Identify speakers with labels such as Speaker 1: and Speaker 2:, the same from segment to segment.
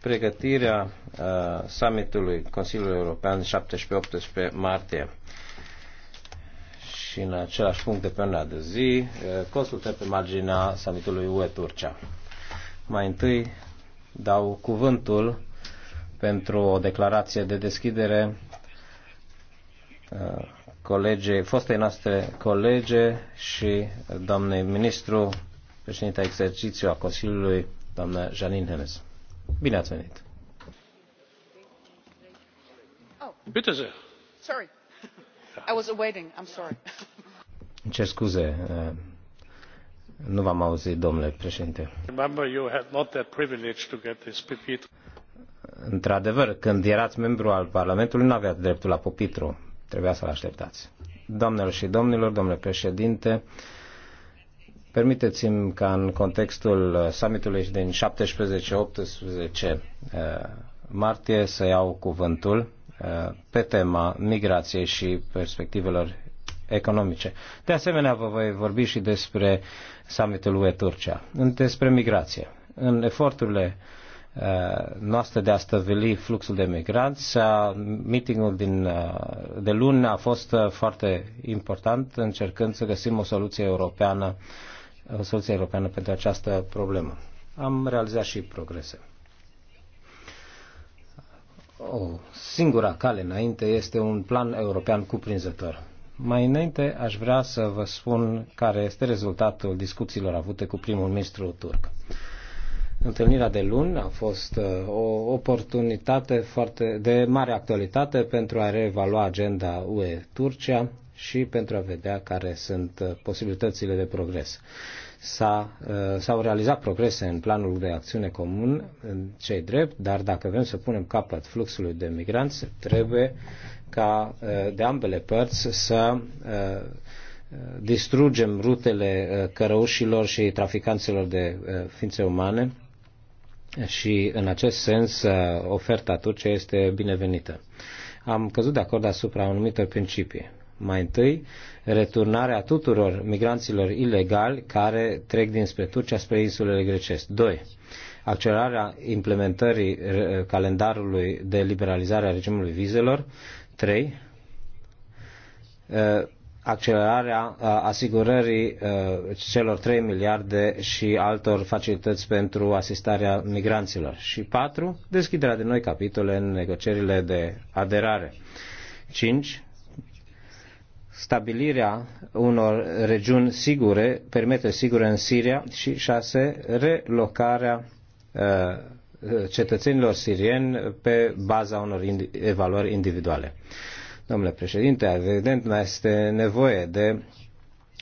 Speaker 1: pregătirea uh, summitului Consiliului European 17-18 martie. Și în același punct de pe una de zi, uh, consultăm pe marginea summitului UE-Turcia. Mai întâi dau cuvântul pentru o declarație de deschidere uh, colegei, fostei noastre colege și doamnei ministru, președinta exercițiu a Consiliului, doamna Janine Hennes. Bine ați venit!
Speaker 2: Oh. Bitte sehr. Sorry. I was awaiting. I'm sorry.
Speaker 1: scuze. Uh, nu v-am auzit, domnule președinte.
Speaker 3: Remember, you had not that privilege to get this
Speaker 1: Într-adevăr, când erați membru al Parlamentului, nu aveați dreptul la pupitru. Trebuia să-l așteptați. Doamnelor și domnilor, domnule președinte, Permiteți-mi ca în contextul summitului din 17-18 uh, martie să iau cuvântul uh, pe tema migrației și perspectivelor economice. De asemenea, vă voi vorbi și despre summitul UE-Turcia, despre migrație. În eforturile uh, noastră de a stăvili fluxul de migranți. Meetingul din, de luni a fost foarte important, încercând să găsim o soluție europeană o soluție europeană pentru această problemă. Am realizat și progrese. O singura cale înainte este un plan european cuprinzător. Mai înainte aș vrea să vă spun care este rezultatul discuțiilor avute cu primul ministru turc. Întâlnirea de luni a fost uh, o oportunitate foarte de mare actualitate pentru a reevalua agenda UE-Turcia, și pentru a vedea care sunt uh, posibilitățile de progres. Uh, s-au realizat progrese în planul de acțiune comun, cei drept, dar dacă vrem să punem capăt fluxului de migranți, trebuie ca uh, de ambele părți să distrugem rutele cărăușilor și traficanților de ființe umane și în acest sens oferta Turciei este binevenită. Am căzut de acord asupra anumitor principii. Mai întâi, returnarea tuturor migranților ilegali care trec dinspre Turcia spre insulele grecești; 2. Accelerarea implementării calendarului de liberalizare a regimului vizelor. 3. Uh, accelerarea uh, asigurării uh, celor 3 miliarde și altor facilități pentru asistarea migranților. Și 4. Deschiderea de noi capitole în negocierile de aderare. 5 stabilirea unor regiuni sigure, permite sigure în Siria și șase, relocarea uh, uh, cetățenilor sirieni pe baza unor evaluări individuale. Domnule președinte, evident mai este nevoie de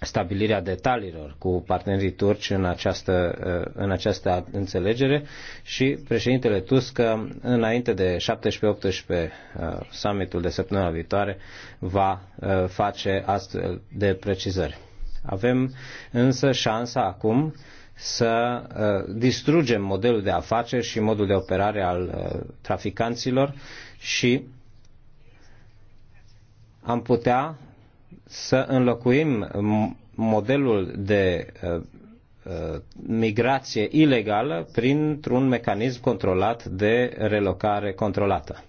Speaker 1: stabilirea detaliilor cu partenerii turci în această, uh, în această înțelegere și președintele Tusk uh, înainte de 17-18 uh, summitul de săptămâna viitoare va face astfel de precizări. Avem însă șansa acum să distrugem modelul de afaceri și modul de operare al traficanților și am putea să înlocuim modelul de uh, uh, migrație ilegală printr-un mecanism controlat de relocare controlată.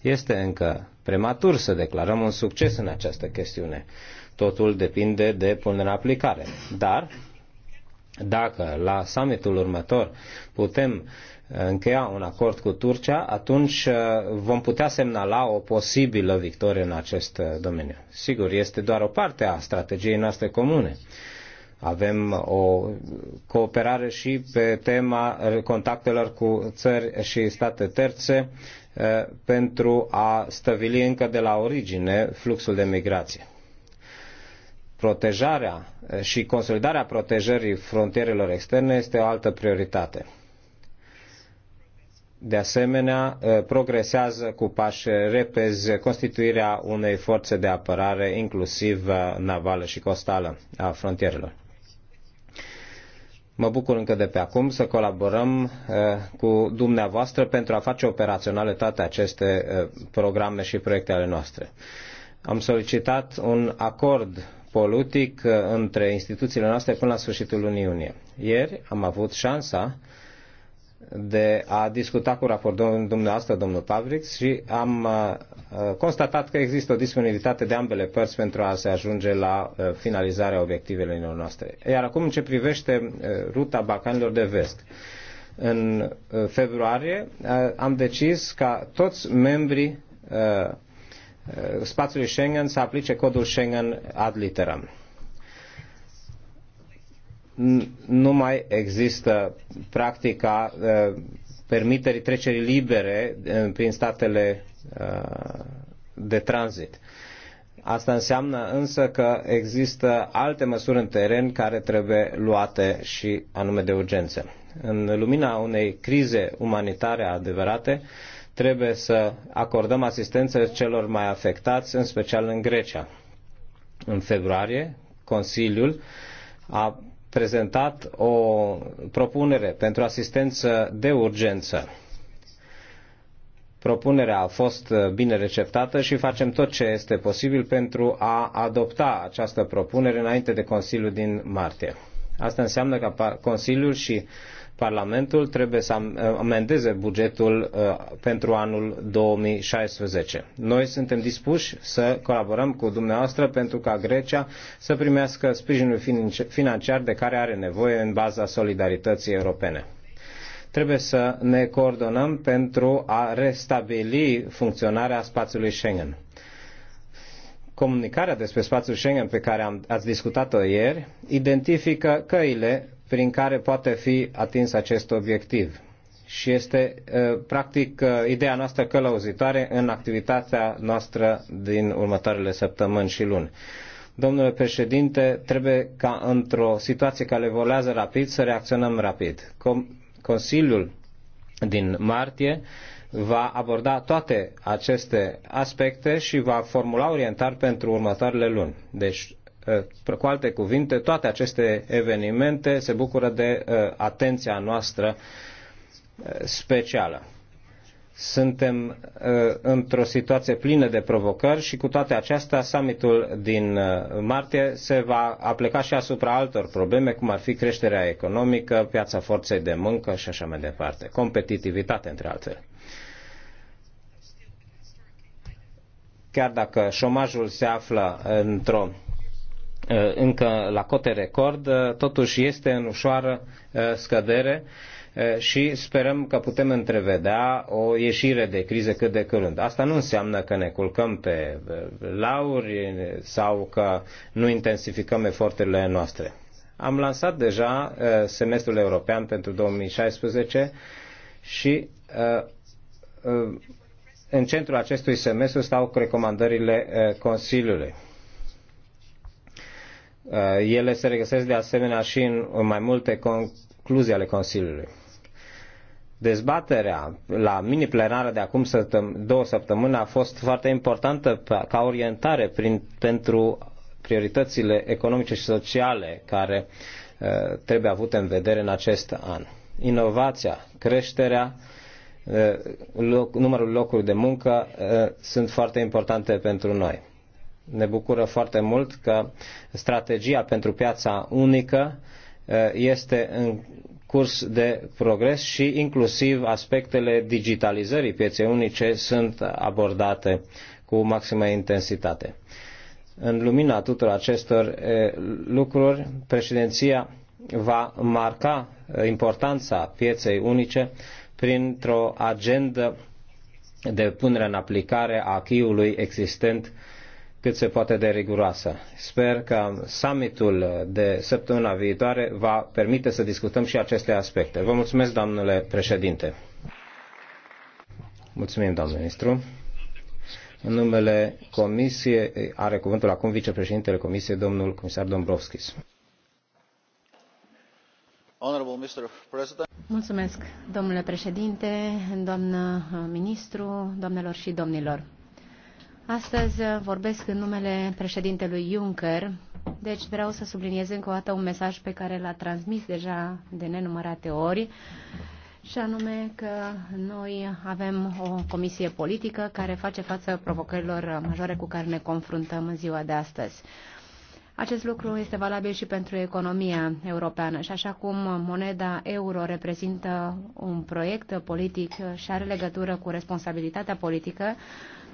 Speaker 1: Este încă prematur să declarăm un succes în această chestiune. Totul depinde de punerea în aplicare. Dar, dacă la summitul următor putem încheia un acord cu Turcia, atunci uh, vom putea semnala o posibilă victorie în acest uh, domeniu. Sigur, este doar o parte a strategiei noastre comune. Avem o cooperare și pe tema contactelor cu țări și state terțe uh, pentru a stăvili încă de la origine fluxul de migrație protejarea și consolidarea protejării frontierelor externe este o altă prioritate. De asemenea, ă, progresează cu pași repezi constituirea unei forțe de apărare, inclusiv ă, navală și costală, a frontierelor. Mă bucur încă de pe acum să colaborăm ă, cu dumneavoastră pentru a face operaționale toate aceste programe și proiecte ale noastre. Am solicitat un acord politic între instituțiile noastre până la sfârșitul lunii iunie. Ieri am avut șansa de a discuta cu raportorul dumneavoastră, domnul Pavrix, și am uh, constatat că există o disponibilitate de ambele părți pentru a se ajunge la uh, finalizarea obiectivelor noastre. Iar acum, în ce privește uh, ruta Balcanilor de Vest, în februarie am decis ca toți membrii spațiului Schengen să aplice codul Schengen ad literam nu mai există practica uh, permiterii trecerii libere uh, prin statele uh, de tranzit. Asta înseamnă însă că există alte măsuri în teren care trebuie luate și anume de urgență. În lumina unei crize umanitare adevărate, trebuie să acordăm asistență celor mai afectați, în special în Grecia. În februarie, Consiliul a prezentat o propunere pentru asistență de urgență. Propunerea a fost bine receptată și facem tot ce este posibil pentru a adopta această propunere înainte de Consiliul din martie. Asta înseamnă că Consiliul și Parlamentul trebuie să uh, amendeze bugetul uh, pentru anul 2016. Noi suntem dispuși să colaborăm cu dumneavoastră pentru ca Grecia să primească sprijinul financiar de care are nevoie în baza solidarității europene trebuie să ne coordonăm pentru a restabili funcționarea spațiului Schengen. Comunicarea despre spațiul Schengen pe care am, ați discutat-o ieri identifică căile prin care poate fi atins acest obiectiv. Și este, ă, practic, ă, ideea noastră călăuzitoare în activitatea noastră din următoarele săptămâni și luni. Domnule președinte, trebuie ca într-o situație care evoluează rapid să reacționăm rapid. Consiliul din martie va aborda toate aceste aspecte și va formula orientări pentru următoarele luni. Deci Eh, cu alte cuvinte, toate aceste evenimente se bucură de eh, atenția noastră eh, specială. Suntem într-o situație plină de provocări și cu toate acestea summitul din martie se va apleca și asupra altor probleme, cum ar fi creșterea economică, piața forței de muncă și așa mai departe, competitivitate între altele. Chiar dacă șomajul se află într-o Uh, încă la cote record, uh, totuși este în ușoară uh, scădere și sperăm că putem întrevedea o ieșire de criză cât de curând. Asta nu înseamnă că ne culcăm pe lauri sau că nu intensificăm eforturile noastre. Am lansat deja semestrul european pentru 2016 și în centrul acestui semestru stau recomandările Consiliului Uh, ele se regăsesc de asemenea și în mai multe concluzii ale Consiliului. Dezbaterea la mini-plenară de acum două săptămâni a fost foarte importantă ca orientare prin, pentru prioritățile economice și sociale care uh, trebuie avute în vedere în acest an. Inovația, creșterea, uh, loc, numărul locuri de muncă sunt foarte importante pentru noi. Ne bucură foarte mult că strategia pentru piața unică este în curs de progres și inclusiv aspectele digitalizării pieței unice sunt abordate cu maximă intensitate. În lumina tuturor acestor lucruri, președinția va marca importanța pieței unice printr-o agendă de punere în aplicare a acquis existent cât se poate de riguroasă. Sper că summitul de săptămâna viitoare va permite să discutăm și aceste aspecte. Vă mulțumesc, domnule președinte. Mulțumim, domnule ministru. În numele Comisiei are cuvântul acum vicepreședintele Comisiei, domnul comisar Dombrovskis.
Speaker 4: Mulțumesc, domnule președinte, doamnă ministru, doamnelor și domnilor. Astăzi uh, vorbesc în numele președintelui Juncker, deci vreau să subliniez încă o dată un mesaj pe care l-a transmis deja de nenumărate ori, și anume că noi avem o comisie politică care face față provocărilor majore cu care ne confruntăm în ziua de astăzi. Acest lucru este valabil și pentru economia europeană și așa cum moneda euro reprezintă un proiect politic și are legătură cu responsabilitatea politică,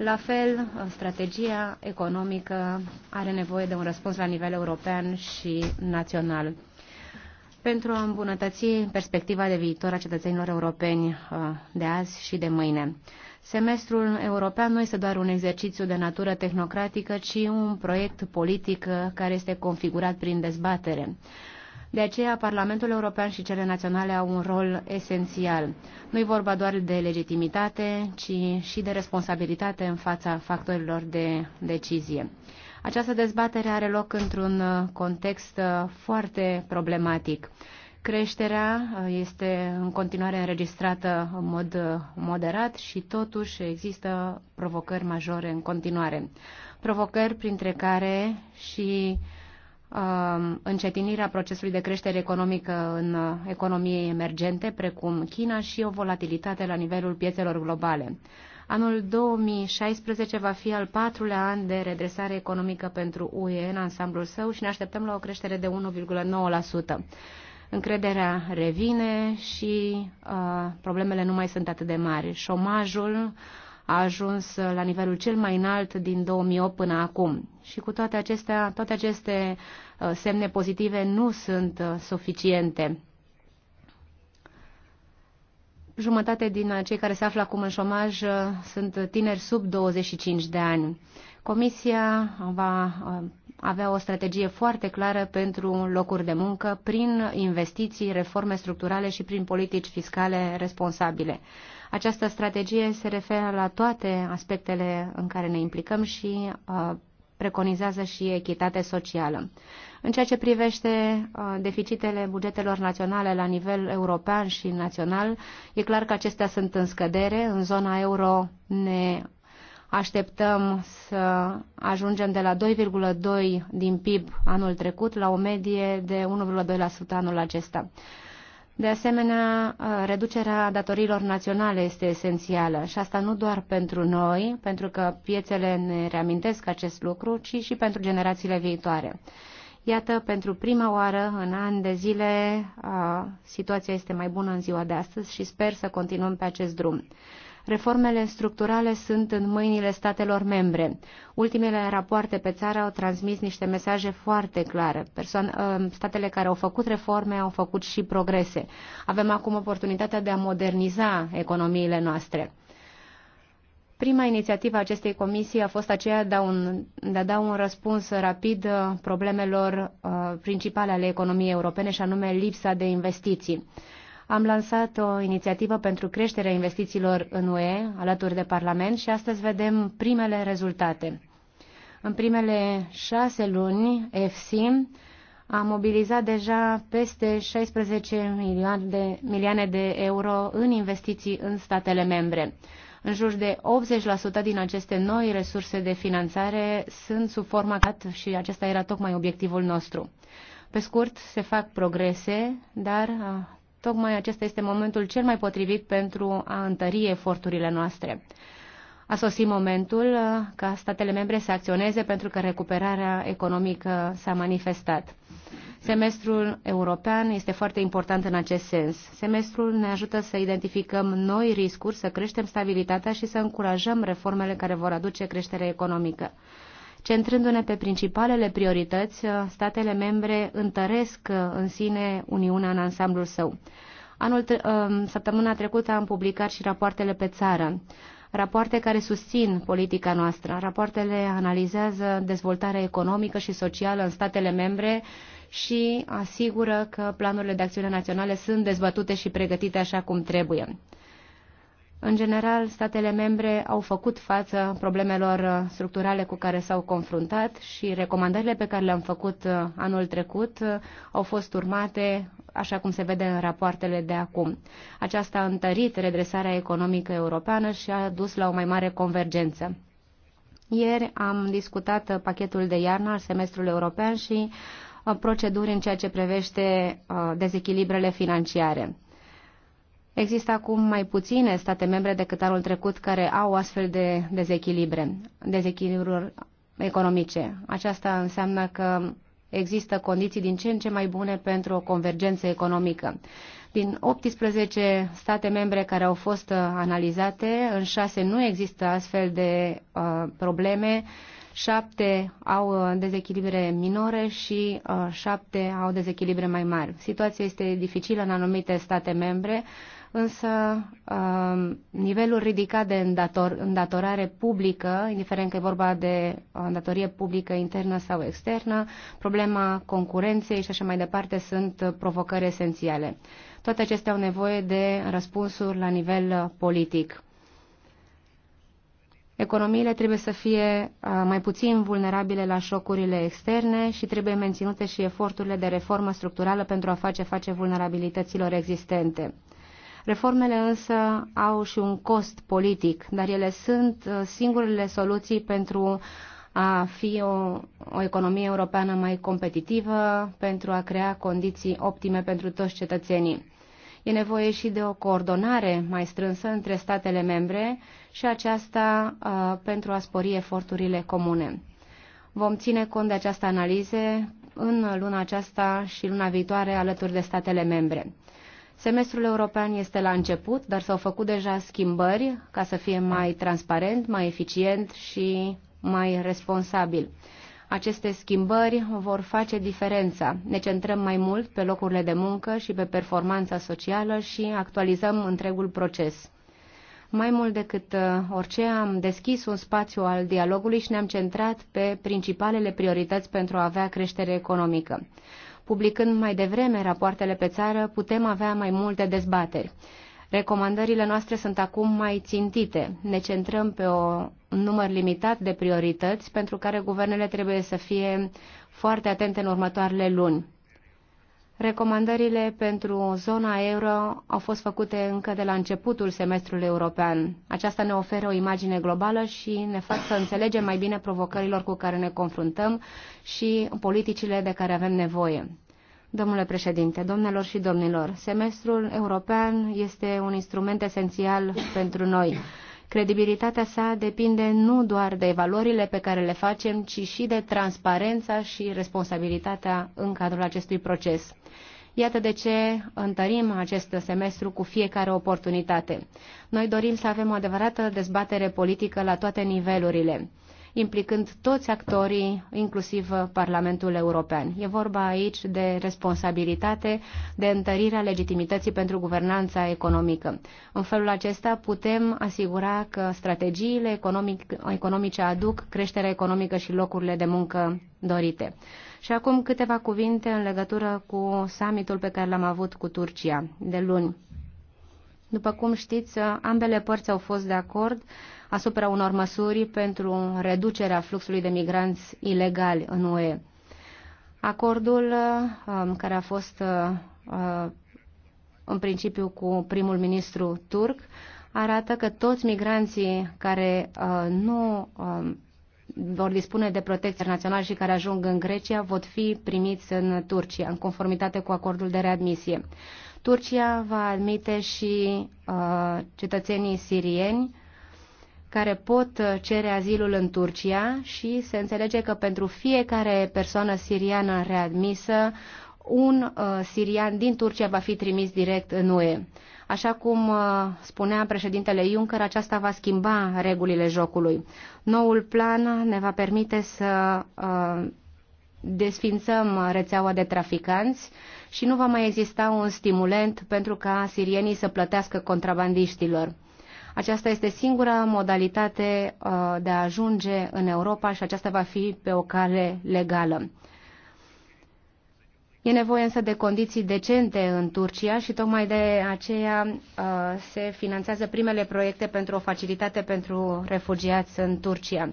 Speaker 4: la fel, strategia economică are nevoie de un răspuns la nivel european și național. Pentru a îmbunătăți perspectiva de viitor a cetățenilor europeni uh, de azi și de mâine. Semestrul european nu este doar un exercițiu de natură tehnocratică, ci un proiect politic uh, care este configurat prin dezbatere. De aceea, Parlamentul European și cele naționale au un rol esențial. Nu-i vorba doar de legitimitate, ci și de responsabilitate în fața factorilor de decizie. Această dezbatere are loc într-un context foarte problematic. Creșterea uh, este în continuare înregistrată în mod uh, moderat și totuși există provocări majore în continuare. Provocări printre care și uh, Um, încetinirea procesului de creștere economică în uh, economiei emergente, precum China, și o volatilitate la nivelul piețelor globale. Anul 2016 va fi al patrulea an de redresare economică pentru UE în ansamblul său și ne așteptăm la o creștere de 1,9%. Încrederea revine și uh, problemele nu mai sunt atât de mari. Șomajul uh, a ajuns la nivelul cel mai înalt din 2008 până acum. Și cu toate acestea, toate aceste uh, semne pozitive nu sunt uh, suficiente. Jumătate din uh, cei care se află acum în șomaj sunt tineri sub 25 de ani. Comisia va avea o strategie foarte clară pentru locuri de muncă prin investiții, reforme structurale și prin politici fiscale responsabile. Această strategie se referă la toate aspectele în care ne implicăm și uh, preconizează și echitate socială. În ceea ce privește uh, deficitele bugetelor naționale la nivel european și național, e clar că acestea sunt în scădere. În zona euro ne așteptăm să ajungem de la 2,2 din PIB anul trecut la o medie de 1,2% anul acesta. De asemenea, uh, reducerea datoriilor naționale este esențială și asta nu doar pentru noi, pentru că piețele ne reamintesc acest lucru, ci și pentru generațiile viitoare. Iată, pentru prima oară în an de zile, uh, situația este mai bună în ziua de astăzi și sper să continuăm pe acest drum. Reformele structurale sunt în mâinile statelor membre. Ultimele rapoarte pe țară au transmis niște mesaje foarte clare. Persoan, ă, statele care au făcut reforme au făcut și progrese. Avem acum oportunitatea de a moderniza economiile noastre. Prima inițiativă a acestei comisii a fost aceea de a, un, de a da un răspuns rapid ă, problemelor uh, principale ale economiei europene, și anume lipsa de investiții. Am lansat o inițiativă pentru creșterea investițiilor în UE, alături de Parlament, și astăzi vedem primele rezultate. În primele șase luni, EFSIM a mobilizat deja peste 16 milioane de, milioane de euro în investiții în statele membre. În jur de 80% din aceste noi resurse de finanțare sunt sub forma CAT și acesta era tocmai obiectivul nostru. Pe scurt, se fac progrese, dar Tocmai acesta este momentul cel mai potrivit pentru a întări eforturile noastre. A sosit momentul uh, ca statele membre să acționeze pentru că recuperarea economică s-a manifestat. Semestrul european este foarte important în acest sens. Semestrul ne ajută să identificăm noi riscuri, să creștem stabilitatea și să încurajăm reformele care vor aduce creștere economică. Centrându-ne pe principalele priorități, uh, statele membre întăresc uh, în sine Uniunea în ansamblul său. Anul, uh, săptămâna trecută am publicat și rapoartele pe țară, rapoarte care susțin politica noastră. Rapoartele analizează dezvoltarea economică și socială în statele membre și asigură că planurile de acțiune naționale sunt dezbătute și pregătite așa cum trebuie. În general, statele membre au făcut față problemelor uh, structurale cu care s-au confruntat și recomandările pe care le-am făcut uh, anul trecut uh, au fost urmate, așa cum se vede în rapoartele de acum. Aceasta a întărit redresarea economică europeană și a dus la o mai mare convergență. Ieri am discutat pachetul de iarnă al semestrului european și proceduri în ceea ce privește dezechilibrele financiare. Există acum mai puține state membre decât anul trecut care au astfel de dezechilibre, dezechilibruri economice. Aceasta înseamnă că există condiții din ce în ce mai bune pentru o convergență economică. Din 18 state membre care au fost uh, analizate, în 6 nu există astfel de uh, probleme, 7 au uh, dezechilibre minore și uh, 7 au dezechilibre mai mari. Situația este dificilă în anumite state membre, uh, însă um, nivelul ridicat de îndator, îndatorare publică, indiferent că e vorba de îndatorie publică internă sau externă, problema concurenței și așa mai departe sunt provocări esențiale. Toate acestea au nevoie de răspunsuri la nivel politic. Economiile trebuie să fie uh, mai puțin vulnerabile la șocurile externe și trebuie menținute și eforturile de reformă structurală pentru a face face vulnerabilităților existente. Reformele însă au și un cost politic, dar ele sunt uh, singurele soluții pentru a fi o, o economie europeană mai competitivă, pentru a crea condiții optime pentru toți cetățenii. E nevoie și de o coordonare mai strânsă între statele membre și aceasta uh, pentru a spori eforturile comune. Vom ține cont de această analize în luna aceasta și luna viitoare alături de statele membre. Semestrul european este la început, dar s-au făcut deja schimbări ca să fie mai transparent, mai eficient și mai responsabil. Aceste schimbări vor face diferența. Ne centrăm mai mult pe locurile de muncă și pe performanța socială și actualizăm întregul proces. Mai mult decât uh, orice, am deschis un spațiu al dialogului și ne-am centrat pe principalele priorități pentru a avea creștere economică publicând mai devreme rapoartele pe țară, putem avea mai multe dezbateri. Recomandările noastre sunt acum mai țintite. Ne centrăm pe o, un număr limitat de priorități pentru care guvernele trebuie să fie foarte atente în următoarele luni. Recomandările pentru zona euro au fost făcute încă de la începutul semestrului european. Aceasta ne oferă o imagine globală și ne face să înțelegem mai bine provocărilor cu care ne confruntăm și politicile de care avem nevoie. Domnule președinte, domnilor și domnilor, semestrul european este un instrument esențial pentru noi Credibilitatea sa depinde nu doar de valorile pe care le facem, ci și de transparența și responsabilitatea în cadrul acestui proces. Iată de ce întărim acest semestru cu fiecare oportunitate. Noi dorim să avem o adevărată dezbatere politică la toate nivelurile implicând toți actorii, inclusiv Parlamentul European. E vorba aici de responsabilitate, de întărirea legitimității pentru guvernanța economică. În felul acesta putem asigura că strategiile economic, economice aduc creșterea economică și locurile de muncă dorite. Și acum câteva cuvinte în legătură cu summitul pe care l-am avut cu Turcia de luni. După cum știți, ambele părți au fost de acord asupra unor măsuri pentru reducerea fluxului de migranți ilegali în UE. Acordul um, care a fost uh, uh, în principiu cu primul ministru turc arată că toți migranții care uh, nu um, vor dispune de protecție națională și care ajung în Grecia vor fi primiți în Turcia, în conformitate cu acordul de readmisie. Turcia va admite și uh, cetățenii sirieni care pot uh, cere azilul în Turcia și se înțelege că pentru fiecare persoană siriană readmisă, un uh, sirian din Turcia va fi trimis direct în UE. Așa cum uh, spunea președintele Juncker, aceasta va schimba regulile jocului. Noul plan ne va permite să uh, desfințăm rețeaua de traficanți și nu va mai exista un stimulent pentru ca sirienii să plătească contrabandiștilor. Aceasta este singura modalitate uh, de a ajunge în Europa și aceasta va fi pe o cale legală. E nevoie însă de condiții decente în Turcia și tocmai de aceea uh, se finanțează primele proiecte pentru o facilitate pentru refugiați în Turcia.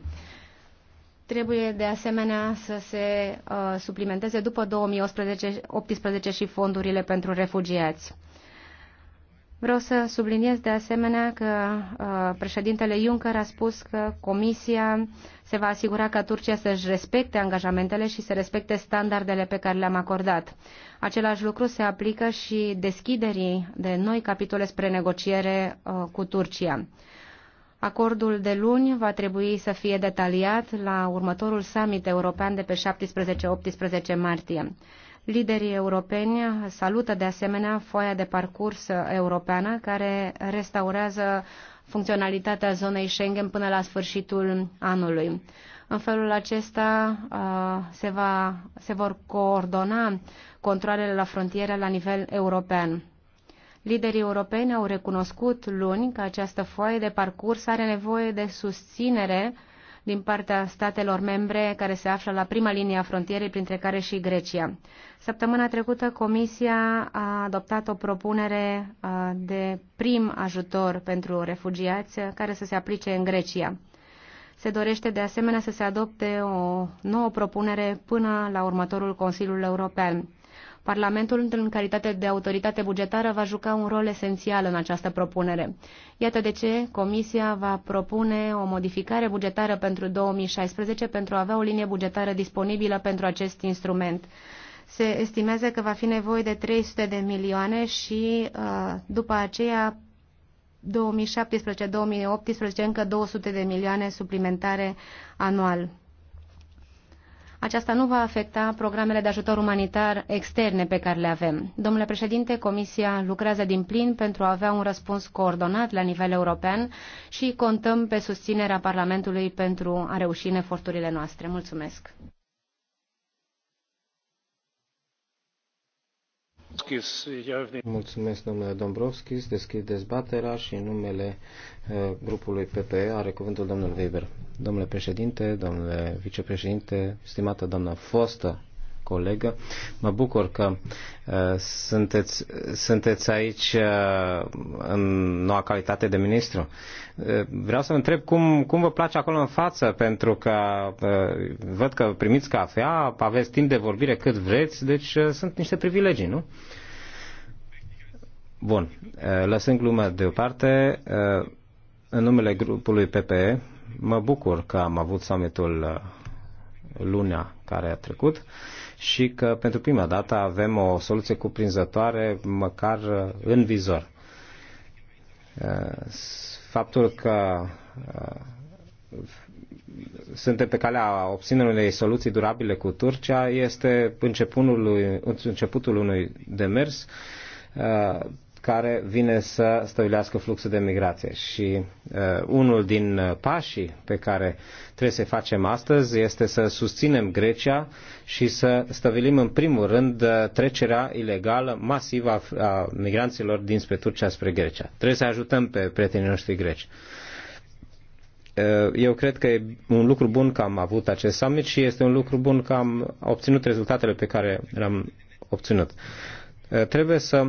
Speaker 4: Trebuie de asemenea să se uh, suplimenteze după 2018 18 și fondurile pentru refugiați. Vreau să subliniez de asemenea că uh, președintele Juncker a spus că Comisia se va asigura ca Turcia să-și respecte angajamentele și să respecte standardele pe care le-am acordat. Același lucru se aplică și deschiderii de noi capitole spre negociere uh, cu Turcia. Acordul de luni va trebui să fie detaliat la următorul summit european de pe 17-18 martie. Liderii europeni salută de asemenea foaia de parcurs europeană care restaurează funcționalitatea zonei Schengen până la sfârșitul anului. În felul acesta se, va, se vor coordona controlele la frontieră la nivel european. Liderii europeni au recunoscut luni că această foaie de parcurs are nevoie de susținere uh, din partea statelor membre care se află la prima linie a frontierei, printre care și Grecia. Săptămâna trecută, Comisia a adoptat o propunere de prim ajutor pentru refugiați care să se aplice în Grecia. Se dorește de asemenea să se adopte o nouă propunere până la următorul Consiliul European. Parlamentul, în calitate de autoritate bugetară, va juca un rol esențial în această propunere. Iată de ce Comisia va propune o modificare bugetară pentru 2016 pentru a avea o linie bugetară disponibilă pentru acest instrument se estimează că va fi nevoie de 300 de milioane și uh, după aceea 2017-2018 încă 200 de milioane suplimentare anual. Aceasta nu va afecta programele de ajutor umanitar externe pe care le avem. Domnule președinte, Comisia lucrează din plin pentru a avea un răspuns coordonat la nivel european și contăm pe susținerea Parlamentului pentru a reuși în eforturile noastre. Mulțumesc!
Speaker 1: Mulțumesc, domnule Dombrovskis. Deschid dezbaterea și în numele eh, grupului PPE are cuvântul domnul Weber. Domnule președinte, domnule vicepreședinte, stimată doamnă fostă colegă. Mă bucur că uh, sunteți, sunteți aici uh, în noua calitate de ministru. Uh, vreau să întreb cum, cum vă place acolo în față, pentru că uh, văd că primiți cafea, aveți timp de vorbire cât vreți, deci uh, sunt niște privilegii, nu? Bun, uh, lăsând glumă deoparte, uh, în numele grupului PPE, mă bucur că am avut summitul uh, lunea care a trecut și că pentru prima dată avem o soluție cuprinzătoare măcar în vizor. Uh, faptul că uh, suntem pe calea obținerii unei soluții durabile cu Turcia este începutul, începutul unui demers uh, care vine să stăvilească fluxul de migrație. Și uh, unul din uh, pașii pe care trebuie să facem astăzi este să susținem Grecia și să stăvilim în primul rând uh, trecerea ilegală masivă a, a migranților dinspre Turcia spre Grecia. Trebuie să ajutăm pe prietenii noștri greci. Uh, eu cred că e un lucru bun că am avut acest summit și este un lucru bun că am obținut rezultatele pe care le-am obținut. Trebuie să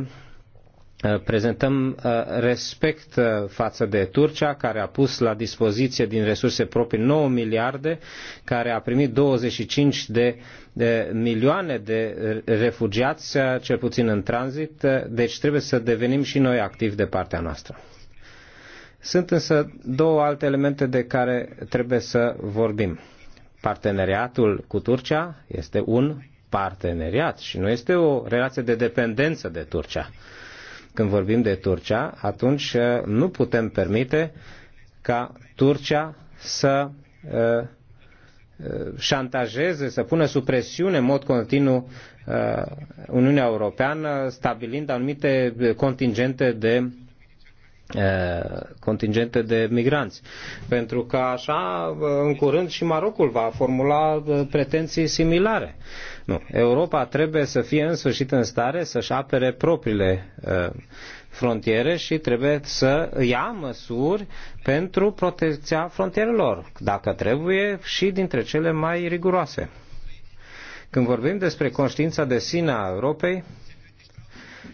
Speaker 1: Uh, prezentăm uh, respect uh, față de Turcia, care a pus la dispoziție din resurse proprii 9 miliarde, care a primit 25 de, de milioane de refugiați, cel puțin în tranzit, deci trebuie să devenim și noi activi de partea noastră. Sunt însă două alte elemente de care trebuie să vorbim. Parteneriatul cu Turcia este un parteneriat și nu este o relație de dependență de Turcia când vorbim de Turcia, atunci uh, nu putem permite ca Turcia să uh, uh, șantajeze, să pună sub presiune în mod continuu Uniunea Europeană, stabilind anumite contingente de contingente de migranți. Pentru că așa, în curând, și Marocul va formula pretenții similare. Nu. Europa trebuie să fie în sfârșit în stare să-și apere propriile uh, frontiere și trebuie să ia măsuri pentru protecția frontierelor, dacă trebuie și dintre cele mai riguroase. Când vorbim despre conștiința de sine a Europei,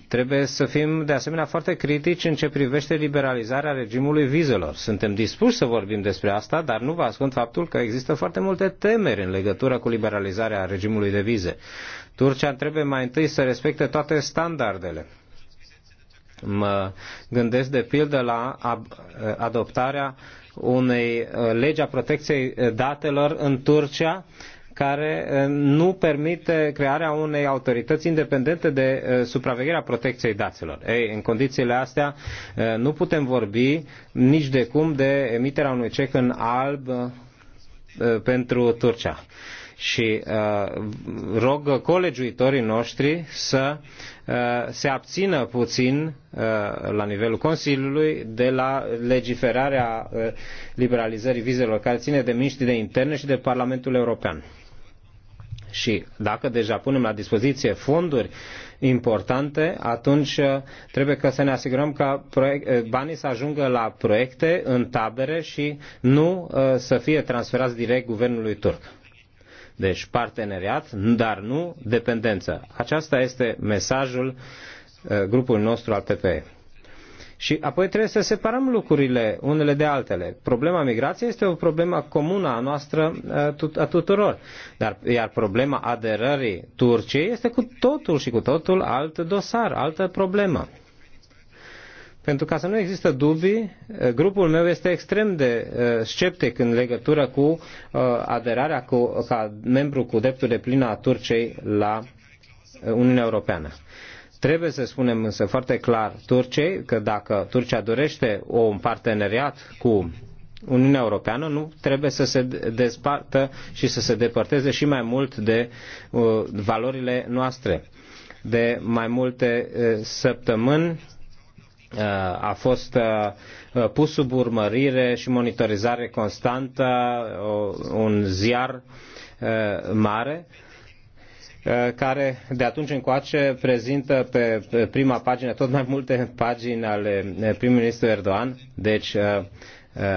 Speaker 1: Trebuie să fim de asemenea foarte critici în ce privește liberalizarea regimului vizelor. Suntem dispuși să vorbim despre asta, dar nu vă ascund faptul că există foarte multe temeri în legătură cu liberalizarea regimului de vize. Turcia trebuie mai întâi să respecte toate standardele. Mă gândesc de pildă la adoptarea unei uh, legi a protecției datelor în Turcia, care eh, nu permite crearea unei autorități independente de eh, supravegherea protecției datelor. Ei, în condițiile astea eh, nu putem vorbi nici de cum de emiterea unui cec în alb pentru Turcia și uh, rog colegiuitorii noștri să uh, se abțină puțin uh, la nivelul Consiliului de la legiferarea liberalizării vizelor care ține de miștii de interne și de Parlamentul European. Și dacă deja punem la dispoziție fonduri importante, atunci uh, trebuie că să ne asigurăm că proiect, uh, banii să ajungă la proiecte în tabere și nu uh, să fie transferați direct guvernului turc. Deci parteneriat, dar nu dependență. Aceasta este mesajul grupului nostru al PPE. Și apoi trebuie să separăm lucrurile unele de altele. Problema migrației este o problemă comună a noastră a tuturor. Dar, iar problema aderării Turciei este cu totul și cu totul alt dosar, altă problemă. Pentru ca să nu există dubii, grupul meu este extrem de uh, sceptic în legătură cu uh, aderarea cu, ca membru cu dreptul de plină a Turciei la uh, Uniunea Europeană. Trebuie să spunem însă foarte clar Turciei că dacă Turcia dorește un parteneriat cu Uniunea Europeană nu trebuie să se despartă și să se depărteze și mai mult de uh, valorile noastre. De mai multe uh, săptămâni uh, a fost uh, uh pus sub urmărire și monitorizare constantă uh, un ziar uh, mare uh, Uh, care de atunci încoace prezintă pe prima pagină tot mai multe pagini ale uh, prim-ministru Erdogan. Deci uh,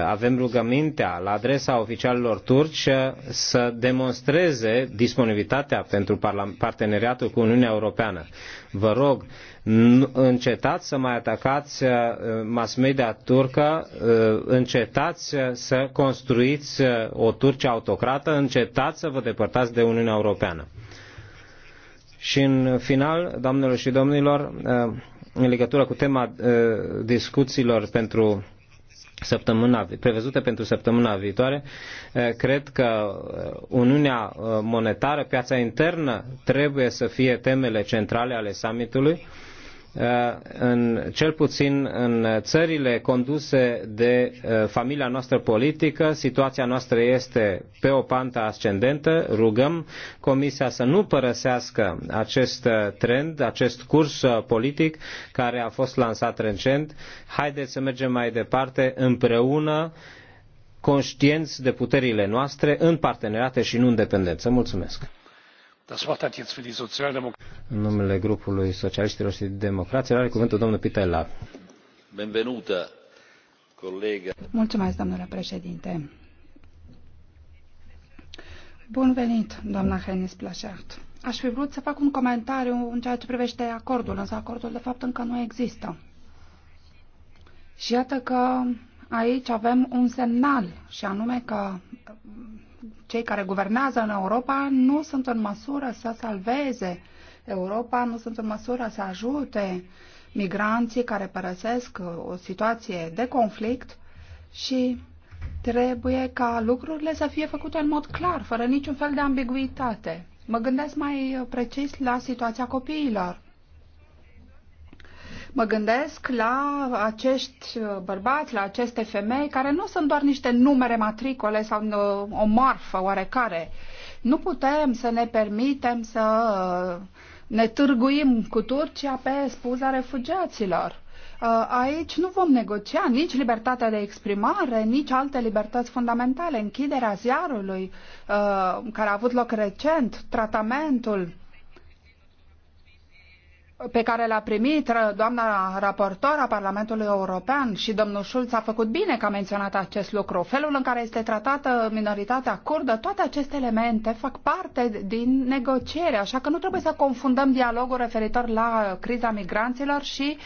Speaker 1: avem rugămintea la adresa oficialilor turci să demonstreze disponibilitatea pentru parteneriatul cu Uniunea Europeană. Vă rog, încetați să mai atacați mass media turcă, încetați să construiți o Turcie autocrată, încetați să vă depărtați de Uniunea Europeană. Și în final, doamnelor și domnilor, uh, în legătură cu tema uh, discuțiilor pentru săptămâna, prevăzute pentru săptămâna viitoare, uh, cred că Uniunea Monetară, piața internă, trebuie să fie temele centrale ale summitului Uh, în, cel puțin în țările conduse de uh, familia noastră politică, situația noastră este pe o pantă ascendentă. Rugăm Comisia să nu părăsească acest uh, trend, acest curs politic care a fost lansat recent. Haideți să mergem mai departe împreună conștienți de puterile noastre în parteneriate și nu în dependență. Mulțumesc! În numele grupului socialiștilor și democraților are cuvântul domnul Pitella.
Speaker 3: Benvenuta, colegă.
Speaker 5: Mulțumesc, domnule președinte. Bun venit, doamna Henis Plașert. Aș fi vrut să fac un comentariu în ceea ce privește acordul, însă acordul de fapt încă nu există. Și iată că aici avem un semnal, și anume că cei care guvernează în Europa nu sunt în măsură să salveze Europa, nu sunt în măsură să ajute migranții care părăsesc uh, o situație de conflict și trebuie ca lucrurile să fie făcute în mod clar, fără niciun fel de ambiguitate. Mă gândesc mai uh, precis la situația copiilor. Mă gândesc la acești uh, bărbați, la aceste femei, care nu sunt doar niște numere matricole sau uh, o marfă oarecare. Nu putem să ne permitem să uh, ne târguim cu Turcia pe spuza refugiaților. Aici nu vom negocia nici libertatea de exprimare, nici alte libertăți fundamentale, închiderea ziarului care a avut loc recent, tratamentul pe care l-a primit doamna raportoră a Parlamentului European și domnul Schulz a făcut bine că a menționat acest lucru. Felul în care este tratată minoritatea curdă, toate aceste elemente fac parte din negociere, așa că nu trebuie să confundăm dialogul referitor la criza migranților și,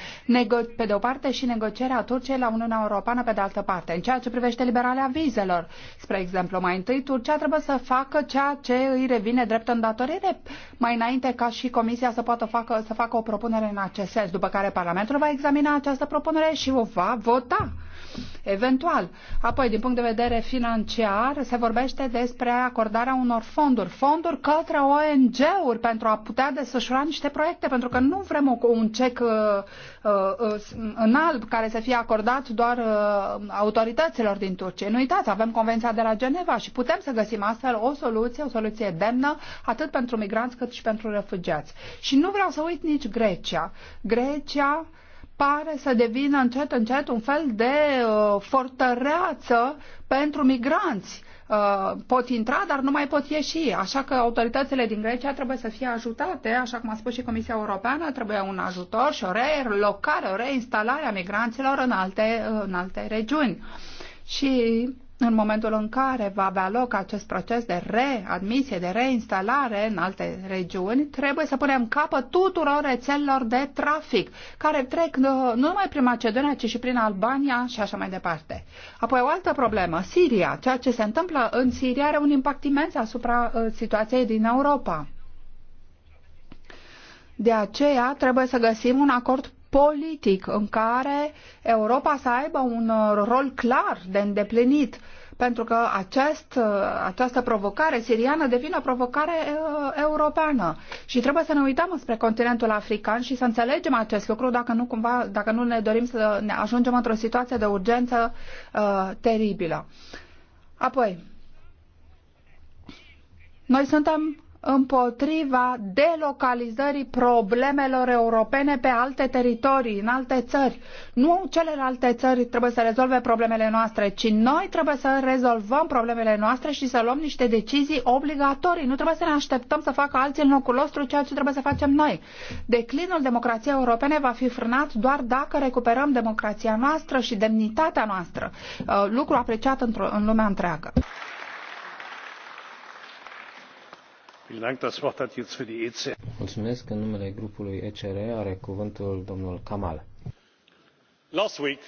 Speaker 5: pe de o parte, și negocierea Turciei la Uniunea Europeană pe de altă parte. În ceea ce privește liberarea vizelor, spre exemplu, mai întâi Turcia trebuie să facă ceea ce îi revine drept îndatorire, mai înainte ca și Comisia să poată facă, să facă o propunere în acest sens, după care Parlamentul va examina această propunere și o va vota, eventual. Apoi, din punct de vedere financiar, se vorbește despre acordarea unor fonduri, fonduri către ONG-uri pentru a putea desfășura niște proiecte, pentru că nu vrem un cec uh, uh, uh, în alb care să fie acordat doar uh, autorităților din Turcie. Nu uitați, avem Convenția de la Geneva și putem să găsim astfel o soluție, o soluție demnă, atât pentru migranți cât și pentru refugiați. Și nu vreau să uit nici Grecia. Grecia pare să devină încet, încet un fel de uh, fortăreață pentru migranți. Uh, pot intra, dar nu mai pot ieși. Așa că autoritățile din Grecia trebuie să fie ajutate, așa cum a spus și Comisia Europeană, trebuie un ajutor și o relocare, o reinstalare a migranților în alte, în alte regiuni. Și în momentul în care va avea loc acest proces de readmisie, de reinstalare în alte regiuni, trebuie să punem capăt tuturor rețelelor de trafic, care trec uh, nu numai prin Macedonia, ci și prin Albania și așa mai departe. Apoi o altă problemă, Siria. Ceea ce se întâmplă în Siria are un impact imens asupra uh, situației din Europa. De aceea trebuie să găsim un acord politic în care Europa să aibă un uh, rol clar de îndeplinit pentru că acest, această provocare siriană devine o provocare uh, europeană. Și trebuie să ne uităm spre continentul african și să înțelegem acest lucru dacă nu, cumva, dacă nu ne dorim să ne ajungem într-o situație de urgență uh, teribilă. Apoi, noi suntem împotriva delocalizării problemelor europene pe alte teritorii, în alte țări. Nu celelalte țări trebuie să rezolve problemele noastre, ci noi trebuie să rezolvăm problemele noastre și să luăm niște decizii obligatorii. Nu trebuie să ne așteptăm să facă alții în locul nostru ceea ce trebuie să facem noi. Declinul democrației europene va fi frânat doar dacă recuperăm democrația noastră și demnitatea noastră, uh, lucru apreciat în lumea întreagă.
Speaker 1: Mulțumesc. În numele grupului ECR are cuvântul domnul Kamal. Last week,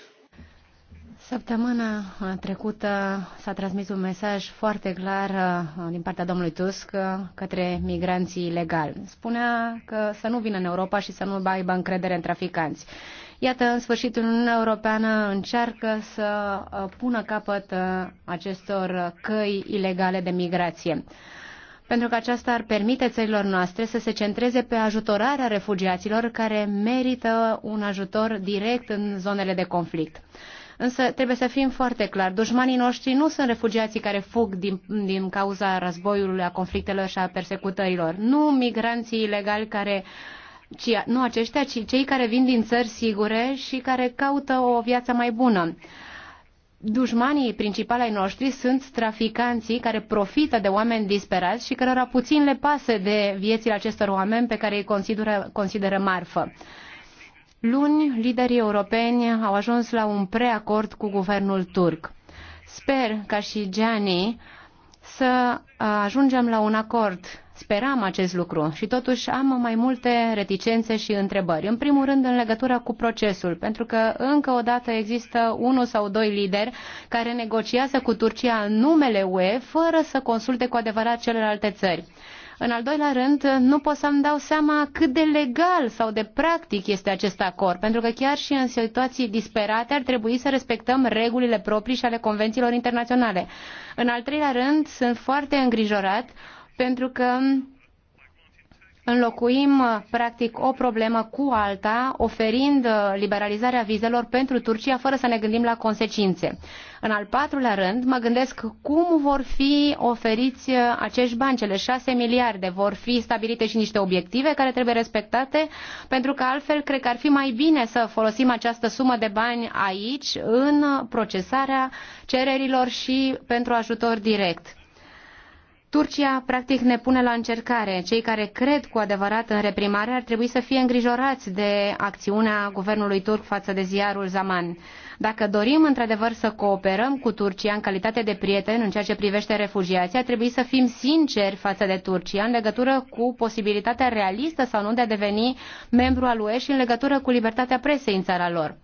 Speaker 4: Săptămâna trecută s-a transmis un mesaj foarte clar uh, din partea domnului Tusk uh, către migranții ilegali. Spunea că să nu vină în Europa și să nu aibă încredere în traficanți. Iată, în sfârșit, Uniunea Europeană încearcă să uh, pună capăt acestor căi ilegale de migrație pentru că aceasta ar permite țărilor noastre să se centreze pe ajutorarea refugiaților care merită un ajutor direct în zonele de conflict. Însă trebuie să fim foarte clar: dușmanii noștri nu sunt refugiații care fug din, din cauza războiului, a conflictelor și a persecutărilor. Nu migranții ilegali care ci, nu aceștia, ci cei care vin din țări sigure și care caută o viață mai bună dușmanii principali ai noștri sunt traficanții care profită de oameni disperați și cărora puțin le pasă de viețile acestor oameni pe care îi consideră, consideră marfă. Luni, liderii europeni au ajuns la un preacord cu guvernul turc. Sper ca și Gianni să ajungem la un acord Speram acest lucru și totuși am mai multe reticențe și întrebări. În primul rând în legătură cu procesul, pentru că încă o dată există unul sau doi lideri care negociază cu Turcia numele UE fără să consulte cu adevărat celelalte țări. În al doilea rând, nu pot să-mi dau seama cât de legal sau de practic este acest acord, pentru că chiar și în situații disperate ar trebui să respectăm regulile proprii și ale convențiilor internaționale. În al treilea rând, sunt foarte îngrijorat uh, pentru că înlocuim practic o problemă cu alta, oferind uh, liberalizarea vizelor pentru Turcia fără să ne gândim la consecințe. În al patrulea rând, mă gândesc cum vor fi oferiți uh, acești bani, cele 6 miliarde. Vor fi stabilite și niște obiective care trebuie respectate, pentru că altfel cred că ar fi mai bine să folosim această sumă de bani aici în procesarea cererilor și pentru ajutor direct Turcia, practic, ne pune la încercare. Cei care cred cu adevărat în reprimare ar trebui să fie îngrijorați de acțiunea guvernului turc față de ziarul Zaman. Dacă dorim, într-adevăr, să cooperăm cu Turcia în calitate de prieten în ceea ce privește refugiații, ar trebui să fim sinceri față de Turcia în legătură cu posibilitatea realistă sau nu de a deveni membru al UE și în legătură cu libertatea presei în țara lor.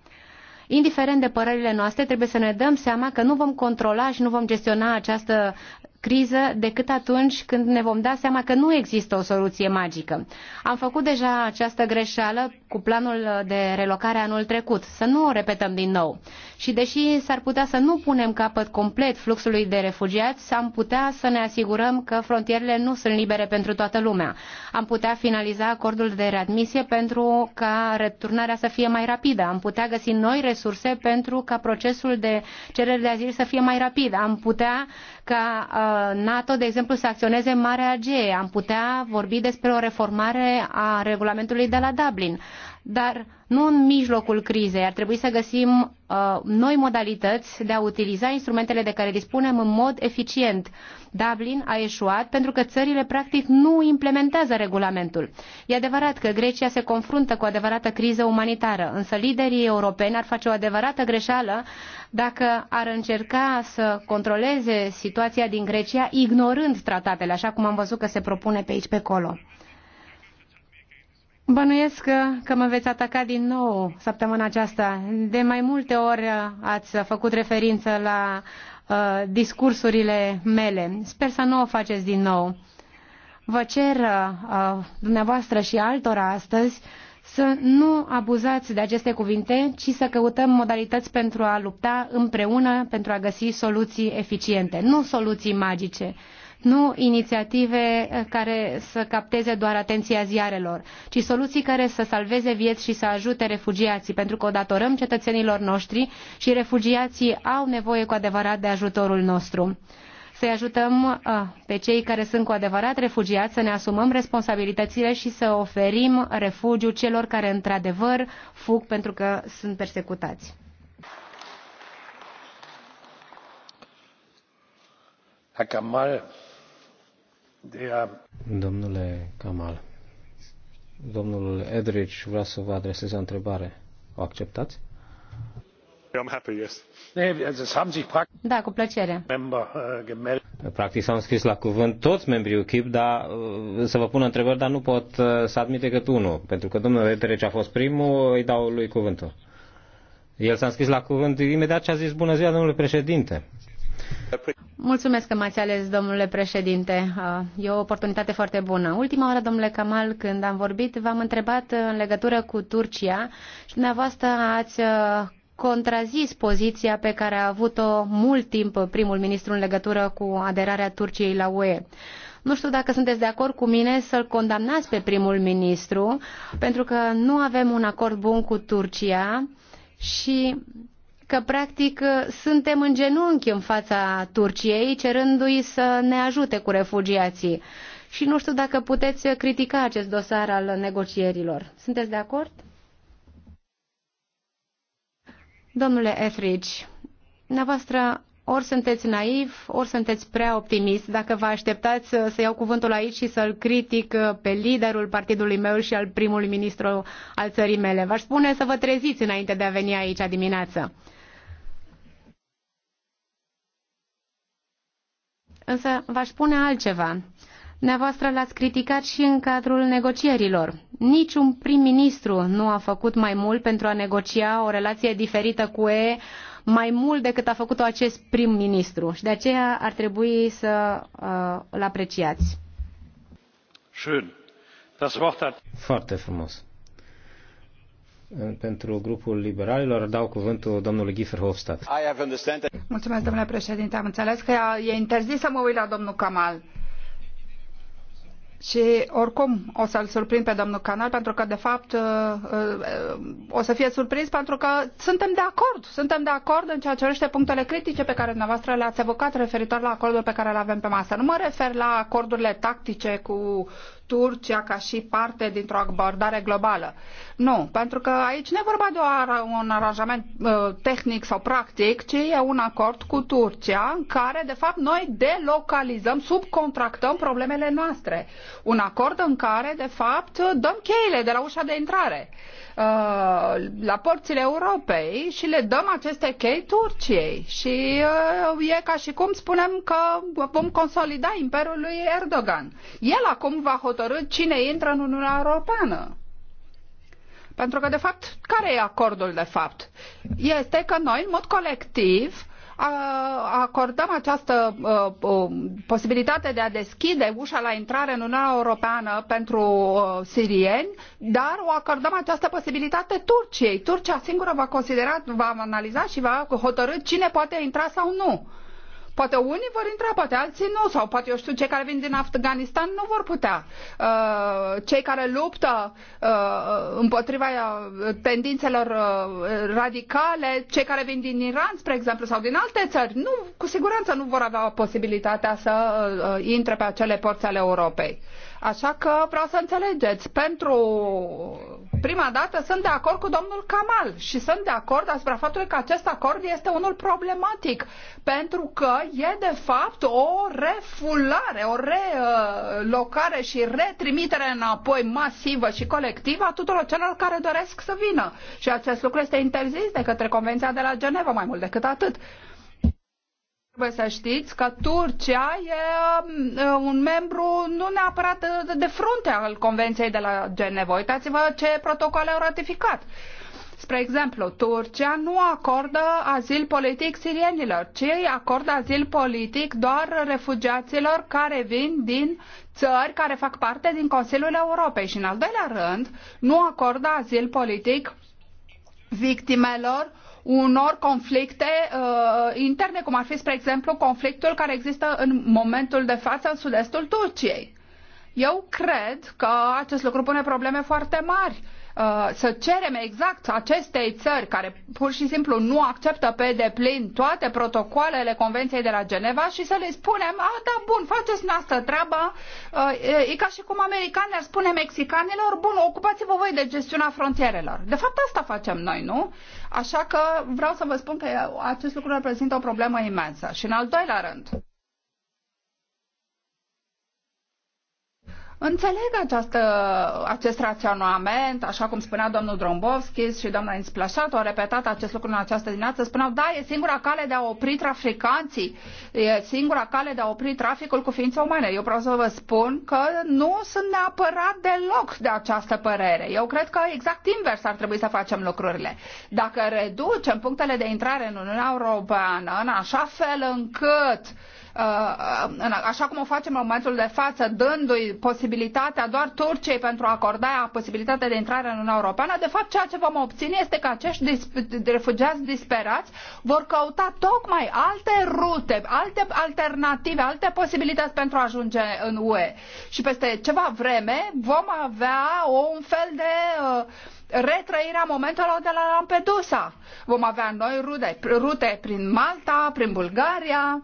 Speaker 4: Indiferent de părerile noastre, trebuie să ne dăm seama că nu vom controla și nu vom gestiona această criză decât atunci când ne vom da seama că nu există o soluție magică. Am făcut deja această greșeală cu planul de relocare anul trecut, să nu o repetăm din nou. Și deși s-ar putea să nu punem capăt complet fluxului de refugiați, am putea să ne asigurăm că frontierele nu sunt libere pentru toată lumea. Am putea finaliza acordul de readmisie pentru ca returnarea să fie mai rapidă. Am putea găsi noi resurse pentru ca procesul de cerere de azil să fie mai rapid. Am putea ca uh, NATO, de exemplu, să acționeze în Marea Egee. Am putea vorbi despre o reformare a regulamentului de la Dublin. Dar nu în mijlocul crizei. Ar trebui să găsim uh, noi modalități de a utiliza instrumentele de care dispunem în mod eficient. Uh, Dublin a eșuat pentru că țările practic nu implementează regulamentul. E adevărat că Grecia se confruntă cu o adevărată criză umanitară, însă liderii europeni ar face o adevărată greșeală dacă ar încerca să controleze situația din Grecia ignorând tratatele, așa cum am văzut că se propune pe aici pe colo. Bănuiesc că, că mă veți ataca din nou săptămâna aceasta. De mai multe ori ați făcut referință la Uh, discursurile mele. Sper să nu o faceți din nou. Vă cer uh, uh, dumneavoastră și altora astăzi să nu abuzați de aceste cuvinte, ci să căutăm modalități pentru a lupta împreună, pentru a găsi soluții eficiente, nu soluții magice nu inițiative eh, care să capteze doar atenția ziarelor, ci soluții care să salveze vieți și să ajute refugiații, pentru că o datorăm cetățenilor noștri și refugiații au nevoie cu adevărat de ajutorul nostru să-i ajutăm eh, pe cei care sunt cu adevărat refugiați să ne asumăm responsabilitățile și să oferim refugiu celor care într-adevăr fug pentru că sunt persecutați.
Speaker 3: Herr Kamal.
Speaker 1: Domnule Kamal, domnul Edrich vrea să vă adreseze o întrebare. O acceptați?
Speaker 4: Da, cu plăcere.
Speaker 1: Uh, Practic s-au înscris la cuvânt toți membrii UKIP, dar uh, să vă pun întrebări, dar nu pot uh, să admit decât unul. Pentru că domnul Etereci a fost primul, îi dau lui cuvântul. El s-a înscris la cuvânt imediat ce a zis bună ziua, domnule președinte.
Speaker 4: Mulțumesc ales, domnule președinte. E o oportunitate foarte bună. Ultima oară, domnule Kamal, când am vorbit, v-am întrebat uh, în legătură cu Turcia și dumneavoastră ați uh, contrazis poziția pe care a avut-o mult timp primul ministru în legătură cu aderarea Turciei la UE. Nu știu dacă sunteți de acord cu mine să-l condamnați pe primul ministru, pentru că nu avem un acord bun cu Turcia și că practic suntem în genunchi în fața Turciei, cerându-i să ne ajute cu refugiații. Și nu știu dacă puteți critica acest dosar al negocierilor. Sunteți de acord? Domnule Etheridge, dumneavoastră ori sunteți naiv, ori sunteți prea optimist. Dacă vă așteptați să iau cuvântul aici și să-l critic pe liderul partidului meu și al primului ministru al țării mele, v-aș spune să vă treziți înainte de a veni aici dimineață. Însă v-aș spune altceva. Dumneavoastră l-ați criticat și în cadrul negocierilor. Niciun prim-ministru nu a făcut mai mult pentru a negocia o relație diferită cu UE, mai mult decât a făcut-o acest prim-ministru. Și de aceea ar trebui să uh, îl apreciați.
Speaker 1: Schön. Das Wort hat... Foarte frumos pentru grupul liberalilor. Dau cuvântul domnului Giefer Hofstadt.
Speaker 5: Mulțumesc, domnule președinte. Am înțeles că e interzis să mă uit la domnul Kamal. Și oricum o să-l surprind pe domnul Canal pentru că, de fapt, uh, uh, o să fie surprins pentru că suntem de acord. Suntem de acord în ceea ce privește punctele critice pe care dumneavoastră le-ați evocat referitor la acordul pe care îl avem pe masă. Nu mă refer la acordurile tactice cu Turcia ca și parte dintr-o abordare globală. Nu, pentru că aici nu e vorba de un aranjament uh, tehnic sau practic, ci e un acord cu Turcia în care, de fapt, noi delocalizăm, subcontractăm problemele noastre. Un acord în care, de fapt, dăm cheile de la ușa de intrare. Uh, la porțile Europei și le dăm aceste chei Turciei. Și uh, e ca și cum spunem că vom consolida imperiul lui Erdogan. El acum va hotărâ cine intră în Uniunea Europeană. Pentru că, de fapt, care e acordul de fapt? Este că noi, în mod colectiv, acordăm această uh, uh, posibilitate de a deschide ușa la intrare în Uniunea Europeană pentru uh, sirieni, dar o acordăm această posibilitate Turciei. Turcia singură va considera, va analiza și va hotărî cine poate intra sau nu. Poate unii vor intra, poate alții nu, sau poate eu știu, cei care vin din Afganistan nu vor putea. Uh, cei care luptă uh, împotriva uh, tendințelor radicale, cei care vin din Iran, spre exemplu, sau din alte țări, nu, cu siguranță nu vor avea posibilitatea să intre pe acele porți ale Europei. Așa că vreau să înțelegeți, pentru prima dată sunt de acord cu domnul Kamal și sunt de acord asupra faptului că acest acord este unul problematic, pentru că e de fapt o refulare, o relocare și retrimitere înapoi masivă și colectivă a tuturor celor care doresc să vină. Și acest lucru este interzis de către Convenția de la Geneva, mai mult decât atât. Trebuie să știți că Turcia e um, uh, un membru nu neapărat uh, de frunte al Convenției de la Geneva. Uitați-vă ce protocol au ratificat. Spre exemplu, Turcia nu acordă azil politic sirienilor, ci acordă azil politic doar refugiaților care vin din țări care fac parte din Consiliul Europei și, în al doilea rând, nu acordă azil politic victimelor unor conflicte uh, interne, cum ar fi, spre exemplu, conflictul care există în momentul de față în sud-estul Turciei. Eu cred că acest lucru pune probleme foarte mari uh, Uh, să cerem exact acestei țări care pur și simplu nu acceptă pe deplin toate protocoalele Convenției de la Geneva și să le spunem, a, da, bun, faceți noastră treaba, uh, e ca și cum americanii ar spune mexicanilor, bun, ocupați-vă voi de gestiunea frontierelor. De fapt, asta facem noi, nu? Așa că vreau să vă spun că acest lucru reprezintă o problemă imensă. Și în al doilea rând, Înțeleg această, acest raționament, așa cum spunea domnul Drombovski și doamna Insplașat, au repetat acest lucru în această dimineață, spuneau, da, e singura cale de a opri traficanții, e singura cale de a opri traficul cu ființe umane. Eu vreau să vă spun că nu sunt neapărat deloc de această părere. Eu cred că exact invers ar trebui să facem lucrurile. Dacă reducem punctele de intrare în Uniunea Europeană în așa fel încât uh, Uh, așa cum o facem în momentul de față, dându-i posibilitatea doar Turciei pentru a acorda posibilitatea de intrare în Uniunea Europeană, de fapt ceea ce vom obține este că acești dis- refugiați disperați vor căuta tocmai alte rute, alte alternative, alte posibilități pentru a ajunge în UE. Și peste ceva vreme vom avea un fel de uh, retrăirea momentelor de la Lampedusa. Vom avea noi rude, rute prin Malta, prin Bulgaria,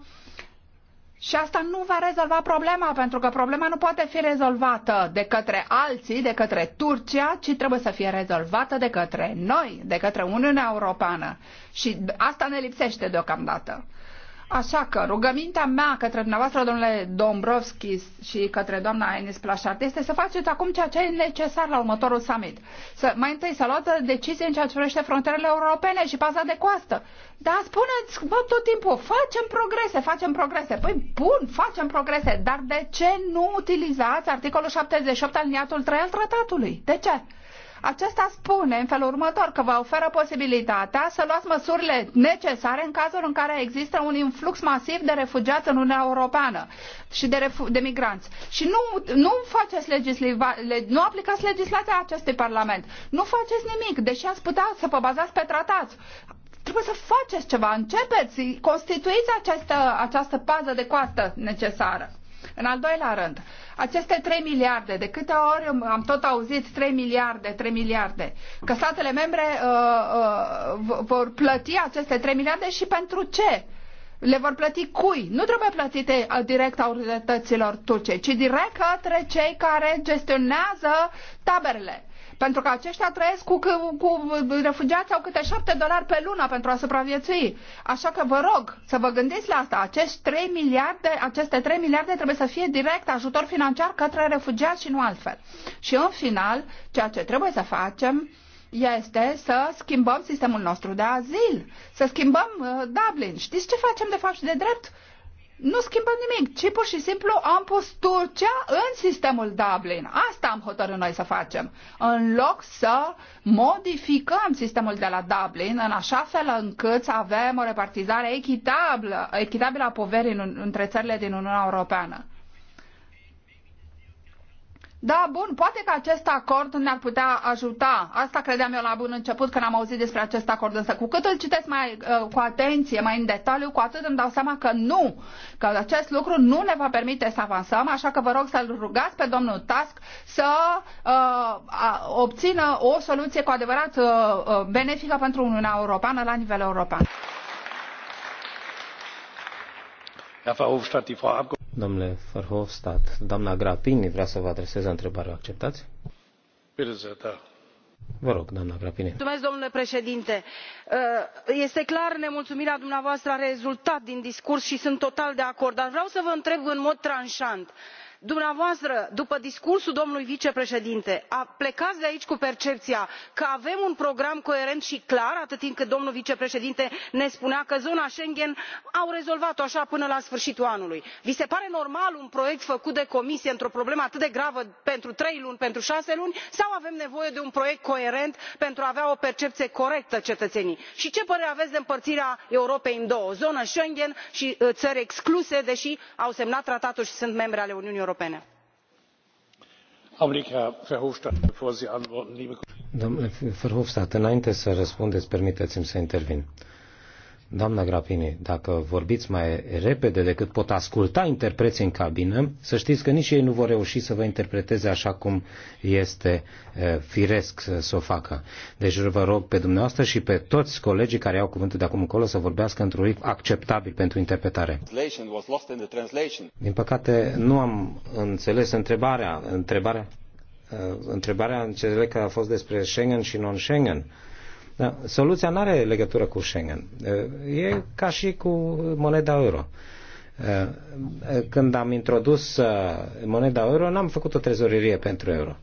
Speaker 5: și asta nu va rezolva problema, pentru că problema nu poate fi rezolvată de către alții, de către Turcia, ci trebuie să fie rezolvată de către noi, de către Uniunea Europeană. Și asta ne lipsește deocamdată. Așa că rugămintea mea către dumneavoastră, domnule Dombrovski și către doamna Enis Plașart, este să faceți acum ceea ce e necesar la următorul summit. Să, mai întâi să luați decizie în ceea ce privește frontierele europene și paza de coastă. Dar spuneți, bă, tot timpul, facem progrese, facem progrese. Păi bun, facem progrese, dar de ce nu utilizați articolul 78 aliniatul 3 al tratatului? De ce? Acesta spune în felul următor că vă oferă posibilitatea să luați măsurile necesare în cazul în care există un influx masiv de refugiați în Uniunea Europeană și de, de migranți. Și nu, nu, faceți legisliva, le, nu aplicați legislația acestui Parlament. Nu faceți nimic, deși ați putea să vă bazați pe tratați trebuie să faceți ceva, începeți, constituiți această, această pază de coastă necesară. În al doilea rând, aceste 3 miliarde, de câte ori am tot auzit 3 miliarde, 3 miliarde, că statele membre uh, uh, vor plăti aceste 3 miliarde și pentru ce? le vor plăti cui? Nu trebuie plătite uh, direct autorităților turce, ci direct către cei care gestionează taberele. Pentru că aceștia trăiesc cu, cu, cu refugiați au câte 7 dolari pe lună pentru a supraviețui. Așa că vă rog să vă gândiți la asta. Acești 3 miliarde, aceste 3 miliarde trebuie să fie direct ajutor financiar către refugiați și nu altfel. Și în final, ceea ce trebuie să facem este să schimbăm sistemul nostru de azil, să schimbăm uh, Dublin. Știți ce facem de fapt și de drept? Uh, nu schimbăm nimic, ci pur și simplu am pus Turcia în sistemul Dublin. Asta am hotărât noi să facem. În loc să modificăm sistemul de la Dublin în așa fel încât să avem o repartizare echitabilă, echitabilă a poverii în, între țările din Uniunea Europeană. Da, bun, poate că acest acord ne-ar putea ajuta. Asta credeam eu la bun început când am auzit despre acest acord, însă cu cât îl citesc mai uh, cu atenție, mai în detaliu, cu atât îmi dau seama că nu, că acest lucru nu ne va permite să avansăm, așa că vă rog să-l rugați pe domnul Task să uh, obțină o soluție cu adevărat uh, uh, benefică pentru Uniunea Europeană la nivel european.
Speaker 1: Domnule Verhofstadt, doamna Grapini vrea să vă adreseze întrebare. O acceptați? Da. Vă rog, doamna Grapini.
Speaker 2: Mulțumesc, domnule președinte. Uh, este clar nemulțumirea dumneavoastră a rezultat din discurs și sunt total de acord. Dar vreau să vă întreb în mod tranșant Ați dumneavoastră după discursul domnului vicepreședinte plecați de aici cu percepția că avem un program coerent și clar atât timp cât domnul vicepreședinte ne spunea că zona schengen au rezolvat o așa până la sfârșitul anului. vi se pare normal un proiect făcut de comisie într o problemă atât de gravă pentru trei luni pentru șase luni sau avem nevoie de un proiect coerent pentru a avea o percepție corectă cetățenii? și ce părere aveți de împărțirea europei în două zonă schengen și uh, țări excluse deși au semnat tratatul și sunt membre ale uniunii europene? europene.
Speaker 1: domnule verhofstadt înainte să răspundeți permiteți mi să intervin. Doamna Grapini, dacă vorbiți mai repede decât pot asculta interpreții în cabină, să știți că nici ei nu vor reuși să vă interpreteze așa cum este firesc să o facă. Deci vă rog pe dumneavoastră și pe toți colegii care au cuvântul de acum încolo să vorbească într-un ritm acceptabil pentru interpretare. Din păcate, nu am înțeles întrebarea. Întrebarea, întrebarea înțeleg că a fost despre Schengen și non-Schengen da, soluția nu are legătură cu Schengen. E ca și cu moneda euro. Eh, când am introdus eh, moneda euro, n-am făcut o trezorerie pentru euro.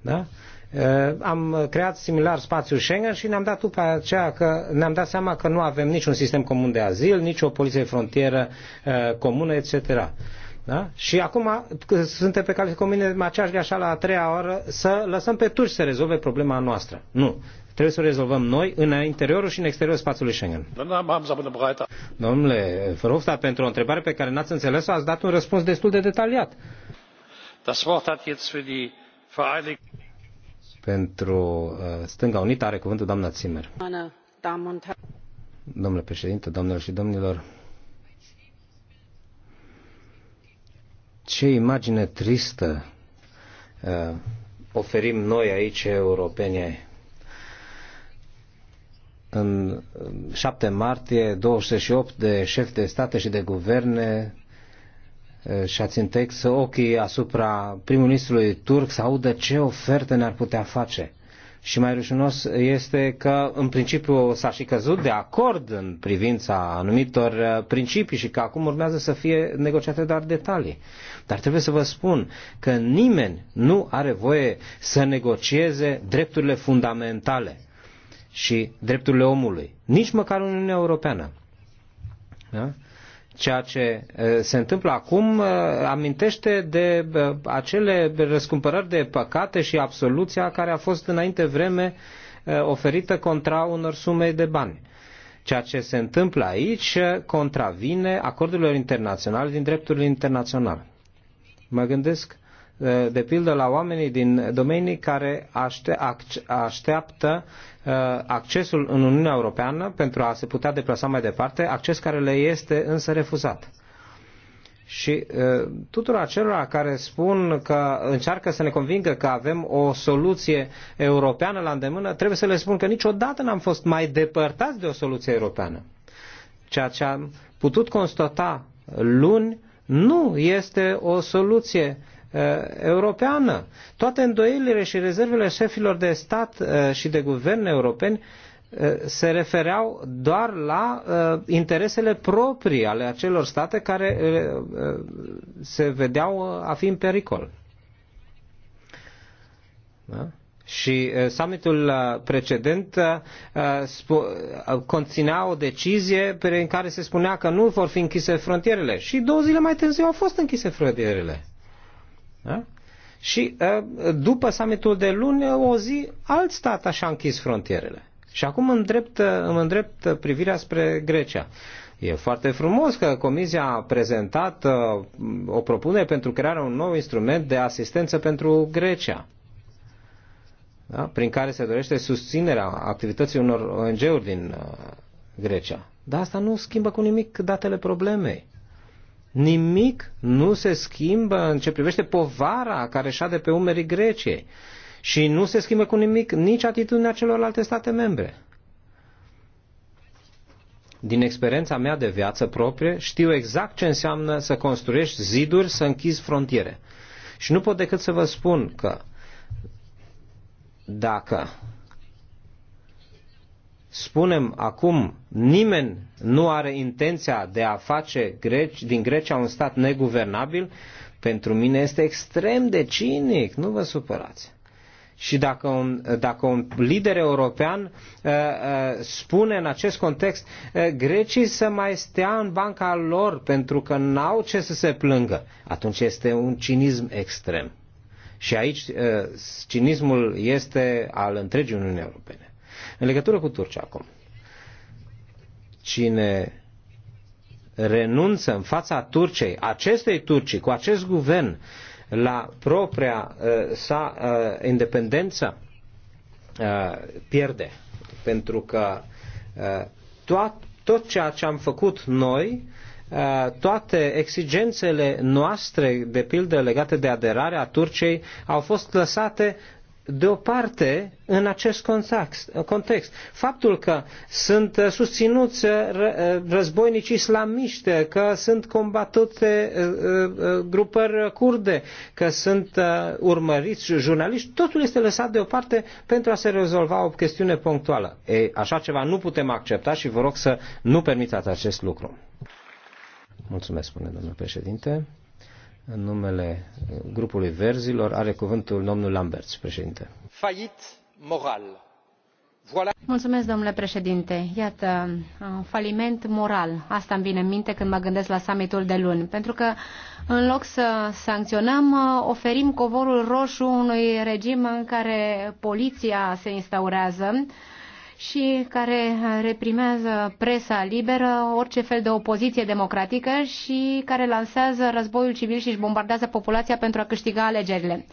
Speaker 1: Da? Eh, am creat similar spațiul Schengen și ne-am dat după aceea că ne-am dat seama că nu avem niciun sistem comun de azil, nici o poliție frontieră comună, etc. Da? Și acum suntem pe cale să cominem aceeași greșeală a treia oară să lăsăm pe turci să rezolve problema noastră. Nu trebuie să o rezolvăm noi în interiorul și în exteriorul spațiului Schengen. Domnule Verhofstadt, pentru o întrebare pe care n-ați înțeles-o, ați dat un răspuns destul de detaliat. Das Wort hat jetzt
Speaker 3: für die Vereinig...
Speaker 1: pentru uh, Stânga Unită are cuvântul doamna Zimmer. Domnule președinte, domnilor și domnilor, ce imagine tristă uh, oferim noi aici, europenii, în 7 martie, 28 de șefi de state și de guverne și ați întex ochii asupra primul ministrului turc să audă ce oferte ne-ar putea face. Și mai rușinos este că, în principiu, s-a și căzut de acord în privința anumitor principii și că acum urmează să fie negociate doar detalii. Dar trebuie să vă spun că nimeni nu are voie să negocieze drepturile fundamentale și drepturile omului. Nici măcar Uniunea Europeană. Da? Ceea ce se întâmplă acum amintește de acele răscumpărări de păcate și absoluția care a fost înainte vreme oferită contra unor sume de bani. Ceea ce se întâmplă aici contravine acordurilor internaționale din drepturile internaționale. Mă gândesc Eh, de pildă la oamenii din domenii care așteaptă eh, accesul în Uniunea Europeană pentru a se putea deplasa mai departe, acces care le este însă refuzat. Și eh, tuturor acelora care spun că încearcă să ne convingă că avem o soluție europeană la îndemână, trebuie să le spun că niciodată n-am fost mai depărtați de o soluție europeană. Ceea ce am putut constata luni nu este o soluție Uh, europeană. Toate îndoielile și rezervele șefilor de stat uh, și de guvern europeni uh, se refereau doar la interesele proprii ale acelor state care se vedeau a fi în pericol. Da? Și summitul precedent conținea o decizie prin care se spunea că nu vor fi închise frontierele. Și două zile mai târziu au fost închise frontierele. Da? Și uh, după summitul de luni, uh, o zi, alt stat așa a închis frontierele. Și acum îndrept, uh, îmi îndrept privirea spre Grecia. E foarte frumos că Comisia a prezentat o propunere pentru crearea un nou instrument de asistență pentru Grecia, da? prin care se dorește susținerea activității unor ONG-uri din Grecia. Dar asta nu schimbă cu nimic datele problemei. Nimic nu se schimbă în ce privește povara care șade pe umerii Greciei și nu se schimbă cu nimic nici atitudinea celorlalte state membre. Din experiența mea de viață proprie, știu exact ce înseamnă să construiești ziduri, să închizi frontiere. Și nu pot decât să vă spun că dacă spunem acum, nimeni nu are intenția de a face greci, din Grecia un stat neguvernabil, pentru mine este extrem de cinic, nu vă supărați. Și dacă un, dacă un lider european uh, uh, spune în acest context uh, grecii să mai stea în banca lor pentru că n-au ce să se plângă, atunci este un cinism extrem. Și aici uh, cinismul este al întregii Uniunii Europene. În legătură cu Turcia acum, cine renunță în fața Turciei, acestei Turcii, cu acest guvern, la propria uh, sa uh, independență, uh, pierde. Pentru că uh, toat, tot ceea ce am făcut noi, uh, toate exigențele noastre, de pildă legate de aderarea Turciei, au fost lăsate deoparte în acest context. Faptul că sunt uh, susținuți uh, uh, războinici islamiști, că sunt combatute grupări curde, că sunt urmăriți jurnaliști, totul este lăsat deoparte pentru a se rezolva o chestiune punctuală. Ei, așa ceva nu putem accepta și vă rog să nu permitați acest lucru. Mulțumesc, spune domnul președinte în numele grupului verzilor, are cuvântul domnul Lamberts, președinte.
Speaker 6: Fait moral. Voilà.
Speaker 4: Mulțumesc, domnule președinte. Iată, faliment moral. Asta îmi vine în minte când mă gândesc la summitul de luni. Pentru că, în loc să sancționăm, oferim covorul roșu unui regim în care poliția se instaurează, și care reprimează presa liberă, orice fel de opoziție democratică și care lansează războiul civil și își bombardează populația pentru a câștiga alegerile.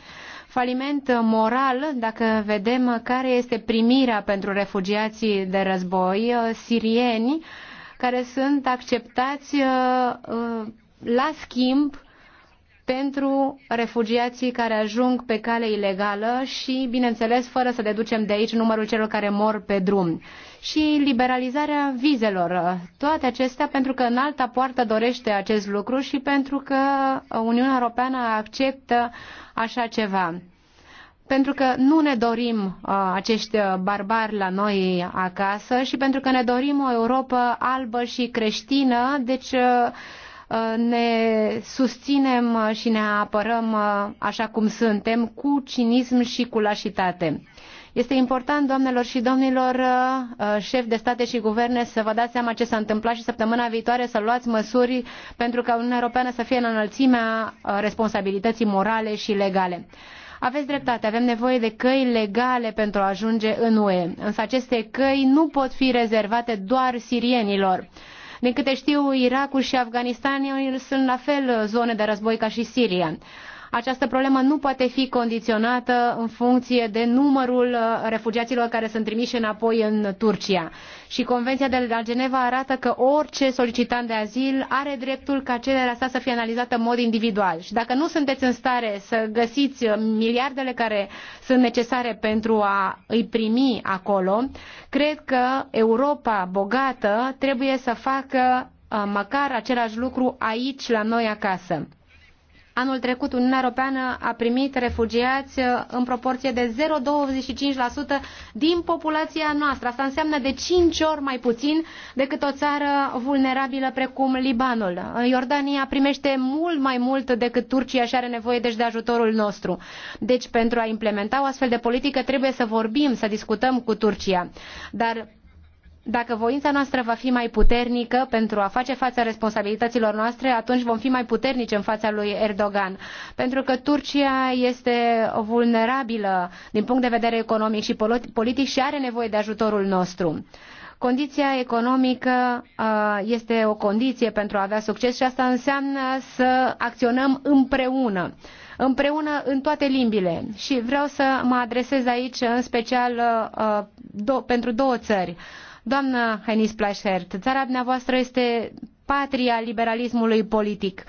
Speaker 4: Faliment moral, dacă vedem care este primirea pentru refugiații de război uh, sirieni, care sunt acceptați uh, uh, la schimb pentru refugiații care ajung pe cale ilegală și, bineînțeles, fără să deducem de aici numărul celor care mor pe drum. Și liberalizarea vizelor, toate acestea pentru că în alta poartă dorește acest lucru și pentru că Uniunea Europeană acceptă așa ceva. Pentru că nu ne dorim uh, acești barbari la noi acasă și pentru că ne dorim o Europa albă și creștină, deci uh, ne susținem și ne apărăm uh, așa cum suntem, cu cinism și cu lașitate. Este important, doamnelor și domnilor, uh, uh, șef de state și guverne, să vă dați seama ce s-a întâmplat și săptămâna viitoare să luați măsuri pentru ca Uniunea Europeană să fie în înălțimea responsabilității morale și legale. Aveți dreptate, avem nevoie de căi legale pentru a ajunge în UE, însă aceste căi nu pot fi rezervate doar sirienilor din câte știu, Irakul și Afganistanul sunt la fel zone de război ca și Siria. Această problemă nu poate fi condiționată în funcție de numărul uh, refugiaților care sunt trimiși înapoi în Turcia. Și Convenția de la Geneva arată că orice solicitant de azil are dreptul ca cererea sa să fie analizată în mod individual. Și dacă nu sunteți în stare să găsiți uh, miliardele care sunt necesare pentru a îi primi acolo, cred că Europa bogată trebuie să facă uh, măcar același lucru aici, la noi acasă. Anul trecut, Uniunea Europeană a primit refugiați uh, în proporție de 0,25% din populația noastră. Asta înseamnă de 5 ori mai puțin decât o țară vulnerabilă precum Libanul. Uh, Iordania primește mult mai mult decât Turcia și are nevoie deci de ajutorul nostru. Deci, pentru a implementa o astfel de politică, trebuie să vorbim, să discutăm cu Turcia. Dar dacă voința noastră va fi mai puternică pentru a face față responsabilităților noastre, atunci vom fi mai puternici în fața lui Erdogan. Pentru că Turcia este vulnerabilă din punct de vedere economic și politic și are nevoie de ajutorul nostru. Condiția economică uh, este o condiție pentru a avea succes și asta înseamnă să acționăm împreună împreună în toate limbile. Și vreau să mă adresez aici în special uh, do, pentru două țări. Doamnă Henis Plașert, țara dumneavoastră este patria liberalismului politic.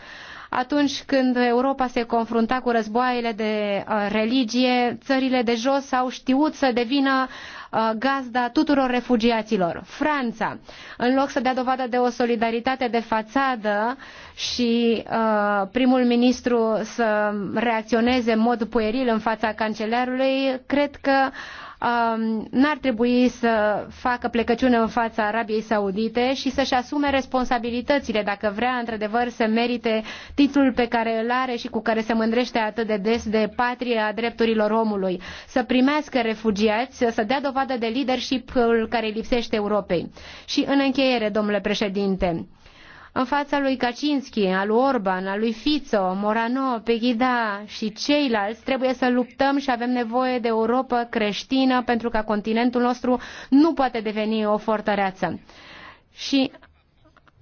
Speaker 4: Atunci când Europa se confrunta cu războaiele de uh, religie, țările de jos au știut să devină uh, gazda tuturor refugiaților. Franța, în loc să dea dovadă de o solidaritate de fațadă și uh, primul ministru să reacționeze în mod pueril în fața cancelarului, cred că Um, n-ar trebui să facă plecăciune în fața Arabiei Saudite și să-și asume responsabilitățile dacă vrea într-adevăr să merite titlul pe care îl are și cu care se mândrește atât de des de patria drepturilor omului. Să primească refugiați, să dea dovadă de leadership care lipsește Europei. Și în încheiere, domnule președinte, în fața lui Kaczynski, a lui Orban, a lui Fico, Morano, Pegida și ceilalți, trebuie să luptăm și avem nevoie de Europa creștină pentru ca continentul nostru nu poate deveni o fortăreață. Și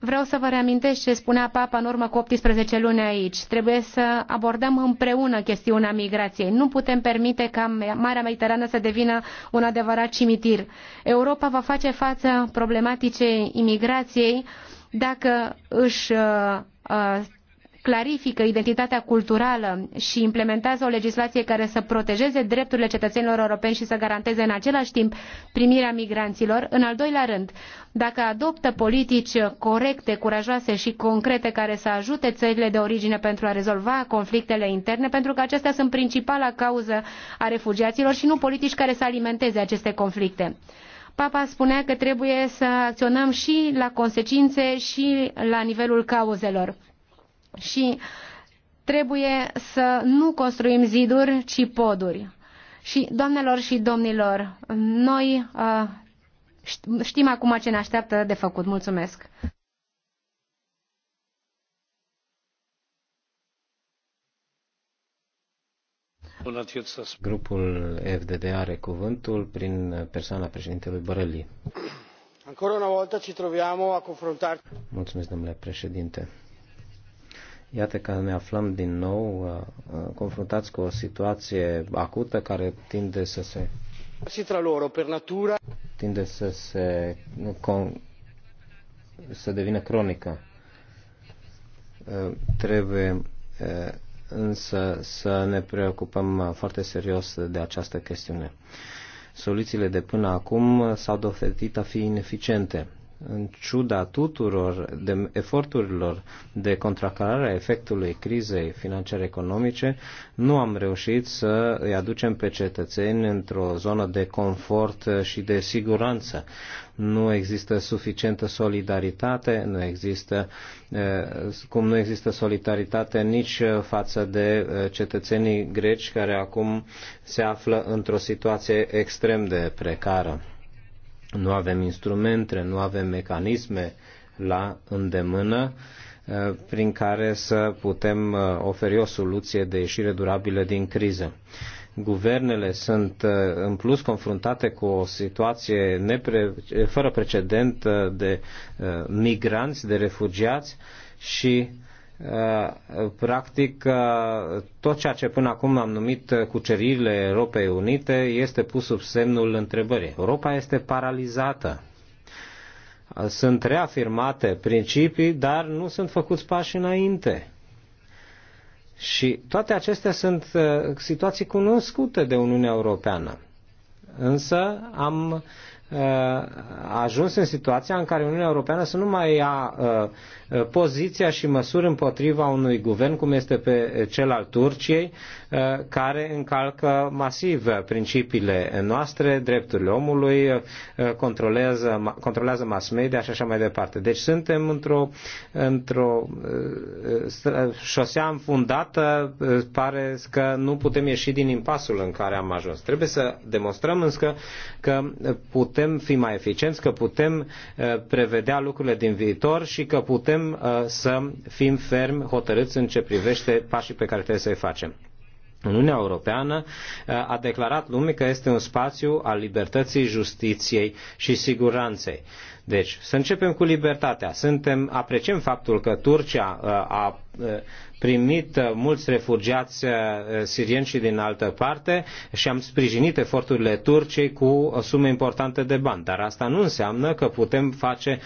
Speaker 4: Vreau să vă reamintesc ce spunea Papa în urmă cu 18 luni aici. Trebuie să abordăm împreună chestiunea migrației. Nu putem permite ca Marea Mediterană să devină un adevărat cimitir. Europa va face față problematicei imigrației dacă își uh, uh, clarifică identitatea culturală și implementează o legislație care să protejeze drepturile cetățenilor europeni și să garanteze în același timp primirea migranților. În al doilea rând, dacă adoptă politici corecte, curajoase și concrete care să ajute țările de origine pentru a rezolva conflictele interne, pentru că acestea sunt principala cauză a refugiaților și nu politici care să alimenteze aceste conflicte. Papa spunea că trebuie să acționăm și la consecințe și la nivelul cauzelor. Și trebuie să nu construim ziduri, ci poduri. Și, doamnelor și domnilor, noi uh, știm acum ce ne așteaptă de făcut. Mulțumesc!
Speaker 1: Grupul FDD are cuvântul prin persoana președintelui Borelli.
Speaker 2: Ancora una volta ci troviamo a confrontarci.
Speaker 1: Mulțumesc, domnule președinte. Iată că ne aflăm din nou uh, uh confruntați cu o situație acută care tinde să se
Speaker 2: tra loro per natura
Speaker 1: tinde să se con, să devină cronică. Uh, trebuie uh, însă să ne preocupăm foarte serios de această chestiune. Soluțiile de până acum s-au dovedit a fi ineficiente în ciuda tuturor de eforturilor de contracarare a efectului crizei financiare economice, nu am reușit să îi aducem pe cetățeni într-o zonă de confort și de siguranță. Nu există suficientă solidaritate, nu există, eh, cum nu există solidaritate nici față de eh, cetățenii greci care acum se află într-o situație extrem de precară nu avem instrumente, nu avem mecanisme la îndemână eh, prin care să putem eh, oferi o soluție de ieșire durabilă din criză. Guvernele sunt eh, în plus confruntate cu o situație nepre, fără precedent de migranți, de refugiați și Uh, practic uh, tot ceea ce până acum am numit cuceririle Europei Unite este pus sub semnul întrebării. Europa este paralizată. Uh, sunt reafirmate principii, dar nu sunt făcuți pași înainte. Și toate acestea sunt situații cunoscute de Uniunea Europeană. Însă am a ajuns în situația în care Uniunea Europeană să nu mai ia Eh, poziția și măsuri împotriva unui guvern, cum este pe eh, cel al Turciei, eh, care încalcă masiv principiile noastre, drepturile omului, controlează, controlează mass media și așa mai departe. Deci suntem într-o, într-o șosea înfundată, pare că nu putem ieși din impasul în care am ajuns. Trebuie să demonstrăm însă că putem fi mai eficienți, că putem prevedea lucrurile din viitor și că putem putem uh, să fim ferm hotărâți în ce privește pașii pe care trebuie să-i facem. Uniunea Europeană uh, a declarat lumii că este un spațiu al libertății, justiției și siguranței. Deci, să începem cu libertatea. Suntem, apreciem faptul că Turcia uh, a uh, primit uh, mulți refugiați sirieni și din altă parte și am sprijinit eforturile Turciei cu sume importante de bani. Dar asta nu înseamnă că putem face,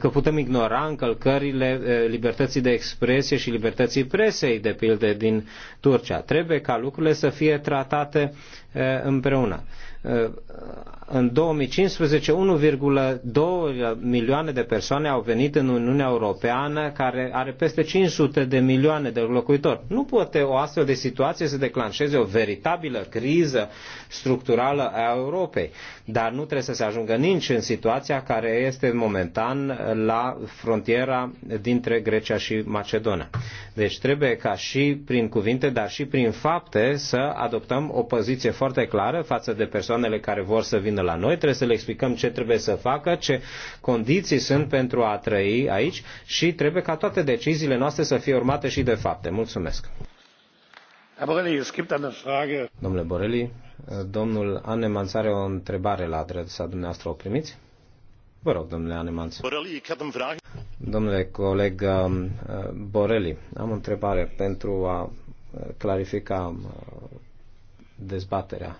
Speaker 1: că putem ignora încălcările libertății de expresie și libertății presei, de pildă din Turcia. Trebuie ca lucrurile să fie tratate împreună. Uh, în 2015 1,2 milioane de persoane au venit în Uniunea Europeană care are peste 500 de milioane de locuitori. Nu poate o astfel de situație să declanșeze o veritabilă criză structurală a Europei, dar nu trebuie să se ajungă nici în situația care este momentan la frontiera dintre Grecia și Macedonia. Deci trebuie ca și prin cuvinte, dar și prin fapte să adoptăm o poziție foarte clară față de persoane persoanele care vor să vină la noi, trebuie să le explicăm ce trebuie să facă, ce condiții sunt pentru a trăi aici și trebuie ca toate deciziile noastre să fie urmate și de fapte. Mulțumesc! Domnule Borelli, domnul Annemans are o întrebare la adresa dumneavoastră. O primiți? Vă rog, domnule Annemans. Domnule coleg um, uh, Borelli, am o întrebare pentru a uh, clarifica uh, dezbaterea.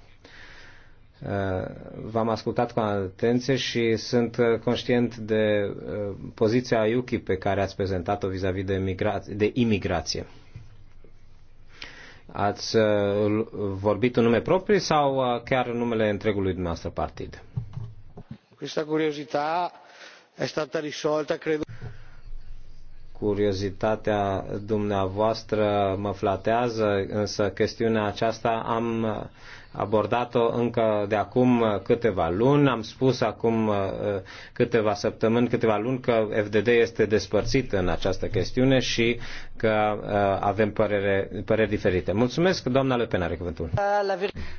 Speaker 1: Uh, v-am ascultat cu atenție și sunt uh, conștient de uh, poziția UKIP pe care ați prezentat-o vis-a-vis de, de imigrație. Ați vorbit în nume propriu sau chiar în numele întregului dumneavoastră partid? Questa curiosità è stata risolta, credo. Curiozitatea dumneavoastră mă flatează, însă chestiunea aceasta am abordat-o încă de acum câteva luni. Am spus acum uh, câteva săptămâni, câteva luni că FDD este despărțit în această chestiune și că uh, avem părere, păreri diferite. Mulțumesc, doamna Le Pen are cuvântul.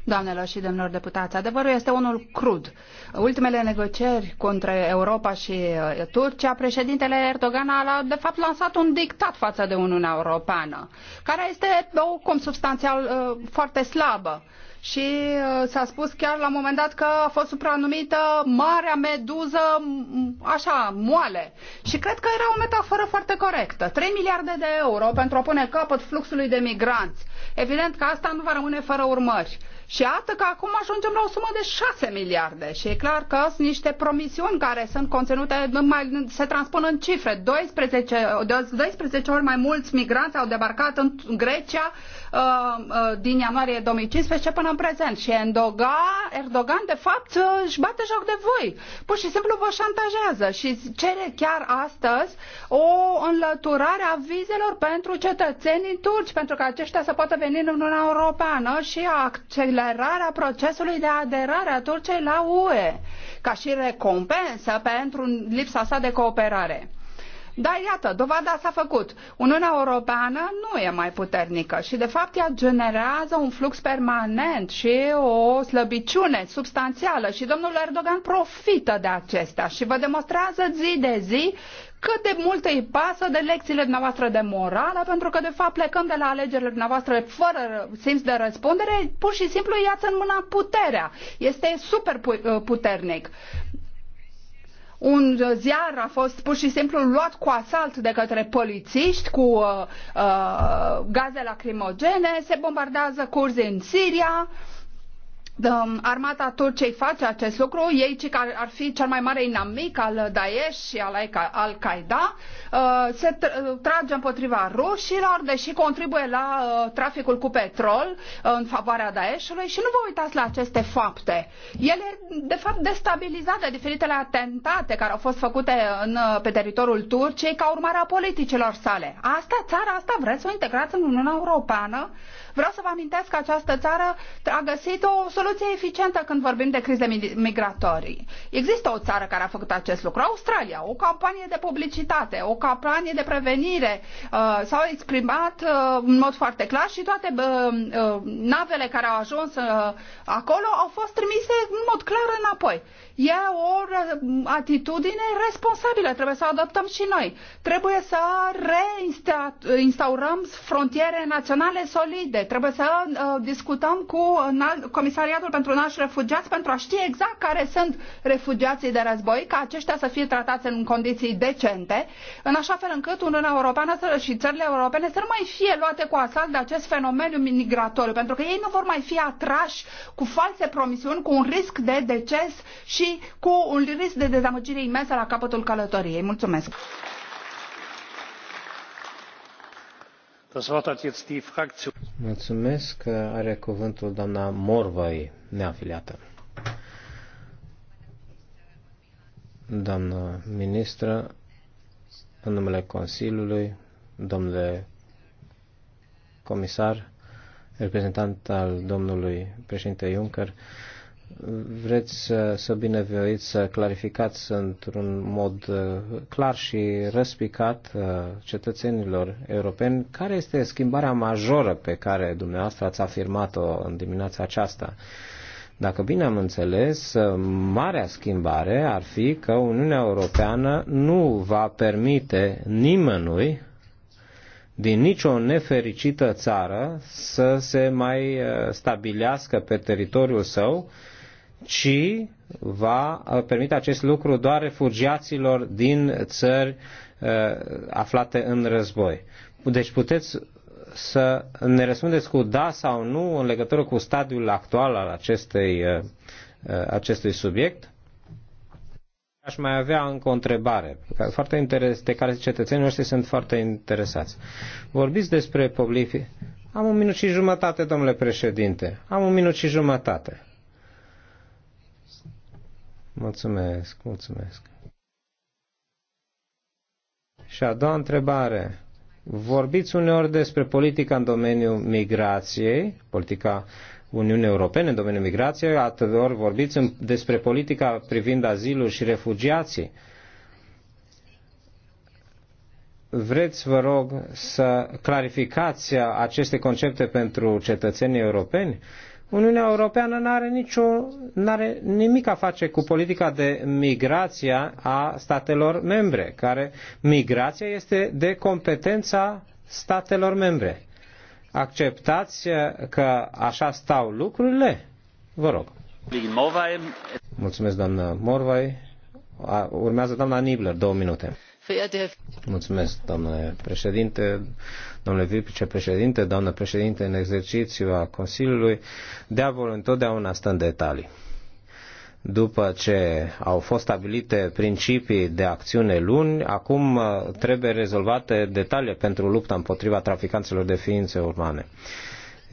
Speaker 5: Doamnelor și domnilor deputați, adevărul este unul crud. Ultimele negocieri contra Europa și uh, Turcia, președintele Erdogan a de fapt lansat un dictat față de Uniunea Europeană, care este o substanțial foarte slabă și uh, s-a spus chiar la un moment dat că a fost supranumită Marea Meduză, așa, moale. Și cred că era o metaforă foarte corectă. 3 miliarde de euro pentru a pune capăt fluxului de migranți. Evident că asta nu va rămâne fără urmări. Și iată că acum ajungem la o sumă de 6 miliarde și e clar că sunt niște promisiuni care sunt conținute, mai, se transpun în cifre. 12, 12 ori mai mulți migranți au debarcat în Grecia uh, uh, din ianuarie 2015 până în prezent și Endoga, Erdogan de fapt uh, își bate joc de voi. Pur și simplu vă șantajează și cere chiar astăzi o înlăturare a vizelor pentru cetățenii turci, pentru că aceștia să poată veni în Uniunea Europeană și a accelerarea procesului de aderare a Turciei la UE, ca și recompensă pentru lipsa sa de cooperare. Dar iată, dovada s-a făcut. Uniunea Europeană nu e mai puternică și, de fapt, ea generează un flux permanent și o slăbiciune substanțială și domnul Erdogan profită de acestea și vă demonstrează zi de zi cât de mult îi pasă de lecțiile dumneavoastră de morală, pentru că de fapt plecăm de la alegerile dumneavoastră fără simț de răspundere, pur și simplu iați în mâna puterea. Este super uh, puternic un ziar a fost pur și simplu luat cu asalt de către polițiști cu uh, uh, gaze lacrimogene, se bombardează curzi în Siria. Uh, Um, armata Turciei face acest lucru, ei ce care ar fi cel mai mare inamic al Daesh și al Al-Qaeda, uh, se uh, trage împotriva rușilor, deși contribuie la uh, traficul cu petrol în favoarea Daeshului și nu vă uitați la aceste fapte. Ele, de fapt, destabilizate de diferitele atentate care au fost făcute în, pe teritoriul Turciei ca urmare a politicilor sale. Asta, țara asta, vreți să o integrați în Uniunea Europeană? Vreau să vă amintesc că această țară a găsit o soluție eficientă când vorbim de crize migratorii. Există o țară care a făcut acest lucru, Australia, o campanie de publicitate, o campanie de prevenire. Uh, s-au exprimat uh, în mod foarte clar și toate uh, navele care au ajuns acolo au fost trimise în mod clar înapoi. E o atitudine responsabilă, trebuie să o adoptăm și noi. Trebuie să reinstaurăm frontiere naționale solide, trebuie să uh, discutăm cu Comisariatul pentru Nași Refugiați pentru a ști exact care sunt refugiații de război, ca aceștia să fie tratați în condiții decente, în așa fel încât Uniunea Europeană și țările europene să nu mai fie luate cu asalt de acest fenomen migratoriu, pentru că ei nu vor mai fi atrași cu false promisiuni, cu un risc de deces și cu un risc de dezamăgire imensă la capătul călătoriei. Mulțumesc!
Speaker 1: Mulțumesc. Are cuvântul doamna Morvai, neafiliată. Doamna ministră, în numele Consiliului, domnule comisar, reprezentant al domnului președinte Juncker, vreți să, să binevoiți să clarificați într-un mod uh, clar și răspicat uh, cetățenilor europeni care este schimbarea majoră pe care dumneavoastră ați afirmat-o în dimineața aceasta. Dacă bine am înțeles, marea schimbare ar fi că Uniunea Europeană nu va permite nimănui din nicio nefericită țară să se mai uh, stabilească pe teritoriul său ci va uh, permite acest lucru doar refugiaților din țări uh, aflate în război. Deci puteți să ne răspundeți cu da sau nu în legătură cu stadiul actual al acestei, uh, acestui subiect. Aș mai avea încă o întrebare foarte interes, de care cetățenii noștri sunt foarte interesați. Vorbiți despre publifi. Am un minut și jumătate, domnule președinte. Am un minut și jumătate. Mulțumesc, mulțumesc. Și a doua întrebare. Vorbiți uneori despre politica în domeniul migrației, politica Uniunii Europene în domeniul migrației, ori vorbiți despre politica privind azilul și refugiații. Vreți, vă rog, să clarificați aceste concepte pentru cetățenii europeni? Uniunea Europeană nu are, nicio, n-are nimic a face cu politica de migrație a statelor membre, care migrația este de competența statelor membre. Acceptați uh, că așa stau lucrurile? Vă rog. Mulțumesc, doamnă Morvai. Urmează doamna Nibler, două minute. Mulțumesc, domnule președinte, domnule vicepreședinte, doamnă președinte în exercițiu a Consiliului. Deavolul întotdeauna stă în detalii. După ce au fost stabilite principii de acțiune luni, acum uh, trebuie rezolvate detalii pentru lupta împotriva traficanților de ființe umane.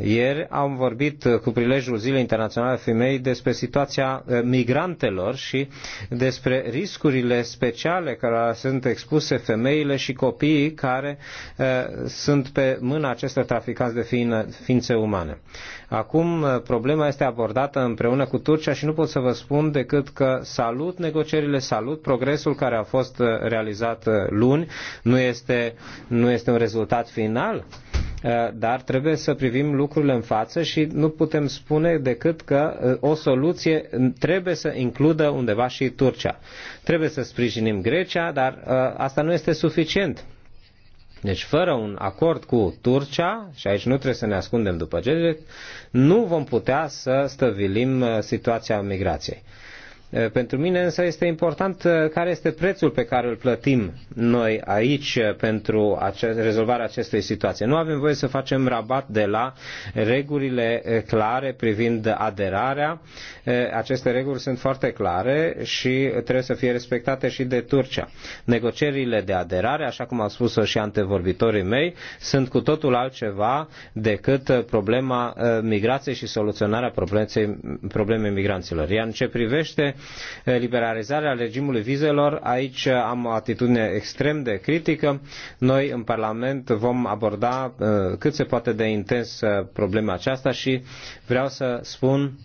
Speaker 1: Ieri am vorbit uh, cu prilejul Zilei Internaționale a Femeii despre situația uh, migrantelor și despre riscurile speciale care sunt expuse femeile și copiii care uh, sunt pe mâna acestor traficanți de ființe umane. Acum problema este abordată împreună cu Turcia și nu pot să vă spun decât că salut negocierile, salut progresul care a fost realizat luni. Nu este, nu este un rezultat final, Uh, dar trebuie să privim lucrurile în față și nu putem spune decât că uh, o soluție trebuie să includă undeva și Turcia. Trebuie să sprijinim Grecia, dar uh, asta nu este suficient. Deci fără un acord cu Turcia, și aici nu trebuie să ne ascundem după gege, nu vom putea să stăvilim situația migrației. Pentru mine însă este important care este prețul pe care îl plătim noi aici pentru rezolvarea acestei situații. Nu avem voie să facem rabat de la regulile clare privind aderarea. Aceste reguli sunt foarte clare și trebuie să fie respectate și de Turcia. Negocierile de aderare, așa cum au spus-o și antevorbitorii mei, sunt cu totul altceva decât problema migrației și soluționarea problemei migranților. Iar în ce privește liberalizarea regimului vizelor. Aici am o atitudine extrem de critică. Noi în Parlament vom aborda uh, cât se poate de intens uh, problema aceasta și vreau să spun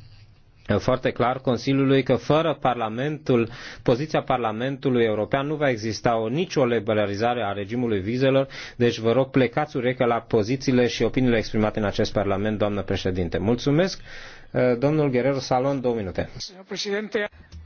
Speaker 1: uh, foarte clar Consiliului că fără Parlamentul, poziția Parlamentului European nu va exista o, nicio liberalizare a regimului vizelor, deci vă rog plecați urecă la pozițiile și opiniile exprimate în acest Parlament, doamnă președinte. Mulțumesc. Domnul Guerrero Salon, două minute.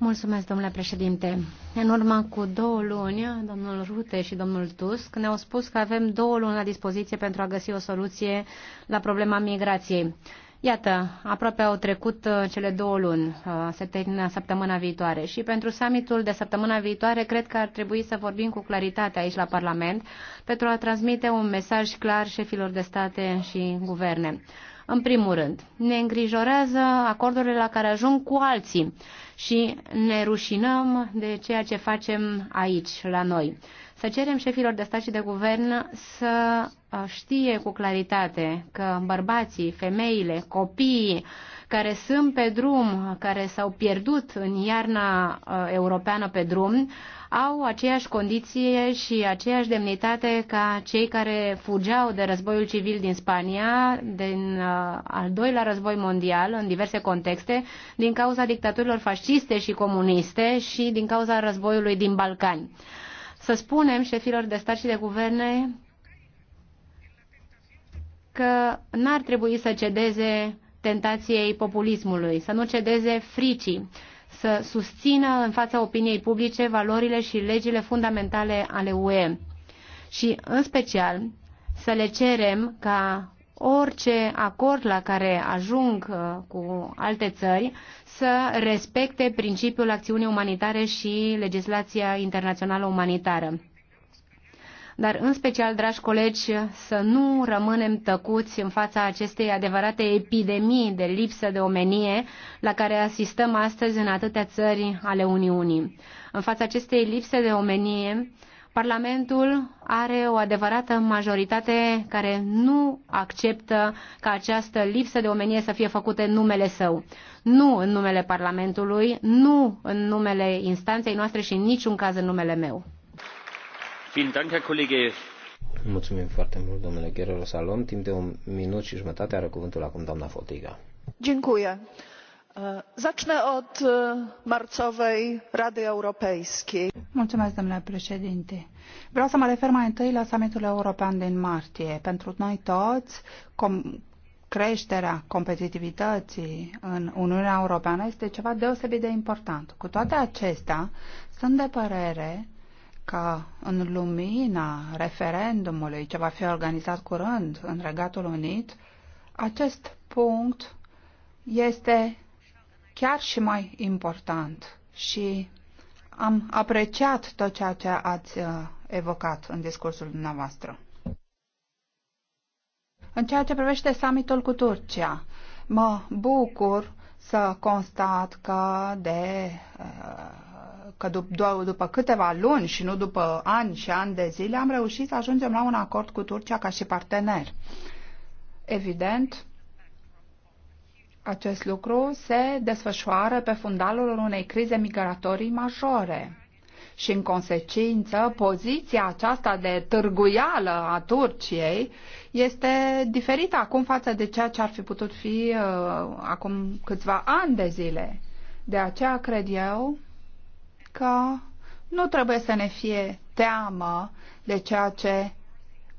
Speaker 4: Mulțumesc, domnule președinte. În urmă cu două luni, domnul Rute și domnul Tusk ne-au spus că avem două luni la dispoziție pentru a găsi o soluție la problema migrației. Iată, aproape au trecut uh, cele două luni, uh, se termină săptămâna viitoare și pentru summitul de săptămâna viitoare cred că ar trebui să vorbim cu claritate aici la Parlament pentru a transmite un mesaj clar șefilor de state și guverne. În primul rând, ne îngrijorează acordurile la care ajung cu alții și ne rușinăm de ceea ce facem aici, la noi. Să cerem șefilor de stat și de guvern să uh, știe cu claritate că bărbații, femeile, copiii, care sunt pe drum, care s-au pierdut în iarna uh, europeană pe drum, au aceeași condiție și aceeași demnitate ca cei care fugeau de războiul civil din Spania, din uh, al doilea război mondial, în diverse contexte, din cauza dictaturilor fasciste și comuniste și din cauza războiului din Balcani. Să spunem șefilor de stat și de guverne că n-ar trebui să cedeze tentației populismului, să nu cedeze fricii, să susțină în fața opiniei publice valorile și legile fundamentale ale UE și, în special, să le cerem ca orice acord la care ajung uh, cu alte țări să respecte principiul acțiunii umanitare și legislația internațională umanitară. Dar în special, dragi colegi, să nu rămânem tăcuți în fața acestei adevărate epidemii de lipsă de omenie la care asistăm astăzi în atâtea țări ale Uniunii. În fața acestei lipse de omenie, Parlamentul are o adevărată majoritate care nu acceptă ca această lipsă de omenie să fie făcută în numele său. Nu în numele Parlamentului, nu în numele instanței noastre și în niciun caz în numele meu.
Speaker 1: Mulțumim foarte mult, domnule Guerrero Salom. Timp de un minut și jumătate are cuvântul acum doamna
Speaker 5: Fotiga.
Speaker 2: Dziękuję. Zacznę od marcowej Rady Europejskiej.
Speaker 5: Mulțumesc, domnule președinte. Vreau să mă refer mai întâi la summitul european din martie. Pentru noi toți, creșterea competitivității în Uniunea Europeană este ceva deosebit de important. Cu toate acestea, sunt de părere ca în lumina referendumului ce va fi organizat curând în Regatul Unit, acest punct este chiar și mai important și am apreciat tot ceea ce ați uh, evocat în discursul dumneavoastră. În ceea ce privește summitul cu Turcia, mă bucur să constat că de uh, că după, după câteva luni și nu după ani și ani de zile am reușit să ajungem la un acord cu Turcia ca și partener. Evident, acest lucru se desfășoară pe fundalul unei crize migratorii majore și, în consecință, poziția aceasta de târguială a Turciei este diferită acum față de ceea ce ar fi putut fi uh, acum câțiva ani de zile. De aceea cred eu că nu trebuie să ne fie teamă de ceea ce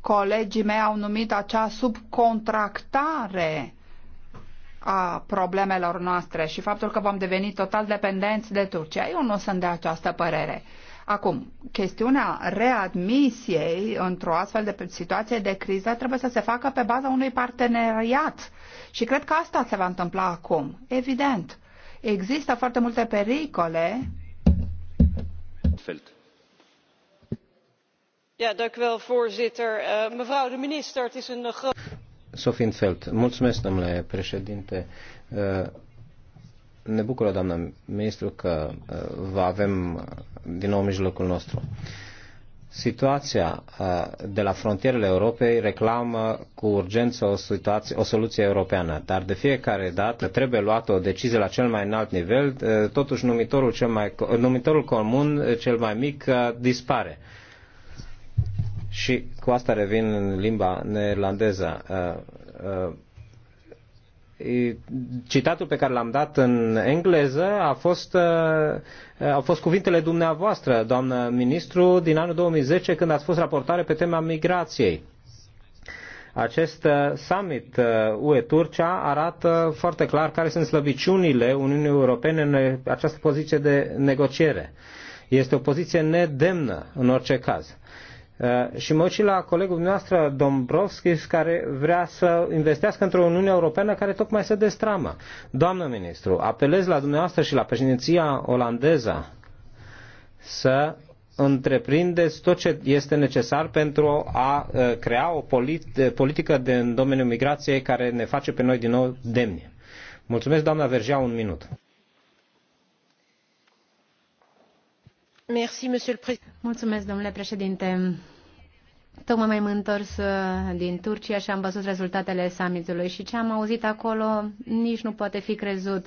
Speaker 5: colegii mei au numit acea subcontractare a problemelor noastre și faptul că vom deveni total dependenți de Turcia. Eu nu sunt de această părere. Acum, chestiunea readmisiei într-o astfel de situație de criză trebuie să se facă pe baza unui parteneriat. Și cred că asta se va întâmpla acum. Evident, există foarte multe pericole
Speaker 2: voorzitter eh, mevrouw de minister het is een eh, groot.
Speaker 1: sophia in 't veld mulțumesc domnule președinte eh, ne bucură doamnă ministru că vă avem din nou în mijlocul nostru situația uh, de la frontierele Europei reclamă cu urgență o, situație, o soluție europeană, dar de fiecare dată trebuie luată o decizie la cel mai înalt nivel, uh, totuși numitorul, cel mai, numitorul comun uh, cel mai mic dispare. Și cu asta revin în limba neerlandeză citatul pe care l-am dat în engleză a fost, uh, au fost cuvintele dumneavoastră, doamnă ministru, din anul 2010 când ați fost raportare pe tema migrației. Acest uh, summit uh, UE-Turcia arată foarte clar care sunt slăbiciunile Uniunii Europene în această poziție de negociere. Este o poziție nedemnă în orice caz. Uh, și mă uit și la colegul noastră Dombrovskis care vrea să investească într-o Uniune Europeană care tocmai se destramă. Doamnă ministru, apelez la dumneavoastră și la președinția olandeză să întreprindeți tot ce este necesar pentru a uh, crea o politică de, în domeniul migrației care ne face pe noi din nou demni. Mulțumesc, doamna Vergea, un minut.
Speaker 4: Mulțumesc, domnule președinte. Tocmai m-am întors uh, din Turcia și am văzut rezultatele summitului și ce am auzit acolo nici nu poate fi crezut.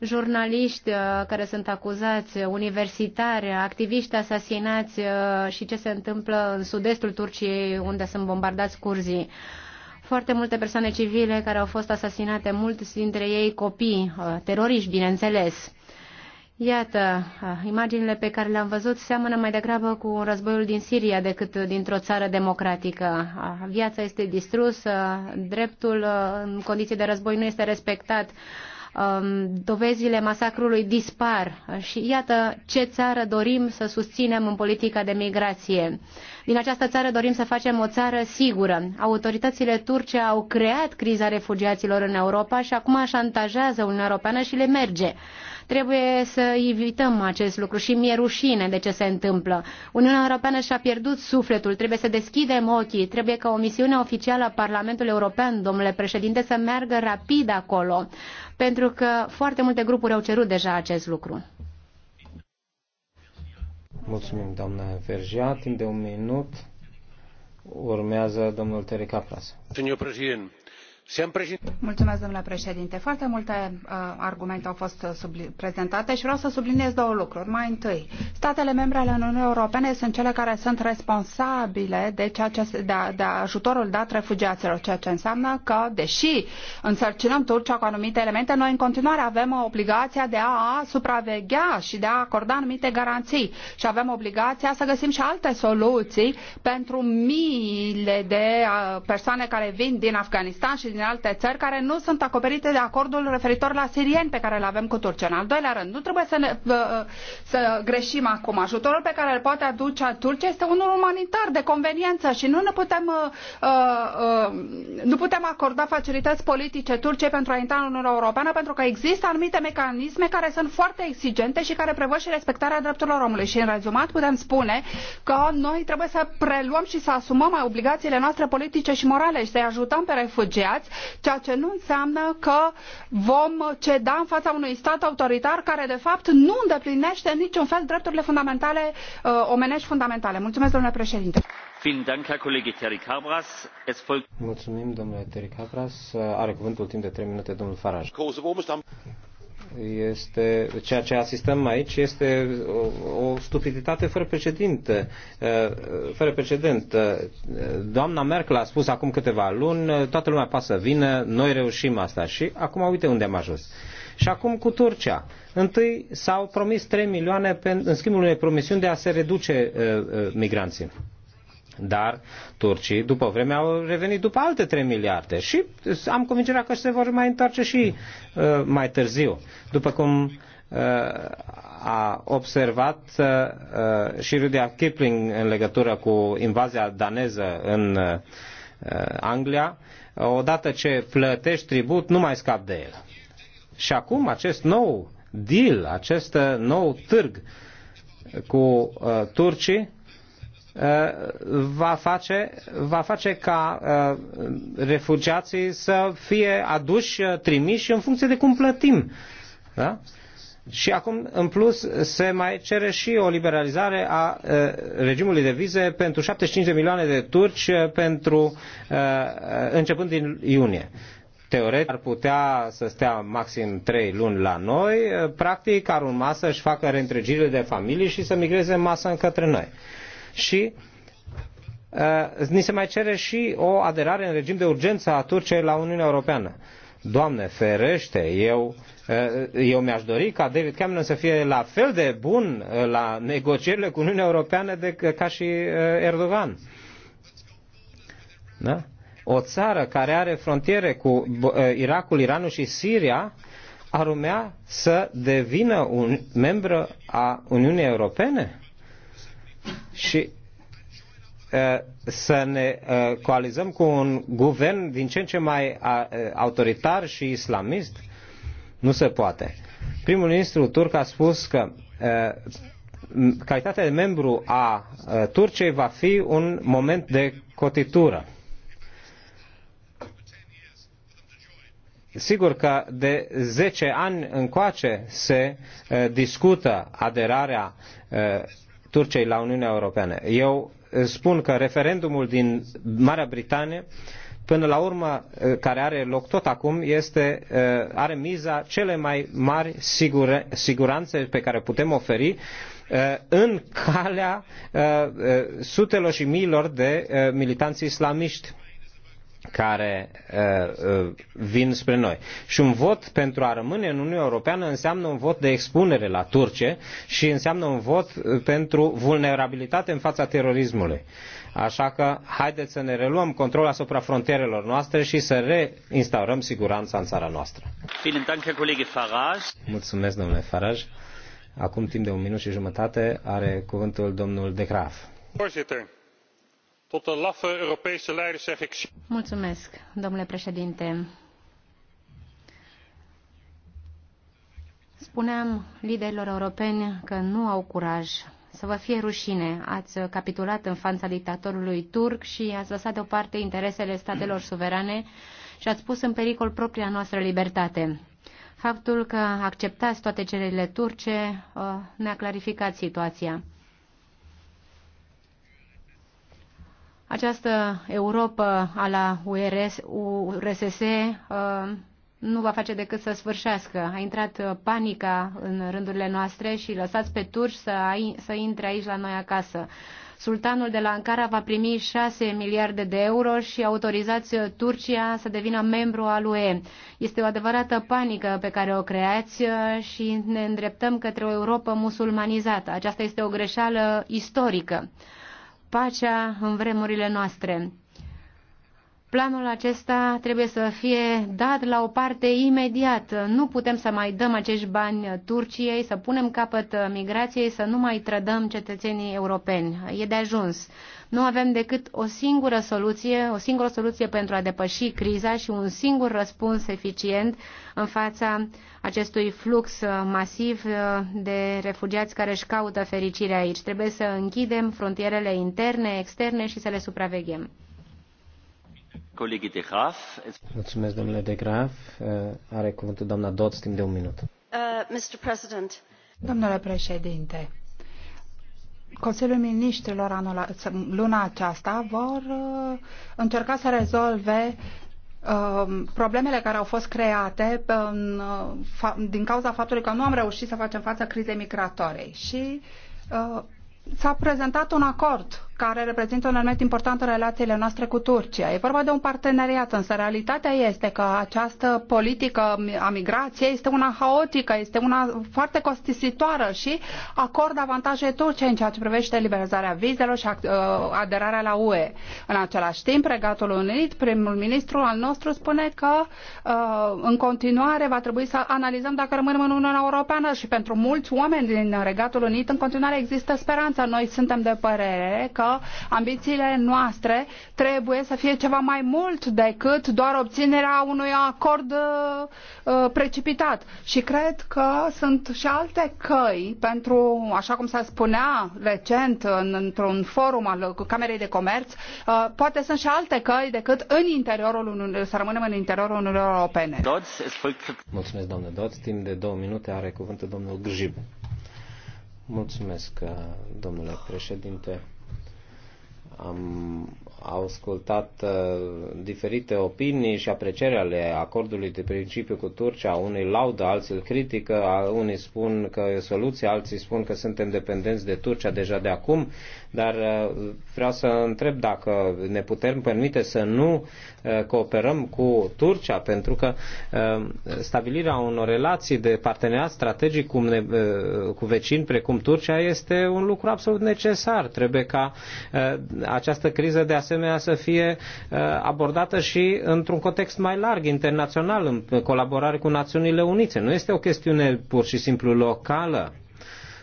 Speaker 4: Jurnaliști uh, care sunt acuzați, universitari, activiști asasinați uh, și ce se întâmplă în sud-estul Turciei unde sunt bombardați curzii. Foarte multe persoane civile care au fost asasinate, mulți dintre ei copii, teroriști, bineînțeles Iată, ah, imaginile pe care le-am văzut seamănă mai degrabă cu războiul din Siria decât dintr-o țară democratică. Ah, viața este distrusă, dreptul ah, în condiții de război nu este respectat, um, dovezile masacrului dispar și iată ce țară dorim să susținem în politica de migrație. Din această țară dorim să facem o țară sigură. Autoritățile turce au creat criza refugiaților în Europa și acum șantajează Uniunea Europeană și le merge. Trebuie să evităm acest lucru și mi-e rușine de ce se întâmplă. Uniunea Europeană și-a pierdut sufletul, trebuie să deschidem ochii, trebuie ca o misiune oficială a Parlamentului European, domnule președinte, să meargă rapid acolo, pentru că foarte multe grupuri au cerut deja acest lucru.
Speaker 1: Mulțumim, doamna Vergea. Timp de un minut urmează domnul Tere Capras. Domnul președinte,
Speaker 5: Mulțumesc, domnule președinte. Foarte multe uh, argumente au fost uh, prezentate și vreau să subliniez două lucruri. Mai întâi, statele membre ale Uniunii Europene sunt cele care sunt responsabile de, ceea ce, de, de ajutorul dat refugiaților, ceea ce înseamnă că, deși însărcinăm Turcia cu anumite elemente, noi în continuare avem obligația de a supraveghea și de a acorda anumite garanții și avem obligația să găsim și alte soluții pentru miile de uh, persoane care vin din Afganistan și din alte țări care nu sunt acoperite de acordul referitor la sirieni pe care îl avem cu Turcia. În al doilea rând, nu trebuie să, ne, să greșim acum. Ajutorul pe care îl poate aduce Turcia este unul umanitar de conveniență și nu ne putem, uh, uh, nu putem acorda facilități politice Turciei pentru a intra în Uniunea Europeană pentru că există anumite mecanisme care sunt foarte exigente și care prevăd și respectarea drepturilor omului. Și în rezumat putem spune că noi trebuie să preluăm și să asumăm obligațiile noastre politice și morale și să-i ajutăm pe refugiați implicați, ceea ce nu înseamnă că vom ceda în fața unui stat autoritar care de fapt nu îndeplinește în niciun fel drepturile fundamentale, uh, omenești fundamentale. Mulțumesc, domnule președinte.
Speaker 1: Mulțumim, domnule Terry Capras. Are cuvântul timp de 3 minute domnul Faraj este, ceea ce asistăm aici este o, o stupiditate fără precedent. Eh, fără precedent. Eh, doamna Merkel a spus acum câteva luni, eh, toată lumea poate să vină, noi reușim asta și acum uite unde am ajuns. Și acum cu Turcia. Întâi s-au promis 3 milioane în schimbul unei promisiuni de a se reduce migranții. Dar turcii, după vreme, au revenit după alte 3 miliarde și am convingerea că se vor mai întoarce și uh, mai târziu. După cum uh, a observat uh, și Rudyard Kipling în legătură cu invazia daneză în uh, Anglia, odată ce plătești tribut, nu mai scap de el. Și acum acest nou deal, acest uh, nou târg cu uh, turcii, va face, va face ca uh, refugiații să fie aduși, uh, trimiși în funcție de cum plătim. Da? Și acum, în plus, se mai cere și o liberalizare a uh, regimului de vize pentru 75 de milioane de turci uh, pentru, uh, începând din iunie. Teoretic ar putea să stea maxim 3 luni la noi, practic ar urma să-și facă reîntregirile de familie și să migreze în masă către noi. Uh, și uh, ni se mai cere și o aderare în regim de urgență a Turciei la Uniunea Europeană. Doamne ferește, eu, uh, eu mi-aș dori ca David Cameron să fie la fel de bun uh, la negocierile cu Uniunea Europeană de, ca și uh, Erdogan. Da? O țară care are frontiere cu Irakul, Iranul și Siria ar urmea să devină un membru a Uniunii Europene? și uh, să ne uh, coalizăm cu un guvern din ce în ce mai uh, autoritar și islamist? Nu se poate. Primul ministru turc a spus că calitatea de membru a Turciei va fi un moment de cotitură. Sigur că de 10 ani încoace se discută aderarea Turciei la Uniunea Europeană. Eu eh, spun că referendumul din Marea Britanie până la urmă, eh, care are loc tot acum, este, eh, are miza cele mai mari sigure, siguranțe pe care putem oferi în calea sutelor și miilor de militanți islamiști care uh, uh, vin spre noi. Și un vot pentru a rămâne în Uniunea Europeană înseamnă un vot de expunere la turce și înseamnă un vot uh, pentru vulnerabilitate în fața terorismului. Așa că haideți să ne reluăm controlul asupra frontierelor noastre și să reinstaurăm siguranța în țara noastră. Mulțumesc, domnule Farage. Acum timp de un minut și jumătate are cuvântul domnul De Graaf
Speaker 4: domnule președinte. Spuneam liderilor europeni că nu au curaj. Să vă fie rușine. Ați capitulat în fața dictatorului turc și ați lăsat deoparte interesele statelor suverane și ați pus în pericol propria noastră libertate. Faptul că acceptați toate cererile turce uh, ne-a clarificat situația. Această Europa a la URS, URSS uh, nu va face decât să sfârșească. A intrat uh, panica în rândurile noastre și lăsați pe turci să, ai, să intre aici la noi acasă. Sultanul de la Ankara va primi 6 miliarde de euro și autorizați uh, Turcia să devină membru al UE. Este o adevărată panică pe care o creați și ne îndreptăm către o Europa musulmanizată. Aceasta este o greșeală istorică pacea în vremurile noastre. Planul acesta trebuie să fie dat la o parte imediat. Nu putem să mai dăm acești bani Turciei, să punem capăt migrației, să nu mai trădăm cetățenii europeni. E de ajuns. Nu avem decât o singură soluție, o singură soluție pentru a depăși criza și un singur răspuns eficient în fața acestui flux masiv de refugiați care își caută fericirea aici. Trebuie să închidem frontierele interne, externe și să le supraveghem
Speaker 3: de Graf.
Speaker 1: domnule de Graf. Uh, are cuvântul
Speaker 5: timp de un minut. Uh, domnule președinte, Consiliul Ministrilor anul, luna aceasta vor uh, încerca să rezolve problemele care au fost create din cauza faptului că nu am reușit să facem față crizei migratorii. Și s-a prezentat un acord care reprezintă un element important în relațiile noastre cu Turcia. E vorba de un parteneriat, însă realitatea este că această politică a migrației este una haotică, este una foarte costisitoară și acordă avantaje Turciei în ceea ce privește liberalizarea vizelor și uh, aderarea la UE. În același timp, Regatul Unit, primul ministru al nostru, spune că uh, în continuare va trebui să analizăm dacă rămânem în Uniunea Europeană și pentru mulți oameni din Regatul Unit în continuare există speranța. Noi suntem de părere că ambițiile noastre trebuie să fie ceva mai mult decât doar obținerea unui acord uh, uh, precipitat. Și cred că sunt și alte căi pentru, așa cum se spunea recent în, într-un forum al Camerei de Comerț, uh, poate sunt și alte căi decât în interiorul Uniunii, să rămânem în interiorul Uniunii Europene.
Speaker 1: Mulțumesc, doamnă Dodds. Timp de două minute are cuvântul domnul Grjib. Mulțumesc, uh, domnule președinte. Am ascultat uh, diferite opinii și apreciere ale acordului de principiu cu Turcia. Unii laudă, alții îl critică, unii spun că e soluție, alții spun că suntem dependenți de Turcia deja de acum dar uh, vreau să întreb dacă ne putem permite să nu uh, cooperăm cu Turcia, pentru că uh, stabilirea unor relații de parteneriat strategic cu, ne, cu vecini precum Turcia este un lucru absolut necesar. Trebuie ca această criză de asemenea să fie abordată și într-un context mai larg, internațional, în colaborare cu Națiunile Unite. Nu este o chestiune pur și simplu locală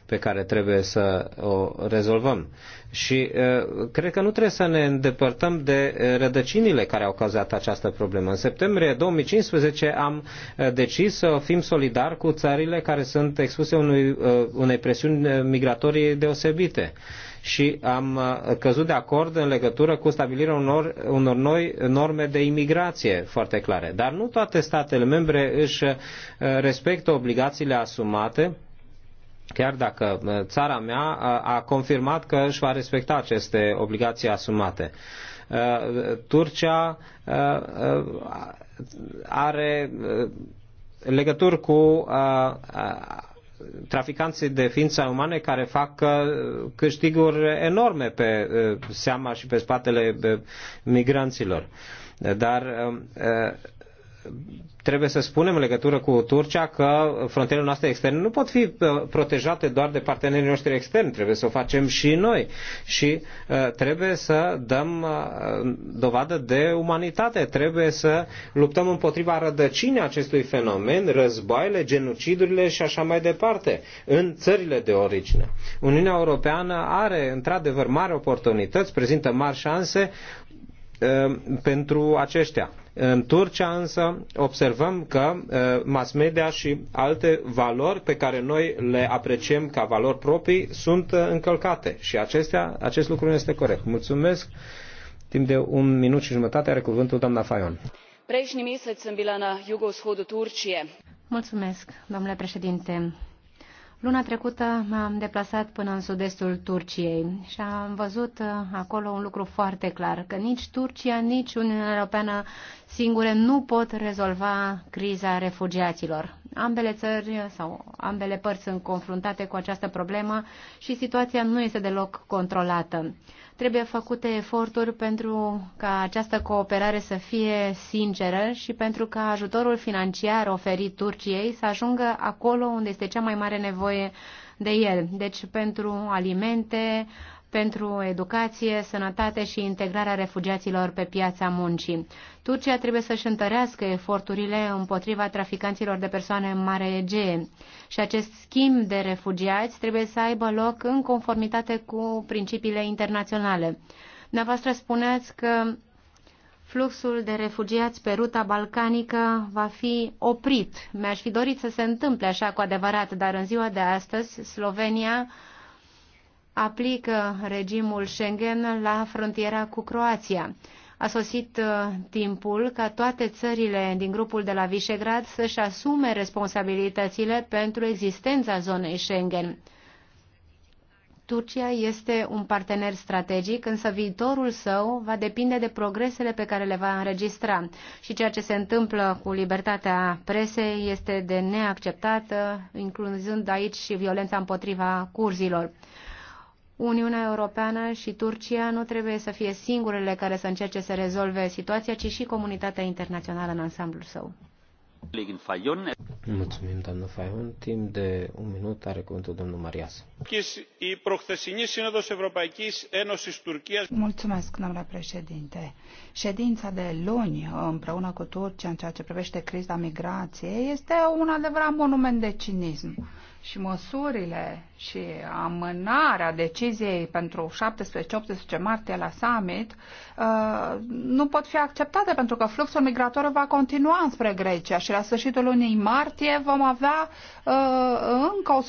Speaker 1: pe care trebuie să o rezolvăm. Și uh, cred că nu trebuie să ne îndepărtăm de uh, rădăcinile care au cauzat această problemă. În septembrie 2015 am uh, decis să fim solidari cu țările care sunt expuse unui, unei presiuni migratorii deosebite și am căzut de acord în legătură cu stabilirea unor, unor noi norme de imigrație foarte clare. Dar nu toate statele membre își respectă obligațiile asumate chiar dacă uh, țara mea uh, a confirmat că își va respecta aceste obligații asumate. Uh, Turcia are legături cu traficanții de ființe umane care fac câștiguri enorme pe seama și pe spatele migranților. Dar trebuie să spunem în legătură cu Turcia că frontierele noastre externe nu pot fi uh, protejate doar de partenerii noștri externi, trebuie să o facem și noi și uh, trebuie să dăm uh, dovadă de umanitate, trebuie să luptăm împotriva rădăcinii acestui fenomen, războaiele, genocidurile și așa mai departe, în țările de origine. Uniunea Europeană are într-adevăr mari oportunități, prezintă mari șanse, Um, pentru aceștia. În Turcia însă observăm că uh, mass media și alte valori pe care noi le apreciem ca valori proprii sunt uh, încălcate și acestea, acest lucru nu este corect. Mulțumesc. Timp de un minut și jumătate are cuvântul doamna Fayon.
Speaker 7: Prejšnji mesec sem bila na jugovzhodu Turčije.
Speaker 4: Mulțumesc, domnule președinte. Luna trecută m-am deplasat până în sud-estul Turciei și am văzut uh, acolo un lucru foarte clar, că nici Turcia, nici Uniunea Europeană singure nu pot rezolva criza refugiaților. Ambele țări sau ambele părți sunt confruntate cu această problemă și situația nu este deloc controlată. Trebuie făcute eforturi pentru ca această cooperare să fie sinceră și pentru ca ajutorul financiar oferit Turciei să ajungă acolo unde este cea mai mare nevoie de el. Deci pentru alimente, pentru educație, sănătate și integrarea refugiaților pe piața muncii. Turcia trebuie să-și întărească eforturile împotriva traficanților de persoane în Mare Egee și acest schimb de refugiați trebuie să aibă loc în conformitate cu principiile internaționale. Dumneavoastră spuneați că fluxul de refugiați pe ruta balcanică va fi oprit. Mi-aș fi dorit să se întâmple așa cu adevărat, dar în ziua de astăzi Slovenia aplică regimul Schengen la frontiera cu Croația. A sosit uh, timpul ca toate țările din grupul de la Visegrad să-și asume responsabilitățile pentru existența zonei Schengen. Turcia este un partener strategic, însă viitorul său va depinde de progresele pe care le va înregistra și ceea ce se întâmplă cu libertatea presei este de neacceptată, incluzând aici și violența împotriva curzilor. Uniunea Europeană și Turcia nu trebuie să fie singurele care să încerce să rezolve situația, ci și comunitatea internațională în ansamblul său.
Speaker 1: Mulțumim, doamnă Fajon. Timp de un minut are cuvântul domnul Marias.
Speaker 5: Mulțumesc, domnule președinte. Ședința de luni împreună cu Turcia în ceea ce privește criza migrației este un adevărat monument de cinism. Și măsurile și amânarea deciziei pentru 17-18 martie la summit uh, nu pot fi acceptate pentru că fluxul migrator va continua spre Grecia și la sfârșitul lunii martie vom avea uh, încă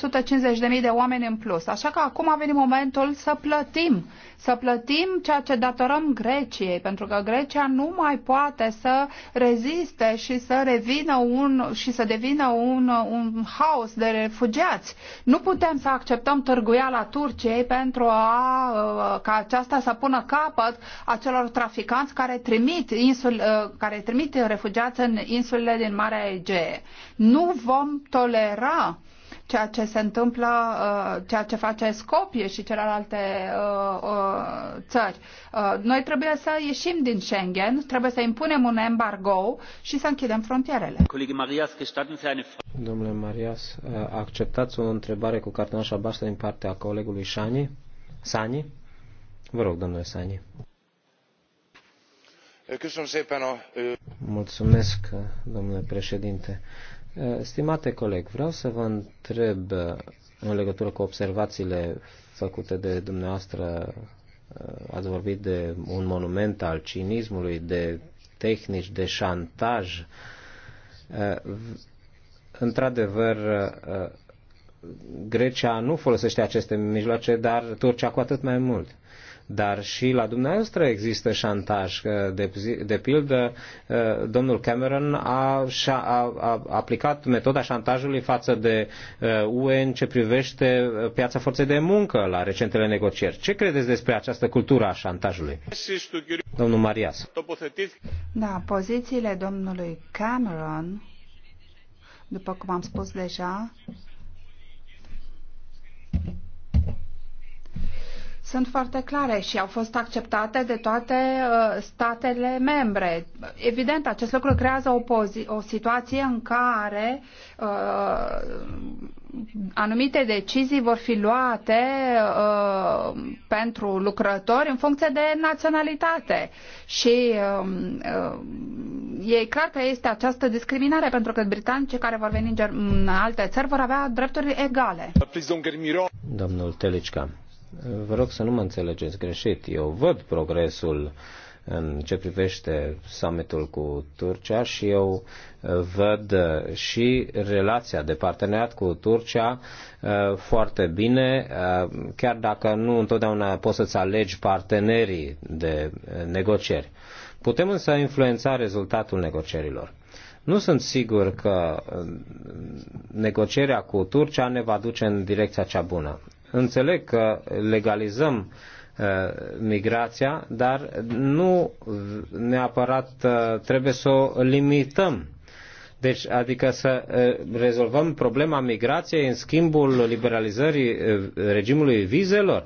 Speaker 5: 150.000 de oameni în plus. Așa că acum a venit momentul să plătim, să plătim ceea ce datorăm Greciei, pentru că Grecia nu mai poate să reziste și să revină un, și să devină un, un haos de refugiați. Nu putem să acceptăm acceptăm târguiala Turciei pentru a, uh, ca aceasta să pună capăt acelor traficanți care trimit, insul, uh, care trimit refugiați în insulele din Marea Egee. Nu vom tolera uh, ceea ce se întâmplă, uh, ceea ce face Scopie și celelalte uh, uh, țări. Noi trebuie să ieșim din Schengen, trebuie să impunem un embargo și să închidem frontierele.
Speaker 1: Domnule Marias, acceptați o întrebare cu cartonașa albastră din partea colegului Sani. Sani? Vă rog, domnule Sani. Mulțumesc, domnule președinte. Eh, stimate coleg, vreau să vă întreb eh, în legătură cu observațiile făcute de dumneavoastră. Eh, ați vorbit de un monument al cinismului, de tehnici, de șantaj. Într-adevăr, Grecia nu folosește aceste mijloace, dar Turcia cu atât mai mult dar și la dumneavoastră există șantaj. De, de pildă, ă, domnul Cameron a, a, a aplicat metoda șantajului față de ă, UE în ce privește ă, piața forței de muncă la recentele negocieri. Ce credeți despre această cultură a șantajului? Domnul Marias.
Speaker 5: Da, pozițiile domnului Cameron, după cum am spus deja, sunt foarte clare și au fost acceptate de toate uh, statele membre. Evident, acest lucru creează o, o situație în care uh, anumite decizii vor fi luate uh, pentru lucrători în funcție de naționalitate. Și uh, uh, e clar că este această discriminare, pentru că britanicii care vor veni în, în alte țări vor avea drepturi egale.
Speaker 1: Domnul Telicca vă rog să nu mă înțelegeți greșit. Eu văd progresul în ce privește summitul cu Turcia și eu văd și relația de parteneriat cu Turcia uh, foarte bine, uh, chiar dacă nu întotdeauna poți să-ți alegi partenerii de uh, negocieri. Putem însă influența rezultatul negocierilor. Nu sunt sigur că negocierea cu Turcia ne va duce în direcția cea bună. Înțeleg că legalizăm uh, migrația, dar nu neapărat uh, trebuie să o limităm. Deci, adică să uh, rezolvăm problema migrației în schimbul liberalizării regimului vizelor,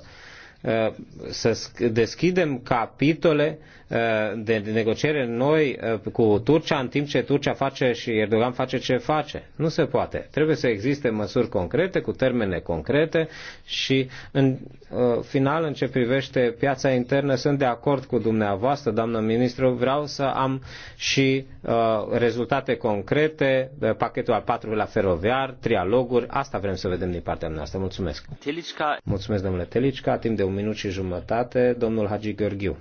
Speaker 1: să deschidem capitole Uh, de negociere noi uh, cu Turcia, în timp ce Turcia face și Erdogan face ce face. Nu se poate. Trebuie să existe măsuri concrete, cu termene concrete și, în uh, final, în ce privește piața internă, sunt de acord cu dumneavoastră, doamnă ministru, vreau să am și rezultate concrete, pachetul al patrulea feroviar, trialoguri, asta vrem să vedem din partea noastră. Mulțumesc! Telicca. Mulțumesc, domnule Telicca. Timp de un minut și jumătate, domnul Hagi Gheorghiu.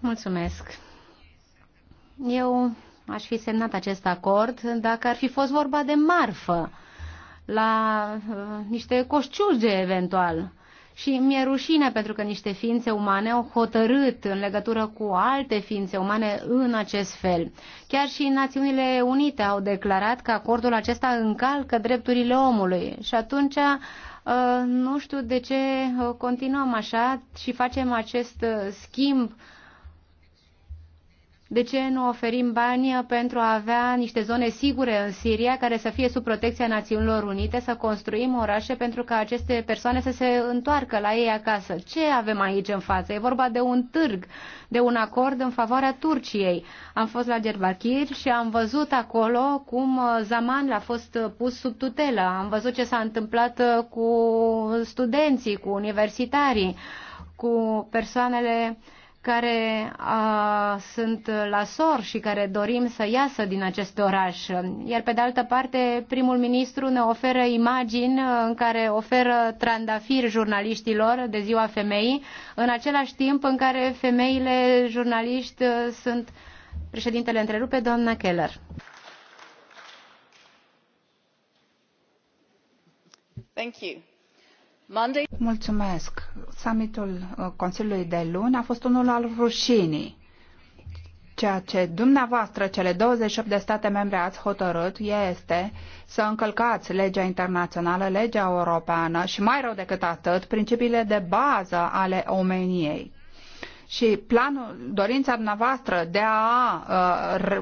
Speaker 4: Mulțumesc. Eu aș fi semnat acest acord dacă ar fi fost vorba de marfă, la uh, niște coșciuge eventual. Și mi-e rușine pentru că niște ființe umane au hotărât în legătură cu alte ființe umane în acest fel. Chiar și Națiunile Unite au declarat că acordul acesta încalcă drepturile omului. Și atunci Uh, nu știu de ce uh, continuăm așa și facem acest uh, schimb uh, de ce nu oferim bani pentru a avea niște zone sigure în Siria care să fie sub protecția Națiunilor Unite, să construim orașe pentru ca aceste persoane să se întoarcă la ei acasă? Ce avem aici în față? E vorba de un târg, de un acord în favoarea Turciei. Am fost la Gerbachir și am văzut acolo cum uh, Zaman l-a fost uh, pus sub tutelă. Am văzut ce s-a întâmplat uh, cu studenții, cu universitarii, cu persoanele uh, care a, sunt la sor și care dorim să iasă din acest oraș. Iar pe de altă parte, primul ministru ne oferă imagini uh, în care oferă trandafiri jurnaliștilor de ziua femeii, în același timp în care femeile jurnaliști uh, sunt președintele întrerupe, doamna Keller.
Speaker 5: Thank you. Mulțumesc. Summitul uh, Consiliului de luni a fost unul al rușinii. Ceea ce dumneavoastră, cele 28 de state membre, ați hotărât este să încălcați legea internațională, legea europeană și, mai rău decât atât, principiile de bază ale omeniei și planul, dorința dumneavoastră de a uh,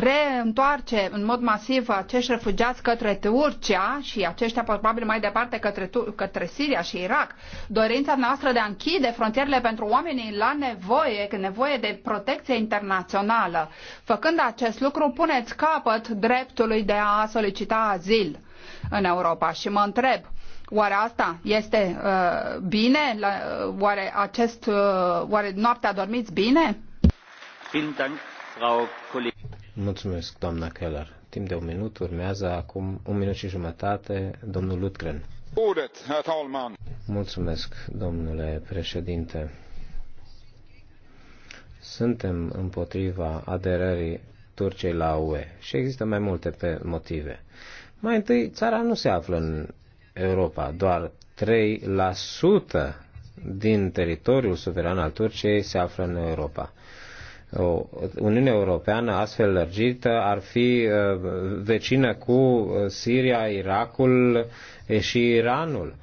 Speaker 5: reîntoarce în mod masiv acești refugiați către Turcia și aceștia probabil mai departe către, către Siria și Irak, dorința noastră de a închide frontierele pentru oamenii la nevoie, nevoie de protecție internațională. Făcând acest lucru, puneți capăt dreptului de a solicita azil în Europa. Și mă întreb, Oare asta este uh, bine? La, uh, oare, acest, uh, oare noaptea dormiți bine?
Speaker 1: Mulțumesc, doamna Keller. Timp de un minut urmează acum un minut și jumătate domnul Lutgren. Mulțumesc, domnule președinte. Suntem împotriva aderării Turciei la UE și există mai multe pe motive. Mai întâi, țara nu se află în Europa. Doar 3% din teritoriul suveran al Turciei se află în Europa. O Uniune Europeană astfel lărgită ar fi uh, vecină cu uh, Siria, Irakul și Iranul.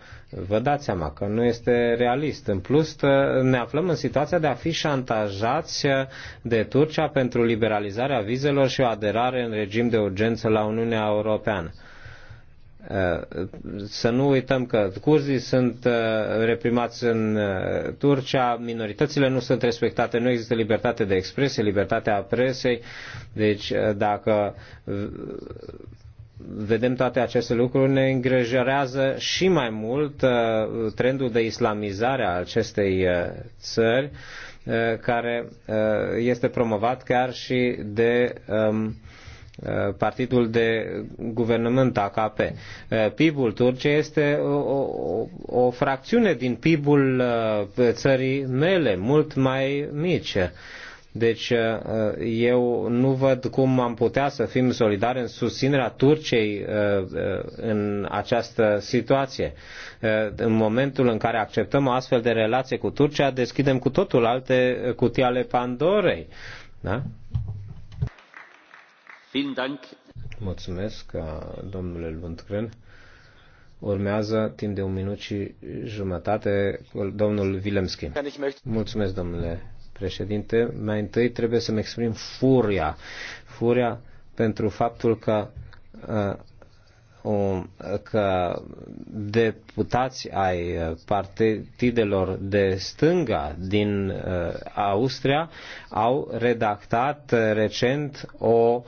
Speaker 1: Vă dați seama că nu este realist. În plus, uh, ne aflăm în situația de a fi șantajați de Turcia pentru liberalizarea vizelor și o aderare în regim de urgență la Uniunea Europeană Uh, să nu uităm că curzii sunt uh, reprimați în uh, Turcia, minoritățile nu sunt respectate, nu există libertate de expresie, libertatea presei. Deci dacă vedem toate aceste lucruri, ne îngrijorează și mai mult trendul de islamizare a acestei țări, care este promovat chiar și de um, Eh, partidul de guvernământ AKP. Eh, PIB-ul Turciei este o, o, o fracțiune din PIB-ul eh, țării mele, mult mai mici. Deci eu nu văd cum am putea să fim solidari în susținerea Turciei în această situație. În momentul în care acceptăm o astfel de relație cu Turcia, deschidem cu totul alte cutii ale Pandorei. Da? Mulțumesc, domnule Lundgren. Urmează timp de un minut și jumătate domnul Wilemski. Mulțumesc, domnule președinte. Mai întâi trebuie să-mi exprim furia. Furia pentru faptul că că deputați ai partidelor de stânga din uh, Austria au redactat recent o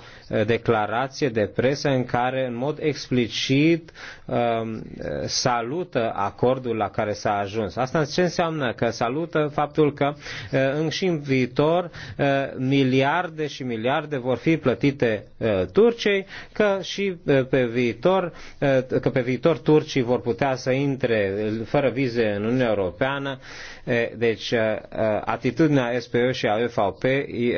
Speaker 1: declarație de presă în care în mod explicit um, salută acordul la care s-a ajuns. Asta ce înseamnă? Că salută faptul că uh, în și în viitor uh, miliarde și miliarde vor fi plătite Turciei, că și pe viitor viitor, eh, că pe viitor turcii vor putea să intre fără vize în Uniunea Europeană. Eh, deci eh, atitudinea SPÖ și a ÖVP,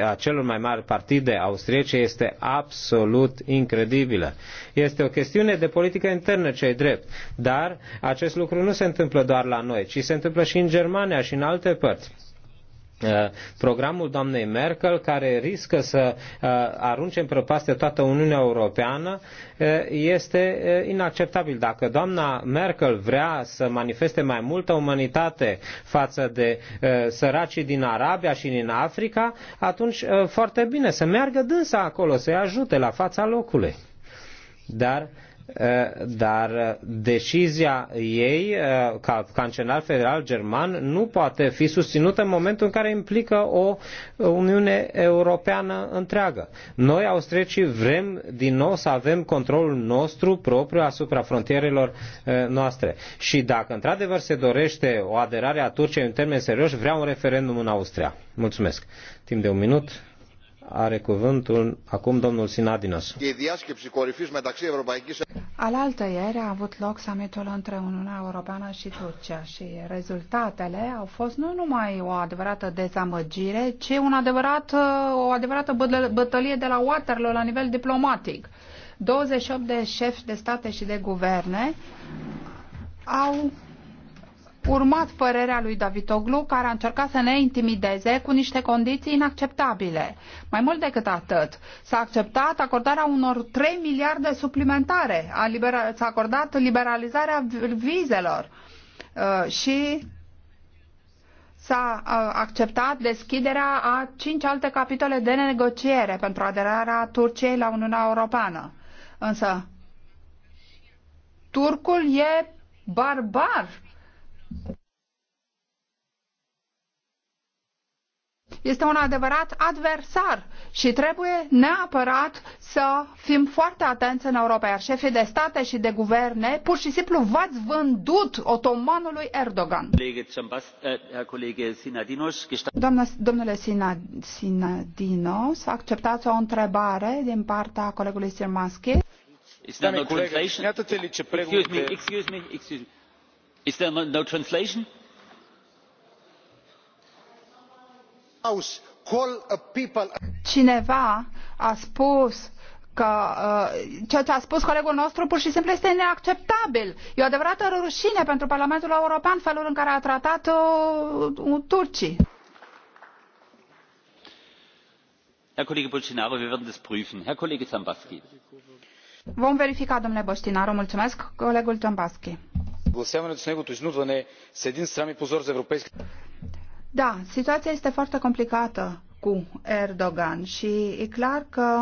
Speaker 1: a celor mai mari partide austriece, este absolut incredibilă. Este o chestiune de politică internă, ce drept. Dar acest lucru nu se întâmplă doar la noi, ci se întâmplă și în Germania și în alte părți Eh, programul doamnei Merkel, care riscă să eh, arunce în prăpastie toată Uniunea Europeană, eh, este inacceptabil. Dacă doamna Merkel vrea să manifeste mai multă umanitate față de săracii din Arabia și din Africa, atunci foarte bine să meargă dânsa acolo, să-i ajute la fața locului. Dar uh, Eh, dar eh, decizia ei eh, ca cancelar federal german nu poate fi susținută în momentul în care implică o Uniune Europeană întreagă. Noi, austriecii, vrem din nou să avem controlul nostru propriu asupra frontierelor noastre. Și dacă într-adevăr se dorește o aderare a Turciei în termeni serios, vreau un referendum în Austria. Mulțumesc. Timp de un minut. Are cuvântul acum domnul Sinadinos.
Speaker 5: Alaltă ieri a avut loc summitul între Uniunea Europeană și Turcia și rezultatele au fost nu numai o adevărată dezamăgire, ci un adevărat, o adevărată bătălie de la Waterloo la nivel diplomatic. 28 de șefi de state și de guverne au urmat părerea lui Davitoglu, care a încercat să ne intimideze cu niște condiții inacceptabile. Mai mult decât atât, s-a acceptat acordarea unor 3 miliarde suplimentare, s-a acordat liberalizarea vizelor uh, și s-a uh, acceptat deschiderea a cinci alte capitole de negociere pentru aderarea Turciei la Uniunea Europeană. Însă, turcul e barbar este un adevărat adversar și trebuie neapărat să fim foarte atenți în Europa. Iar șefii de state și de guverne pur și simplu v-ați vândut otomanului Erdogan. Eh, eh, Doamna, domnule Sinadino, să acceptați o întrebare din partea colegului Sirmanski? Excuse me, excuse me, excuse me is there no translation? Cineva a spus că uh, ceea ce a spus colegul nostru pur și simplu este neacceptabil. E o adevărată rușine pentru Parlamentul European felul în care a tratat uh, turcii. Herr Kollege Bolsonaro, wir werden das prüfen. Herr Kollege Zambaski. Vom verifica, domnule Boștinaru. Mulțumesc, colegul Zambaski da, situația este foarte complicată cu Erdogan și e clar că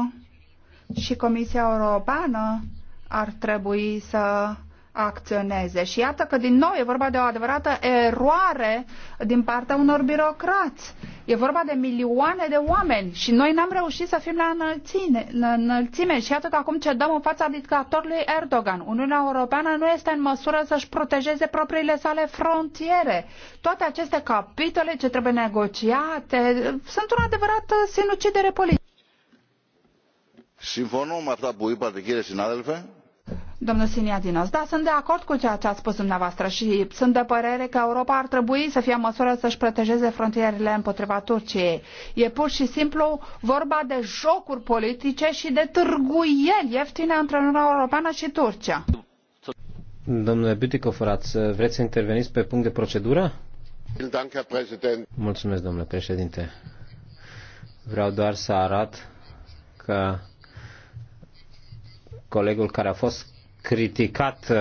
Speaker 5: și Comisia Europeană ar trebui să acționeze. Și iată că din nou e vorba de o adevărată eroare din partea unor birocrați E vorba de milioane de oameni și noi n-am reușit să fim la înălțime, la înălțime. și atât acum ce dăm în fața dictatorului Erdogan. Uniunea Europeană nu este în măsură să-și protejeze propriile sale frontiere. Toate aceste capitole ce trebuie negociate sunt un adevărat sinucidere politică.
Speaker 3: Συμφωνώ με αυτά που είπατε κύριε συνάδελφε
Speaker 5: Domnul Siniadinos, da, sunt de acord cu ceea ce ați spus dumneavoastră și sunt de părere că Europa ar trebui să fie în măsură să-și protejeze frontierele împotriva Turciei. E pur și simplu vorba de jocuri politice și de târguieli ieftine între Uniunea Europeană și Turcia.
Speaker 1: Domnule Bütikofer, uh, vreți să interveniți pe punct de procedură? Mulțumesc, domnule președinte. Vreau doar să arăt că colegul care a fost criticat uh,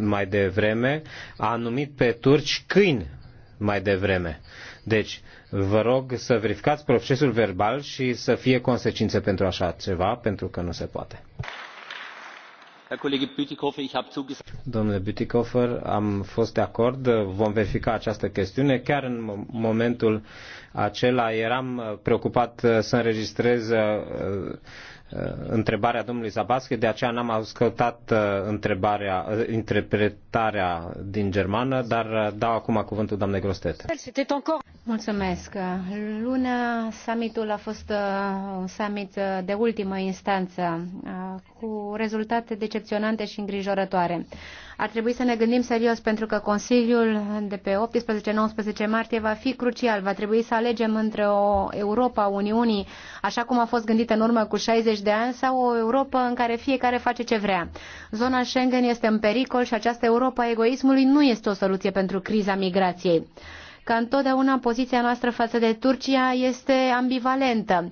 Speaker 1: mai devreme, a numit pe turci câini mai devreme. Deci, vă rog să verificați procesul verbal și să fie consecințe pentru așa ceva, pentru că nu se poate. Domnule Bütikofer, am fost de acord, vom verifica această chestiune. Chiar în momentul acela eram preocupat să înregistrez uh, Uh, întrebarea domnului Zabaschi, de aceea n-am ascultat uh, întrebarea, uh, interpretarea din germană, dar dau acum cuvântul doamnei Grostete.
Speaker 4: Mulțumesc. Luna summitul a fost un summit de ultimă instanță cu rezultate decepționante și îngrijorătoare. Ar trebui să ne gândim serios pentru că Consiliul de pe 18-19 martie va fi crucial. Va trebui să alegem între o Europa a Uniunii, așa cum a fost gândită în urmă cu 60 de ani, sau o Europa în care fiecare face ce vrea. Zona Schengen este în pericol și această Europa a egoismului nu este o soluție pentru criza migrației. Ca întotdeauna, poziția noastră față de Turcia este ambivalentă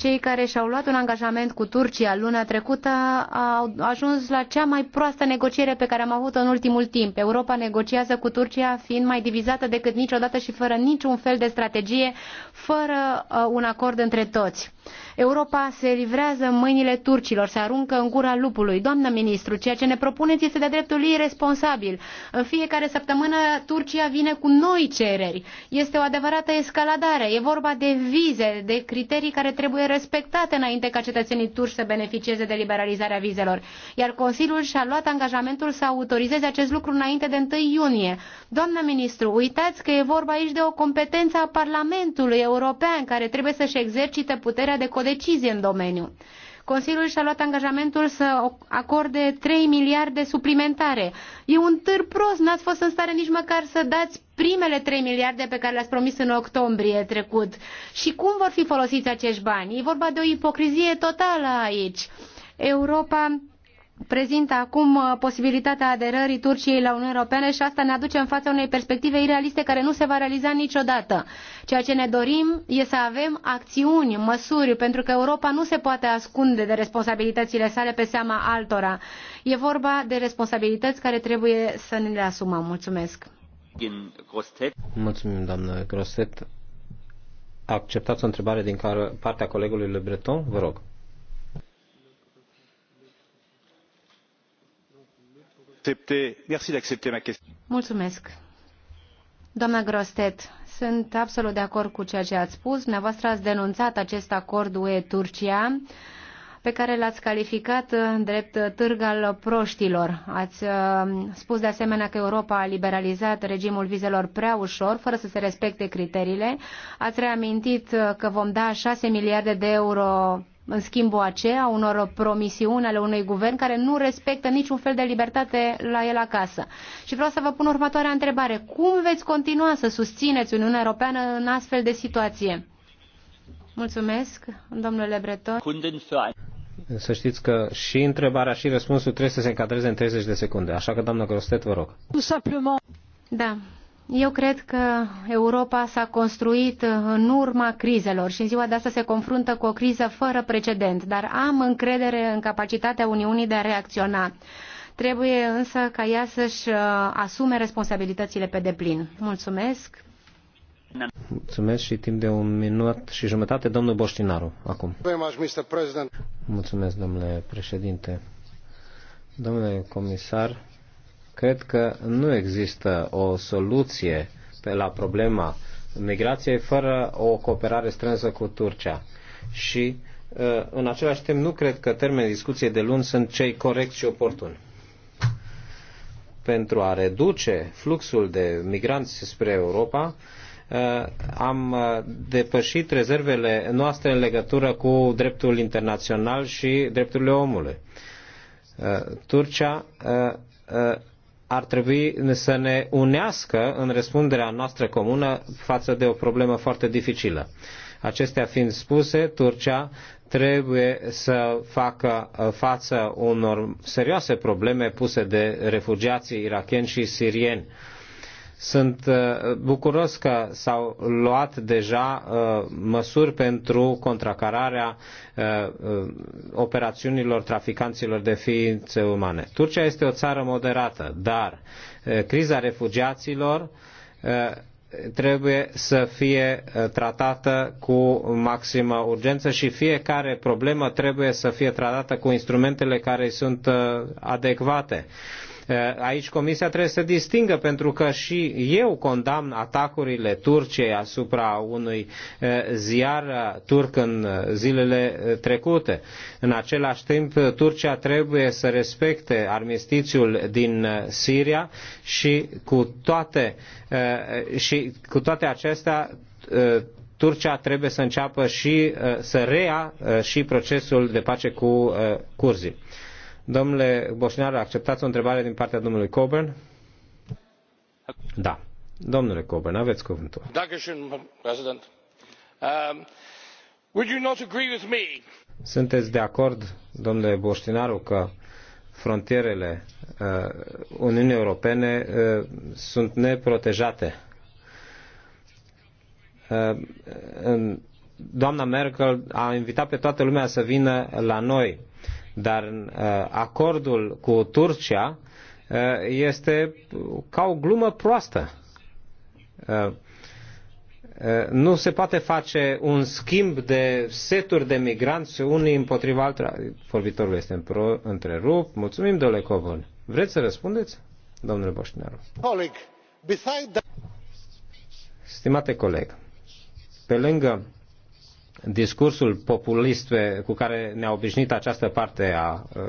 Speaker 4: cei care și-au luat un angajament cu Turcia luna trecută au ajuns la cea mai proastă negociere pe care am avut-o în ultimul timp. Europa negociază cu Turcia fiind mai divizată decât niciodată și fără niciun fel de strategie, fără uh, un acord între toți. Europa se livrează în mâinile turcilor, se aruncă în gura lupului. Doamnă ministru, ceea ce ne propuneți este de-a dreptul ei responsabil. În fiecare săptămână Turcia vine cu noi cereri. Este o adevărată escaladare. E vorba de vize, de criterii care trebuie respectate înainte ca cetățenii turci să beneficieze de liberalizarea vizelor. Iar Consiliul și-a luat angajamentul să autorizeze acest lucru înainte de 1 iunie. Doamnă ministru, uitați că e vorba aici de o competență a Parlamentului European care trebuie să-și exercite puterea de codecizie în domeniu. Consiliul și-a luat angajamentul să acorde 3 miliarde suplimentare. E un târ prost, n-ați fost în stare nici măcar să dați primele 3 miliarde pe care le-ați promis în octombrie trecut. Și cum vor fi folosiți acești bani? E vorba de o ipocrizie totală aici. Europa prezintă acum uh, posibilitatea aderării Turciei la Uniunea Europeană și asta ne aduce în fața unei perspective irealiste care nu se va realiza niciodată. Ceea ce ne dorim e să avem acțiuni, măsuri, pentru că Europa nu se poate ascunde de responsabilitățile sale pe seama altora. E vorba de responsabilități care trebuie să ne le asumăm. Mulțumesc!
Speaker 1: Mulțumim, doamnă Groset. Acceptați o întrebare din partea colegului Le Breton? Vă rog.
Speaker 4: Mulțumesc. grossette sunt absolut de acord cu ceea ce ați spus. Dumneavoastră ați denunțat acest acord UE-Turcia pe care l-ați calificat uh, drept uh, târg al proștilor. Ați uh, spus de asemenea că Europa a liberalizat regimul vizelor prea ușor, fără să se respecte criteriile. Ați reamintit că vom da 6 miliarde de euro în schimbul aceea unor promisiuni ale unui guvern care nu respectă niciun fel de libertate la el acasă. Și vreau să vă pun următoarea întrebare. Cum veți continua să susțineți Uniunea Europeană în astfel de situație? Mulțumesc, domnule Breton.
Speaker 1: Să știți că și întrebarea și răspunsul trebuie să se încadreze în 30 de secunde. Așa că, doamnă Grostet, vă rog.
Speaker 4: Da, eu cred că Europa s-a construit în urma crizelor și în ziua de astăzi se confruntă cu o criză fără precedent, dar am încredere în capacitatea Uniunii de a reacționa. Trebuie însă ca ea să-și uh, asume responsabilitățile pe deplin. Mulțumesc!
Speaker 1: Mulțumesc și timp de un minut și jumătate, domnul Boștinaru, acum. Mulțumesc, domnule președinte. Domnule comisar, Cred că nu există o soluție pe la problema migrației fără o cooperare strânsă cu Turcia. Și ă, în același timp nu cred că termenii discuției de luni sunt cei corecți și oportuni. Pentru a reduce fluxul de migranți spre Europa, ă, am ă, depășit rezervele noastre în legătură cu dreptul internațional și drepturile omului. Turcia ar trebui să ne unească în răspunderea noastră comună față de o problemă foarte dificilă. Acestea fiind spuse, Turcia trebuie să facă uh, față unor serioase probleme puse de refugiații irakieni și sirieni sunt uh, bucuros că s-au luat deja uh, măsuri pentru contracararea uh, operațiunilor traficanților de ființe umane. Turcia este o țară moderată, dar criza refugiaților trebuie să fie tratată cu maximă urgență și fiecare problemă trebuie să fie tratată cu instrumentele care sunt adecvate. Aici Comisia trebuie să distingă pentru că și eu condamn atacurile Turciei asupra unui ziar turc în zilele trecute. În același timp, Turcia trebuie să respecte armistițiul din Siria și cu toate, și cu toate acestea Turcia trebuie să înceapă și să rea și procesul de pace cu curzii. Domnule Boșnar, acceptați o întrebare din partea domnului Coburn? Da. Domnule Coburn, aveți cuvântul.
Speaker 3: Ähm,
Speaker 1: Sunteți de acord, domnule Boștinaru, că frontierele uh, Uniunii Europene uh, sunt neprotejate? Uh, doamna Merkel a invitat pe toată lumea să vină la noi dar uh, acordul cu Turcia uh, este ca o glumă proastă. Uh, nu se poate face un schimb de seturi de migranți unii împotriva altora. Vorbitorul este întrerupt. Mulțumim, domnule Covon. Vreți să răspundeți, domnule Boștinaru? Stimate coleg, pe lângă discursul populist cu care ne-a obișnuit această parte a uh,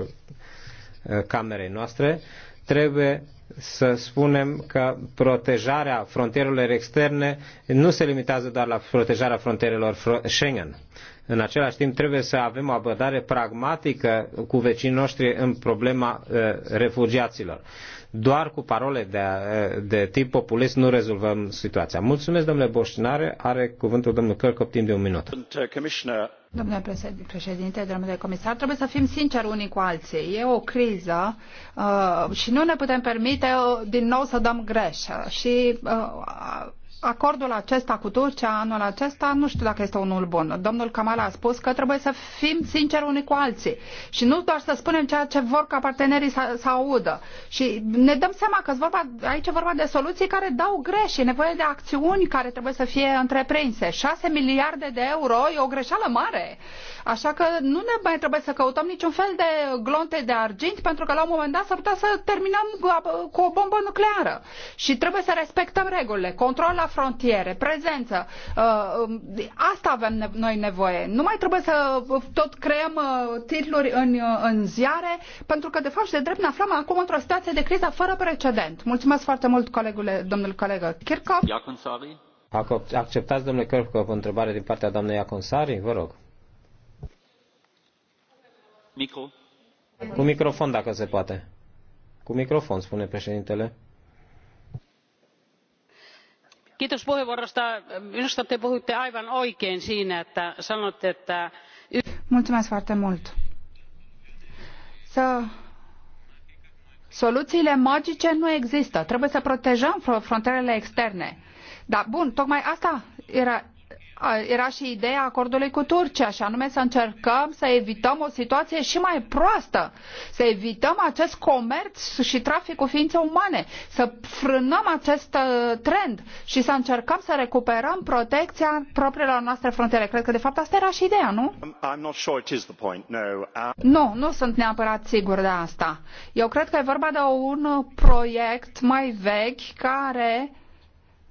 Speaker 1: camerei noastre, trebuie să spunem că protejarea frontierelor externe nu se limitează doar la protejarea frontierelor Schengen. În același timp trebuie să avem o abordare pragmatică cu vecinii noștri în problema uh, refugiaților doar cu parole de, de tip populist nu rezolvăm situația. Mulțumesc, domnule Boșinare. Are cuvântul domnul Cărcop timp de un minut.
Speaker 5: Domnule președinte, domnule comisar, trebuie să fim sinceri unii cu alții. E o criză uh, și nu ne putem permite uh, din nou să dăm greș. Și uh, acordul acesta cu Turcia anul acesta, nu știu dacă este unul bun. Domnul Kamala a spus că trebuie să fim sinceri unii cu alții și nu doar să spunem ceea ce vor ca partenerii să, să audă. Și ne dăm seama că vorba, aici e vorba de soluții care dau greș, e nevoie de acțiuni care trebuie să fie întreprinse. 6 miliarde de euro e o greșeală mare. Uh, Așa că nu ne mai trebuie să căutăm niciun fel de glonte de argint, pentru că la un moment dat s-ar putea să terminăm cu o bombă nucleară. Și trebuie să respectăm regulile, control la frontiere, prezență. Uh, um, asta avem noi nevoie. Nu mai trebuie să tot creăm uh, titluri în, uh, în ziare, pentru că, de fapt, și de drept ne aflăm acum într-o situație de criză fără precedent. Mulțumesc foarte mult, colegule, domnul colegă Kirchhoff.
Speaker 1: Acceptați, domnule Kirchhoff, o întrebare din partea doamnei Iaconsari? Vă rog.
Speaker 5: Cu
Speaker 1: microfon, dacă se poate. Cu microfon, spune președintele.
Speaker 2: Kiitos puheenvuorosta. Minusta te puhuitte aivan oikein siinä, että sanotte, että...
Speaker 5: Mulțumesc foarte mult. Să Soluțiile magice nu există. Trebuie să protejăm frontierele externe. Dar bun, tocmai asta era era și ideea acordului cu Turcia, și anume să încercăm să evităm o situație și mai proastă, să evităm acest comerț și trafic cu ființe umane, să frânăm acest uh, trend și să încercăm să recuperăm protecția propriilor noastre frontiere. Cred că, de fapt, asta era și ideea, nu?
Speaker 3: Um, um,
Speaker 5: nu, nu sunt neapărat sigur de asta. Eu cred că e vorba de un proiect mai vechi care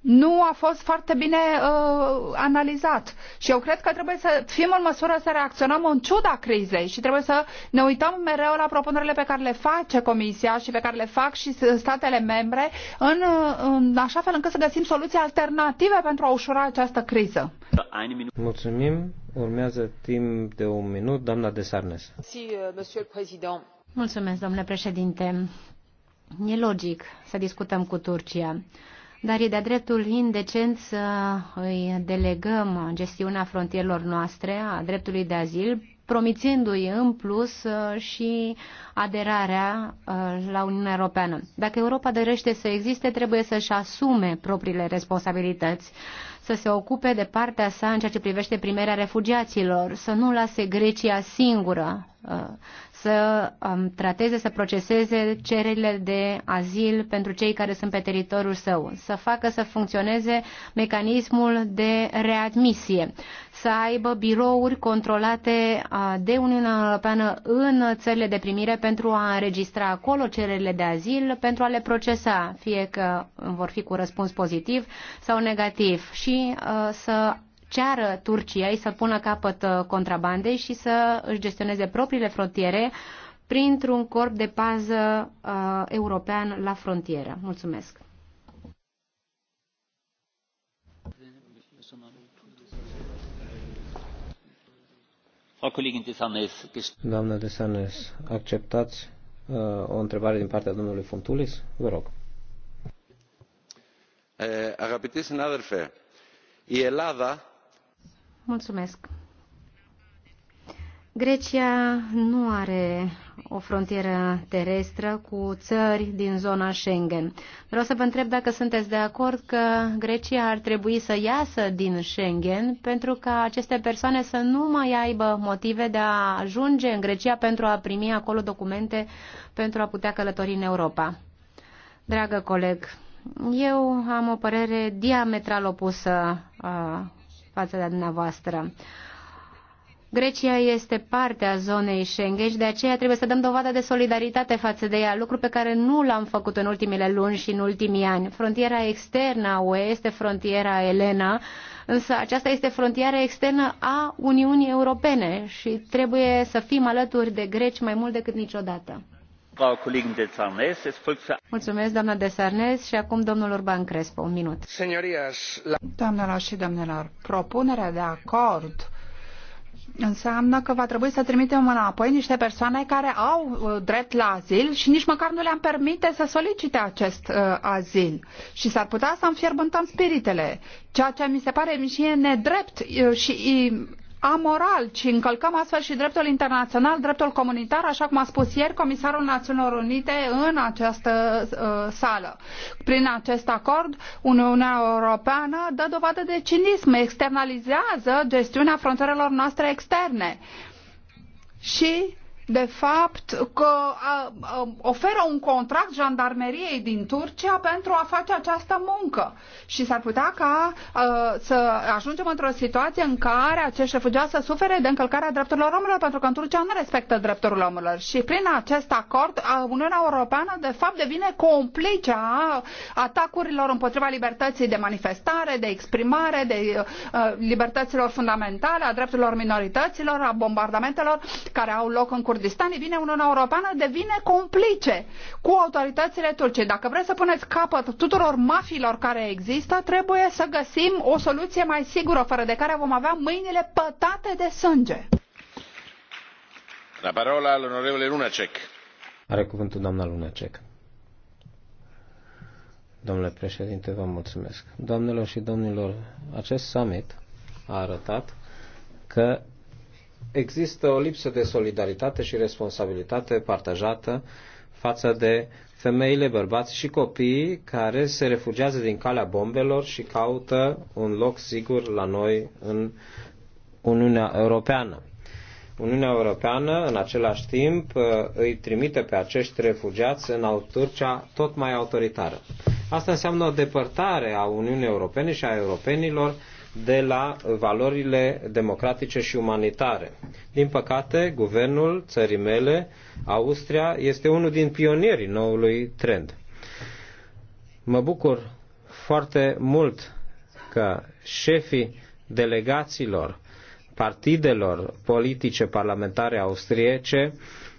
Speaker 5: nu a fost foarte bine uh, analizat. Și eu cred că trebuie să fim în măsură să reacționăm în ciuda crizei și trebuie să ne uităm mereu la propunerile pe care le face Comisia și pe care le fac și statele membre, în, uh, în așa fel încât să găsim soluții alternative pentru a ușura această criză.
Speaker 1: Mulțumim. Urmează timp de un minut, doamna Desarnes.
Speaker 2: Uh,
Speaker 4: Mulțumesc, domnule președinte. E logic să discutăm cu Turcia dar e de-a dreptul indecent să îi delegăm gestiunea frontierelor noastre, a dreptului de azil, promițându-i în plus uh, și aderarea uh, la Uniunea Europeană. Dacă Europa dorește să existe, trebuie să-și asume propriile responsabilități să se ocupe de partea sa în ceea ce privește primirea refugiaților, să nu lase Grecia singură, uh, să um, trateze, să proceseze cererile de azil pentru cei care sunt pe teritoriul său, să facă să funcționeze mecanismul de readmisie, să aibă birouri controlate uh, de Uniunea Europeană în țările de primire pentru a înregistra acolo cererile de azil, pentru a le procesa, fie că vor fi cu răspuns pozitiv sau negativ. Și Uh, să ceară Turciei să pună capăt uh, contrabandei și să își gestioneze propriile frontiere printr-un corp de pază uh, european la frontieră. Mulțumesc!
Speaker 1: Doamna de Sanes, acceptați uh, o întrebare din partea domnului Funtulis? Vă rog.
Speaker 3: Uh,
Speaker 4: Grecia nu are o frontieră terestră cu țări din zona Schengen. Vreau să vă întreb dacă sunteți de acord că Grecia ar trebui să iasă din Schengen pentru ca aceste persoane să nu mai aibă motive de a ajunge în Grecia pentru a primi acolo documente pentru a putea călători în Europa. Dragă coleg, eu am o părere diametral opusă uh, față de dumneavoastră. Grecia este parte a zonei Schengen și de aceea trebuie să dăm dovadă de solidaritate față de ea, lucru pe care nu l-am făcut în ultimele luni și în ultimii ani. Frontiera externă a UE este frontiera Elena, însă aceasta este frontiera externă a Uniunii Europene și trebuie să fim alături de greci mai mult decât niciodată. Mulțumesc, doamna
Speaker 5: și acum domnul Urban Crespo, un minut. Doamnelor și domnilor, propunerea de acord înseamnă că va trebui să trimitem înapoi niște persoane care au uh, drept la azil și nici măcar nu le-am permite să solicite acest uh, azil. Și s-ar putea să înfierbântăm spiritele, ceea ce mi se pare uh, și e nedrept și amoral, ci încălcăm astfel și dreptul internațional, dreptul comunitar, așa cum a spus ieri Comisarul Națiunilor Unite în această uh, sală. Prin acest acord, Uniunea Europeană dă dovadă de cinism, externalizează gestiunea frontierelor noastre externe. Și de fapt, că oferă un contract jandarmeriei din Turcia pentru a face această muncă. Și s-ar putea ca să ajungem într-o situație în care acești refugiați să sufere de încălcarea drepturilor omului, pentru că în Turcia nu respectă drepturile omului. Și prin acest acord, Uniunea Europeană, de fapt, devine complice a atacurilor împotriva libertății de manifestare, de exprimare, de libertăților fundamentale, a drepturilor minorităților, a bombardamentelor care au loc în curte Kurdistan, vine Uniunea Europeană devine complice cu autoritățile turce. Dacă vreți să puneți capăt tuturor mafilor care există, trebuie să găsim o soluție mai sigură, fără de care vom avea mâinile pătate de sânge.
Speaker 1: La parola
Speaker 3: al onorevole Lunacek.
Speaker 1: Are cuvântul doamna Lunacek. Domnule președinte, vă mulțumesc. Doamnelor și domnilor, acest summit a arătat că există o lipsă de solidaritate și responsabilitate partajată față de femeile, bărbați și copiii care se refugiază din calea bombelor și caută un loc sigur la noi în Uniunea Europeană. Uniunea Europeană, în același timp, îi trimite pe acești refugiați în Turcia tot mai autoritară. Asta înseamnă o depărtare a Uniunii Europene și a europenilor de la valorile democratice și umanitare. Din păcate, guvernul țării mele, Austria, este unul din pionierii noului trend. Mă bucur foarte mult că șefii delegațiilor partidelor politice parlamentare austriece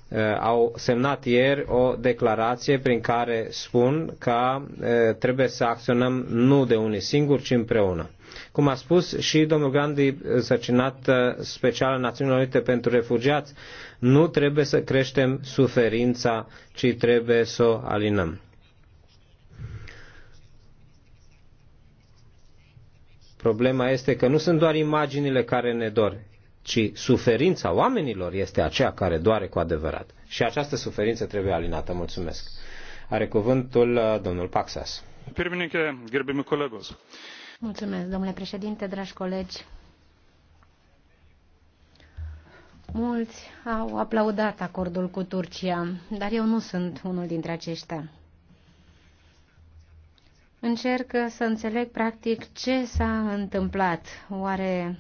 Speaker 1: uh, au semnat ieri o declarație prin care spun că uh, trebuie să acționăm nu de unii singuri, ci împreună. Cum a spus și domnul Gandhi, sărcinat uh, special în Națiunile Unite pentru refugiați, nu trebuie să creștem suferința, ci trebuie să o alinăm. Problema este că nu sunt doar imaginile care ne dor, ci suferința oamenilor este aceea care doare cu adevărat. Și această suferință trebuie alinată. Mulțumesc. Are cuvântul uh, domnul Paxas. Pirminică, gerbimi colegos.
Speaker 4: Mulțumesc, domnule președinte, dragi colegi. Mulți au aplaudat acordul cu Turcia, dar eu nu sunt unul dintre aceștia. Încerc să înțeleg practic ce s-a întâmplat. Oare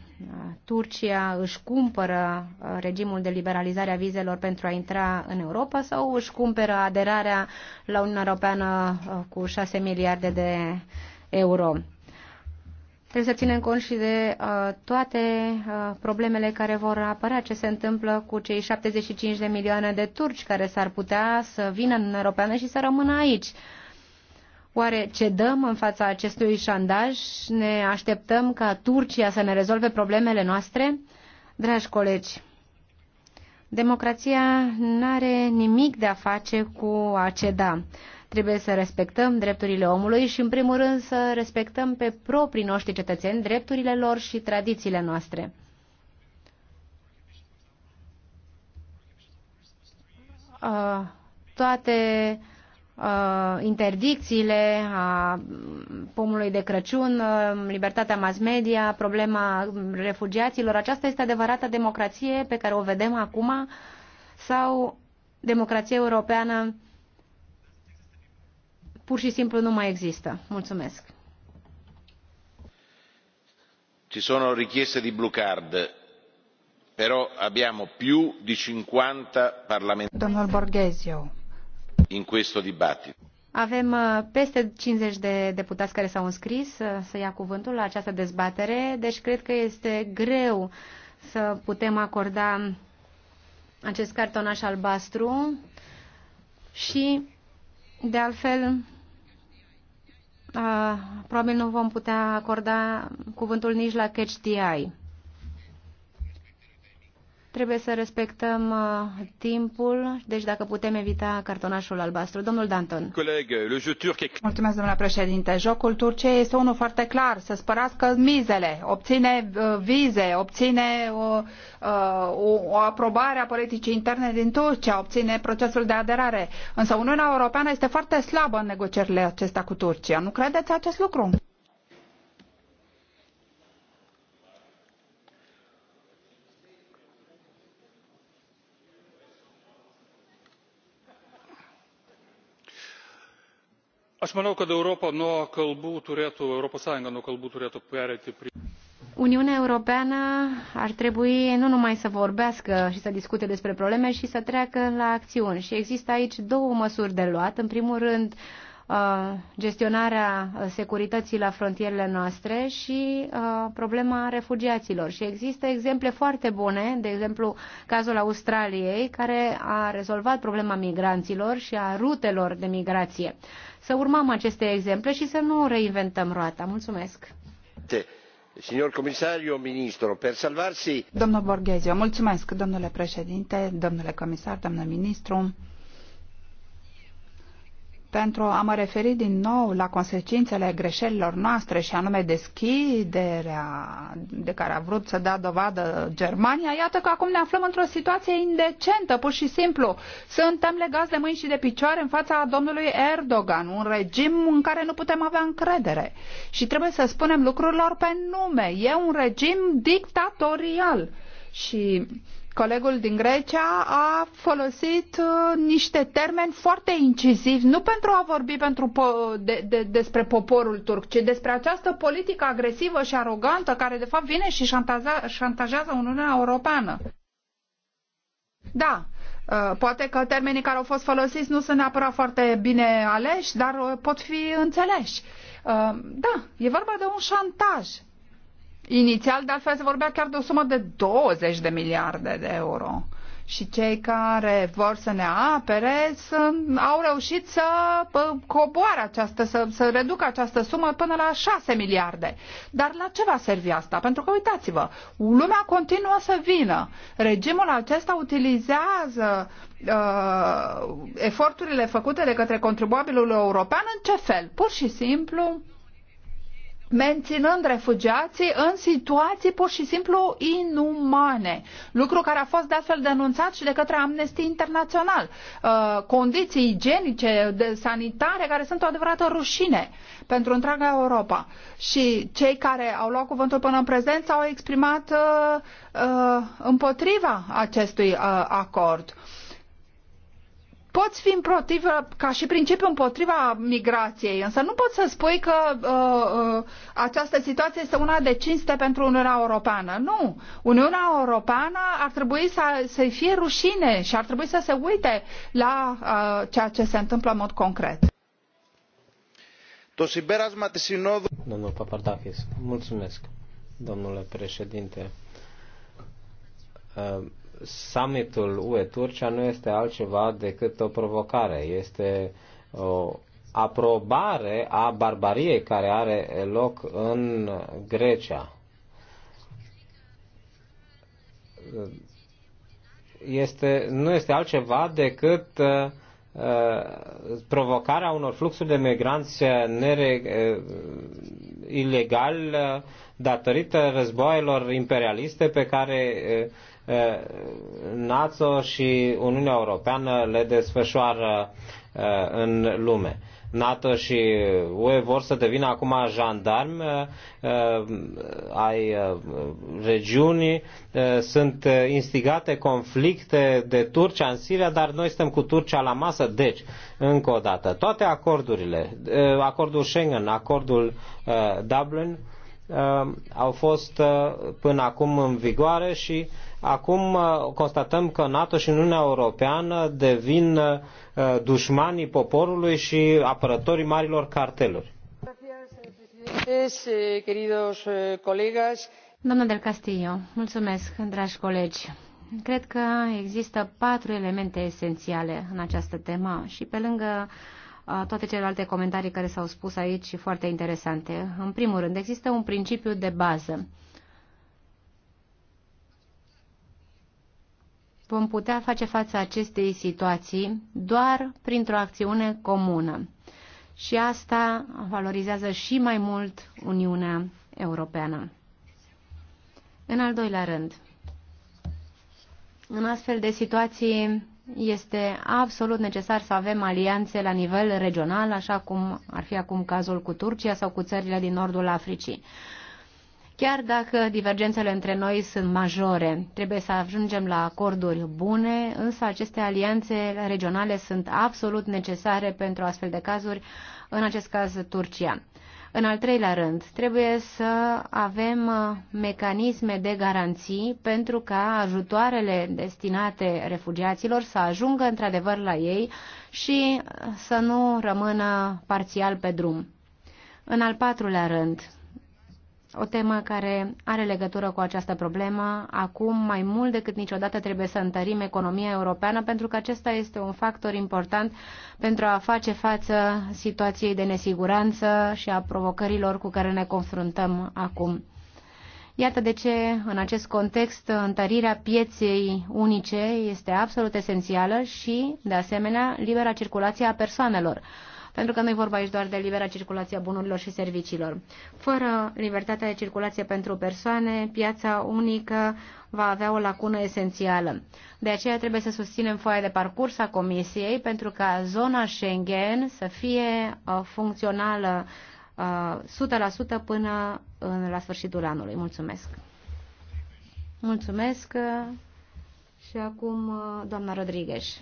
Speaker 4: Turcia își cumpără regimul de liberalizare a vizelor pentru a intra în Europa sau își cumpără aderarea la Uniunea Europeană cu 6 miliarde de euro? Trebuie să ținem cont și de uh, toate uh, problemele care vor apărea, ce se întâmplă cu cei 75 de milioane de turci care s-ar putea să vină în Europeană și să rămână aici. Oare cedăm în fața acestui șandaj? Ne așteptăm ca Turcia să ne rezolve problemele noastre? Dragi colegi, democrația nu are nimic de a face cu a ceda. Trebuie să respectăm drepturile omului și, în primul rând, să respectăm pe proprii noștri cetățeni drepturile lor și tradițiile noastre. Uh, toate uh, interdicțiile a pomului de Crăciun, uh, libertatea mass media, problema refugiaților. Aceasta este adevărata democrație pe care o vedem acum sau democrație europeană pur și simplu nu mai există. Mulțumesc.
Speaker 3: Ci sono richieste di blue card, però abbiamo più di 50 parlamentari. In questo dibattito.
Speaker 4: Avem uh, peste 50 de deputați care s-au înscris uh, să ia cuvântul la această dezbatere, deci cred că este greu să putem acorda acest cartonaș albastru și, de altfel, probabil nu vom putea acorda cuvântul nici la catch the eye. Trebuie să respectăm uh,
Speaker 5: timpul, deci dacă putem evita cartonașul albastru. Domnul Danton.
Speaker 3: Coleg, le jeu turc e...
Speaker 5: Mulțumesc, domnule președinte. Jocul Turciei este unul foarte clar. Să spărască mizele, obține uh, vize, obține uh, uh, o, uh, o aprobare a politicii interne din Turcia, obține procesul de aderare. Însă Uniunea Europeană este foarte slabă în negocierile acestea cu Turcia. Nu credeți acest lucru?
Speaker 3: aš manau kad europa nuo kalbų turėtų europos sąjunga nuo kalbų turėtų pereiti prie
Speaker 4: Uniunea Europeană ar trebui nu numai să vorbească și să discute despre probleme și să treacă la acțiuni. Și există aici două măsuri de luat. În primul rând, Uh, gestionarea securității la frontierele noastre și uh, problema refugiaților. Și există exemple foarte bune, de exemplu cazul Australiei, care a rezolvat problema migranților și a rutelor de migrație. Să urmăm aceste
Speaker 5: exemple și să nu reinventăm roata. Mulțumesc!
Speaker 3: Signor comisario, ministro, per salvarsi...
Speaker 5: Domnul Borghezio, mulțumesc, domnule președinte, domnule comisar, domnule ministru pentru a mă referi din nou la consecințele greșelilor noastre și anume deschiderea de care a vrut să dea dovadă Germania, iată că acum ne aflăm într-o situație indecentă, pur și simplu. Suntem legați de mâini și de picioare în fața domnului Erdogan, un regim în care nu putem avea încredere. Și trebuie să spunem lucrurilor pe nume. E un regim dictatorial. Și Colegul din Grecia a folosit uh, niște termeni foarte incisivi, nu pentru a vorbi pentru po- de, de, despre poporul turc, ci despre această politică agresivă și arogantă care de fapt vine și șantaza, șantajează Uniunea Europeană. Da, uh, poate că termenii care au fost folosiți nu sunt neapărat foarte bine aleși, dar uh, pot fi înțeleși. Da, e vorba de un șantaj Inițial, de altfel, se vorbea chiar de o sumă de 20 de miliarde de euro. Și cei care vor să ne apere sunt, au reușit să coboare această, să, să reducă această sumă până la 6 miliarde. Dar la ce va servi asta? Pentru că uitați-vă, lumea continuă să vină. Regimul acesta utilizează uh, eforturile făcute de către contribuabilul european în ce fel? Pur și simplu menținând refugiații în situații pur și simplu inumane, lucru care a fost de astfel denunțat și de către Amnesty Internațional. Uh, condiții igienice, de sanitare, care sunt o adevărată rușine pentru întreaga Europa. Și cei care au luat cuvântul până în prezent au exprimat uh, uh, împotriva acestui acord poți fi împotriva, ca și principiu împotriva migrației, însă nu poți să spui că uh, uh, această situație este una de cinste pentru Uniunea Europeană. Nu! Uniunea Europeană ar trebui să, să fie rușine și ar trebui să se uite la uh, ceea ce se întâmplă în mod concret.
Speaker 1: Domnul Papadakis, mulțumesc, domnule președinte. Uh, summitul UE-Turcia nu este altceva decât o provocare. Este o aprobare a barbariei care are loc în Grecia. Este, nu este altceva decât uh, uh provocarea unor fluxuri de migranți nere, uh, ilegal uh, datorită războaielor imperialiste pe care NATO și Uniunea Europeană le desfășoară în lume. NATO și UE vor să devină acum jandarmi ai regiunii, sunt instigate conflicte de Turcia în Siria, dar noi suntem cu Turcia la masă, deci, încă o dată, toate acordurile, acordul Schengen, acordul Dublin, au fost până acum în vigoare și uh, Acum uh, constatăm că NATO și Uniunea Europeană devin uh, dușmanii poporului și apărătorii marilor carteluri.
Speaker 5: Eh,
Speaker 4: Doamna eh, del Castillo, mulțumesc, dragi colegi. Cred că există patru elemente esențiale în această temă și pe lângă uh, toate celelalte comentarii care s-au spus aici foarte interesante. În primul rând, există un principiu de bază vom putea face față acestei situații doar printr-o acțiune comună. Și asta valorizează și mai mult Uniunea Europeană. În al doilea rând, în astfel de situații este absolut necesar să avem alianțe la nivel regional, așa cum ar fi acum cazul cu Turcia sau cu țările din nordul Africii. Chiar dacă divergențele între noi sunt majore, trebuie să ajungem la acorduri bune, însă aceste alianțe regionale sunt absolut necesare pentru astfel de cazuri, în acest caz Turcia. În al treilea rând, trebuie să avem uh, mecanisme de garanții pentru ca ajutoarele destinate refugiaților să ajungă într-adevăr la ei și să nu rămână parțial pe drum. În al patrulea rând, o temă care are legătură cu această problemă. Acum, mai mult decât niciodată, trebuie să întărim economia europeană, pentru că acesta este un factor important pentru a face față situației de nesiguranță și a provocărilor cu care ne confruntăm acum. Iată de ce, în acest context, întărirea pieței unice este absolut esențială și, de asemenea, libera circulație a persoanelor pentru că nu e vorba aici doar de libera circulație a bunurilor și serviciilor. Fără libertatea de circulație pentru persoane, piața unică va avea o lacună esențială. De aceea trebuie să susținem foaia de parcurs a Comisiei pentru ca zona Schengen să fie uh, funcțională 100% uh, până la sfârșitul anului. Mulțumesc!
Speaker 5: Mulțumesc uh,
Speaker 2: și acum
Speaker 5: doamna Rodriguez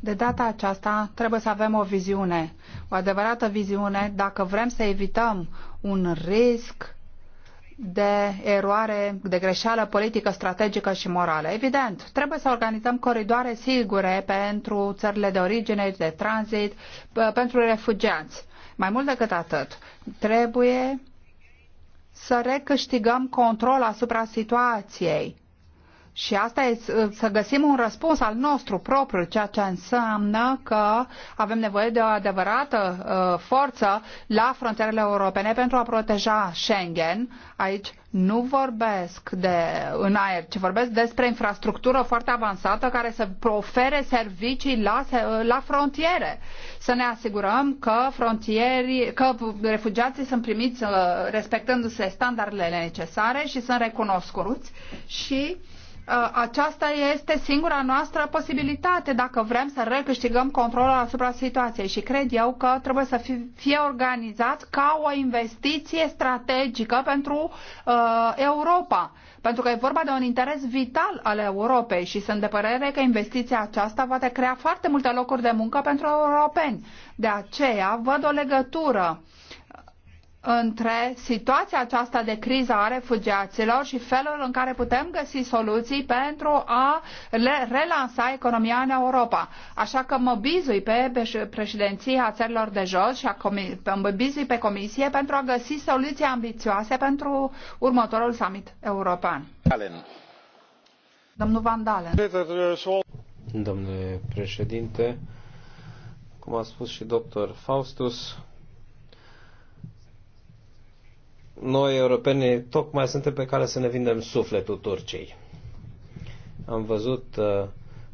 Speaker 5: de data aceasta trebuie să avem o viziune, o adevărată viziune, dacă vrem să evităm un risc de eroare, de greșeală politică, strategică și morală. Evident, trebuie să organizăm coridoare sigure pentru țările de origine, de tranzit, pentru refugiați. Mai mult decât atât, trebuie să recâștigăm control asupra situației și asta e să găsim un răspuns al nostru propriu, ceea ce înseamnă că avem nevoie de o adevărată uh, forță la frontierele europene pentru a proteja Schengen. Aici nu vorbesc de în aer, ci vorbesc despre infrastructură foarte avansată care să ofere servicii la, la frontiere. Să ne asigurăm că că refugiații sunt primiți uh, respectându-se standardele necesare și sunt recunoscuți și uh, Ă, aceasta este singura noastră posibilitate dacă vrem să recâștigăm controlul asupra situației și cred eu că trebuie să fie organizat ca o investiție strategică pentru uh, Europa. Pentru că e vorba de un interes vital al Europei și sunt de părere că investiția aceasta va crea foarte multe locuri de muncă pentru europeni. De aceea văd o legătură uh, între situația aceasta de criză a refugiaților și felul în care putem găsi soluții pentru a le relansa economia în Europa. Așa că mă bizui pe președinția țărilor de jos și a mă bizui pe comisie pentru a găsi soluții ambițioase pentru următorul summit european. Dalen. Domnul Van Dalen.
Speaker 1: Domnule președinte, cum a spus și doctor Faustus, noi europenii tocmai suntem pe care să ne vindem sufletul Turciei. Am văzut uh,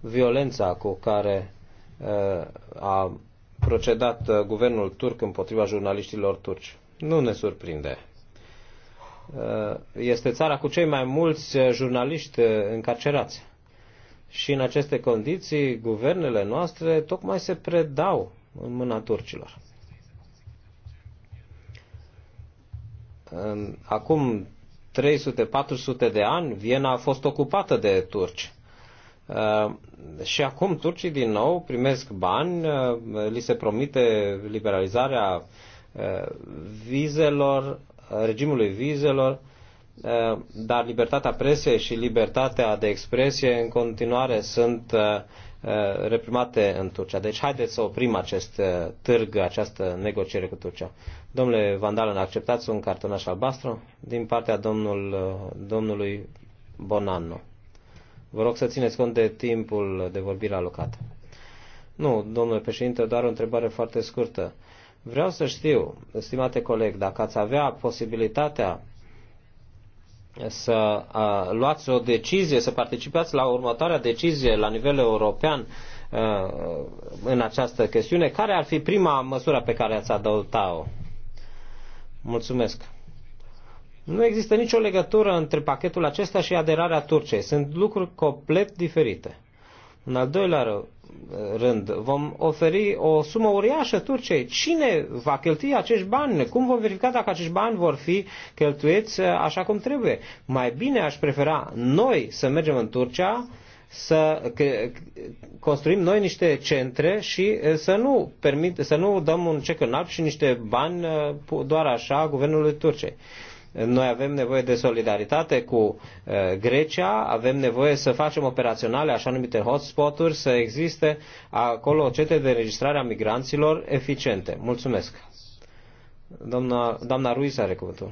Speaker 1: violența cu care uh, a procedat uh, guvernul turc împotriva jurnaliștilor turci. Nu ne surprinde. Uh, este țara cu cei mai mulți uh, jurnaliști uh, încarcerați. Și în aceste condiții, guvernele noastre tocmai se predau în mâna turcilor. În, acum 300-400 de ani, Viena a fost ocupată de turci. Uh, și acum turcii din nou primesc bani, uh, li se promite liberalizarea uh, vizelor, regimului vizelor, dar libertatea presei și libertatea de expresie în continuare sunt reprimate în Turcia. Deci haideți să oprim acest târg, această negociere cu Turcia. Domnule Vandalen, acceptați un cartonaș albastru din partea domnul, domnului Bonanno. Vă rog să țineți cont de timpul de vorbire alocat. Nu, domnule președinte, doar o întrebare foarte scurtă. Vreau să știu, stimate coleg, dacă ați avea posibilitatea să a, luați o decizie, să participați la următoarea decizie la nivel european a, în această chestiune, care ar fi prima măsură pe care ați adăuta-o? Mulțumesc. Nu există nicio legătură între pachetul acesta și aderarea Turciei. Sunt lucruri complet diferite. În al doilea rând, vom oferi o sumă uriașă Turciei. Cine va cheltui acești bani? Cum vom verifica dacă acești bani vor fi cheltuiți uh, așa cum trebuie? Mai bine aș prefera noi să mergem în Turcia să construim noi niște centre și să nu, permit, să nu dăm un cec în alb și niște bani doar așa guvernului Turciei. Noi avem nevoie de solidaritate cu Grecia, avem nevoie să facem operaționale așa numite hotspot-uri, să existe acolo cete de înregistrare a migranților eficiente. Mulțumesc! Doamna, doamna Ruiz are cuvântul.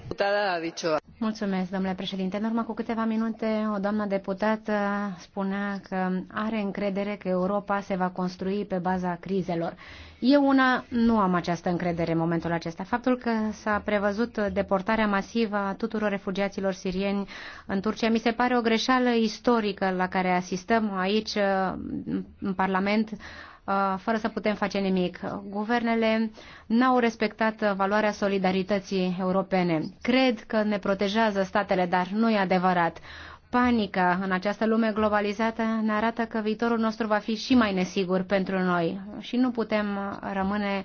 Speaker 4: Mulțumesc, domnule președinte. În urmă cu câteva minute, o doamnă deputată spunea că are încredere că Europa se va construi pe baza crizelor. Eu una nu am această încredere în momentul acesta. Faptul că s-a prevăzut deportarea masivă a tuturor refugiaților sirieni în Turcia mi se pare o greșeală istorică la care asistăm aici în Parlament Uh, fără să putem face nimic. Guvernele n-au respectat valoarea solidarității europene. Cred că ne protejează statele, dar nu e adevărat. Panica în această lume globalizată ne arată că viitorul nostru va fi și mai nesigur pentru noi și nu putem rămâne uh,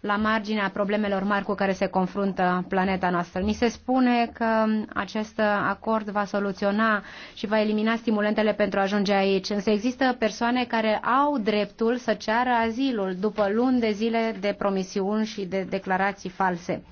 Speaker 4: la marginea problemelor mari cu care se confruntă planeta noastră. Ni se spune că acest acord va soluționa și va elimina stimulentele pentru a ajunge aici, însă există persoane care au dreptul să ceară azilul după luni de zile de promisiuni și de declarații false.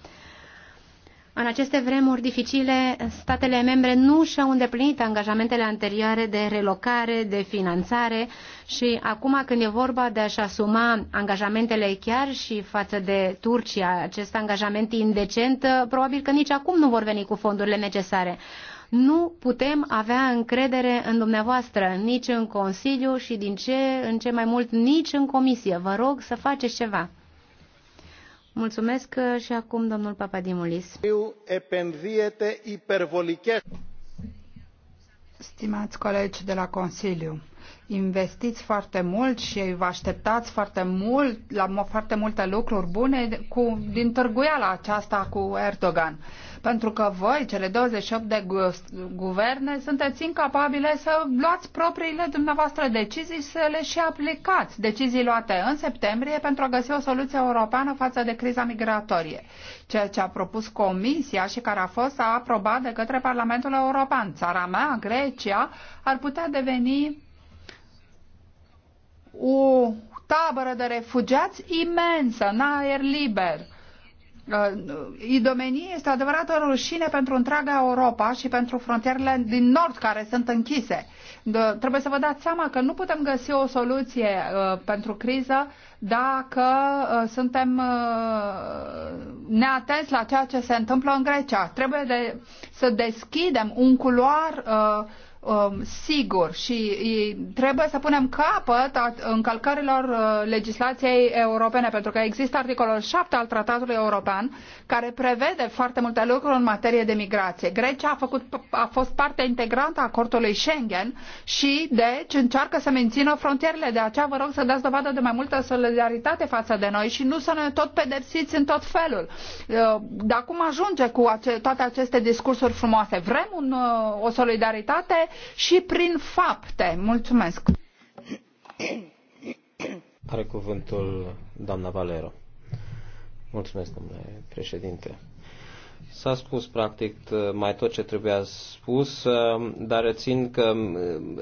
Speaker 4: În aceste vremuri dificile, statele membre nu și-au îndeplinit angajamentele anterioare de relocare, de finanțare și acum când e vorba de a-și asuma angajamentele chiar și față de Turcia, acest angajament indecent, probabil că nici acum nu vor veni cu fondurile necesare. Nu putem avea încredere în dumneavoastră, nici în Consiliu și din ce în ce mai mult nici în Comisie. Vă rog să faceți ceva. Mulțumesc uh, și acum domnul Papadimulis.
Speaker 5: Stimați colegi de la Consiliu, investiți foarte mult și vă așteptați foarte mult la foarte multe lucruri bune cu, din târguiala aceasta cu Erdogan. Pentru că voi, cele 28 de gu guverne, sunteți incapabile să luați propriile dumneavoastră decizii și să le și aplicați. Decizii luate în septembrie pentru a găsi o soluție europeană față de criza migratorie. Ceea ce a propus Comisia și care a fost aprobat de către Parlamentul European. Țara mea, Grecia, ar putea deveni o tabără de refugiați imensă, în aer liber. Uh, Idomenie este adevărată rușine pentru întreaga Europa și pentru frontierele din nord care sunt închise. Trebuie să vă dați seama că nu putem găsi o soluție uh, pentru criză dacă uh, suntem neatenți la ceea ce se întâmplă în Grecia. Trebuie de, să deschidem un culoar uh, um, sigur și trebuie să punem capăt încălcărilor uh, legislației europene, pentru că există articolul 7 al Tratatului European care prevede foarte multe lucruri în materie de migrație. Grecia a, făcut, a fost parte integrantă a acordului Schengen și deci încearcă să mențină frontierele. De aceea vă rog să dați dovadă de mai multă solidaritate față de noi și nu să ne tot pedepsiți în tot felul. Uh, Dar cum ajunge cu toate aceste discursuri frumoase? Vrem un, uh, o solidaritate și prin fapte. Mulțumesc!
Speaker 1: Are cuvântul doamna Valero. Mulțumesc, domnule președinte. S-a spus practic mai tot ce trebuia spus, um, dar rețin că um,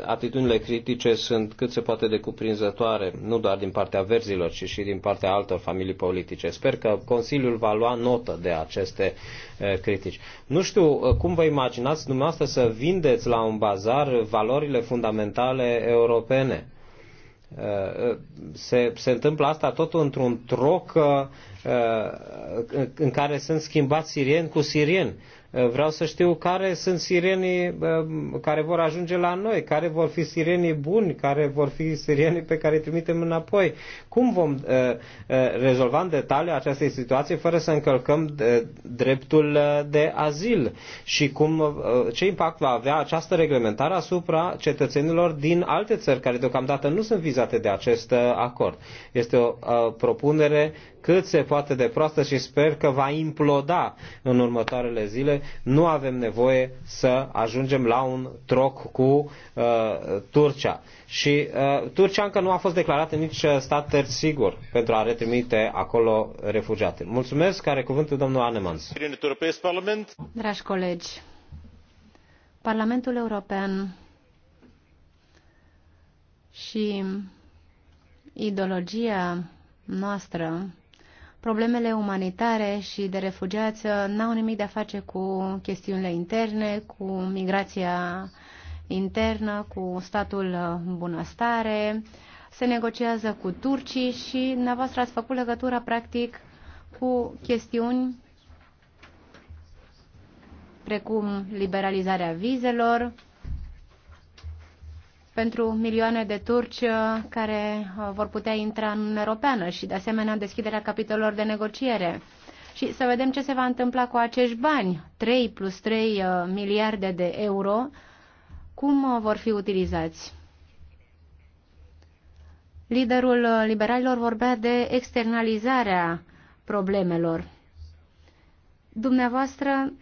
Speaker 1: atitudinile critice sunt cât se poate de cuprinzătoare, nu doar din partea verzilor, ci și din partea altor familii politice. Sper că Consiliul va lua notă de aceste uh, critici. Nu știu uh, cum vă imaginați dumneavoastră să vindeți la un bazar valorile fundamentale europene. Uh, se, se întâmplă asta tot într-un troc Uh, în care sunt schimbați sirieni cu sirieni. Uh, vreau să știu care sunt sirienii uh, care vor ajunge la noi, care vor fi sirienii buni, care vor fi sirienii pe care îi trimitem înapoi, cum vom uh, uh, rezolva în detaliu această situație fără să încălcăm uh, dreptul uh, de azil și cum, uh, ce impact va avea această reglementare asupra cetățenilor din alte țări care deocamdată nu sunt vizate de acest uh, acord. Este o uh, propunere cât se poate de proastă și sper că va imploda în următoarele zile. Nu avem nevoie să ajungem la un troc cu uh, Turcia și uh, Turcia încă nu a fost declarată nici uh, stat terț sigur pentru a retrimite acolo refugiate. Mulțumesc, care cuvântul domnul Anemans.
Speaker 4: Dragi colegi, Parlamentul European și ideologia noastră, problemele umanitare și de refugiați uh, n-au nimic de a face cu chestiunile interne, cu migrația internă, cu statul bunăstare, se negociază cu turcii și dumneavoastră ați făcut legătura practic cu chestiuni precum liberalizarea vizelor pentru milioane de turci uh, care uh, vor putea intra în Uniunea Europeană și, de asemenea, deschiderea capitolelor de negociere. Și să vedem ce se va întâmpla cu acești bani, 3 plus 3 uh, miliarde de euro, cum uh, vor fi utilizați. Liderul uh, liberalilor vorbea de externalizarea problemelor. Dumneavoastră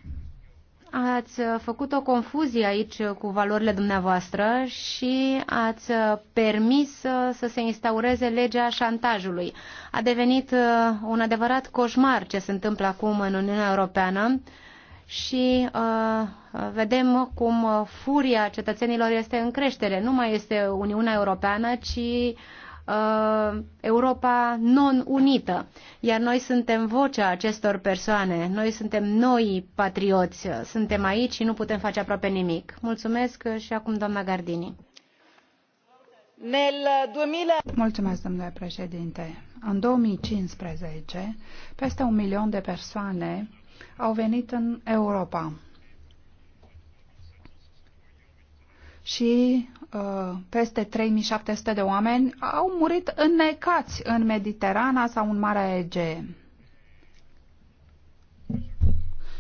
Speaker 4: ați uh, făcut o confuzie aici cu valorile dumneavoastră și ați permis să se instaureze legea șantajului. A devenit un adevărat coșmar ce se întâmplă acum în Uniunea Europeană și uh, vedem cum furia cetățenilor este în creștere. Nu mai este Uniunea Europeană, ci uh, Europa non-unită. Iar noi suntem vocea acestor persoane. Noi suntem noi patrioți. Suntem aici și nu putem face aproape nimic. Mulțumesc și acum doamna Gardini.
Speaker 5: Mulțumesc, domnule președinte. În 2015, peste un milion de persoane au venit în Europa și uh, peste 3700 de oameni au murit înnecați în Mediterana sau în Marea Egee.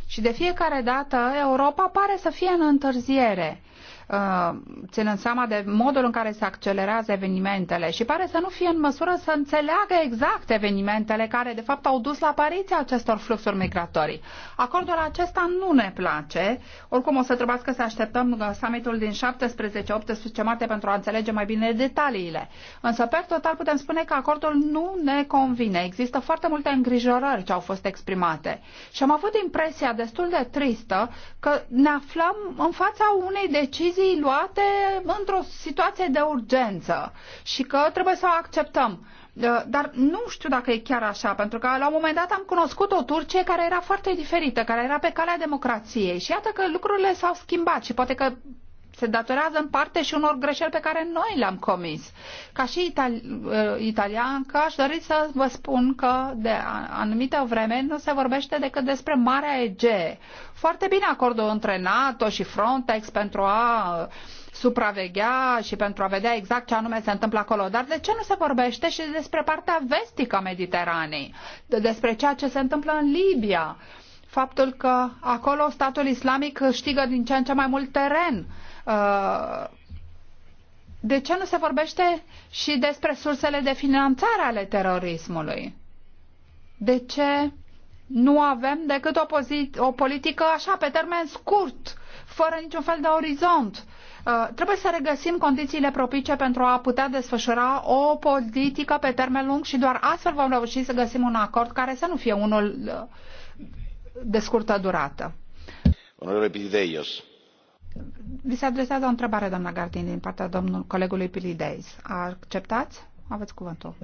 Speaker 5: Și de fiecare dată Europa pare să fie în întârziere. Uh, ținând seama de modul în care se accelerează evenimentele și pare să nu fie în măsură să înțeleagă exact evenimentele care de fapt au dus la apariția acestor fluxuri migratorii. Acordul acesta nu ne place. Oricum o să trebuiască să așteptăm uh, summitul din 17-18 martie pentru a înțelege mai bine detaliile. Însă, pe total, putem spune că acordul nu ne convine. Există foarte multe îngrijorări ce au fost exprimate. Și am avut impresia destul de tristă că ne aflăm în fața unei decizii decizii luate într-o situație de urgență și că trebuie să o acceptăm. Uh, dar nu știu dacă e chiar așa, pentru că la un moment dat am cunoscut o Turcie care era foarte diferită, care era pe calea democrației și iată că lucrurile s-au schimbat și poate că se datorează în parte și unor greșeli pe care noi le-am comis. Ca și itali- uh, că aș dori să vă spun că de anumite vreme nu se vorbește decât despre Marea Egee. Foarte bine acordul între NATO și Frontex pentru a uh, supraveghea și pentru a vedea exact ce anume se întâmplă acolo. Dar de ce nu se vorbește și despre partea vestică a Mediteranei, despre ceea ce se întâmplă în Libia, faptul că acolo statul islamic câștigă din ce în ce mai mult teren, Uh, de ce nu se vorbește și despre sursele de finanțare ale terorismului? De ce nu avem decât o, o politică așa, pe termen scurt, fără niciun fel de orizont? Uh, trebuie să regăsim condițiile propice pentru a putea desfășura o politică pe termen lung și doar astfel vom reuși să găsim un acord care să nu fie unul uh, de scurtă durată. Onorele vi se adresează o întrebare, doamna Gardin, din partea domnului colegului Pilideis. Acceptați? Aveți cuvântul.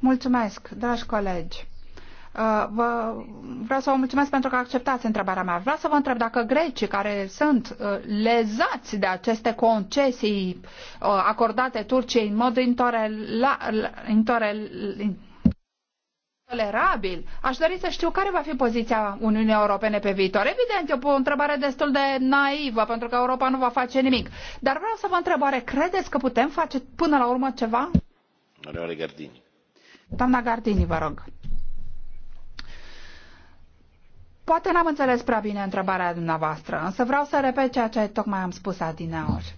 Speaker 5: Mulțumesc, dragi colegi. Uh, vă, vreau să vă mulțumesc pentru că acceptați întrebarea mea. Vreau să vă întreb dacă grecii care sunt uh, lezați de aceste concesii uh, acordate Turciei în mod intolerant, tolerabil. Aș dori să știu care va fi poziția Uniunii Europene pe viitor. Evident, e o întrebare destul de naivă, pentru că Europa nu va face nimic. Dar vreau să vă întreb, oare credeți că putem face până la urmă ceva?
Speaker 3: Doamna Gardini.
Speaker 5: Doamna Gardini, vă rog. Poate n-am înțeles prea bine întrebarea dumneavoastră, însă vreau să repet ceea ce tocmai am spus adineori.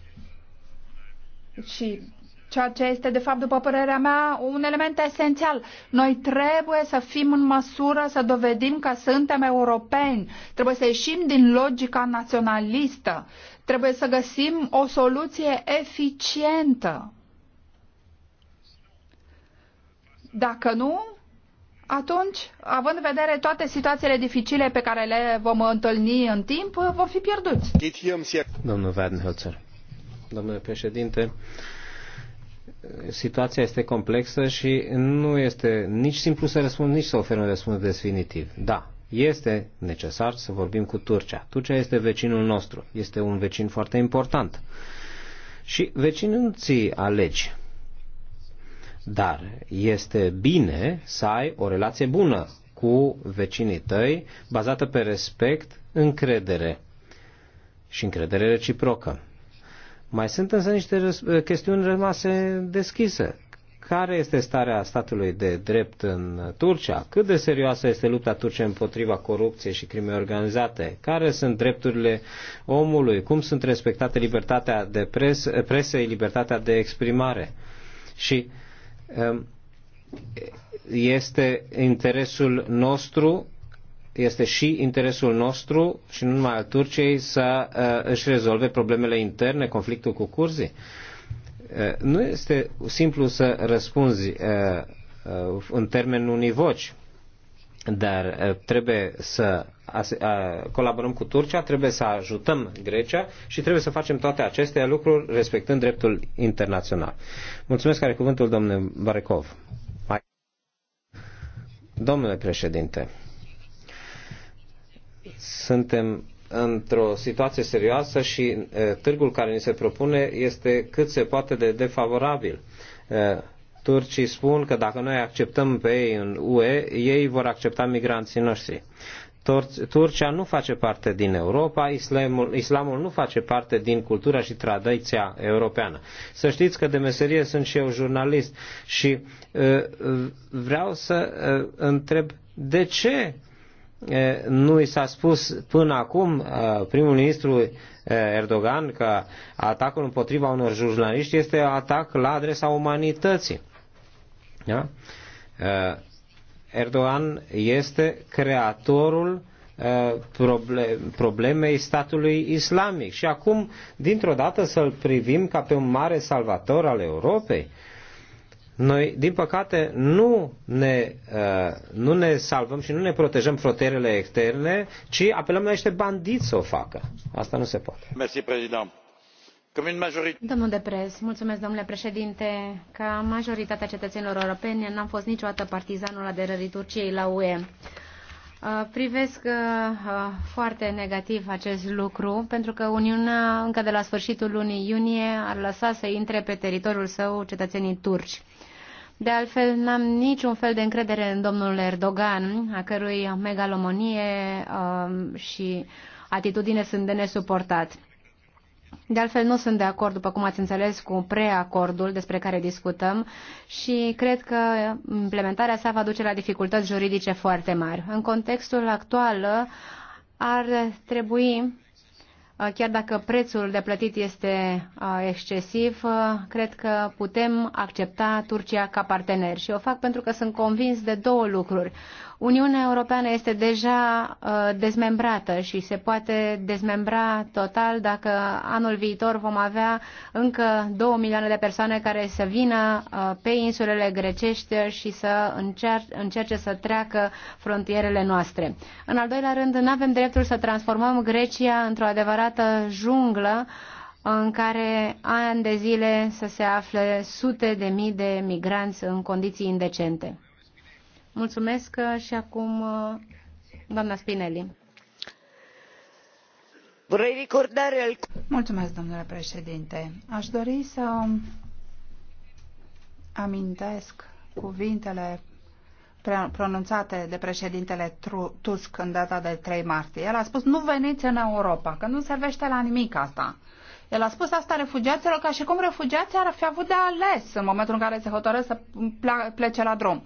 Speaker 5: Și ceea ce este, de fapt, după părerea mea, un element esențial. Noi trebuie să fim în măsură să dovedim că suntem europeni. Trebuie să ieșim din logica naționalistă. Trebuie să găsim o soluție eficientă. Dacă nu, atunci, având în vedere toate situațiile dificile pe care le vom întâlni în timp, vom fi pierduți.
Speaker 1: Domnul Werdenhölzer, domnule președinte, situația este complexă și nu este nici simplu să răspund, nici să ofer un răspuns definitiv. Da, este necesar să vorbim cu Turcia. Turcia este vecinul nostru, este un vecin foarte important. Și vecinul ți alegi. Dar este bine să ai o relație bună cu vecinii tăi, bazată pe respect, încredere și încredere reciprocă. Mai sunt însă niște chestiuni rămase deschise. Care este starea statului de drept în Turcia? Cât de serioasă este lupta Turciei împotriva corupției și crimei organizate? Care sunt drepturile omului? Cum sunt respectate libertatea de pres, presă, libertatea de exprimare? Și um, este interesul nostru este și interesul nostru și nu numai al Turciei să uh, își rezolve problemele interne, conflictul cu curzii. Uh, nu este simplu să răspunzi uh, uh, în termen univoci, dar uh, trebuie să uh, colaborăm cu Turcia, trebuie să ajutăm Grecia și trebuie să facem toate aceste lucruri respectând dreptul internațional. Mulțumesc, care cuvântul domnule Barecov. Domnule președinte, suntem într-o situație serioasă și târgul care ni se propune este cât se poate de defavorabil. Turcii spun că dacă noi acceptăm pe ei în UE, ei vor accepta migranții noștri. Turcia nu face parte din Europa, islamul, islamul nu face parte din cultura și tradiția europeană. Să știți că de meserie sunt și eu jurnalist și uh, vreau să uh, întreb de ce nu i s-a spus până acum primul ministru Erdogan că atacul împotriva unor jurnaliști este atac la adresa umanității. Da? Erdogan este creatorul problemei statului islamic. Și acum, dintr-o dată, să-l privim ca pe un mare salvator al Europei. Noi, din păcate, nu ne, uh, nu ne salvăm și nu ne protejăm frontierele externe, ci apelăm la niște bandiți să o facă. Asta nu se poate.
Speaker 3: Mersi, președinte.
Speaker 4: Domnul pres, mulțumesc, domnule președinte. Ca majoritatea cetățenilor europeni, n-am fost niciodată partizanul aderării Turciei la UE. Uh, privesc uh, foarte negativ acest lucru, pentru că Uniunea, încă de la sfârșitul lunii iunie, ar lăsa să intre pe teritoriul său cetățenii turci. De altfel, n-am niciun fel de încredere în domnul Erdogan, a cărui megalomonie uh, și atitudine sunt de nesuportat. De altfel, nu sunt de acord, după cum ați înțeles, cu preacordul despre care discutăm și cred că implementarea sa va duce la dificultăți juridice foarte mari. În contextul actual, ar trebui chiar dacă prețul de plătit este excesiv, cred că putem accepta Turcia ca partener. Și o fac pentru că sunt convins de două lucruri. Uniunea Europeană este deja uh, dezmembrată și se poate dezmembra total dacă anul viitor vom avea încă 2 milioane de persoane care să vină uh, pe insulele grecești și să încerce să treacă frontierele noastre. În al doilea rând, nu avem dreptul să transformăm Grecia într-o adevărată junglă în care ani de zile să se afle sute de mii de migranți în condiții indecente. Mulțumesc uh, și acum uh, doamna Spinelli.
Speaker 7: Vrei al...
Speaker 5: Mulțumesc, domnule președinte. Aș dori să amintesc cuvintele pronunțate de președintele Tusk în data de 3 martie. El a spus, nu veniți în Europa, că nu servește la nimic asta. El a spus asta refugiaților ca și cum refugiații ar fi avut de ales în momentul în care se hotără să plece la drum.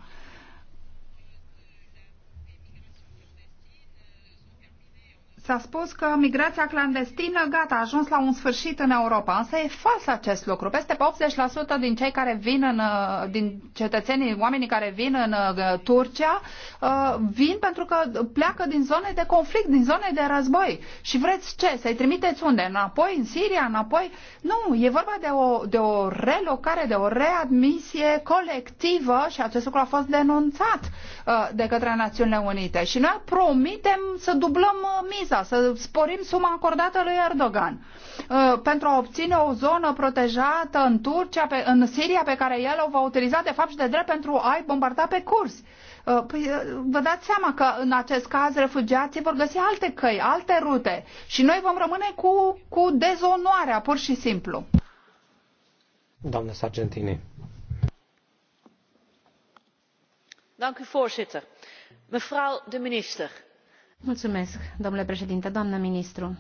Speaker 5: S-a spus că migrația clandestină, gata, a ajuns la un sfârșit în Europa, însă e fals acest lucru. Peste 80% din cei care vin în, uh, din cetățenii, oamenii care vin în uh, Turcia, uh, vin pentru că pleacă din zone de conflict, din zone de război. Și vreți ce? Să-i trimiteți unde? Înapoi, în Siria, înapoi? Nu, e vorba de o, de o relocare, de o readmisie colectivă și acest lucru a fost denunțat de către Națiunile Unite. Și noi promitem să dublăm miza să sporim suma acordată lui Erdogan uh, pentru a obține o zonă protejată în Turcia, pe, în Siria, pe care el o va utiliza de fapt și de drept pentru a-i bombarda pe curs. Uh, păi, uh, vă dați seama că în acest caz refugiații vor găsi alte căi, alte rute și noi vom rămâne cu, cu dezonoarea, pur și simplu.
Speaker 1: Doamna Sargentini.
Speaker 7: Dank u voorzitter. Mevrouw de minister,
Speaker 4: Mulțumesc, domnule președinte, doamnă ministru.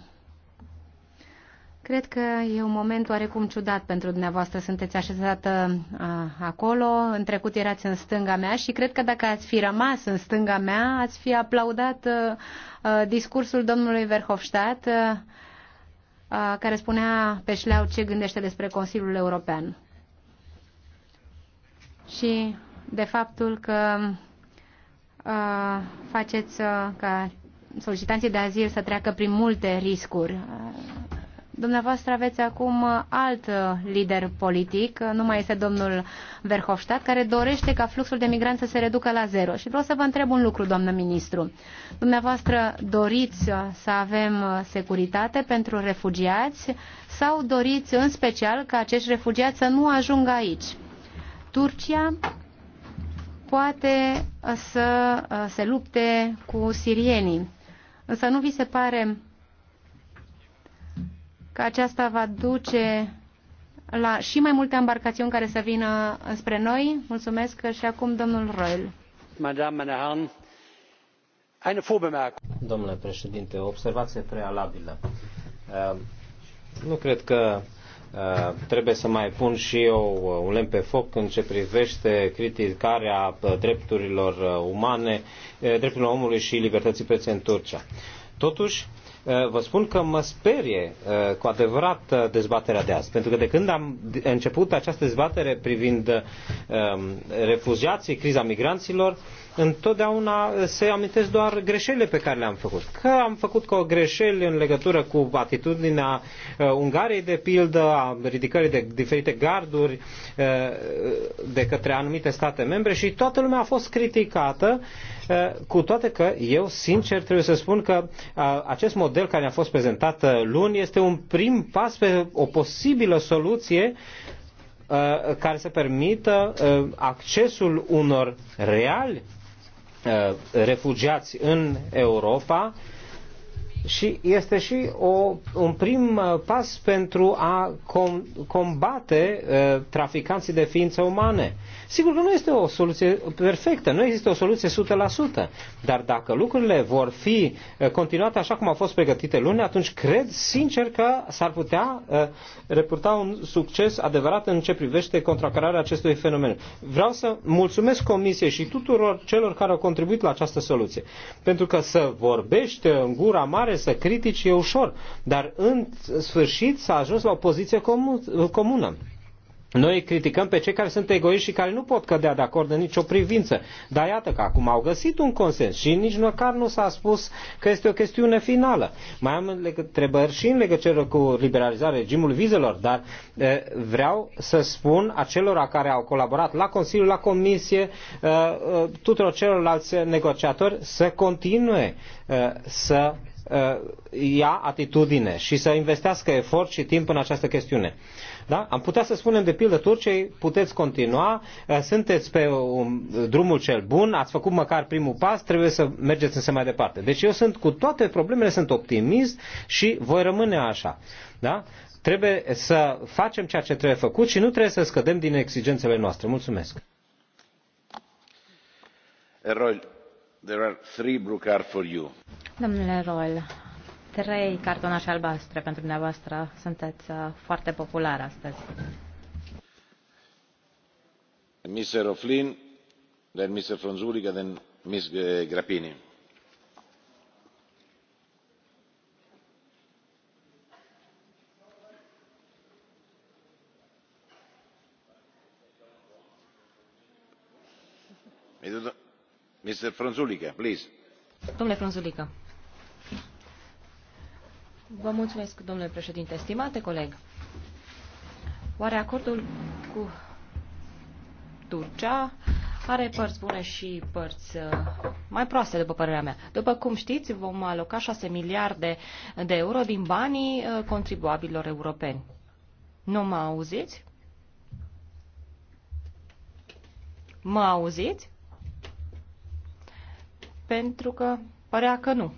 Speaker 4: Cred că e un moment oarecum ciudat pentru dumneavoastră. Sunteți așezată a, acolo, în trecut erați în stânga mea și cred că dacă ați fi rămas în stânga mea, ați fi aplaudat a, a, discursul domnului Verhofstadt, a, a, care spunea pe șleau ce gândește despre Consiliul European. Și de faptul că faceți ca solicitanții de azil să treacă prin multe riscuri. Dumneavoastră aveți acum alt uh, lider politic, uh, nu mai este domnul Verhofstadt, care dorește ca fluxul de migranți să se reducă la zero. Și vreau să vă întreb un lucru, doamnă ministru. Dumneavoastră doriți uh, să avem securitate pentru refugiați sau doriți în special ca acești refugiați să nu ajungă aici? Turcia poate să se lupte cu sirienii Însă nu vi se pare că aceasta va duce la și mai multe embarcațiuni care să vină spre noi? Mulțumesc și acum domnul Royal.
Speaker 1: Domnule președinte, o observație prealabilă. Ehm, nu cred că Uh, trebuie să mai pun și eu uh, un lemn pe foc în ce privește criticarea uh, drepturilor umane, drepturilor omului și libertății prețe în Turcia. Totuși, vă spun că mă sperie cu adevărat dezbaterea de azi, pentru că de când am început această dezbatere privind um, refugiații, criza migranților, întotdeauna se amintesc doar greșelile pe care le-am făcut. Că am făcut cu greșeli în legătură cu atitudinea uh, Ungariei, de pildă, a ridicării de diferite garduri uh, de către anumite state membre și toată lumea a fost criticată, uh, cu toate că eu, sincer, trebuie să spun că uh, acest model care ne-a fost prezentat uh, luni este un prim pas pe o posibilă soluție uh, care să permită uh, accesul unor reali Uh, refugiați în Europa și este și o, un prim uh, pas pentru a com, combate uh, traficanții de ființe umane. Sigur că nu este o soluție perfectă, nu există o soluție 100%, dar dacă lucrurile vor fi uh, continuate așa cum au fost pregătite luni, atunci cred sincer că s-ar putea uh, un succes adevărat în ce privește contracararea acestui fenomen. Vreau să mulțumesc Comisiei și tuturor celor care au contribuit la această soluție, pentru că să vorbește în gura mare provocare, să critici e ușor, dar în sfârșit s-a ajuns la o poziție comună. Noi criticăm pe cei care sunt egoiști și care nu pot cădea de acord în nicio privință. Dar iată că acum au găsit un consens și nici măcar nu s-a spus că este o chestiune finală. Mai am întrebări și în legătură cu liberalizarea regimului vizelor, dar e, vreau să spun acelora care au colaborat la Consiliu, la Comisie, e, e, tuturor celorlalți negociatori să continue e, să Uh, ia atitudine și să investească efort și timp în această chestiune. Da? Am putea să spunem de pildă Turcei, puteți continua, uh, sunteți pe un, uh, drumul cel bun, ați făcut măcar primul pas, trebuie să mergeți însă mai departe. Deci eu sunt cu toate problemele, sunt optimist și voi rămâne așa. Da? Trebuie să facem ceea ce trebuie făcut și nu trebuie să scădem din exigențele noastre. Mulțumesc.
Speaker 3: Erol, there are three for you.
Speaker 8: Domnule Roel, trei cartonașe albastre pentru dumneavoastră. Sunteți uh, foarte popular astăzi.
Speaker 3: Mr. O'Flynn, then Mr. Frunzulica, then Ms. Uh, Grapini. Mr. Frunzulica, please.
Speaker 7: Domnule Frunzulica, Vă mulțumesc, domnule președinte. Stimate coleg, oare acordul cu Turcia are părți bune și părți uh, mai proaste, după părerea mea. După cum știți, vom aloca 6 miliarde de euro din banii uh, contribuabililor europeni. Nu mă auziți? Mă auziți? Pentru că părea că nu.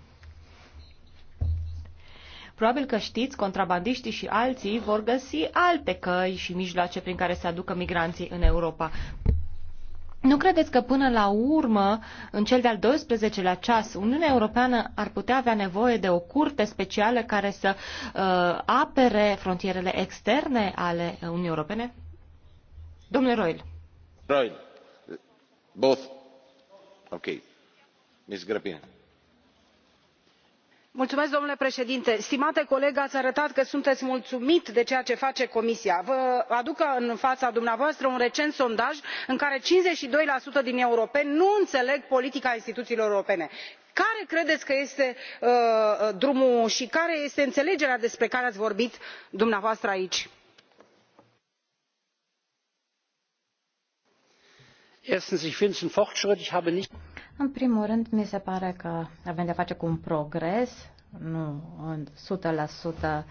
Speaker 7: Probabil că știți, contrabandiștii și alții vor găsi alte căi și mijloace prin care să aducă migranții în Europa.
Speaker 8: Nu credeți că până
Speaker 7: la urmă, în cel de-al 12-lea ceas, Uniunea Europeană ar putea avea nevoie de o curte specială care să uh, apere frontierele externe ale Uniunii Europene? Domnule Roil. Roil. Both.
Speaker 3: Ok. Ms. Grapini
Speaker 2: domnule președinte stimate coleg ați arătat că sunteți mulțumit de ceea ce face comisia. vă aduc în fața dumneavoastră un recent sondaj în care cincizeci și doi din europeni nu înțeleg politica instituțiilor europene. care credeți că este uh, drumul și care este înțelegerea despre care ați vorbit dumneavoastră aici?
Speaker 8: În primul rând, mi se pare că avem de face cu un progres, nu 100% uh,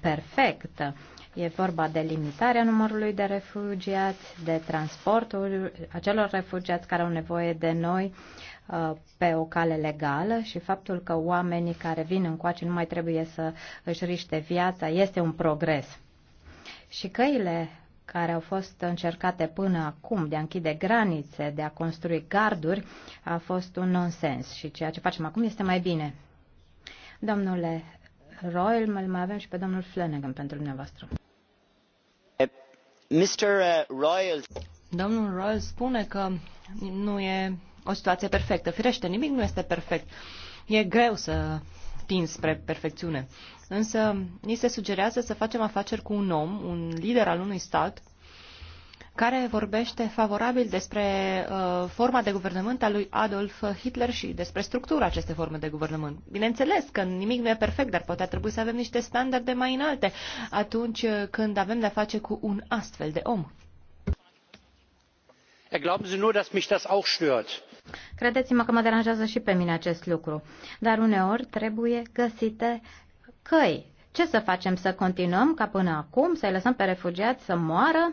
Speaker 8: perfect. E vorba de limitarea numărului de refugiați, de transportul acelor refugiați care au nevoie de noi uh, pe o cale legală și faptul că oamenii care vin încoace nu mai trebuie să își riște viața este un progres. Și căile care au fost încercate până acum de a închide granițe, de a construi garduri, a fost un nonsens și ceea ce facem acum este mai bine. Domnule Royal, mai avem și pe domnul Flanagan pentru dumneavoastră.
Speaker 5: Eh, Mr. Eh, Royal.
Speaker 8: Domnul Royal spune că
Speaker 7: nu e o situație perfectă. Firește, nimic nu este perfect. E greu să atins spre perfecțiune. Însă, ni se sugerează să facem afaceri cu un om, un lider al unui stat, care vorbește favorabil despre uh, forma de guvernământ a lui Adolf Hitler și despre structura acestei forme de guvernământ. Bineînțeles că nimic nu e perfect, dar poate ar trebui să avem niște standarde mai înalte atunci uh, când avem de-a face
Speaker 8: cu un astfel de om.
Speaker 3: Glauben Sie nur, dass mich das auch stört
Speaker 8: Credeți-mă că mă deranjează și pe mine acest lucru, dar uneori trebuie găsite căi. Ce să facem? Să continuăm ca până acum? Să-i lăsăm pe refugiați să moară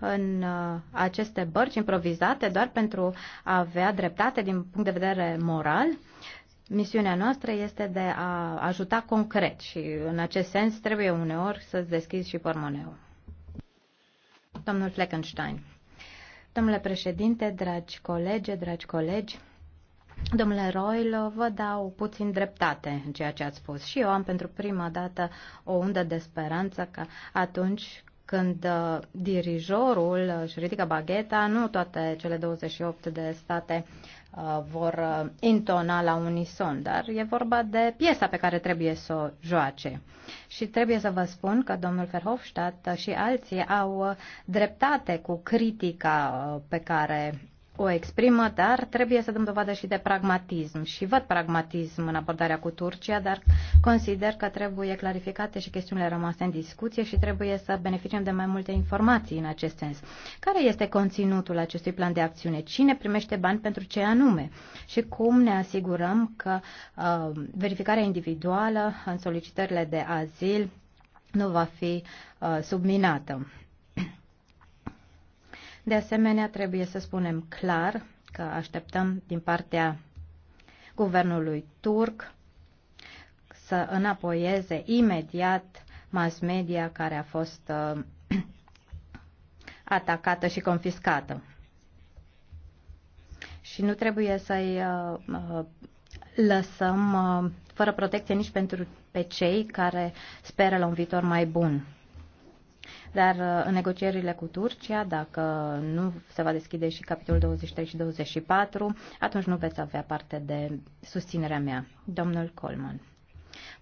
Speaker 8: în uh, aceste bărci improvizate doar pentru a avea dreptate din punct de vedere moral? Misiunea noastră este de a ajuta concret și în acest sens trebuie uneori să-ți deschizi și pormoneul. Domnul Fleckenstein. Domnule președinte, dragi colegi, dragi colegi, Domnule Roil, vă dau puțin dreptate în ceea ce ați spus și eu am pentru prima dată o undă de speranță că atunci când uh, dirijorul își ridică bagheta, nu toate cele 28 de state Uh, vor uh, intona la unison, dar e vorba de piesa pe care trebuie să o joace. Și trebuie să vă spun că domnul Verhofstadt și alții au uh, dreptate cu critica pe care o exprimă, dar trebuie să dăm dovadă și de pragmatism. Și văd pragmatism în abordarea cu Turcia, dar consider că trebuie clarificate și chestiunile rămase în discuție și trebuie să beneficiem de mai multe informații în acest sens. Care este conținutul acestui plan de acțiune? Cine primește bani pentru ce anume? Și cum ne asigurăm că uh, verificarea individuală în solicitările de azil nu va fi uh, subminată? De asemenea, trebuie să spunem clar că așteptăm din partea guvernului turc să înapoieze imediat mass media care a fost uh, atacată și confiscată. Și nu trebuie să-i uh, uh, lăsăm uh, fără protecție nici pentru pe cei care speră la un viitor mai bun. Dar uh, în negocierile cu Turcia, dacă nu se va deschide și capitolul 23 și 24, atunci nu veți avea parte de susținerea mea. Domnul Coleman.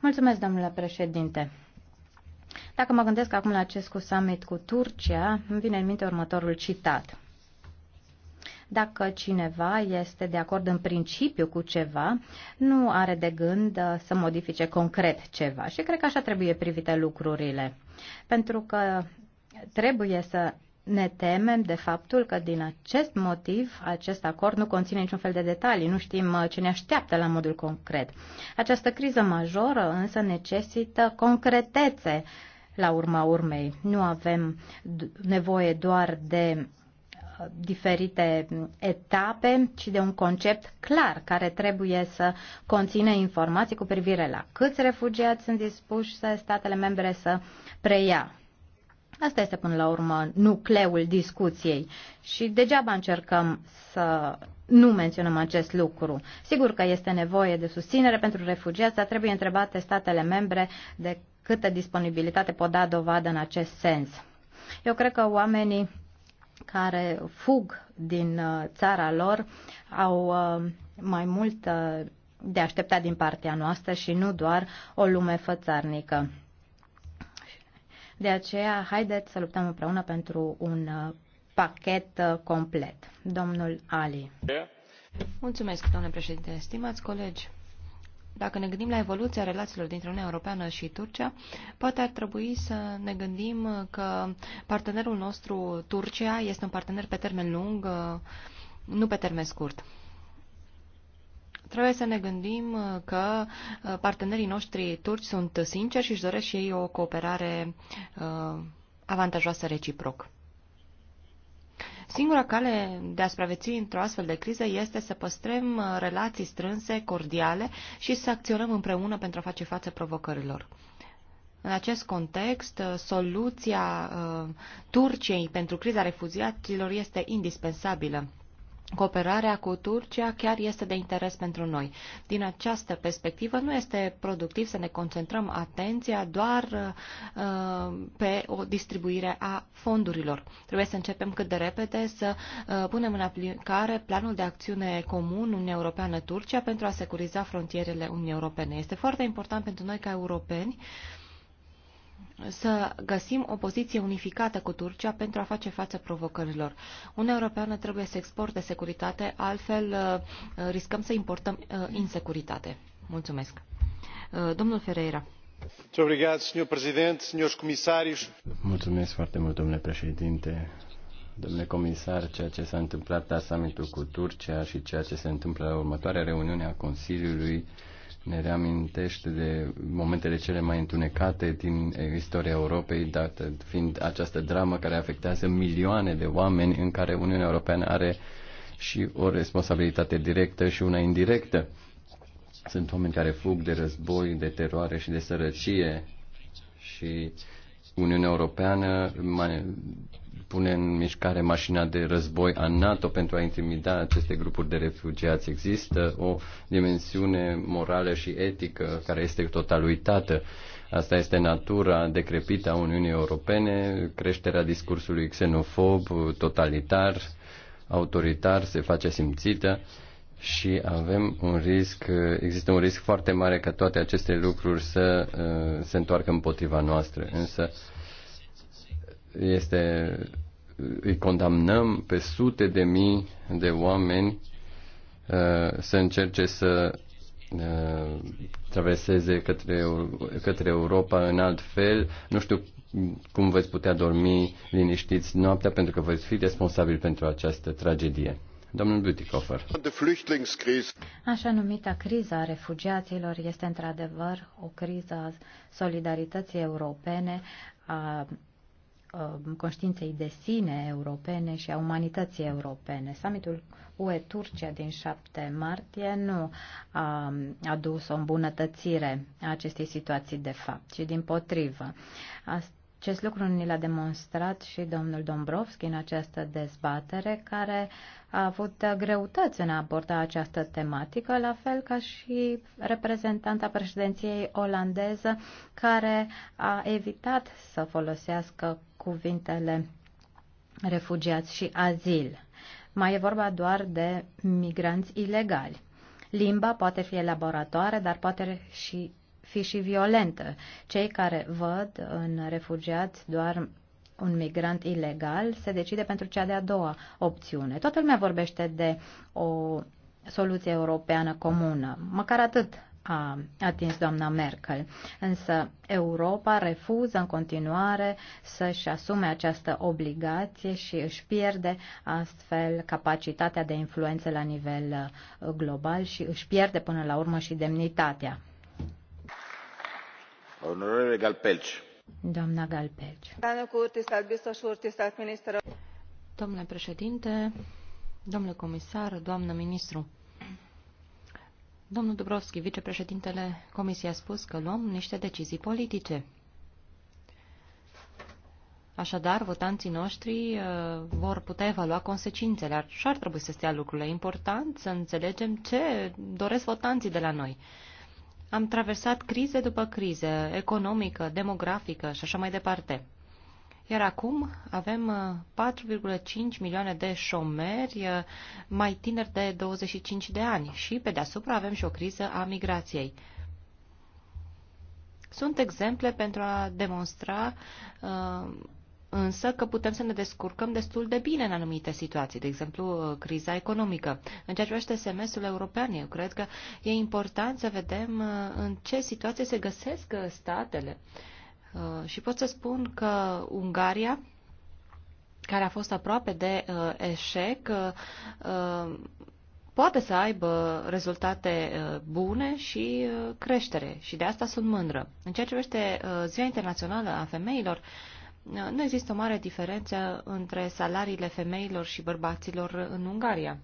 Speaker 8: Mulțumesc, domnule președinte. Dacă mă gândesc acum la acest cu summit cu Turcia, îmi vine în minte următorul citat. Dacă cineva este de acord în principiu cu ceva, nu are de gând uh, să modifice concret ceva. Și cred că așa trebuie privite lucrurile. Pentru că trebuie să ne temem de faptul că din acest motiv acest acord nu conține niciun fel de detalii, nu știm uh, ce ne așteaptă la modul concret. Această criză majoră însă necesită concretețe la urma urmei. Nu avem nevoie doar de uh, diferite etape, ci de un concept clar care trebuie să conțină informații cu privire la câți refugiați sunt dispuși să statele membre să preia Asta este până la urmă nucleul discuției și degeaba încercăm să nu menționăm acest lucru. Sigur că este nevoie de susținere pentru refugiați, dar trebuie întrebate statele membre de câtă disponibilitate pot da dovadă în acest sens. Eu cred că oamenii care fug din uh, țara lor au uh, mai mult uh, de așteptat din partea noastră și nu doar o lume fățarnică. De aceea, haideți să luptăm împreună pentru un uh, pachet uh, complet. Domnul Ali.
Speaker 7: Mulțumesc, domnule președinte. Stimați colegi, dacă ne gândim la evoluția relațiilor dintre Uniunea Europeană și Turcia, poate ar trebui să ne gândim că partenerul nostru, Turcia, este un partener pe termen lung, uh, nu pe termen scurt. Trebuie să ne gândim uh, că uh, partenerii noștri turci sunt sinceri și își doresc și ei o cooperare uh, avantajoasă reciproc. Singura cale de a supraviețui într-o astfel de criză este să păstrăm relații strânse, cordiale și să acționăm împreună pentru a face față provocărilor. În acest context, soluția uh, Turciei pentru criza refugiaților este indispensabilă. Cooperarea cu Turcia chiar este de interes pentru noi. Din această perspectivă, nu este productiv să ne concentrăm atenția doar uh, pe o distribuire a fondurilor. Trebuie să începem cât de repede să uh, punem în aplicare planul de acțiune comun Uniunea Europeană-Turcia pentru a securiza frontierele Uniunii Europene. Este foarte important pentru noi ca europeni uh, să găsim o poziție unificată cu Turcia pentru a face față provocărilor. Uniunea Europeană trebuie să exporte securitate, altfel uh, uh, riscăm să importăm uh, insecuritate. Mulțumesc. Domnul Ferreira.
Speaker 6: Mulțumesc foarte mult, domnule președinte. Domnule comisar, ceea ce s-a întâmplat la summitul cu Turcia și ceea ce se întâmplă la următoarea reuniune a Consiliului ne reamintește de momentele cele mai întunecate din istoria Europei, dată fiind această dramă care afectează milioane de oameni în care Uniunea Europeană are și o responsabilitate directă și una indirectă. Sunt oameni care fug de război, de teroare și de sărăcie și Uniunea Europeană pune în mișcare mașina de război a NATO pentru a intimida aceste grupuri de refugiați. Există o dimensiune morală și etică care este total uitată. Asta este natura decrepită a Uniunii Europene, creșterea discursului xenofob, totalitar, autoritar se face simțită și avem un risc, există un risc foarte mare ca toate aceste lucruri să uh, se întoarcă împotriva noastră. Însă este, îi condamnăm pe sute de mii de oameni uh, să încerce să uh, traverseze către, către Europa în alt fel. Nu știu cum veți putea dormi liniștiți noaptea pentru că veți fi responsabili pentru această tragedie. Domnul Butikofer.
Speaker 8: Așa numita criza a refugiaților este într-adevăr o criză a solidarității europene, a Um, conștiinței de sine europene și a umanității europene. Summitul UE-Turcia din 7 martie nu a adus o îmbunătățire a acestei situații de fapt, ci din potrivă. Asta acest lucru ni l-a demonstrat și domnul Dombrovski în această dezbatere, care a avut greutăți în a aborda această tematică, la fel ca și reprezentanta președinției olandeză, care a evitat să folosească cuvintele refugiați și azil. Mai e vorba doar de migranți ilegali. Limba poate fi elaboratoare, dar poate și fi și violentă. Cei care văd în refugiat doar un migrant ilegal se decide pentru cea de-a doua opțiune. Toată lumea vorbește de o soluție europeană comună. Măcar atât a atins doamna Merkel. Însă Europa refuză în continuare să-și asume această obligație și își pierde astfel capacitatea de influență la nivel uh, global și își pierde până la urmă și demnitatea
Speaker 7: domnule președinte domnule comisar doamnă ministru domnul Dubrovski, vicepreședintele comisiei a spus că luăm niște decizii politice. Așadar, votanții noștri uh, vor putea evalua consecințele. Așa ar trebui să stea lucrurile. Important să înțelegem ce doresc votanții de la noi. Am traversat crize după crize, economică, demografică și așa mai departe. Iar acum avem 4,5 uh, milioane de șomeri uh, mai tineri de 25 de ani și pe deasupra avem și o criză a migrației. Sunt exemple pentru a demonstra uh, însă că putem să ne descurcăm destul de bine în anumite situații, de exemplu criza economică. În ceea ce privește semestrul european, eu cred că e important să vedem uh, în ce situație se găsesc uh, statele. Uh, și pot să spun că Ungaria, care a fost aproape de eșec, poate să aibă rezultate bune și creștere. Și de asta sunt mândră. În ceea ce privește Ziua Internațională a Femeilor, nu există o mare diferență între salariile femeilor și bărbaților în Ungaria.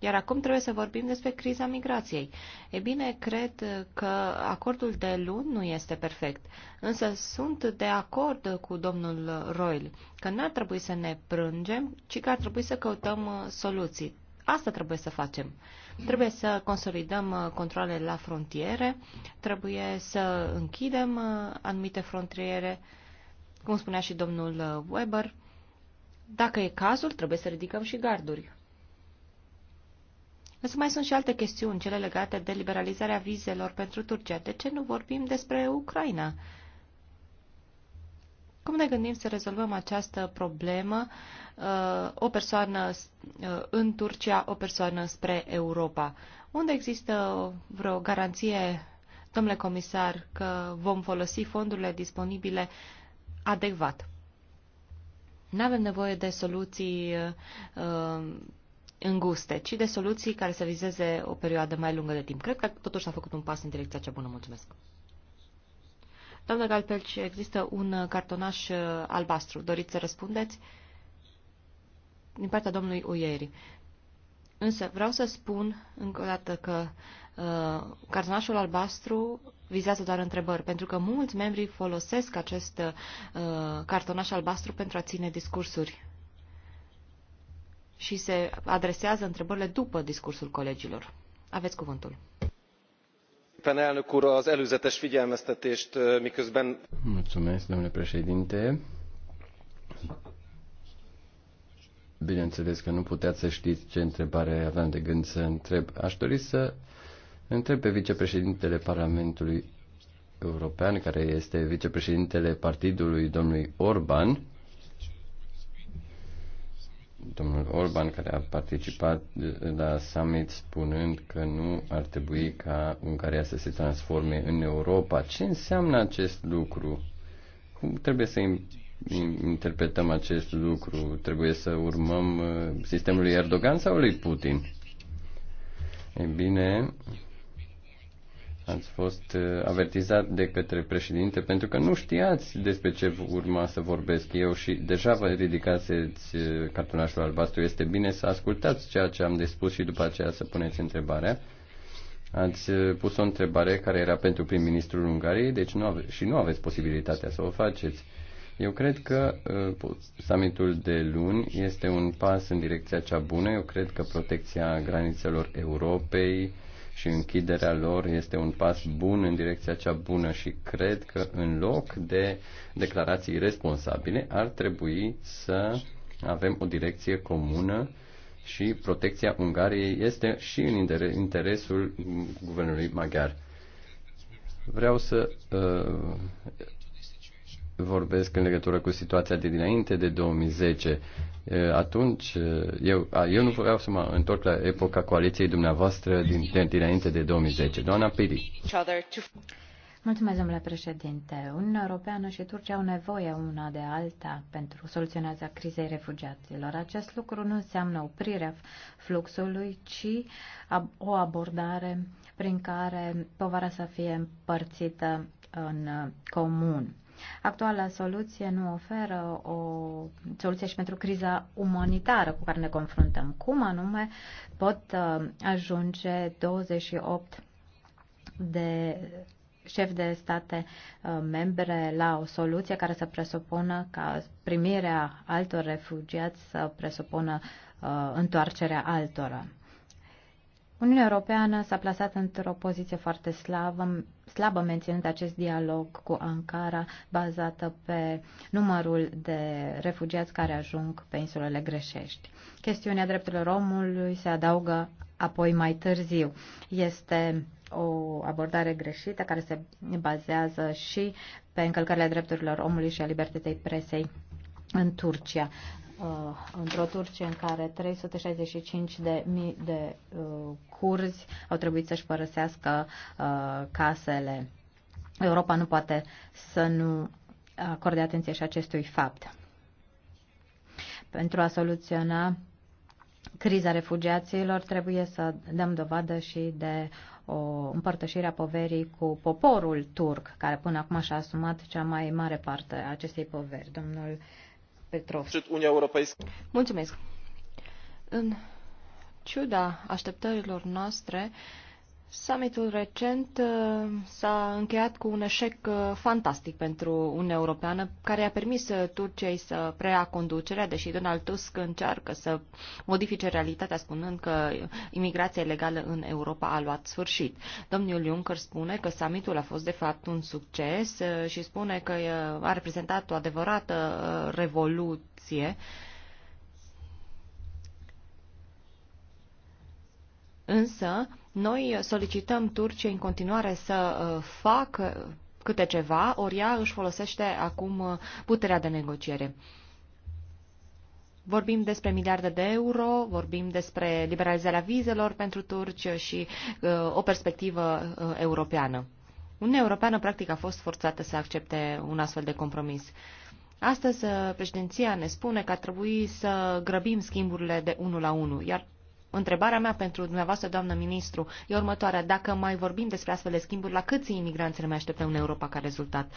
Speaker 7: Iar acum trebuie să vorbim despre criza migrației. E bine, cred că acordul de luni nu este perfect, însă sunt de acord cu domnul Royle că n-ar trebui să ne prângem, ci că ar trebui să căutăm uh, soluții. Asta trebuie să facem. Trebuie să consolidăm uh, controlele la frontiere, trebuie să închidem uh, anumite frontiere, cum spunea și domnul uh, Weber, dacă e cazul, trebuie să ridicăm și garduri. Însă mai sunt și alte chestiuni, cele legate de liberalizarea vizelor pentru Turcia. De ce nu vorbim despre Ucraina? Cum ne gândim să rezolvăm această problemă? Uh, o persoană uh, în Turcia, o persoană spre Europa. Unde există vreo garanție, domnule comisar, că vom folosi fondurile disponibile uh, adecvat. Nu avem nevoie de soluții uh, înguste, ci de soluții care să vizeze o perioadă mai lungă de timp. Cred că totuși a făcut un pas în direcția cea bună. Mulțumesc. Doamna Galpelci, există un cartonaș uh, albastru. Doriți să răspundeți? Din partea domnului Uieri. Însă vreau să spun încă o dată că uh, cartonașul albastru vizează doar întrebări, pentru că mulți membri folosesc acest uh, cartonaș albastru pentru a ține discursuri și se adresează întrebările după discursul colegilor. Aveți cuvântul.
Speaker 3: Uh,
Speaker 6: Mulțumesc, domnule președinte. Bineînțeles că nu puteați să știți ce întrebare aveam de gând să întreb. Aș dori să Întreb pe vicepreședintele Parlamentului European, care este vicepreședintele partidului domnului Orban, domnul Orban, care a participat la summit spunând că nu ar trebui ca Ungaria să se transforme în Europa. Ce înseamnă acest lucru? Cum trebuie să interpretăm acest lucru? Trebuie să urmăm uh, sistemul Erdogan sau lui Putin? E bine, ați fost uh, avertizat de către președinte pentru că nu știați despre ce urma să vorbesc eu și deja vă ridicați uh, cartonașul albastru. Este bine să ascultați ceea ce am de spus și după aceea să puneți întrebarea. Ați uh, pus o întrebare care era pentru prim-ministrul Ungariei deci nu ave- și nu aveți posibilitatea să o faceți. Eu cred că uh, summitul de luni este un pas în direcția cea bună. Eu cred că protecția granițelor Europei, uh, și închiderea lor este un pas bun în direcția cea bună și cred că în loc de declarații responsabile ar trebui să avem o direcție comună și protecția Ungariei este și în interesul guvernului maghiar. Vreau să uh, vorbesc în legătură cu situația de dinainte de 2010. Atunci, eu, eu nu vreau să mă întorc la epoca coaliției dumneavoastră din, de, dinainte de 2010. Doamna Piri.
Speaker 8: Mulțumesc, domnule președinte. Uniunea Europeană și Turcia au nevoie una de alta pentru soluționarea crizei refugiaților. Acest lucru nu înseamnă oprirea fluxului, ci o abordare prin care povara să fie împărțită în uh, comun. Actuala soluție nu oferă o soluție și pentru criza umanitară cu care ne confruntăm. Cum anume pot uh, ajunge 28 de șef de state uh, membre la o soluție care să presupună ca primirea altor refugiați să presupună uh, întoarcerea altora. Uniunea Europeană s-a plasat într-o poziție foarte slavă, slabă menținând acest dialog cu Ankara bazată pe numărul de refugiați care ajung pe insulele greșești. Chestiunea drepturilor omului se adaugă apoi mai târziu. Este o abordare greșită care se bazează și pe încălcările drepturilor omului și a libertății presei în Turcia. Uh, într-o Turcie în care 365 de mii de uh, curzi au trebuit să-și părăsească uh, casele. Europa nu poate să nu acorde atenție și acestui fapt. Pentru a soluționa criza refugiaților trebuie să dăm dovadă și de o împărtășire a poverii cu poporul turc, care până acum și-a asumat cea mai mare parte a acestei poveri. Domnul Petrov. Mulțumesc. În ciuda așteptărilor
Speaker 7: noastre, Summitul recent uh, s-a încheiat cu un eșec uh, fantastic pentru Uniunea Europeană, care a permis uh, Turciei să preia conducerea, deși Donald Tusk încearcă să modifice realitatea, spunând că imigrația ilegală în Europa a luat sfârșit. Domnul Juncker spune că summitul a fost de fapt un succes și spune că a reprezentat o adevărată revoluție Însă, noi solicităm Turciei în continuare să uh, facă câte ceva, ori ea își folosește acum uh, puterea de negociere. Vorbim despre miliarde de euro, vorbim despre liberalizarea vizelor pentru turci și uh, o perspectivă uh, europeană. Uniunea Europeană, practic, a fost forțată să accepte un astfel de compromis. Astăzi, uh, președinția ne spune că ar trebui să grăbim schimburile de 1 la 1, iar Întrebarea mea pentru dumneavoastră, doamnă ministru, e următoarea. Dacă mai vorbim despre astfel de schimburi, la câți imigranți ne mai așteptăm în Europa ca rezultat?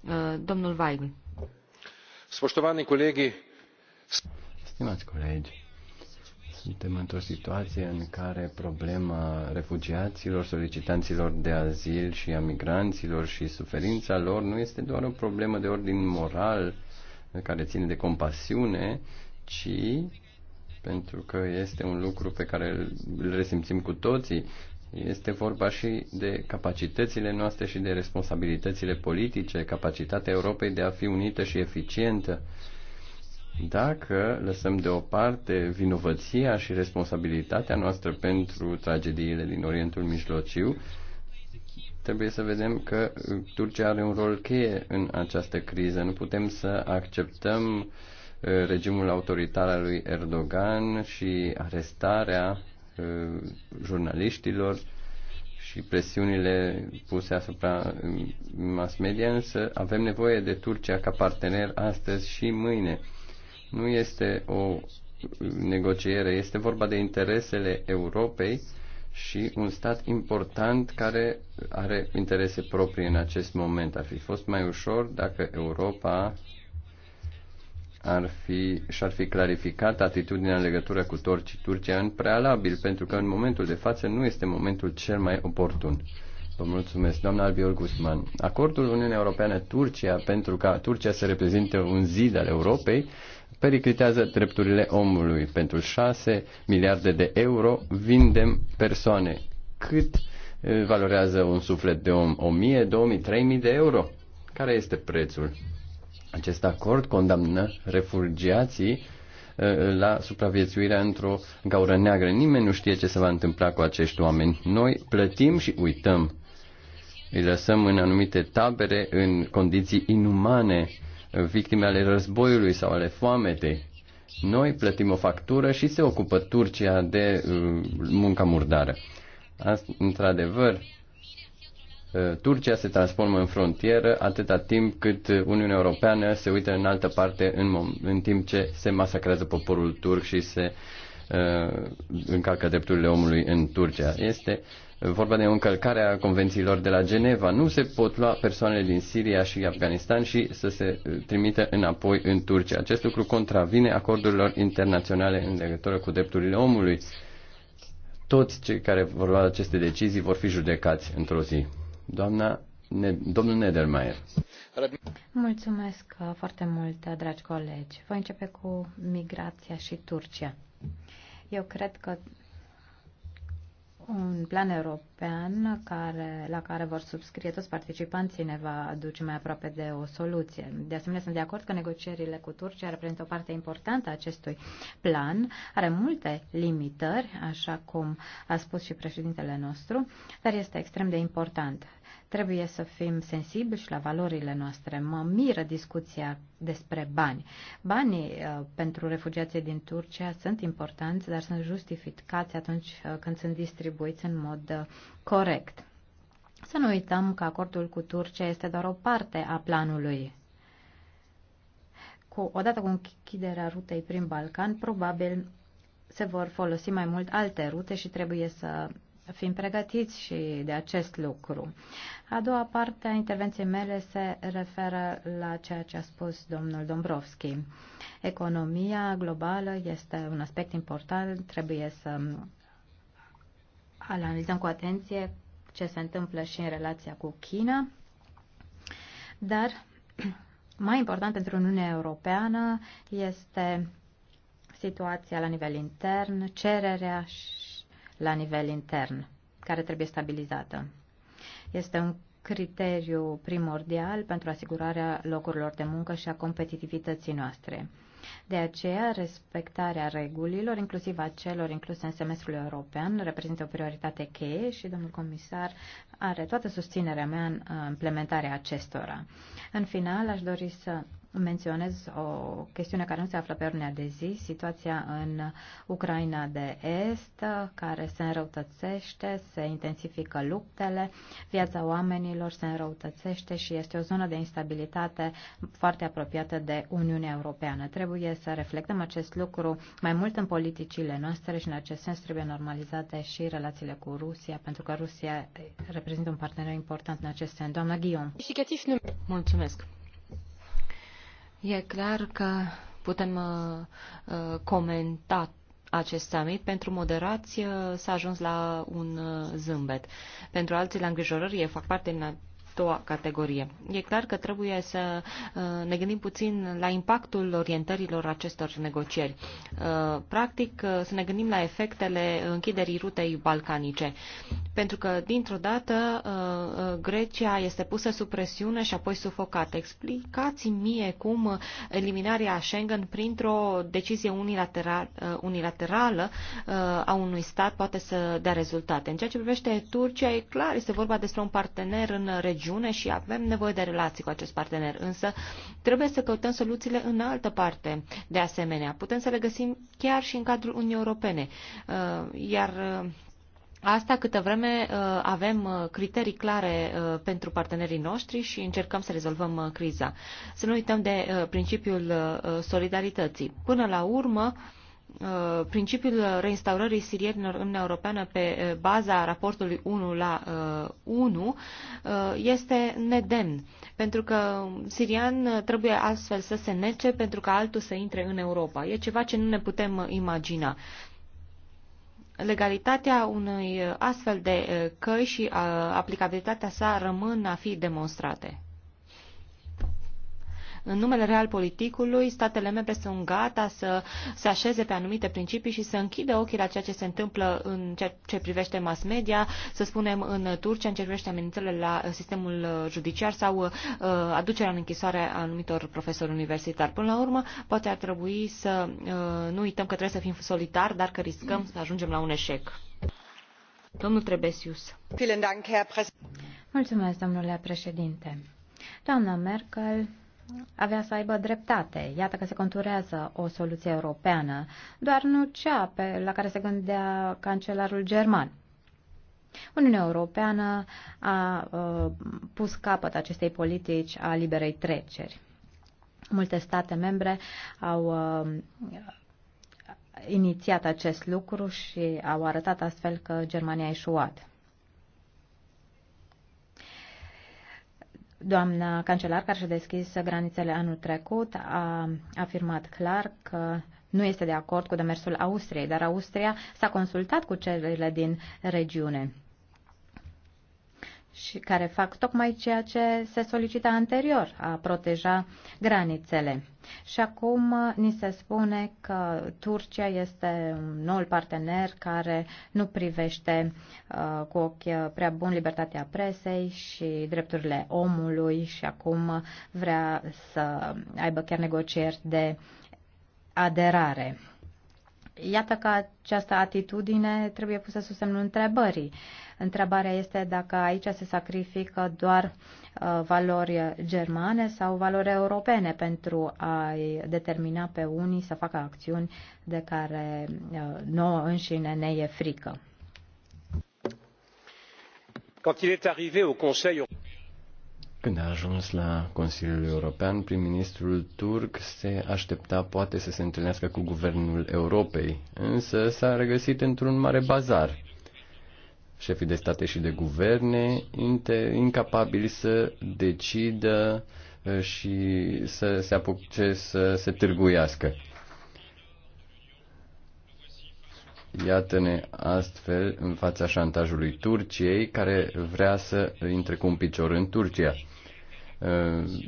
Speaker 7: Uh, domnul Weigl.
Speaker 3: Spoștovanii colegi,
Speaker 6: Stimați colegi, suntem într-o situație în care problema refugiaților, solicitanților de azil și a migranților și suferința lor nu este doar o problemă de ordin moral care ține de compasiune, ci pentru că este un lucru pe care îl resimțim cu toții. Este vorba și de capacitățile noastre și de responsabilitățile politice, capacitatea Europei de a fi unită și eficientă. Dacă lăsăm deoparte vinovăția și responsabilitatea noastră pentru tragediile din Orientul Mijlociu, trebuie să vedem că Turcia are un rol cheie în această criză. Nu putem să acceptăm uh, Eh, regimul autoritar al lui Erdogan și arestarea eh, jurnaliștilor și presiunile puse asupra mm, mass media, însă avem nevoie de Turcia ca partener astăzi și mâine. Nu este o negociere, este vorba de interesele Europei și un stat important care are interese proprii în acest moment. Ar fi fost mai ușor dacă Europa ar fi, și-ar fi clarificat atitudinea în legătură cu torcii Turcia în prealabil, pentru că în momentul de față nu este momentul cel mai oportun. Vă mulțumesc, doamna Albiol Guzman. Acordul Uniunea Europeană-Turcia, pentru ca Turcia să reprezinte un zid al Europei, periclitează drepturile omului. Pentru 6 miliarde de euro vindem persoane. Cât eh, valorează un suflet de om? 1000, 2000, 3000 de euro? Care este prețul? Acest acord condamnă refugiații uh, la supraviețuirea într-o gaură neagră. Nimeni nu știe ce se va întâmpla cu acești oameni. Noi plătim și uităm. Îi lăsăm în anumite tabere, în condiții inumane, victime ale războiului sau ale foametei. Noi plătim o factură și se ocupă Turcia de uh, munca murdară. Într-adevăr, Eh, Turcia se transformă în frontieră atâta timp cât Uniunea Europeană se uită în altă parte în, în timp ce se masacrează poporul turc și se uh, încalcă drepturile omului în Turcia. Este vorba de o încălcare a convențiilor de la Geneva. Nu se pot lua persoanele din Siria și Afganistan și să se eh, trimită înapoi în Turcia. Acest lucru contravine acordurilor internaționale în legătură cu drepturile omului. Toți cei care vor lua aceste decizii vor fi judecați într-o zi. Doamna ne- domnul Nedermayer.
Speaker 8: Mulțumesc uh, foarte mult, uh, dragi colegi. Voi începe cu migrația și Turcia. Eu cred că un plan european care, la care vor subscrie toți participanții ne va aduce mai aproape de o soluție. De asemenea, sunt de acord că negocierile cu Turcia reprezintă o parte importantă a acestui plan. Are multe limitări, așa cum a spus și președintele nostru, dar este extrem de important. Trebuie să fim sensibili și la valorile noastre. Mă miră discuția despre bani. Banii uh, pentru refugiații din Turcia sunt importanți, dar sunt justificați atunci uh, când sunt distribuiți în mod uh, corect. Să nu uităm că acordul cu Turcia este doar o parte a planului cu, odată cu închiderea rutei prin Balcan, probabil se vor folosi mai mult alte rute și trebuie să fim pregătiți și de acest lucru. A doua parte a intervenției mele se referă la ceea ce a spus domnul Dombrovski. Economia globală este un aspect important, trebuie să analizăm cu atenție ce se întâmplă și în relația cu China, dar mai important pentru Uniunea Europeană este situația la nivel intern, cererea și la nivel intern, care trebuie stabilizată. Este un criteriu primordial pentru asigurarea locurilor de muncă și a competitivității noastre. De aceea, respectarea regulilor, inclusiv a celor incluse în semestrul european, reprezintă o prioritate cheie și domnul comisar are toată susținerea mea în implementarea acestora. În final, aș dori să menționez o chestiune care nu se află pe ordinea de zi, situația în Ucraina de Est, care se înrăutățește, se intensifică luptele, viața oamenilor se înrăutățește și este o zonă de instabilitate foarte apropiată de Uniunea Europeană. Trebuie să reflectăm acest lucru mai mult în politicile noastre și în acest sens trebuie normalizate și relațiile cu Rusia, pentru că Rusia reprezintă un partener important în acest sens. Doamna Ghion. Mulțumesc.
Speaker 7: E clar că putem uh, uh, comenta acest summit, pentru moderați uh, s-a ajuns la un zâmbet. Pentru alții, la îngrijorări, fac parte din doua categorie. E clar că trebuie să uh, ne gândim puțin la impactul orientărilor acestor negocieri. Uh, practic, uh, să ne gândim la efectele închiderii rutei balcanice. Pentru că, dintr-o dată, Grecia este pusă sub presiune și apoi sufocată. Explicați-mi mie cum eliminarea Schengen printr-o decizie unilateral, unilaterală a unui stat poate să dea rezultate. În ceea ce privește Turcia, e clar, este vorba despre un partener în regiune regiune și avem nevoie de relații cu acest partener, însă trebuie să căutăm soluțiile în altă parte. De asemenea, putem să le găsim chiar și în cadrul Uniunii Europene. Uh, iar uh, Asta câtă vreme uh, avem criterii clare pentru partenerii noștri și încercăm să rezolvăm criza. Să nu uităm de principiul solidarității. Până la urmă, Uh, principiul reinstaurării sirienilor în Uniunea Europeană pe uh, baza raportului 1 la 1 uh, este nedemn, pentru că sirian trebuie astfel să se nece pentru ca altul să intre în Europa. E ceva ce nu ne putem imagina. Legalitatea unui astfel de căi și aplicabilitatea sa rămân a fi demonstrate. În numele real politicului, statele membre sunt gata să se așeze pe anumite principii și să închidă ochii la ceea ce se întâmplă în ceea ce privește mass media, să spunem în Turcia, în ceea ce privește amenințele la sistemul judiciar sau uh, aducerea în închisoare a anumitor profesori universitari. Până la urmă, poate ar trebui să uh, nu uităm că trebuie să fim solidari, dar că riscăm să ajungem la un eșec.
Speaker 8: Domnul Trebesius. Mulțumesc, domnule președinte. Doamna Merkel, avea să aibă dreptate. Iată că se conturează o soluție europeană, doar nu cea pe, la care se gândea cancelarul german. Uniunea Europeană a a uh, pus capăt acestei politici a liberei treceri. Multe state membre au a, uh, inițiat acest lucru și au arătat astfel că Germania a eșuat. Doamna cancelar, care și-a deschis granițele anul trecut, a afirmat clar că nu este de acord cu demersul Austriei, dar Austria s-a consultat cu cererile din regiune și care fac tocmai ceea ce se solicita anterior, a proteja granițele. Și acum uh, ni se spune că Turcia este un nou partener care nu privește uh, cu ochi prea bun libertatea presei și drepturile omului și acum vrea să aibă chiar negocieri de aderare. Iată că această atitudine trebuie pusă sub semnul întrebării. Uh, Întrebarea este dacă aici se sacrifică doar uh, valori germane sau valori europene pentru a-i determina pe unii să facă acțiuni de care uh, nouă înșine ne e frică.
Speaker 1: Când a ajuns
Speaker 6: la Consiliul European, prim-ministrul turc se aștepta poate să se întâlnească cu guvernul Europei, însă s-a regăsit într-un mare bazar șefii de state și de guverne incapabili să decidă uh, și să se apuce să se târguiască. Iată-ne astfel în fața șantajului Turciei, care vrea să intre cu un picior în Turcia. Uh,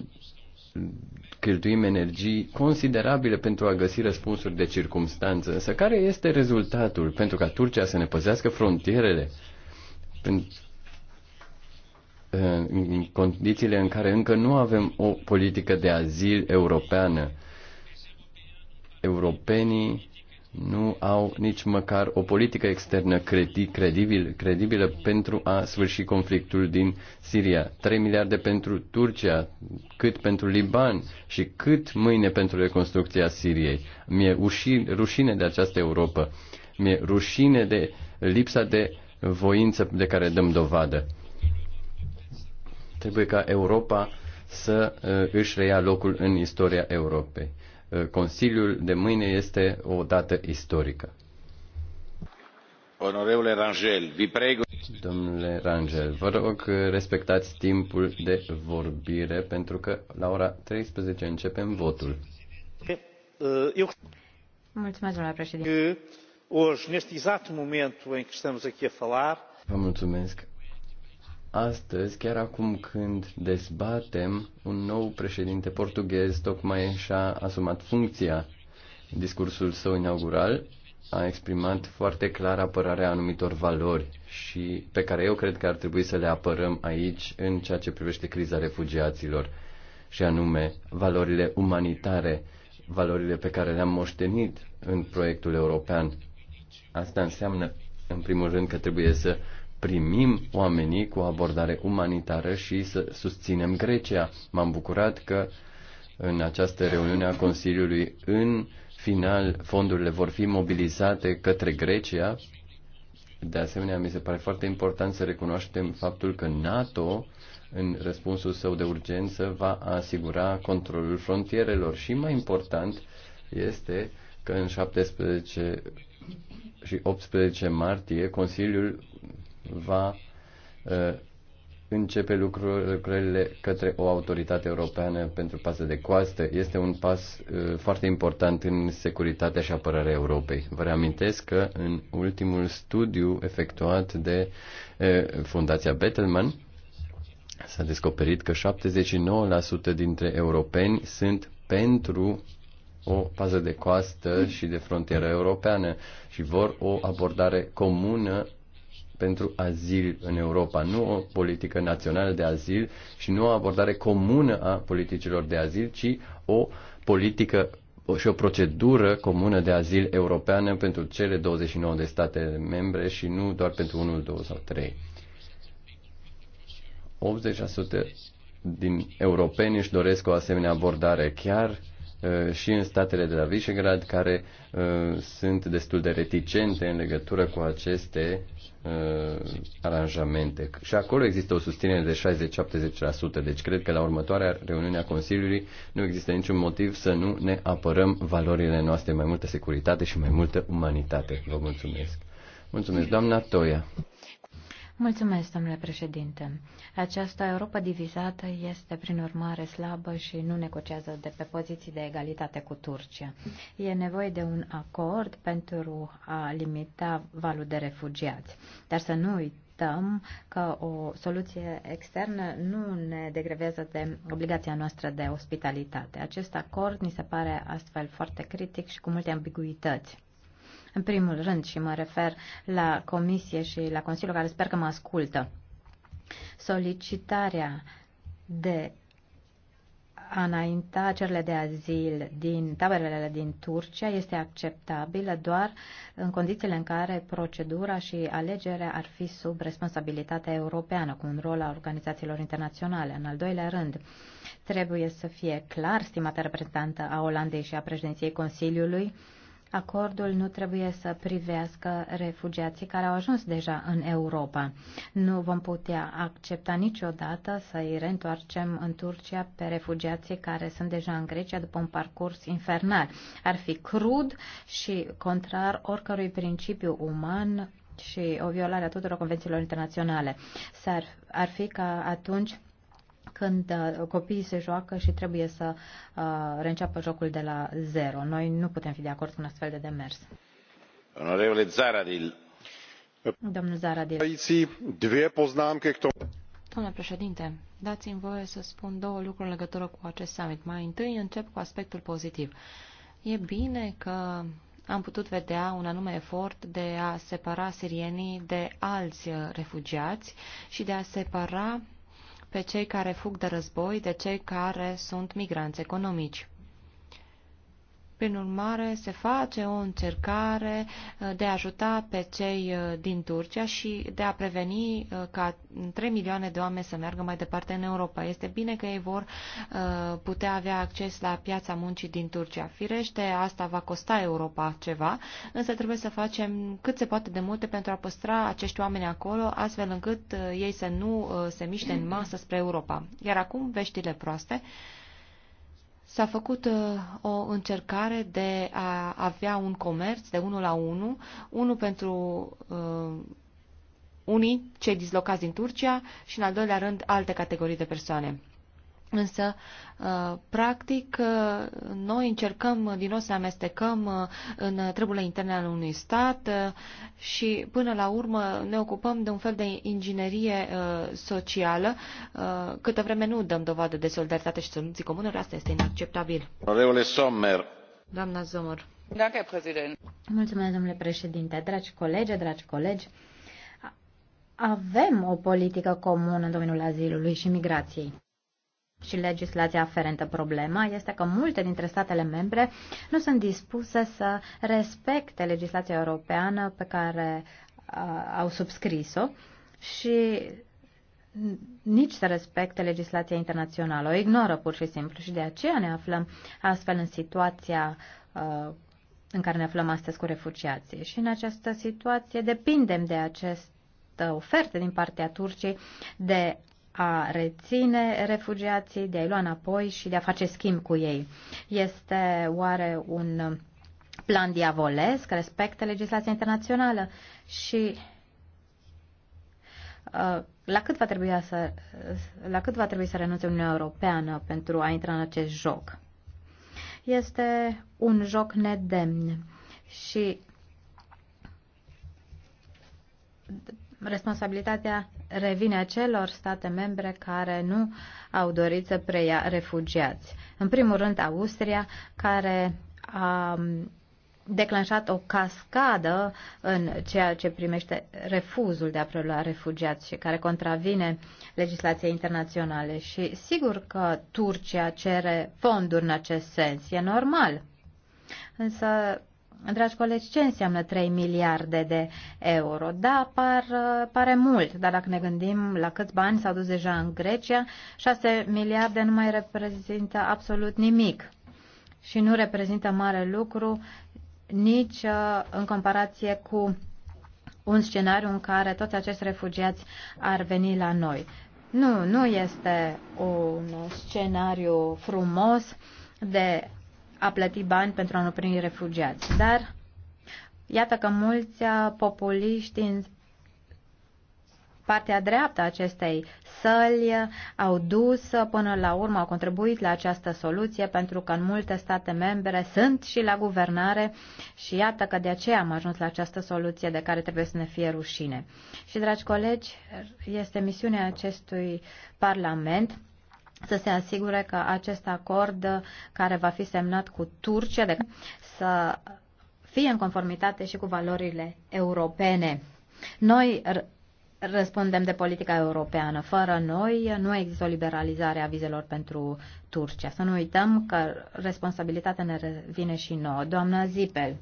Speaker 6: cheltuim energii considerabile pentru a găsi răspunsuri de circumstanță. Însă care este rezultatul pentru ca Turcia să ne păzească frontierele? în condițiile în care încă nu avem o politică de azil europeană. Europenii nu au nici măcar o politică externă credibil, credibilă pentru a sfârși conflictul din Siria. 3 miliarde pentru Turcia, cât pentru Liban și cât mâine pentru reconstrucția Siriei. Mi-e rușine de această Europa. Mi-e rușine de lipsa de voință de care dăm dovadă. Trebuie ca Europa să uh, își reia locul în istoria Europei. Uh, Consiliul de mâine este o dată istorică.
Speaker 3: Onorevole Rangel, vi
Speaker 6: prego. Domnule Rangel, vă rog uh, respectați timpul de vorbire pentru că la ora 13 începem votul.
Speaker 1: Mulțumesc, domnule președinte hoje, neste exato momento em que estamos aqui a falar.
Speaker 6: Vă mulțumesc. Astăzi, chiar acum când dezbatem, un nou președinte portughez tocmai și-a asumat funcția. Discursul său inaugural a exprimat foarte clar apărarea anumitor valori și pe care eu cred că ar trebui să le apărăm aici în ceea ce privește criza refugiaților, și anume valorile umanitare, valorile pe care le-am moștenit în proiectul european Asta înseamnă, în primul rând, că trebuie să primim oamenii cu o abordare umanitară și să susținem Grecia. M-am bucurat că în această reuniune a Consiliului, în final, fondurile vor fi mobilizate către Grecia. De asemenea, mi se pare foarte important să recunoaștem faptul că NATO, în răspunsul său de urgență, va asigura controlul frontierelor și, mai important, este că în 17 și 18 martie, Consiliul va uh, începe lucrările către o autoritate europeană pentru pasă de coastă. Este un pas uh, foarte important în securitatea și apărarea Europei. Vă reamintesc că în ultimul studiu efectuat de uh, Fundația Bettelman s-a descoperit că 79% dintre europeni sunt pentru o pază de coastă și de frontieră europeană și vor o abordare comună pentru azil în Europa, nu o politică națională de azil și nu o abordare comună a politicilor de azil, ci o politică și o procedură comună de azil europeană pentru cele 29 de state membre și nu doar pentru unul, două sau trei. 80% din europeni își doresc o asemenea abordare. Chiar Uh, și în statele de la Visegrad, care uh, sunt destul de reticente în legătură cu aceste uh, aranjamente. Și acolo există o susținere de 60-70%, deci cred că la următoarea reuniune a Consiliului nu există niciun motiv să nu ne apărăm valorile noastre, mai multă securitate și mai multă umanitate. Vă mulțumesc. Mulțumesc, doamna Toia.
Speaker 8: Mulțumesc, domnule președinte. Această Europa divizată este, prin urmare, slabă și nu negociază de pe poziții de egalitate cu Turcia. E nevoie de un acord pentru a limita valul de refugiați. Dar să nu uităm că o soluție externă nu ne degrevează de obligația noastră de ospitalitate. Acest acord ni se pare astfel foarte critic și cu multe ambiguități. În primul rând, și mă refer la Comisie și la Consiliul care sper că mă ascultă, solicitarea de a înainta cererile de azil din taberele din Turcia este acceptabilă doar în condițiile în care procedura și alegerea ar fi sub responsabilitatea europeană, cu un rol al organizațiilor internaționale. În al doilea rând, trebuie să fie clar, stimată reprezentantă a Olandei și a președinției Consiliului, Acordul nu trebuie să privească refugiații care au ajuns deja în Europa. Nu vom putea accepta niciodată să îi reîntoarcem în Turcia pe refugiații care sunt deja în Grecia după un parcurs infernal. Ar fi crud și contrar oricărui principiu uman și o violare a tuturor convențiilor internaționale. S-ar, ar fi ca atunci când uh, copiii se joacă și trebuie să uh, reînceapă jocul de la zero. Noi nu putem fi de acord cu un astfel de demers.
Speaker 3: Onorevole Zaradil.
Speaker 8: Domnul Zaradil.
Speaker 7: Domnule președinte, dați-mi voie să spun două lucruri în legătură cu acest summit. Mai întâi încep cu aspectul pozitiv. E bine că am putut vedea un anume efort de a separa sirienii de alți refugiați și de a separa pe cei care fug de război, de cei care sunt migranți economici. Prin urmare, se face o încercare uh, de a ajuta pe cei uh, din Turcia și de a preveni uh, ca 3 milioane de oameni să meargă mai departe în Europa. Este bine că ei vor putea avea acces la piața muncii din Turcia. Firește, asta va costa Europa ceva, însă trebuie să facem cât se poate de multe pentru a păstra acești oameni acolo, astfel încât ei să nu se miște în masă spre Europa. Iar acum, veștile proaste. S-a făcut uh, o încercare de a avea un comerț de unul la unul, unul pentru uh, unii cei dislocați din Turcia și, în al doilea rând, alte categorii de persoane. Însă, uh, practic, uh, noi încercăm din nou să amestecăm uh, în treburile interne ale unui stat și, până la urmă, ne ocupăm de un fel de inginerie socială. Câtă vreme nu dăm dovadă de
Speaker 8: solidaritate și soluții comune, asta este inacceptabil.
Speaker 3: Sommer.
Speaker 8: Doamna Sommer. Mulțumesc, domnule președinte. Dragi colegi, dragi colegi, avem o politică comună în domeniul azilului și migrației și legislația aferentă. Problema este că multe dintre statele membre nu sunt dispuse să respecte legislația europeană pe care uh, au subscris-o și nici să respecte legislația internațională. O ignoră pur și simplu și de aceea ne aflăm astfel în situația uh, în care ne aflăm astăzi cu refugiații. Și în această situație depindem de acest uh, ofertă din partea Turciei de a reține refugiații, de a-i lua înapoi și de a face schimb cu ei. Este oare un plan diavolesc, respectă legislația internațională și uh, la cât va trebui să, la cât va trebui să renunțe Uniunea Europeană pentru a intra în acest joc? Este un joc nedemn și responsabilitatea revine celor state membre care nu au dorit să preia refugiați. În primul rând, Austria, care a declanșat o cascadă în ceea ce primește refuzul de a prelua refugiați și care contravine legislației internaționale. Și sigur că Turcia cere fonduri în acest sens, e normal. Însă Dragi colegi, ce înseamnă 3 miliarde de euro? Da, par, pare mult, dar dacă ne gândim la câți bani s-au dus deja în Grecia, 6 miliarde nu mai reprezintă absolut nimic și nu reprezintă mare lucru nici uh, în comparație cu un scenariu în care toți acești refugiați ar veni la noi. Nu, nu este un scenariu frumos de a plăti bani pentru a nu primi refugiați. Dar iată că mulți uh, populiști din partea dreaptă a acestei săli uh, au dus uh, până la urmă, au contribuit la această soluție pentru că în multe state membre sunt și la guvernare și iată că de aceea am ajuns la această soluție de care trebuie să ne fie rușine. Și, dragi colegi, este misiunea acestui Parlament să se asigure că acest acord care va fi semnat cu Turcia de, să fie în conformitate și cu valorile europene. Noi răspundem de politica europeană. Fără noi nu există o liberalizare a vizelor pentru Turcia. Să nu uităm că responsabilitatea ne revine și nouă. Doamna Zipel,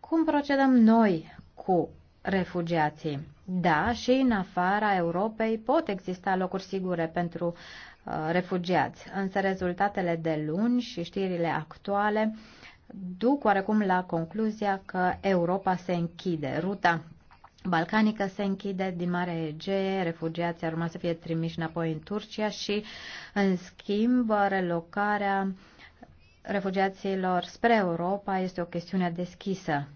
Speaker 8: cum procedăm noi cu refugiații? Da, și în afara Europei pot exista locuri sigure pentru uh, Uh, refugiați. Însă rezultatele de luni și știrile actuale duc oarecum la concluzia că Europa se închide. Ruta balcanică se închide din Marea Egee, refugiații ar urma să fie trimiși înapoi în Turcia și, în schimb, relocarea refugiaților spre Europa este o chestiune deschisă.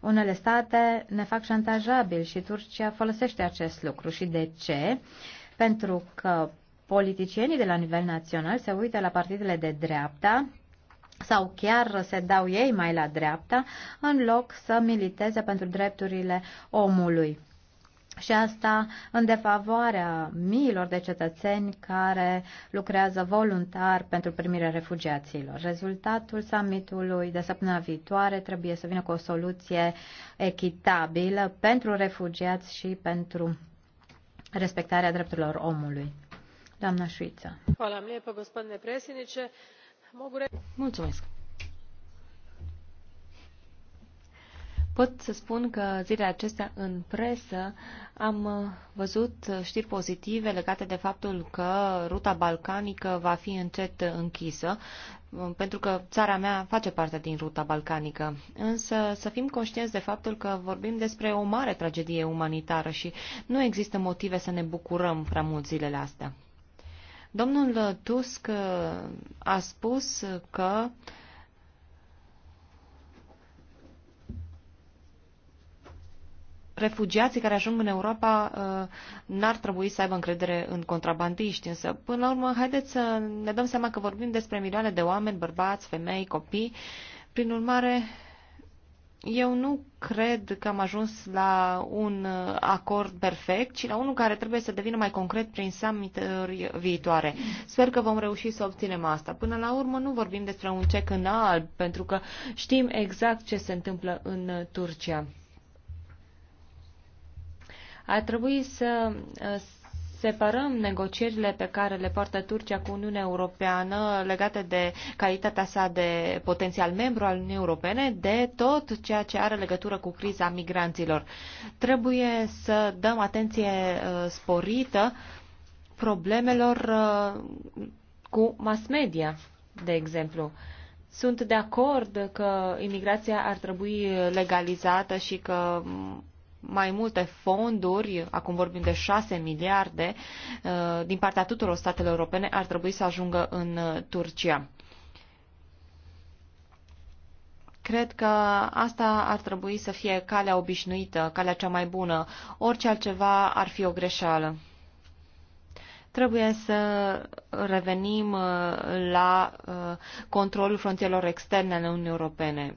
Speaker 8: Unele state ne fac șantajabil și Turcia folosește acest lucru. Și de ce? Pentru că politicienii de la nivel național se uită la partidele de dreapta sau chiar se dau ei mai la dreapta în loc să militeze pentru drepturile omului. Și asta în defavoarea miilor de cetățeni care lucrează voluntar pentru primirea refugiaților. Rezultatul summitului de săptămâna viitoare trebuie să vină cu o soluție echitabilă pentru refugiați și pentru respectarea drepturilor omului. Doamna Șuiță. Mulțumesc.
Speaker 7: Pot să spun că zilele acestea în presă am uh, văzut uh, știri pozitive legate de faptul că ruta balcanică va fi încet închisă, uh, pentru că țara mea face parte din ruta balcanică. Însă să fim conștienți de faptul că vorbim despre o mare tragedie umanitară și nu există motive să ne bucurăm prea mult zilele astea. Domnul Tusk a spus că uh, refugiații care ajung în Europa uh, n-ar trebui să aibă încredere în contrabandiști, însă până la urmă haideți să ne dăm seama că vorbim despre milioane de oameni, bărbați, femei, copii. Prin urmare, eu nu cred că am ajuns la un uh, acord perfect, ci la unul care trebuie să devină mai concret prin summit viitoare. Sper că vom reuși să obținem asta. Până la urmă nu vorbim despre un cec în alb, pentru că știm exact ce se întâmplă în Turcia. Ar trebui să uh, separăm negocierile pe care le poartă Turcia cu Uniunea Europeană legate de calitatea sa de potențial membru al Uniunii Europene de tot ceea ce are legătură cu criza migranților. Trebuie să dăm atenție uh, sporită problemelor uh, cu mass media, de exemplu. Sunt de acord că imigrația ar trebui legalizată și că mai multe fonduri, acum vorbim de 6 miliarde, uh, din partea tuturor statelor europene ar trebui să ajungă în uh, Turcia. Cred că asta ar trebui să fie calea obișnuită, calea cea mai bună. Orice altceva ar fi o greșeală. Trebuie să revenim uh, la controlul frontierelor externe ale Uniunii Europene.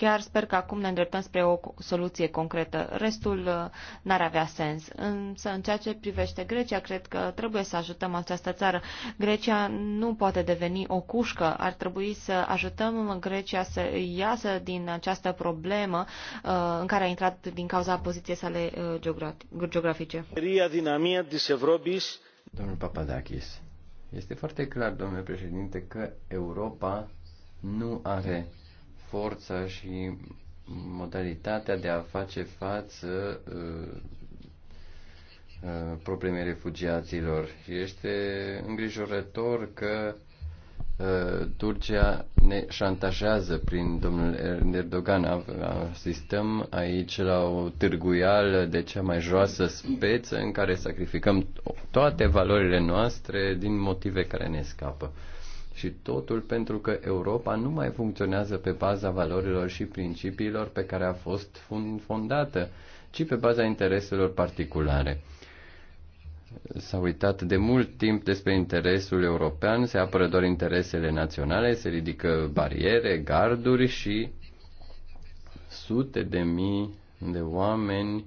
Speaker 7: Chiar sper că acum ne îndreptăm spre o soluție concretă. Restul uh, n-ar avea sens. Însă, în ceea ce privește Grecia, cred că trebuie să ajutăm această țară. Grecia nu poate deveni o cușcă. Ar trebui să ajutăm Grecia să iasă din această problemă uh, în care a intrat din cauza poziției sale uh, geografice.
Speaker 3: Dinamia
Speaker 6: Domnul Papadakis, este foarte clar, domnule președinte, că Europa nu are forța și modalitatea de a face față uh, uh, problemei refugiaților. Este îngrijorător că uh, Turcia ne șantajează prin domnul Erdogan. Asistăm aici la o târguială de cea mai joasă speță în care sacrificăm toate valorile noastre din motive care ne scapă. Și totul pentru că Europa nu mai funcționează pe baza valorilor și principiilor pe care a fost fondată, ci pe baza intereselor particulare. S-a uitat de mult timp despre interesul european, se apără doar interesele naționale, se ridică bariere, garduri și sute de mii de oameni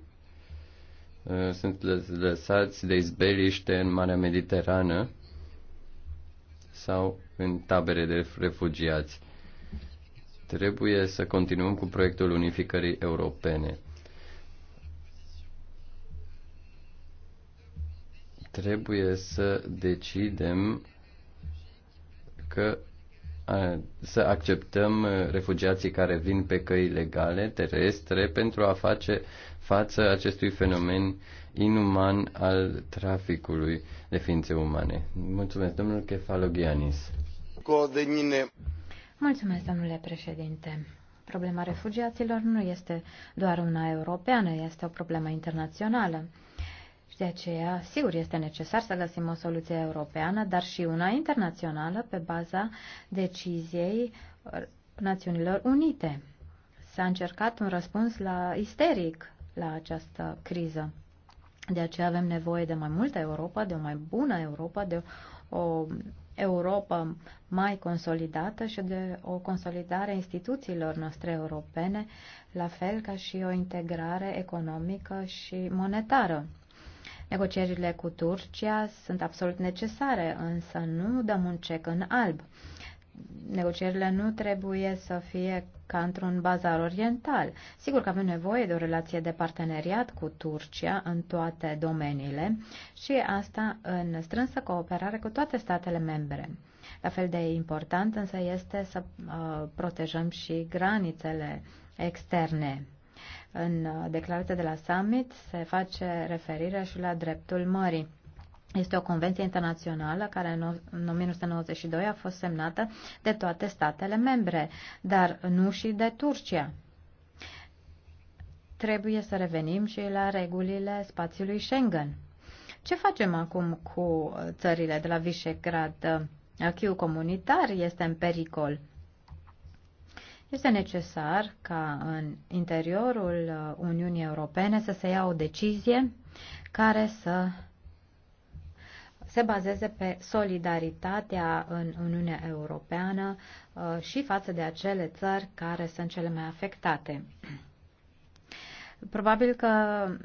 Speaker 6: uh, sunt lăsați de izbeliște în Marea Mediterană sau în tabere de refugiați. Trebuie să continuăm cu proiectul unificării europene. Trebuie să decidem că să acceptăm refugiații care vin pe căi legale, terestre, pentru a face față acestui fenomen inuman al traficului de ființe umane. Mulțumesc, domnul Kefalogianis.
Speaker 8: Mulțumesc, domnule președinte. Problema refugiaților nu este doar una europeană, este o problemă internațională. Și de aceea, sigur, este necesar să găsim o soluție europeană, dar și una internațională pe baza deciziei Națiunilor Unite. S-a încercat un răspuns la isteric la această criză. De aceea avem nevoie de mai multă Europa, de o mai bună Europa, de o Europa mai consolidată și de o consolidare a instituțiilor noastre europene, la fel ca și o integrare economică și monetară. Negocierile cu Turcia sunt absolut necesare, însă nu dăm un cec în alb. Negocierile nu trebuie să fie ca într-un bazar oriental. Sigur că avem nevoie de o relație de parteneriat cu Turcia în toate domeniile și asta în strânsă cooperare cu toate statele membre. La fel de important însă este să uh, protejăm și granițele externe. În uh, declarația de la summit se face referire și la dreptul mării. Este o convenție internațională care în 1992 a fost semnată de toate statele membre, dar nu și de Turcia. Trebuie să revenim și la regulile spațiului Schengen. Ce facem acum cu țările de la Visegrad? Achiul comunitar este în pericol. Este necesar ca în interiorul Uniunii Europene să se ia o decizie care să se bazeze pe solidaritatea în Uniunea Europeană uh, și față de acele țări care sunt cele mai afectate. Probabil că uh,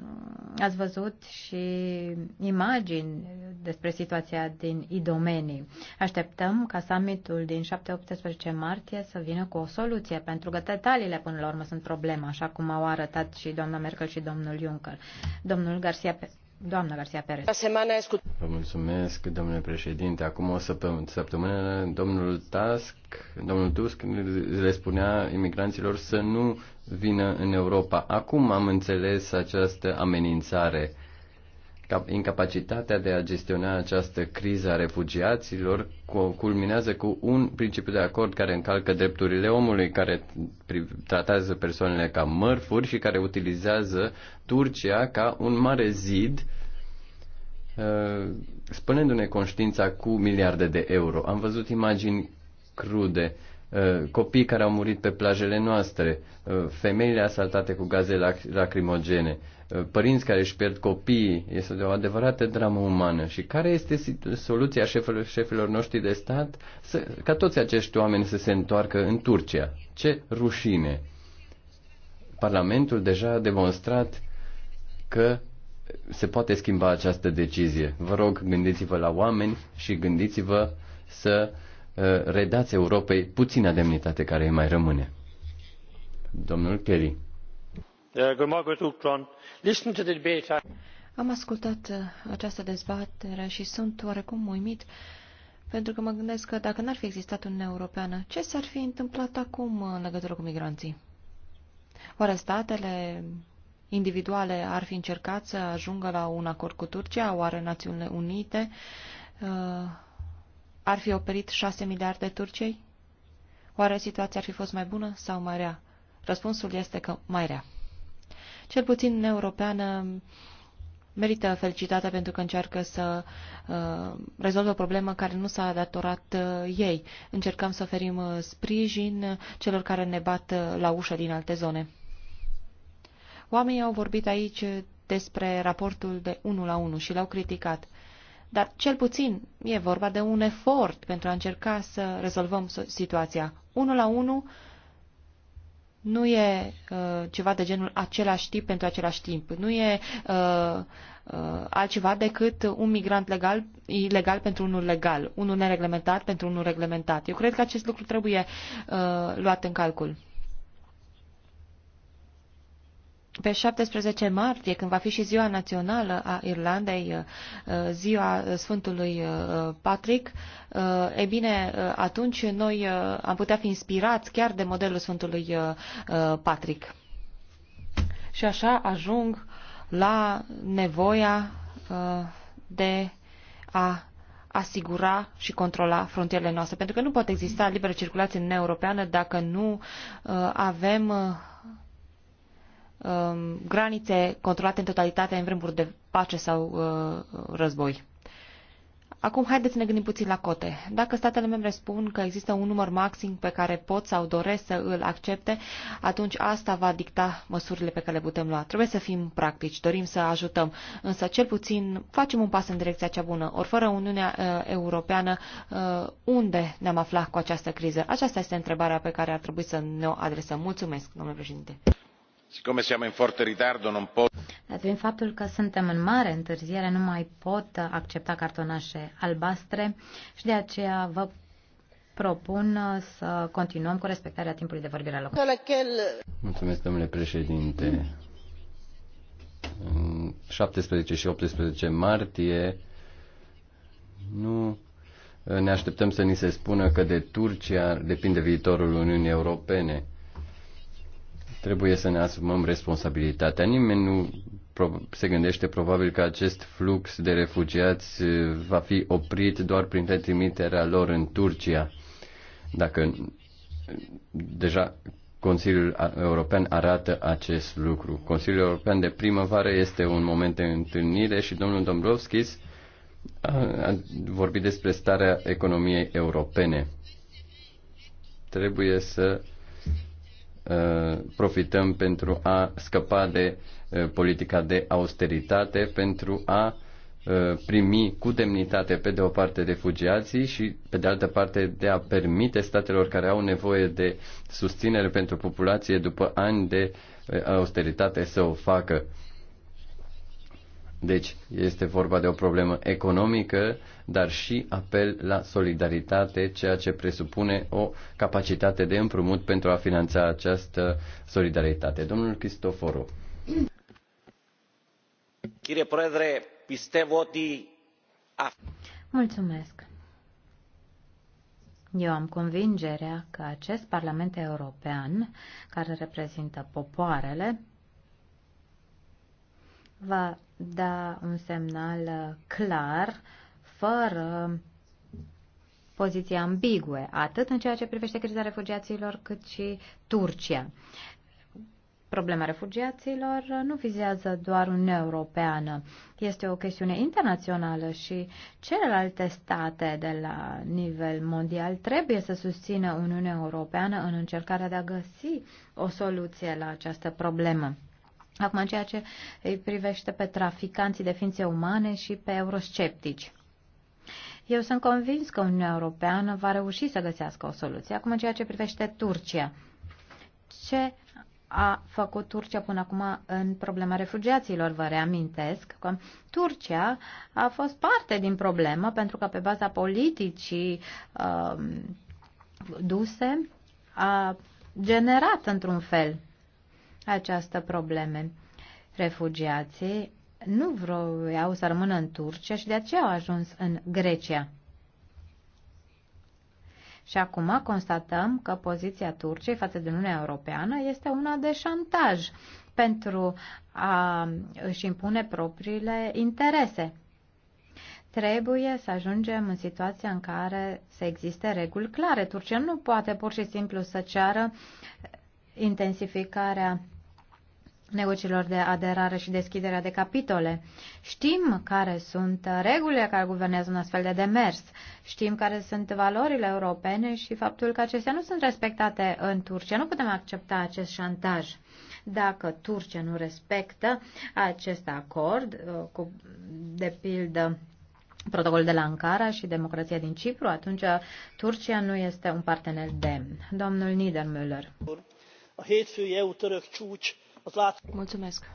Speaker 8: ați văzut și imagini despre situația din idomenii. Așteptăm ca summitul din 7-18 martie să vină cu o soluție, pentru că detaliile până la urmă sunt problema, așa cum au arătat și doamna Merkel și domnul Juncker. Domnul Garcia Doamna Garcia Perez.
Speaker 6: Vă mulțumesc, domnule președinte. Acum o săptămână, domnul Tusk, domnul Tusk le spunea imigranților să nu vină în Europa. Acum am înțeles această amenințare incapacitatea de a gestiona această criză a refugiaților culminează cu un principiu de acord care încalcă drepturile omului, care tratează persoanele ca mărfuri și care utilizează Turcia ca un mare zid uh, spunându ne conștiința cu miliarde de euro. Am văzut imagini crude, uh, copii care au murit pe plajele noastre, uh, femeile asaltate cu gaze lacrimogene, Uh, părinți care își pierd copiii. Este de o adevărată dramă umană. Și care este soluția șefilor, șefilor noștri de stat să, ca toți acești oameni să se întoarcă în Turcia? Ce rușine! Parlamentul deja a demonstrat că se poate schimba această decizie. Vă rog, gândiți-vă la oameni și gândiți-vă să uh, redați Europei puțină demnitate care îi mai rămâne. Domnul Kelly.
Speaker 3: Uh,
Speaker 7: Am ascultat uh, această dezbatere și sunt oarecum uimit pentru că mă gândesc că dacă n-ar fi existat Uniunea Europeană, ce s-ar fi întâmplat acum în legătură cu migranții? Oare statele individuale ar fi încercat să ajungă la un acord cu Turcia? Oare Națiunile Unite uh, ar fi operit șase miliarde turcei? Oare situația ar fi fost mai bună sau mai rea? Răspunsul este că mai rea. Cel puțin în Europeană merită felicitată pentru că încearcă să uh, rezolve o problemă care nu s-a datorat uh, ei. Încercăm să oferim uh, sprijin celor care ne bat uh, la ușă din alte zone. Oamenii au vorbit aici despre raportul de 1 la 1 și l-au criticat. Dar cel puțin e vorba de un efort pentru a încerca să rezolvăm situația. 1 la 1 nu e uh, ceva de genul același tip pentru același timp. Nu e uh, uh, altceva decât un migrant legal, ilegal pentru unul legal, unul nereglementat pentru unul reglementat. Eu cred că acest lucru trebuie uh, luat în calcul. Pe 17 martie, când va fi și ziua națională a Irlandei, uh, uh, ziua Sfântului uh, Patrick, e bine, atunci noi am putea fi inspirați chiar de modelul Sfântului Patrick. Și așa ajung la nevoia de a asigura și controla frontierele noastre. Pentru că nu pot exista liberă circulație în Uniunea Europeană dacă nu avem Um, granițe controlate în totalitate în vremuri de pace sau uh, război. Acum, haideți să ne gândim puțin la cote. Dacă statele membre spun că există un număr maxim pe care pot sau doresc să îl accepte, atunci asta va dicta măsurile pe care le putem lua. Trebuie să fim practici, dorim să ajutăm, însă cel puțin facem un pas în direcția cea bună. Ori fără Uniunea uh, Europeană, uh, unde ne-am aflat cu această criză? Aceasta este întrebarea pe care ar trebui să ne o
Speaker 8: adresăm. Mulțumesc, domnule președinte
Speaker 3: siccome siamo in forte ritardo non
Speaker 8: Dar prin faptul că suntem în mare întârziere, nu mai pot accepta cartonașe albastre și de aceea vă propun să continuăm cu respectarea timpului de vorbire
Speaker 2: al Mulțumesc,
Speaker 6: domnule președinte. În 17 și 18 martie nu ne așteptăm să ni se spună că de Turcia depinde viitorul Uniunii Europene Trebuie să ne asumăm responsabilitatea. Nimeni nu se gândește probabil că acest flux de refugiați uh, va fi oprit doar prin trimiterea lor în Turcia. Dacă uh, deja Consiliul European arată acest lucru. Consiliul European de primăvară este un moment de întâlnire și domnul Dombrovskis a vorbit despre starea economiei europene. Trebuie să Uh, profităm pentru a scăpa de uh, politica de austeritate, pentru a uh, primi cu demnitate pe de o parte refugiații și pe de altă parte de a permite statelor care au nevoie de susținere pentru populație după ani de austeritate să o facă. Deci este vorba de o problemă economică, dar și apel la solidaritate, ceea ce presupune o capacitate de împrumut pentru a finanța această solidaritate. Domnul Cristoforo.
Speaker 8: Mulțumesc. Eu am convingerea că acest Parlament European, care reprezintă popoarele, va da un semnal clar, fără poziții ambigue, atât în ceea ce privește criza refugiaților, cât și Turcia. Problema refugiaților nu vizează doar Uniunea Europeană, este o chestiune internațională și celelalte state de la nivel mondial trebuie să susțină Uniunea Europeană în încercarea de a găsi o soluție la această problemă. Acum, în ceea ce îi privește pe traficanții de ființe umane și pe eurosceptici. Eu sunt convins că Uniunea Europeană va reuși să găsească o soluție. Acum, în ceea ce privește Turcia, ce a făcut Turcia până acum în problema refugiaților. Vă reamintesc că Turcia a fost parte din problemă pentru că pe baza politicii uh, duse a generat într-un fel această probleme. Refugiații nu vreau să rămână în Turcia și de aceea au ajuns în Grecia. Și acum constatăm că poziția Turciei față de Uniunea Europeană este una de șantaj pentru a își impune propriile interese. Trebuie să ajungem în situația în care să existe reguli clare. Turcia nu poate pur și simplu să ceară intensificarea negocilor de aderare și deschiderea de capitole. Știm care sunt regulile care guvernează un astfel de demers. Știm care sunt valorile europene și faptul că acestea nu sunt respectate în Turcia. Nu putem accepta acest șantaj. Dacă Turcia nu respectă acest acord, uh, cu, de pildă protocolul de la Ankara și democrația din Cipru, atunci Turcia nu este un partener demn. Domnul Niedermüller.
Speaker 5: A hétfői EU-török csúcs
Speaker 7: Mulțumesc,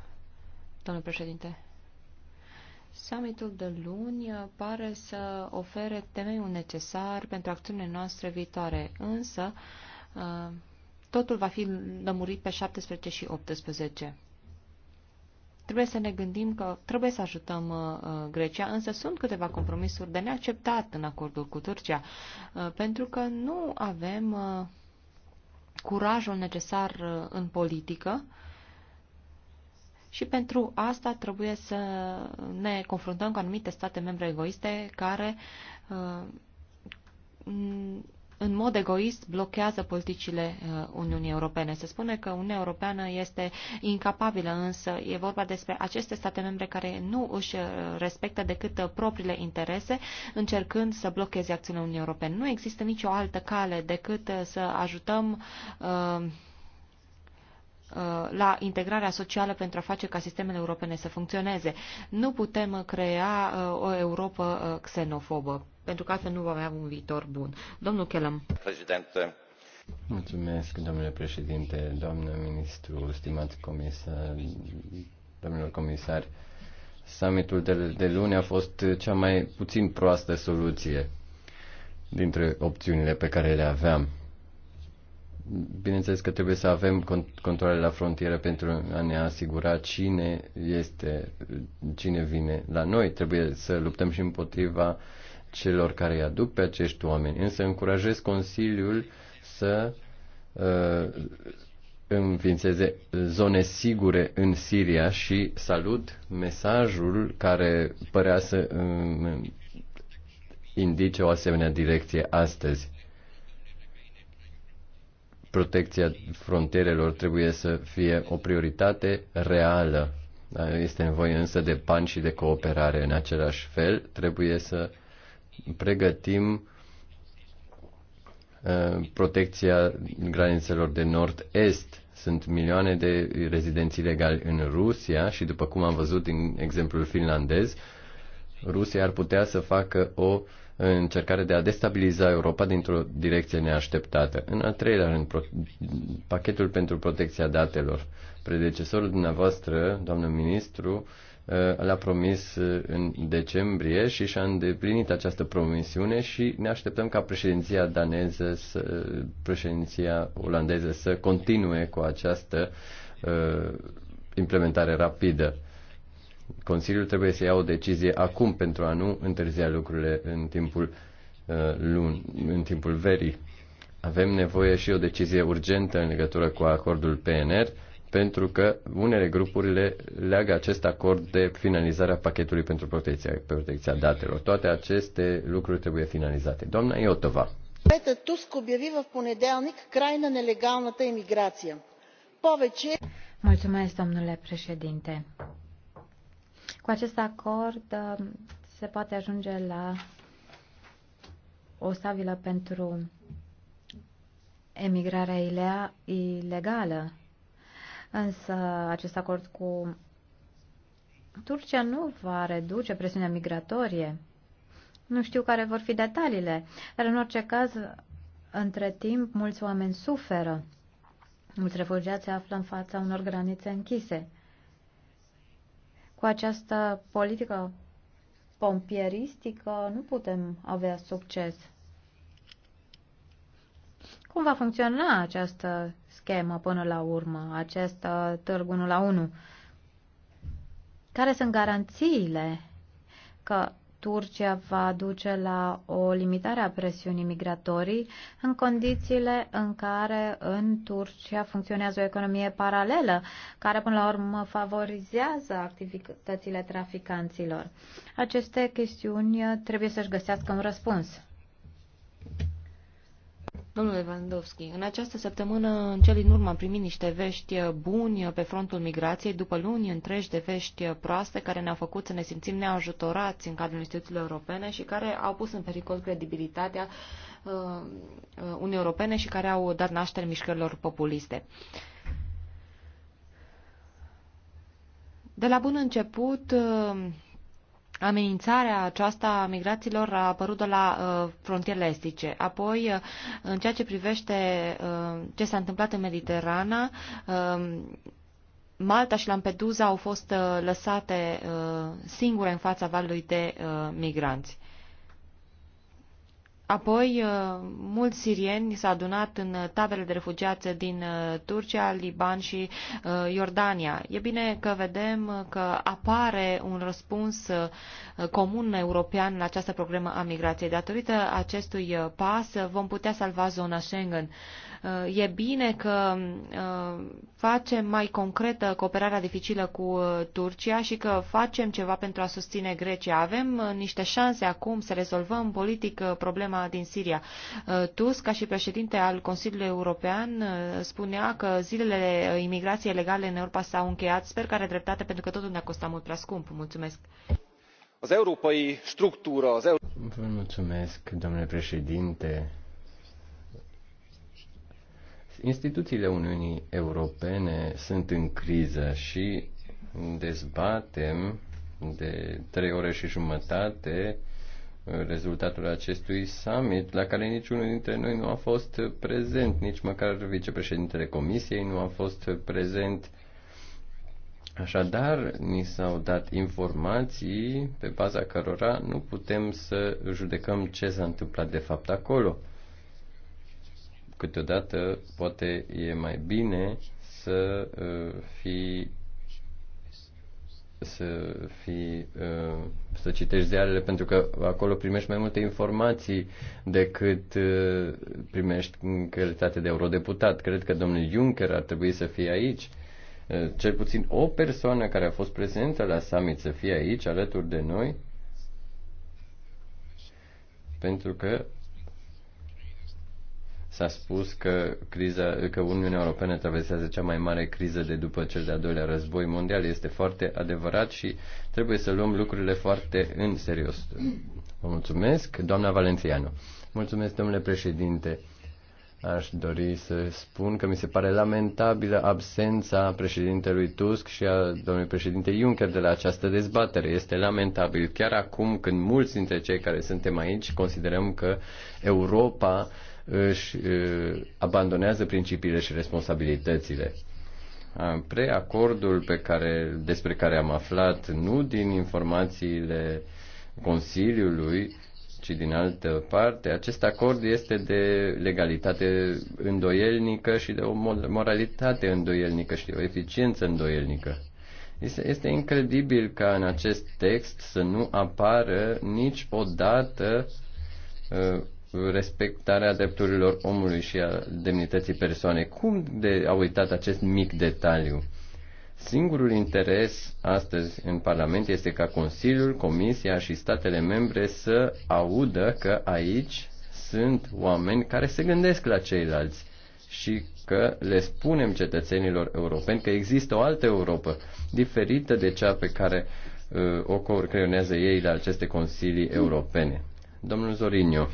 Speaker 8: domnule președinte.
Speaker 7: Summitul de luni pare să ofere temeiul necesar pentru acțiunile noastre viitoare, însă uh, totul va fi lămurit pe 17 și 18 trebuie să ne gândim că trebuie să ajutăm uh, Grecia, însă sunt câteva compromisuri de neacceptat în acordul cu Turcia, uh, pentru că nu avem uh, curajul necesar uh, în politică uh, și pentru asta trebuie să ne confruntăm cu anumite state membre egoiste care uh, în mod egoist blochează politicile uh, Uniunii Europene. Se spune că Uniunea Europeană este incapabilă, însă e vorba despre aceste state membre care nu își uh, respectă decât propriile interese, încercând să blocheze acțiunea Uniunii Europene. Nu există nicio altă cale decât să ajutăm uh, Uh, la integrarea socială pentru a face ca sistemele europene să funcționeze. Nu putem crea uh, o Europa uh, xenofobă, pentru că altfel nu vom avea un viitor bun. Domnul Kellam.
Speaker 6: Președinte. Mulțumesc, domnule președinte, doamnă ministru, stimați comisari, domnilor comisari. Summitul de, de luni a fost cea mai puțin proastă soluție dintre opțiunile pe care le aveam Bineînțeles că trebuie să avem controle la frontieră pentru a ne asigura cine este, cine vine la noi. Trebuie să luptăm și împotriva celor care îi aduc pe acești oameni. Însă încurajez Consiliul să uh, înființeze zone sigure în Siria și salut mesajul care părea să uh, indice o asemenea direcție astăzi protecția frontierelor trebuie să fie o prioritate reală. Da, este nevoie însă de bani și de cooperare. În același fel, trebuie să pregătim ă, protecția granițelor de nord-est. Sunt milioane de rezidenți ilegali în Rusia și, după cum am văzut din exemplul finlandez, Rusia ar putea să facă o uh, în încercare de a destabiliza Europa dintr-o direcție neașteptată. În al treilea rând, pachetul pentru protecția datelor. Predecesorul dumneavoastră, doamnă ministru, uh, l-a promis uh, în decembrie și și-a îndeplinit această promisiune și ne așteptăm ca președinția daneză, să, președinția olandeză să continue cu această uh, implementare rapidă. Consiliul trebuie să ia o decizie acum pentru a nu întârzia lucrurile în timpul uh, lun, în timpul verii. Avem nevoie și o decizie urgentă în legătură cu acordul PNR, pentru că unele le leagă acest acord de finalizarea pachetului pentru protecția, protecția datelor. Toate aceste lucruri trebuie finalizate. Doamna Iotova.
Speaker 2: Петър Туск обяви в понеделник край на нелегалната иммиграция. Повече...
Speaker 8: Mulțumesc, domnule președinte. Cu acest acord uh, se poate ajunge la o stabilă pentru emigrarea ilegală. Însă acest acord cu Turcia nu va reduce presiunea migratorie. Nu știu care vor fi detaliile, dar în orice caz, între timp, mulți oameni suferă. Mulți refugiați se află în fața unor granițe închise. Cu această politică pompieristică nu putem avea succes. Cum va funcționa această schemă până la urmă, acest uh, târg 1 la 1? Care sunt garanțiile că Turcia va duce la o limitare a presiunii migratorii în condițiile în care în Turcia funcționează o economie paralelă, care până la urmă favorizează activitățile traficanților. Aceste chestiuni trebuie să-și găsească un răspuns. Domnule Vandovski, în această săptămână, în cele din urmă, am
Speaker 7: primit niște vești buni pe frontul migrației, după luni întregi de vești proaste care ne-au făcut să ne simțim neajutorați în cadrul instituțiilor europene și care au pus în pericol credibilitatea uh, Unii Europene și care au dat naștere mișcărilor populiste. De la bun început, uh, amenințarea aceasta a migraților a apărut de la uh, frontierele estice. Apoi, uh, în ceea ce privește uh, ce s-a întâmplat în Mediterana, uh, Malta și Lampedusa au fost uh, lăsate uh, singure în fața valului de uh, migranți. Apoi, uh, mulți sirieni s-au adunat în uh, taberele de refugiați din uh, Turcia, Liban și Iordania. E bine că vedem că apare un răspuns comun european la această problemă a migrației. Datorită acestui pas vom putea salva zona Schengen. Uh, e bine că uh, facem mai concretă cooperarea dificilă cu uh, Turcia și că facem ceva pentru a susține Grecia. Avem niște șanse acum să rezolvăm politic problema din Siria. Tusk, ca și președinte al Consiliului European, spunea că zilele imigrației legale în Europa s-au încheiat. Sper că are dreptate pentru că totul ne-a costat mult prea scump. Mulțumesc.
Speaker 6: Az Vă mulțumesc, domnule președinte instituțiile Uniunii Europene sunt în criză și dezbatem de trei ore și jumătate uh, rezultatul acestui summit, la care niciunul dintre noi nu a fost prezent, nici măcar vicepreședintele Comisiei nu a fost prezent. Așadar, ni s-au dat informații pe baza cărora nu putem să judecăm ce s-a întâmplat de fapt acolo. Câteodată, poate e mai bine să uh, fi să uh, să citești ziarele pentru că acolo primești mai multe informații decât uh, primești în calitate de eurodeputat. Cred că domnul Juncker ar trebui să fie aici. Uh, cel puțin o persoană care a fost prezentă la summit să fie aici alături de noi pentru că S-a spus că, criza, că Uniunea Europeană traversează cea mai mare criză de după cel de-al doilea război mondial. Este foarte adevărat și trebuie să luăm lucrurile foarte în serios. Vă mulțumesc, doamna Valențianu. Mulțumesc, domnule președinte. Aș dori să spun că mi se pare lamentabilă absența președintelui Tusk și a domnului președinte Juncker de la această dezbatere. Este lamentabil chiar acum când mulți dintre cei care suntem aici considerăm că Europa își abandonează principiile și responsabilitățile. Preacordul pe care, despre care am aflat nu din informațiile Consiliului, ci din altă parte, acest acord este de legalitate îndoielnică și de o moralitate îndoielnică și de o eficiență îndoielnică. Este incredibil ca în acest text să nu apară nici o dată respectarea drepturilor omului și a demnității persoanei. Cum de a uitat acest mic detaliu? Singurul interes astăzi în Parlament este ca Consiliul, Comisia și statele membre să audă că aici sunt oameni care se gândesc la ceilalți și că le spunem cetățenilor europeni că există o altă Europa, diferită de cea pe care uh, o creionează ei la aceste consilii europene. Domnul Zorinio.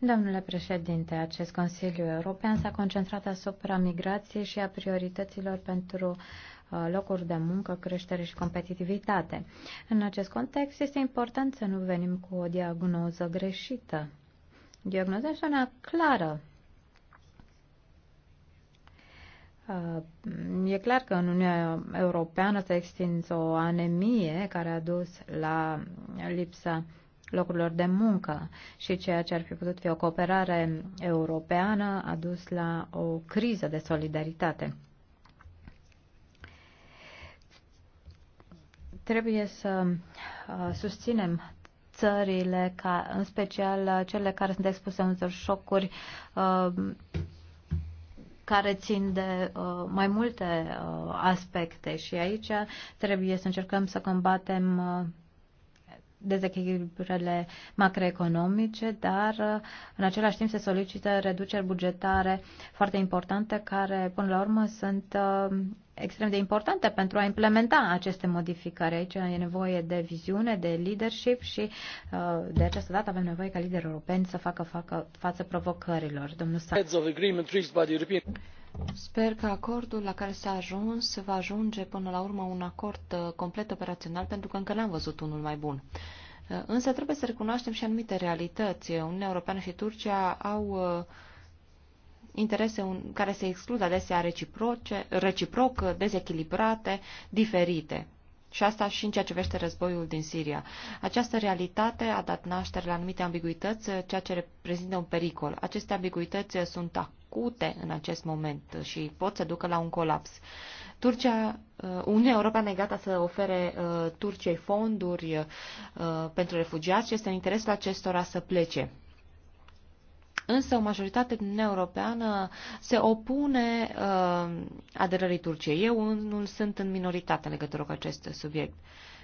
Speaker 8: Domnule președinte, acest Consiliu European s-a concentrat asupra migrației și a priorităților pentru uh, locuri de muncă, creștere și competitivitate. În acest context este important să nu venim cu o diagnoză greșită. Diagnoza este una clară. Uh, e clar că în Uniunea Europeană s-a extins o anemie care a dus la lipsa locurilor de muncă și ceea ce ar fi putut fi o cooperare europeană a dus la o criză de solidaritate. Trebuie să uh, susținem țările, ca, în special cele care sunt expuse unor șocuri uh, care țin de uh, mai multe uh, aspecte și aici trebuie să încercăm să combatem uh, dezechilibrele macroeconomice, dar în același timp se solicită reduceri bugetare foarte importante care până la urmă sunt uh, extrem de importante pentru a implementa aceste modificări. Aici e nevoie de viziune, de leadership și uh, de această dată avem nevoie ca lideri europeni să facă, facă față provocărilor. Domnul Sa-
Speaker 7: Sper că acordul la care s-a ajuns va ajunge până la urmă un acord uh, complet operațional, pentru că încă n-am văzut unul mai bun. Uh, însă trebuie să recunoaștem și anumite realități. Uniunea Europeană și Turcia au uh, interese care se exclud adesea reciproce, reciproc, dezechilibrate, diferite. Și asta și în ceea ce vește războiul din Siria. Această realitate a dat naștere la anumite ambiguități, ceea ce reprezintă un pericol. Aceste ambiguități sunt acute în acest moment și pot să ducă la un colaps. Turcia, uh, Uniunea Europeană e gata să ofere uh, Turciei fonduri uh, pentru refugiați și este în interesul acestora să plece însă o majoritate din Uniunea Europeană se opune uh, aderării Turciei. Eu unul sunt în minoritate în legătură cu acest subiect. Uh,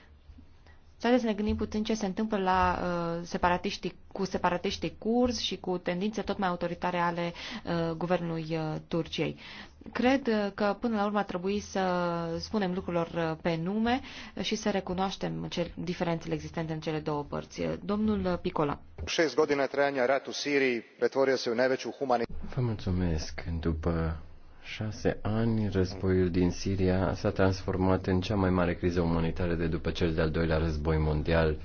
Speaker 7: și haideți să ne gândim puțin ce se întâmplă la uh, separatiști, cu separatiștii curs și cu tendințe tot mai autoritare ale uh, guvernului uh, Turciei. Cred uh, că până la urmă ar trebui să spunem lucrurilor uh, pe nume și să recunoaștem ce, diferențele existente în cele două părți. Domnul Picola. 6 godine
Speaker 6: Vă mulțumesc. După șase ani, războiul din Siria s-a transformat în cea mai mare criză umanitară de după cel de-al doilea război mondial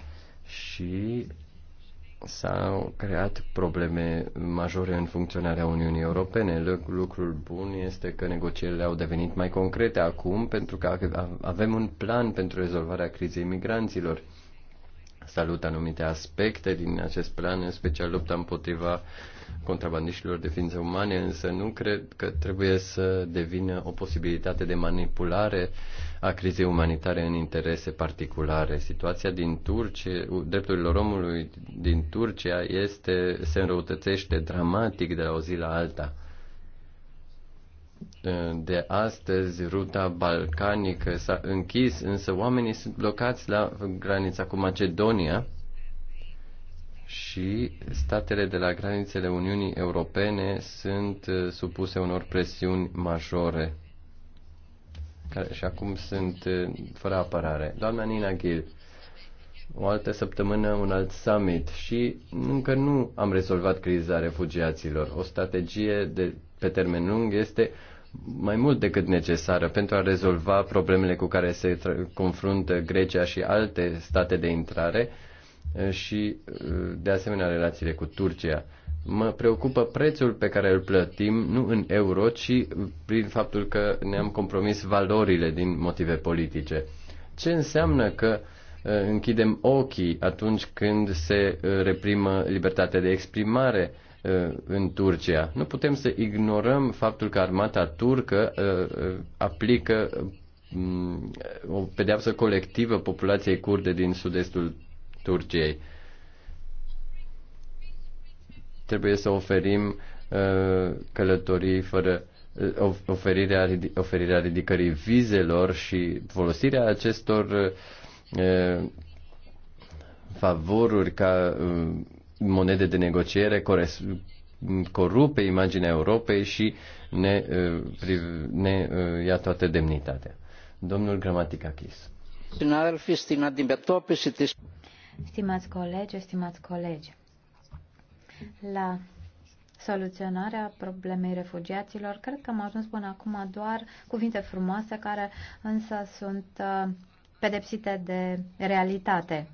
Speaker 6: și s-au creat probleme majore în funcționarea Uniunii Europene. Lucrul bun este că negocierile au devenit mai concrete acum pentru că avem un plan pentru rezolvarea crizei migranților. Salut anumite aspecte din acest plan, în special lupta împotriva uh, contrabandiștilor de ființe umane, însă nu cred că trebuie să devină o posibilitate de manipulare a crizei umanitare în interese particulare. Situația din Turcia, drepturilor omului din Turcia este, se înrăutățește dramatic de la o zi la alta. De astăzi, ruta balcanică s-a închis, însă oamenii sunt blocați la granița cu Macedonia, și statele de la granițele Uniunii Europene sunt uh, supuse unor presiuni majore care și acum sunt uh, fără apărare. Doamna Nina Gil, o altă săptămână un alt summit și încă nu am rezolvat criza refugiaților. O strategie de, pe termen lung este mai mult decât necesară pentru a rezolva problemele cu care se confruntă Grecia și alte state de intrare Eh, și, eh, de asemenea, relațiile cu Turcia. Mă preocupă prețul pe care îl plătim, nu în euro, ci prin faptul că ne-am compromis valorile din motive politice. Ce înseamnă că eh, închidem ochii atunci când se reprimă libertatea de exprimare în Turcia? Nu putem să ignorăm faptul că armata turcă aplică mm, o pedeapsă colectivă populației kurde din sud-estul Turciei. Trebuie să oferim uh, călătorii fără uh, oferirea, oferirea ridicării vizelor și folosirea acestor uh, favoruri ca monede de negociere corupe imaginea Europei și ne, ne ia toată demnitatea. Domnul Gramaticakis. Chis.
Speaker 8: Stimați colegi, stimați colegi, la soluționarea problemei refugiaților, cred că am ajuns până acum doar cuvinte frumoase care însă sunt uh, pedepsite de realitate.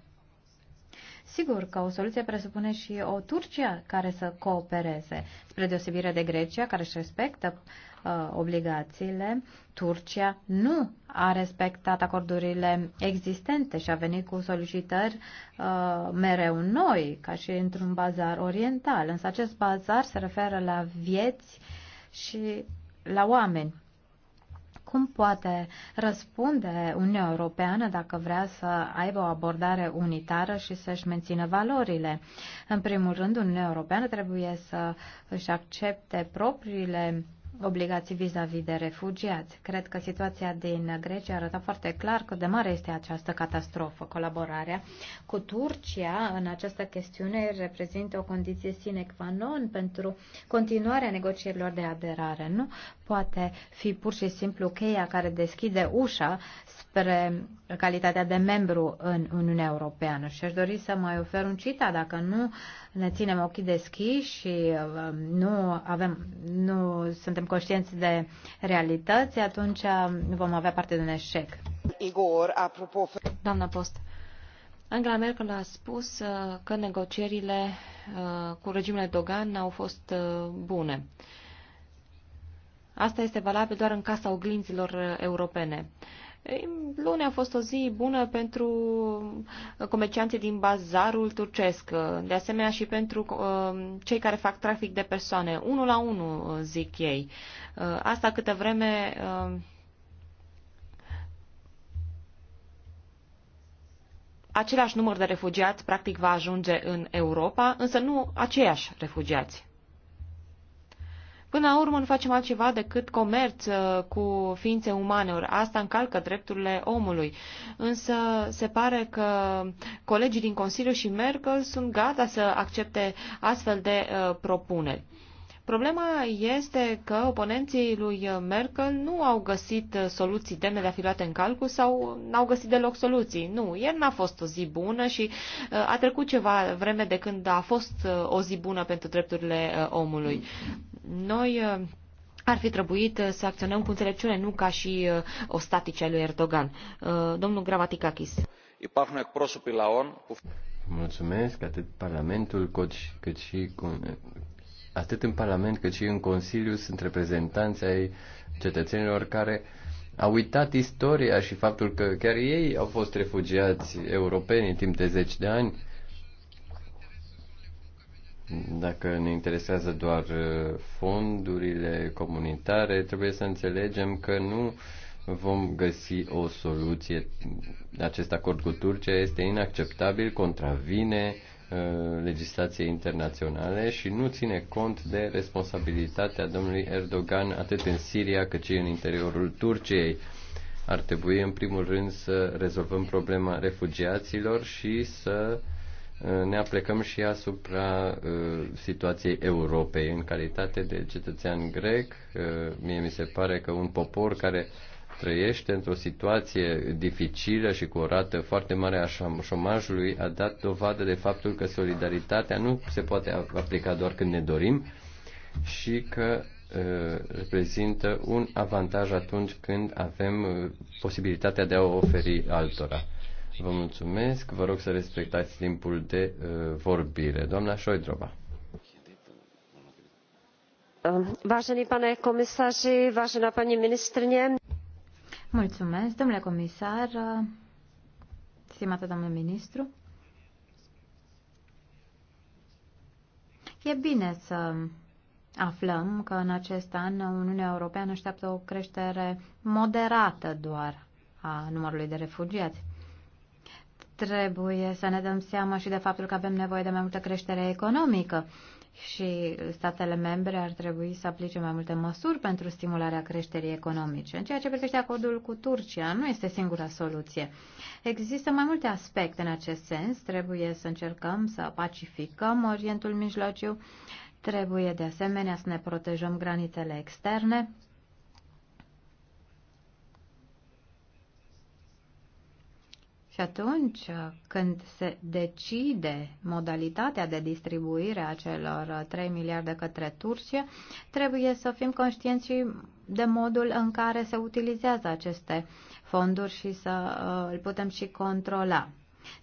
Speaker 8: Sigur că o soluție presupune și o Turcia care să coopereze, spre deosebire de Grecia, care își respectă uh, Uh, obligațiile, Turcia nu a respectat acordurile existente și a venit cu solicitări uh, mereu noi, ca și într-un bazar oriental. Însă acest bazar se referă la vieți și la oameni. Cum poate răspunde Uniunea Europeană dacă vrea să aibă o abordare unitară și să-și mențină valorile? În primul rând, Uniunea Europeană trebuie să își accepte propriile obligații vis-a-vis -vis de refugiați. Cred că situația din Grecia arată foarte clar cât de mare este această catastrofă. Colaborarea cu Turcia în această chestiune reprezintă o condiție sine qua non pentru continuarea negocierilor de aderare. Nu poate fi pur și simplu cheia care deschide ușa spre calitatea de membru în Uniunea Europeană. Și aș dori să mai ofer un citat. Dacă nu ne ținem ochii deschiși și um, nu, avem, nu suntem conștienți de realități, atunci um, vom avea parte de un eșec. Igor, apropo... Doamna Post, Angela Merkel a spus uh,
Speaker 7: că negocierile uh, cu regimul Dogan au fost uh, bune. Asta este valabil doar în casa oglinzilor uh, europene. Luni a fost o zi bună pentru uh, comercianții din bazarul turcesc, uh, de asemenea și pentru cei care fac trafic de persoane, unul la unul, zic ei. Asta câtă vreme același număr de refugiați practic va ajunge în Europa, însă nu aceiași refugiați. Până la urmă nu facem altceva decât comerț uh, cu ființe umane, ori asta încalcă drepturile omului. Însă se pare că colegii din Consiliu și Merkel sunt gata să accepte astfel de uh, propuneri. Problema este că oponenții lui Merkel nu au găsit uh, soluții demne de a fi luate în calcul sau n-au găsit deloc soluții. Nu, ieri n-a fost o zi bună și a trecut ceva vreme de când a fost o zi bună pentru drepturile omului noi uh, ar fi trebuit uh, să acționăm cu înțelepciune, nu ca și uh, o statice a lui Erdogan. Domnul Gramaticakis.
Speaker 6: Mulțumesc, atât Parlamentul cât și atât în Parlament cât și în Consiliu sunt reprezentanți ai cetățenilor care au uitat istoria și faptul că chiar ei au fost refugiați europeni timp de zeci de ani dacă ne interesează doar uh, fondurile comunitare, trebuie să înțelegem că nu vom găsi o soluție. Acest acord cu Turcia este inacceptabil, contravine uh, legislației internaționale și nu ține cont de responsabilitatea domnului Erdogan atât în Siria cât și în interiorul Turciei. Ar trebui în primul rând să rezolvăm problema refugiaților și să uh, ne aplecăm și asupra uh, situației Europei. În calitate de cetățean grec, uh, mie mi se pare că un popor care trăiește într-o situație dificilă și cu o rată foarte mare a șomajului a dat dovadă de faptul că solidaritatea nu se poate aplica doar când ne dorim și că uh, reprezintă un avantaj atunci când avem uh, posibilitatea de a o oferi altora Vă mulțumesc. Vă rog să respectați timpul de uh, vorbire. Doamna Șoidrova.
Speaker 7: Vážený pane komisaři, vážená paní ministrně.
Speaker 8: Mulțumesc, domnule comisar, stimată doamnă ministru. E bine să aflăm că în acest an Uniunea Europeană așteaptă o creștere moderată doar a numărului de refugiați. Trebuie să ne dăm seama și de faptul că avem nevoie de mai multă creștere economică și statele membre ar trebui să aplice mai multe măsuri pentru stimularea creșterii economice. În ceea ce privește acordul cu Turcia, nu este singura soluție. Există mai multe aspecte în acest sens. Trebuie să încercăm să pacificăm Orientul Mijlociu. Trebuie de asemenea să ne protejăm granițele externe Și atunci uh, când se decide modalitatea de distribuire a celor 3 uh, miliarde către Turcia, trebuie să fim conștienți și de modul în care se utilizează aceste fonduri și să uh, îl putem și controla.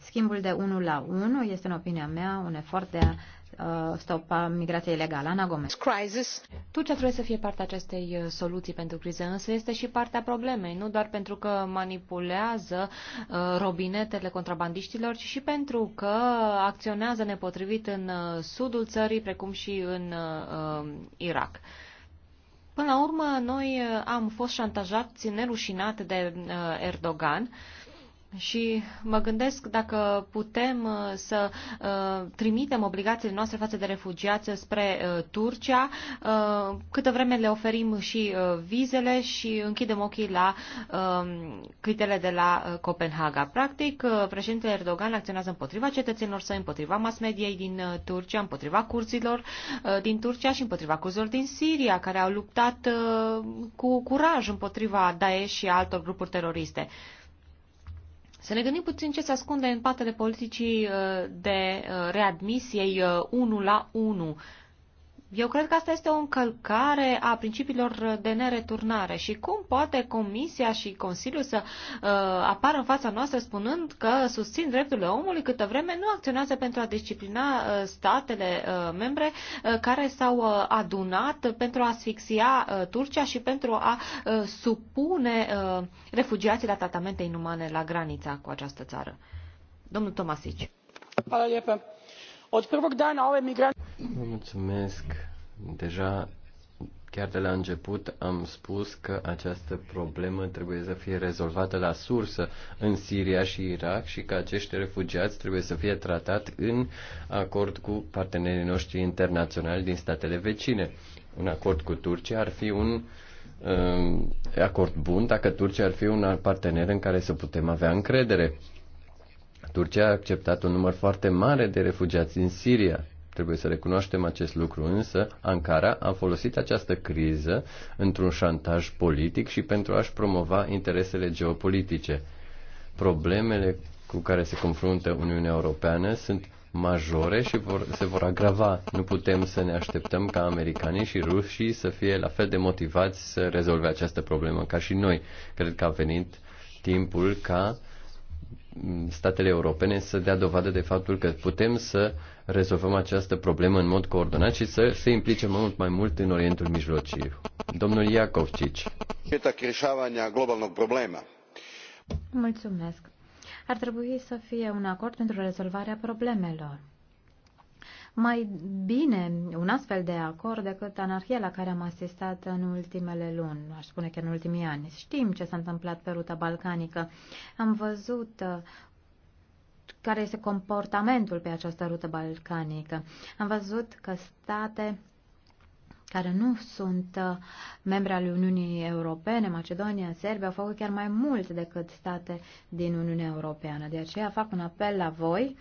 Speaker 8: Schimbul de 1 la 1 este, în opinia mea, un efort de a Uh, stopa migrației ilegale. Ana Gomez. Crisis. Turcia
Speaker 7: trebuie să fie partea acestei uh, soluții pentru criză, însă este și partea problemei, nu doar pentru că manipulează uh, robinetele contrabandiștilor, ci și pentru că acționează nepotrivit în sudul țării, precum și în Irak. Până la urmă, noi am fost șantajați nerușinat de Erdogan, și mă gândesc dacă putem uh, să uh, trimitem obligațiile noastre față de refugiați spre uh, Turcia, câtă vreme le oferim și vizele și închidem ochii la um, critele de la Copenhaga. Practic, președintele Erdogan acționează împotriva cetățenilor săi, împotriva mass mediei din Turcia, împotriva curzilor din Turcia și împotriva curzilor din Siria, care au luptat cu curaj împotriva Daesh și altor grupuri teroriste. Să ne gândim puțin ce se ascunde în patele politicii uh, de uh, readmisiei 1 uh, la 1 eu cred că asta este o încălcare a principiilor de nereturnare și cum poate Comisia și Consiliul să uh, apară în fața noastră spunând că susțin drepturile omului câtă vreme nu acționează pentru a disciplina uh, statele uh, membre uh, care s-au uh, adunat pentru a asfixia uh, Turcia și pentru a uh, supune uh, refugiații la tratamente inumane la granița cu această țară. Domnul Tomasici.
Speaker 1: Hvala lijepa.
Speaker 2: Od prvog dana ove migracije
Speaker 6: Vă mulțumesc. Deja, chiar de la început, am spus că această problemă trebuie să fie rezolvată la sursă în Siria și Irak și că acești refugiați trebuie să fie tratat în acord cu partenerii noștri internaționali din statele vecine. Un acord cu Turcia ar fi un um, acord bun dacă Turcia ar fi un alt partener în care să putem avea încredere. Turcia a acceptat un număr foarte mare de refugiați din Siria Trebuie să recunoaștem acest lucru, însă Ankara a folosit această criză într-un șantaj politic și pentru a-și promova interesele geopolitice. Problemele cu care se confruntă Uniunea Europeană sunt majore și vor, se vor agrava. Nu putem să ne așteptăm ca americanii și rușii să fie la fel de motivați să rezolve această problemă ca și noi. Cred că a venit timpul ca statele europene să dea dovadă de faptul că putem să rezolvăm această problemă în mod coordonat și să se implice mult mai mult în Orientul Mijlociu. Domnul Iacovcici.
Speaker 8: Mulțumesc. Ar trebui să fie un acord pentru rezolvarea problemelor. Mai bine un astfel de acord decât anarhia la care am asistat în ultimele luni, aș spune că în ultimii ani. Știm ce s-a întâmplat pe ruta balcanică. Am văzut uh, care este comportamentul pe această rută balcanică. Am văzut că state care nu sunt uh, membre ale Uniunii Europene, Macedonia, Serbia, au făcut chiar mai mult decât state din Uniunea Europeană. De aceea fac un apel la voi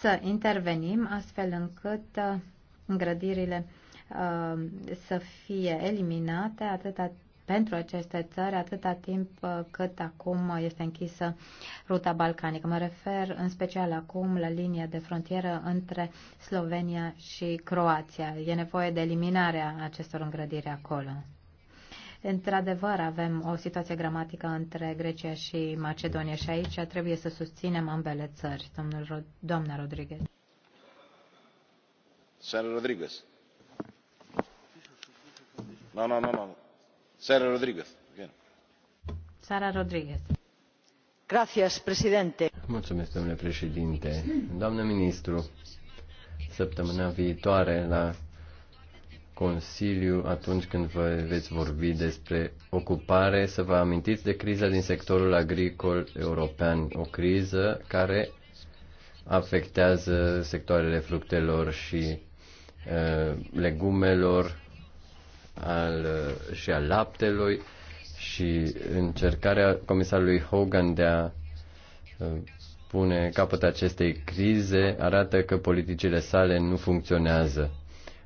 Speaker 8: să intervenim astfel încât uh, îngrădirile uh, să fie eliminate atâta pentru aceste țări atâta timp uh, cât acum este închisă ruta balcanică. Mă refer în special acum la linia de frontieră între Slovenia și Croația. E nevoie de eliminarea acestor îngrădiri acolo. Într-adevăr, avem o situație gramatică între Grecia și Macedonia și aici trebuie să susținem ambele țări, domnul Ro- doamna Rodriguez.
Speaker 3: Senator Rodriguez. No, no, no, no. Sara
Speaker 8: Sara
Speaker 6: Mulțumesc, domnule președinte. Doamnă ministru, săptămâna viitoare la Consiliu, atunci când vă veți vorbi despre ocupare, să vă amintiți de criza din sectorul agricol european, o criză care afectează sectoarele fructelor și uh, legumelor, al, uh, și al laptelui și încercarea comisarului Hogan de a uh, pune capăt acestei crize arată că politicile sale nu funcționează.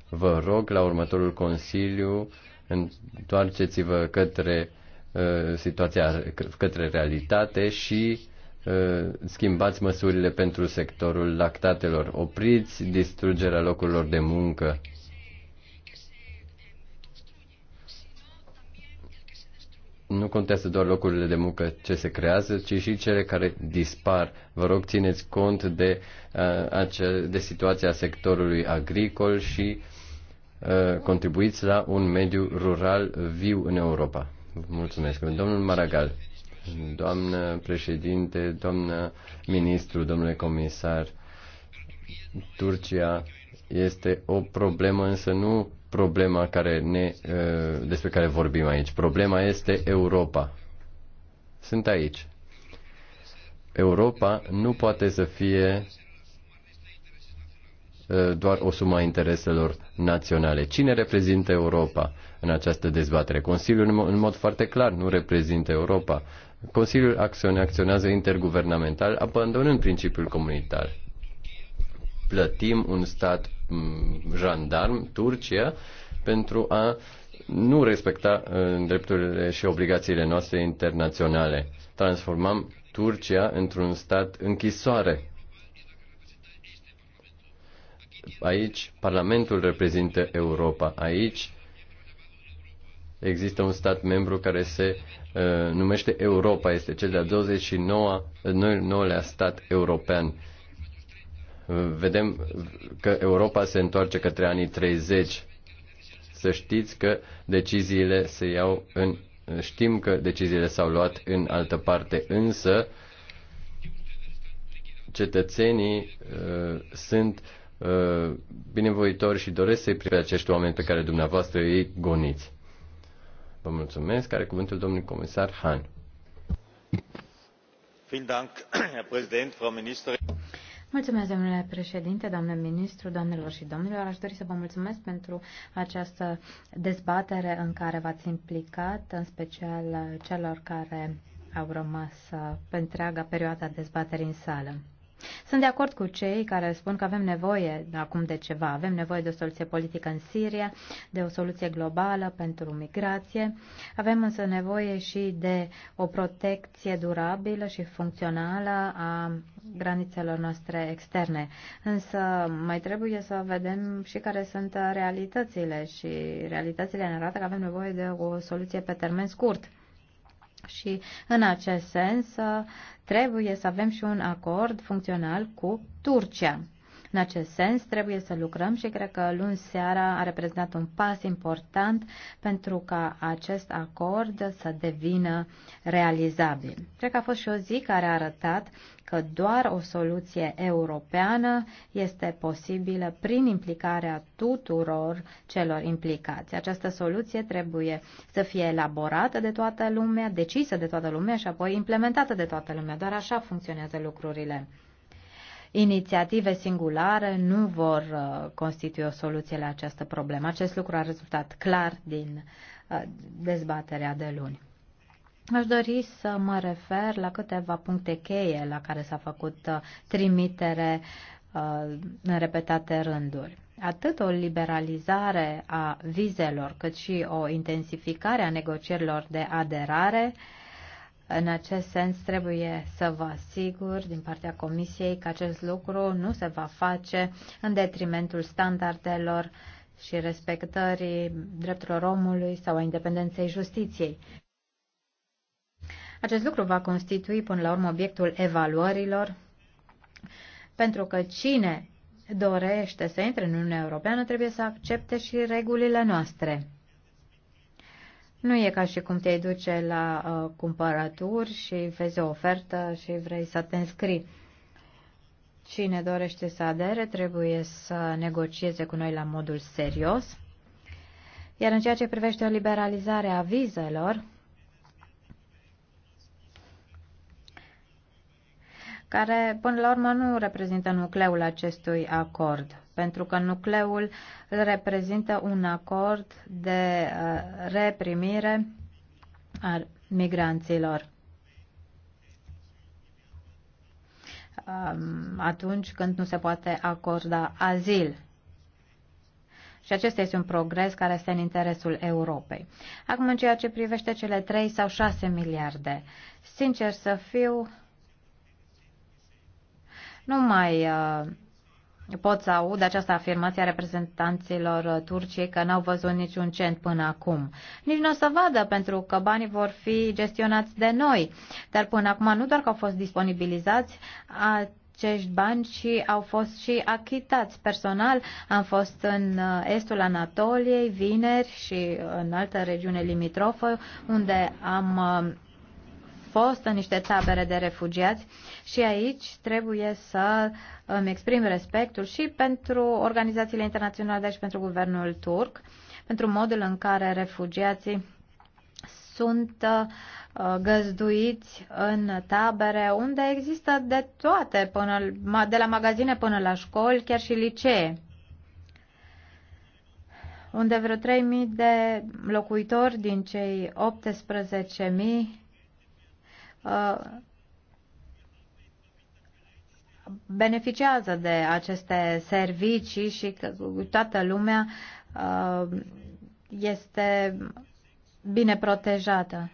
Speaker 6: Vă rog la următorul Consiliu, întoarceți-vă către uh, situația, către realitate și uh, schimbați măsurile pentru sectorul lactatelor. Opriți distrugerea locurilor de muncă nu contează doar locurile de muncă ce se creează, ci și cele care dispar. Vă rog, țineți cont de, uh, de situația sectorului agricol și uh, contribuiți la un mediu rural viu în Europa. Mulțumesc. Domnul Maragal, doamnă președinte, doamnă ministru, domnule comisar, Turcia este o problemă, însă nu problema care ne, uh, despre care vorbim aici. Problema este Europa. Sunt aici. Europa nu poate să fie uh, doar o sumă a intereselor naționale. Cine reprezintă Europa în această dezbatere? Consiliul, în mod foarte clar, nu reprezintă Europa. Consiliul acționează interguvernamental, abandonând principiul comunitar plătim un stat mm, jandarm, Turcia, pentru a nu respecta uh, drepturile și obligațiile noastre internaționale. Transformăm Turcia într-un stat închisoare. Aici Parlamentul reprezintă Europa. Aici există un stat membru care se uh, numește Europa. Este cel de-a 29-lea stat european vedem că Europa se întoarce către anii 30. Să știți că deciziile se iau în. Știm că deciziile s-au luat în altă parte, însă cetățenii uh, sunt uh, binevoitori și doresc să-i pe acești oameni pe care dumneavoastră îi goniți. Vă mulțumesc. Care cuvântul domnului comisar Han. Vielen
Speaker 3: Dank, Herr Präsident, Frau Ministerin.
Speaker 8: Mulțumesc, domnule președinte, doamne ministru, doamnelor și domnilor. Aș dori să vă mulțumesc pentru această dezbatere în care v-ați implicat, în special celor care au rămas pe întreaga perioada dezbaterii în sală. Sunt de acord cu cei care spun că avem nevoie acum de ceva, avem nevoie de o soluție politică în Siria, de o soluție globală pentru migrație, avem însă nevoie și de o protecție durabilă și funcțională a granițelor noastre externe. Însă mai trebuie să vedem și care sunt realitățile și realitățile ne arată că avem nevoie de o soluție pe termen scurt. Și în acest sens trebuie să avem și un acord funcțional cu Turcia. În acest sens, trebuie să lucrăm și cred că luni seara a reprezentat un pas important pentru ca acest acord să devină realizabil. Cred că a fost și o zi care a arătat că doar o soluție europeană este posibilă prin implicarea tuturor celor implicați. Această soluție trebuie să fie elaborată de toată lumea, decisă de toată lumea și apoi implementată de toată lumea. Doar așa funcționează lucrurile inițiative singulare nu vor uh, constitui o soluție la această problemă. Acest lucru a rezultat clar din uh, dezbaterea de luni. Aș dori să mă refer la câteva puncte cheie la care s-a făcut uh, trimitere în repetate rânduri. Atât o liberalizare a vizelor, cât și o intensificare a negocierilor de aderare uh, în acest sens, trebuie să vă asigur din partea Comisiei că acest lucru nu se va face în detrimentul standardelor și respectării drepturilor omului sau a independenței justiției. Acest lucru va constitui până la urmă obiectul evaluărilor, pentru că cine dorește să intre în Uniunea Europeană trebuie să accepte și regulile noastre. Nu e ca și cum te duce la uh, cumpărături și vezi o ofertă și vrei să te înscrii. Cine dorește să adere trebuie să negocieze cu noi la modul serios. Iar în ceea ce privește liberalizarea vizelor, care până la urmă nu reprezintă nucleul acestui acord, pentru că nucleul reprezintă un acord de uh, reprimire a migranților. Um, atunci când nu se poate acorda azil. Și acesta este un progres care este în interesul Europei. Acum, în ceea ce privește cele 3 sau 6 miliarde, sincer să fiu, nu mai uh, pot să aud această afirmație a reprezentanților uh, Turciei că n-au văzut niciun cent până acum. Nici nu o să vadă, pentru că banii vor fi gestionați de noi. Dar până acum nu doar că au fost disponibilizați, acești bani și au fost și achitați. Personal am fost în uh, estul Anatoliei, vineri și în altă regiune limitrofă, unde am fost în niște tabere de refugiați și aici trebuie să îmi exprim respectul și pentru organizațiile internaționale, dar și pentru guvernul turc, pentru modul în care refugiații sunt uh, găzduiți în tabere unde există de toate, până, de la magazine până la școli, chiar și licee unde vreo 3.000 de locuitori din cei 18.000 Uh, beneficiază de aceste servicii și că toată lumea uh, este bine protejată.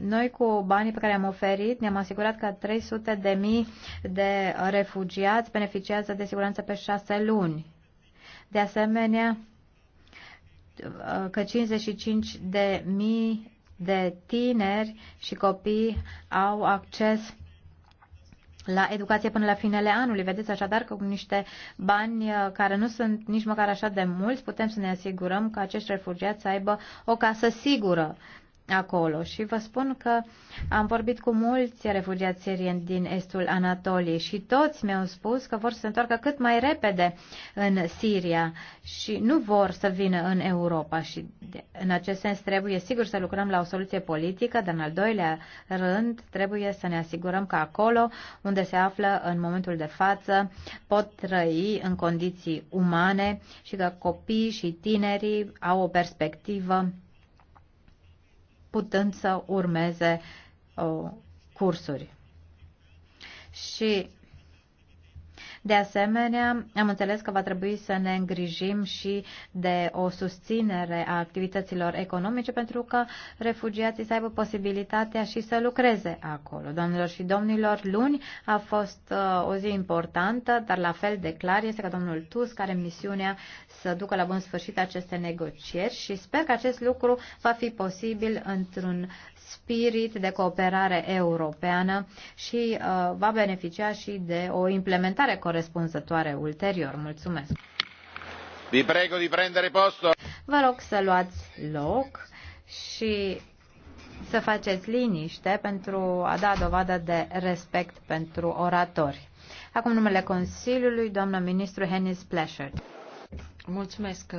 Speaker 8: Noi cu banii pe care am oferit ne-am asigurat că 300 de mii de refugiați beneficiază de siguranță pe șase luni. De asemenea, că 55 de mii de tineri și copii au acces la educație până la finele anului. Vedeți așadar că cu niște bani uh, care nu sunt nici măcar așa de mulți, putem să ne asigurăm că acești refugiați să aibă o casă sigură acolo. Și vă spun că am vorbit cu mulți refugiați sirieni din estul Anatoliei și toți mi-au spus că vor să se întoarcă cât mai repede în Siria și nu vor să vină în Europa. Și în acest sens trebuie sigur să lucrăm la o soluție politică, dar în al doilea rând trebuie să ne asigurăm că acolo unde se află în momentul de față pot trăi în condiții umane și că copiii și tinerii au o perspectivă putând să urmeze uh, cursuri. Și de asemenea, am înțeles că va trebui să ne îngrijim și de o susținere a activităților economice pentru că refugiații să aibă posibilitatea și să lucreze acolo. Domnilor și domnilor, luni a fost uh, o zi importantă, dar la fel de clar este că domnul Tusk are misiunea să ducă la bun sfârșit aceste negocieri și sper că acest lucru va fi posibil într-un spirit de cooperare europeană și uh, va beneficia și de o implementare corespunzătoare ulterior. Mulțumesc!
Speaker 3: Vi prego di prendere posto.
Speaker 8: Vă rog să luați loc și să faceți liniște pentru a da dovadă de respect pentru oratori. Acum numele Consiliului, doamna ministru Hennis Pleasure. Mulțumesc,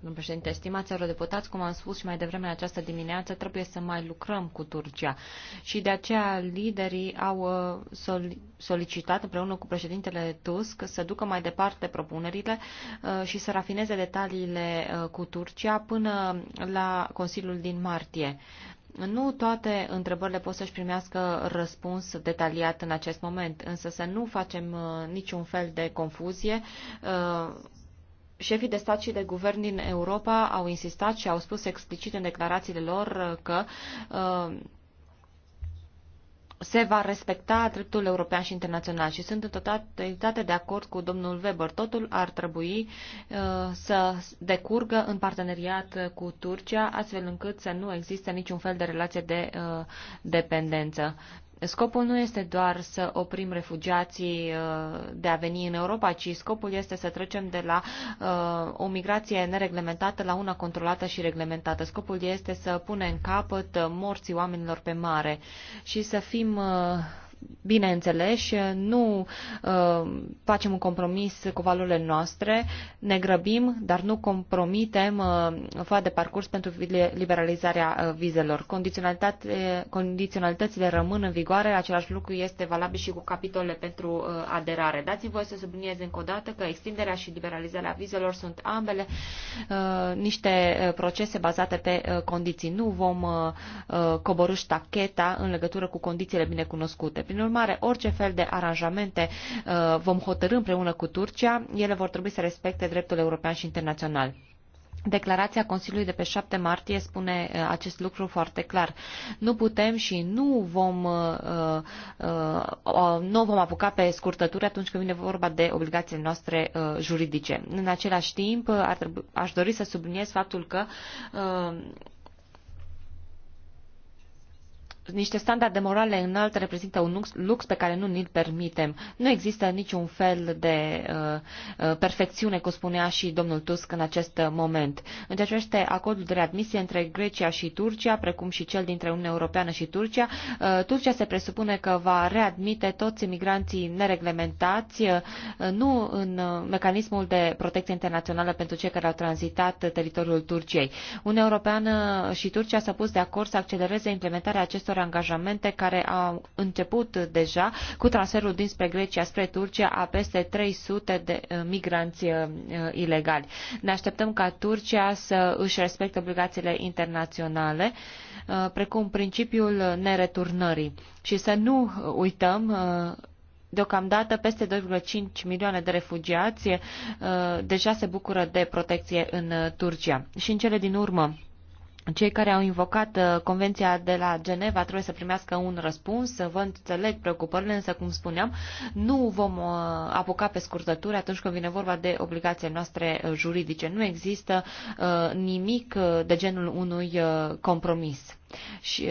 Speaker 8: domnul președinte. Stimați
Speaker 7: eurodeputați, cum am spus și mai devreme în această dimineață, trebuie să mai lucrăm cu Turcia. Și de aceea liderii au uh, solicitat împreună cu președintele Tusk să ducă mai departe propunerile uh, și să rafineze detaliile uh, cu Turcia până la Consiliul din martie. Nu toate întrebările pot să-și primească răspuns detaliat în acest moment, însă să nu facem niciun fel de confuzie Șefii de stat și de guvern din Europa au insistat și au spus explicit în declarațiile lor că uh, se va respecta dreptul european și internațional și sunt în totalitate de acord cu domnul Weber. Totul ar trebui uh, să decurgă în parteneriat cu Turcia, astfel încât să nu existe niciun fel de relație de uh, dependență. Scopul nu este doar să oprim refugiații uh, de a veni în Europa, ci scopul este să trecem de la uh, o migrație nereglementată la una controlată și reglementată. Scopul este să punem capăt morții oamenilor pe mare și să fim uh, bineînțeles, nu uh, facem un compromis cu valorile noastre, ne grăbim, dar nu compromitem uh, de parcurs pentru liberalizarea uh, vizelor. Condiționalitățile rămân în vigoare, același lucru este valabil și cu capitolele pentru uh, aderare. Dați-mi voie să subliniez încă o dată că extinderea și liberalizarea vizelor sunt ambele uh, niște procese bazate pe uh, condiții. Nu vom uh, coborâ în legătură cu condițiile binecunoscute. Prin prin urmare, orice fel de aranjamente uh, vom hotărâ împreună cu Turcia, ele vor trebui să respecte dreptul european și internațional. Declarația Consiliului de pe 7 martie spune uh, acest lucru foarte clar. Nu putem și nu vom, uh, nu vom apuca pe scurtături atunci când vine vorba de obligațiile noastre juridice. În același timp, ar trebui, aș dori să subliniez faptul că niște standarde morale înalte reprezintă un lux, pe care nu ni-l permitem. Nu există niciun fel de uh, uh, perfecțiune, cum spunea și domnul Tusk în acest moment. În ceea ce privește acordul de readmisie între Grecia și Turcia, precum și cel dintre Uniunea Europeană și Turcia, uh, Turcia se presupune că va readmite toți imigranții nereglementați, uh, nu în uh, mecanismul de protecție internațională pentru cei care au tranzitat teritoriul Turciei. Uniunea Europeană și Turcia s-au pus de acord să accelereze implementarea acestor unor angajamente care au început deja cu transferul dinspre Grecia spre Turcia a peste 300 de eh, migranți eh, eh, ilegali. Ne așteptăm ca Turcia să își respecte obligațiile internaționale, precum principiul nereturnării. Și să nu uităm Deocamdată, peste 2,5 milioane de refugiați deja se bucură de protecție în Turcia. Și în cele din urmă, cei care au invocat uh, Convenția de la Geneva trebuie să primească un răspuns, vă înțeleg preocupările, însă, cum spuneam, nu vom uh, apuca pe scurtături atunci când vine vorba de obligațiile noastre uh, juridice. Nu există nimic de genul unui compromis. Și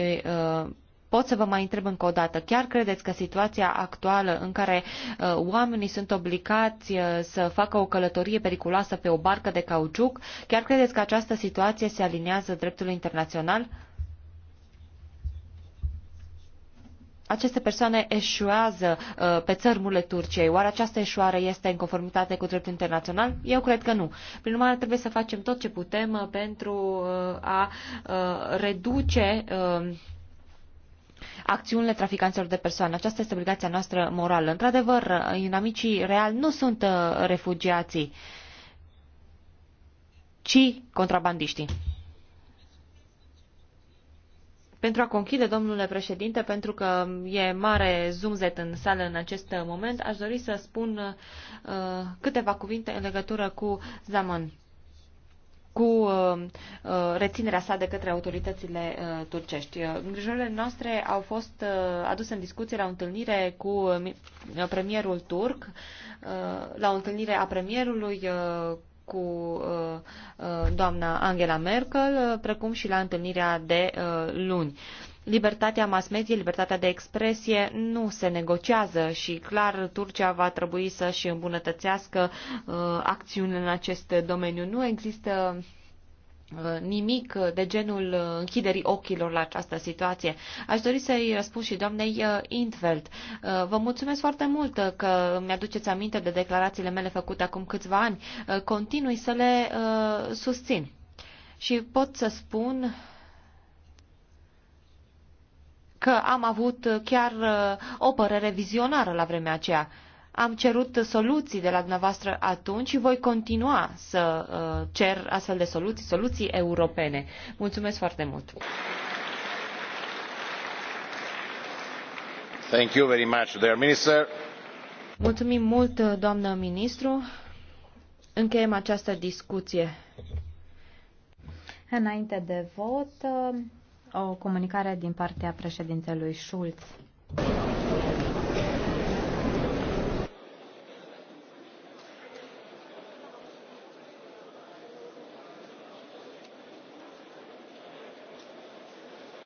Speaker 7: pot să vă mai întreb încă o dată, chiar credeți că situația actuală în care uh, oamenii sunt obligați uh, să facă o călătorie periculoasă pe o barcă de cauciuc, chiar credeți că această situație se aliniază dreptului internațional? Aceste persoane eșuează uh, pe țărmurile Turciei. Oare această eșuare este în conformitate cu dreptul internațional? Eu cred că nu. Prin urmare, trebuie să facem tot ce putem uh, pentru uh, a uh, reduce uh, acțiunile traficanților de persoane. Aceasta este obligația noastră morală. Într-adevăr, inamicii reali nu sunt uh, refugiații, ci contrabandiștii. Pentru a conchide, domnule președinte, pentru că e mare zumzet în sală în acest moment, aș dori să spun uh, câteva cuvinte în legătură cu Zaman cu uh, uh, reținerea sa de către autoritățile uh, turcești. Îngrijorările noastre au fost aduse în discuție la o întâlnire cu premierul turc, la o întâlnire a premierului cu doamna Angela Merkel, precum și la întâlnirea de luni. Libertatea mass media, libertatea de expresie nu se negociază și clar Turcia va trebui să-și îmbunătățească uh, acțiunile în acest domeniu. Nu există uh, nimic de genul uh, închiderii ochilor la această situație. Aș dori să-i răspund și doamnei uh, Intveld. Vă mulțumesc foarte mult că mi-aduceți aminte de declarațiile mele făcute acum câțiva ani. Continui să le susțin. Și pot să spun că am avut chiar uh, o părere vizionară la vremea aceea. Am cerut soluții de la dumneavoastră atunci și voi continua să uh, cer astfel de soluții, soluții europene. Mulțumesc foarte mult!
Speaker 3: Thank you very much, dear minister.
Speaker 7: Mulțumim mult, doamnă ministru.
Speaker 8: Încheiem această discuție. Înainte de vot, o comunicare din partea președintelui Schulz.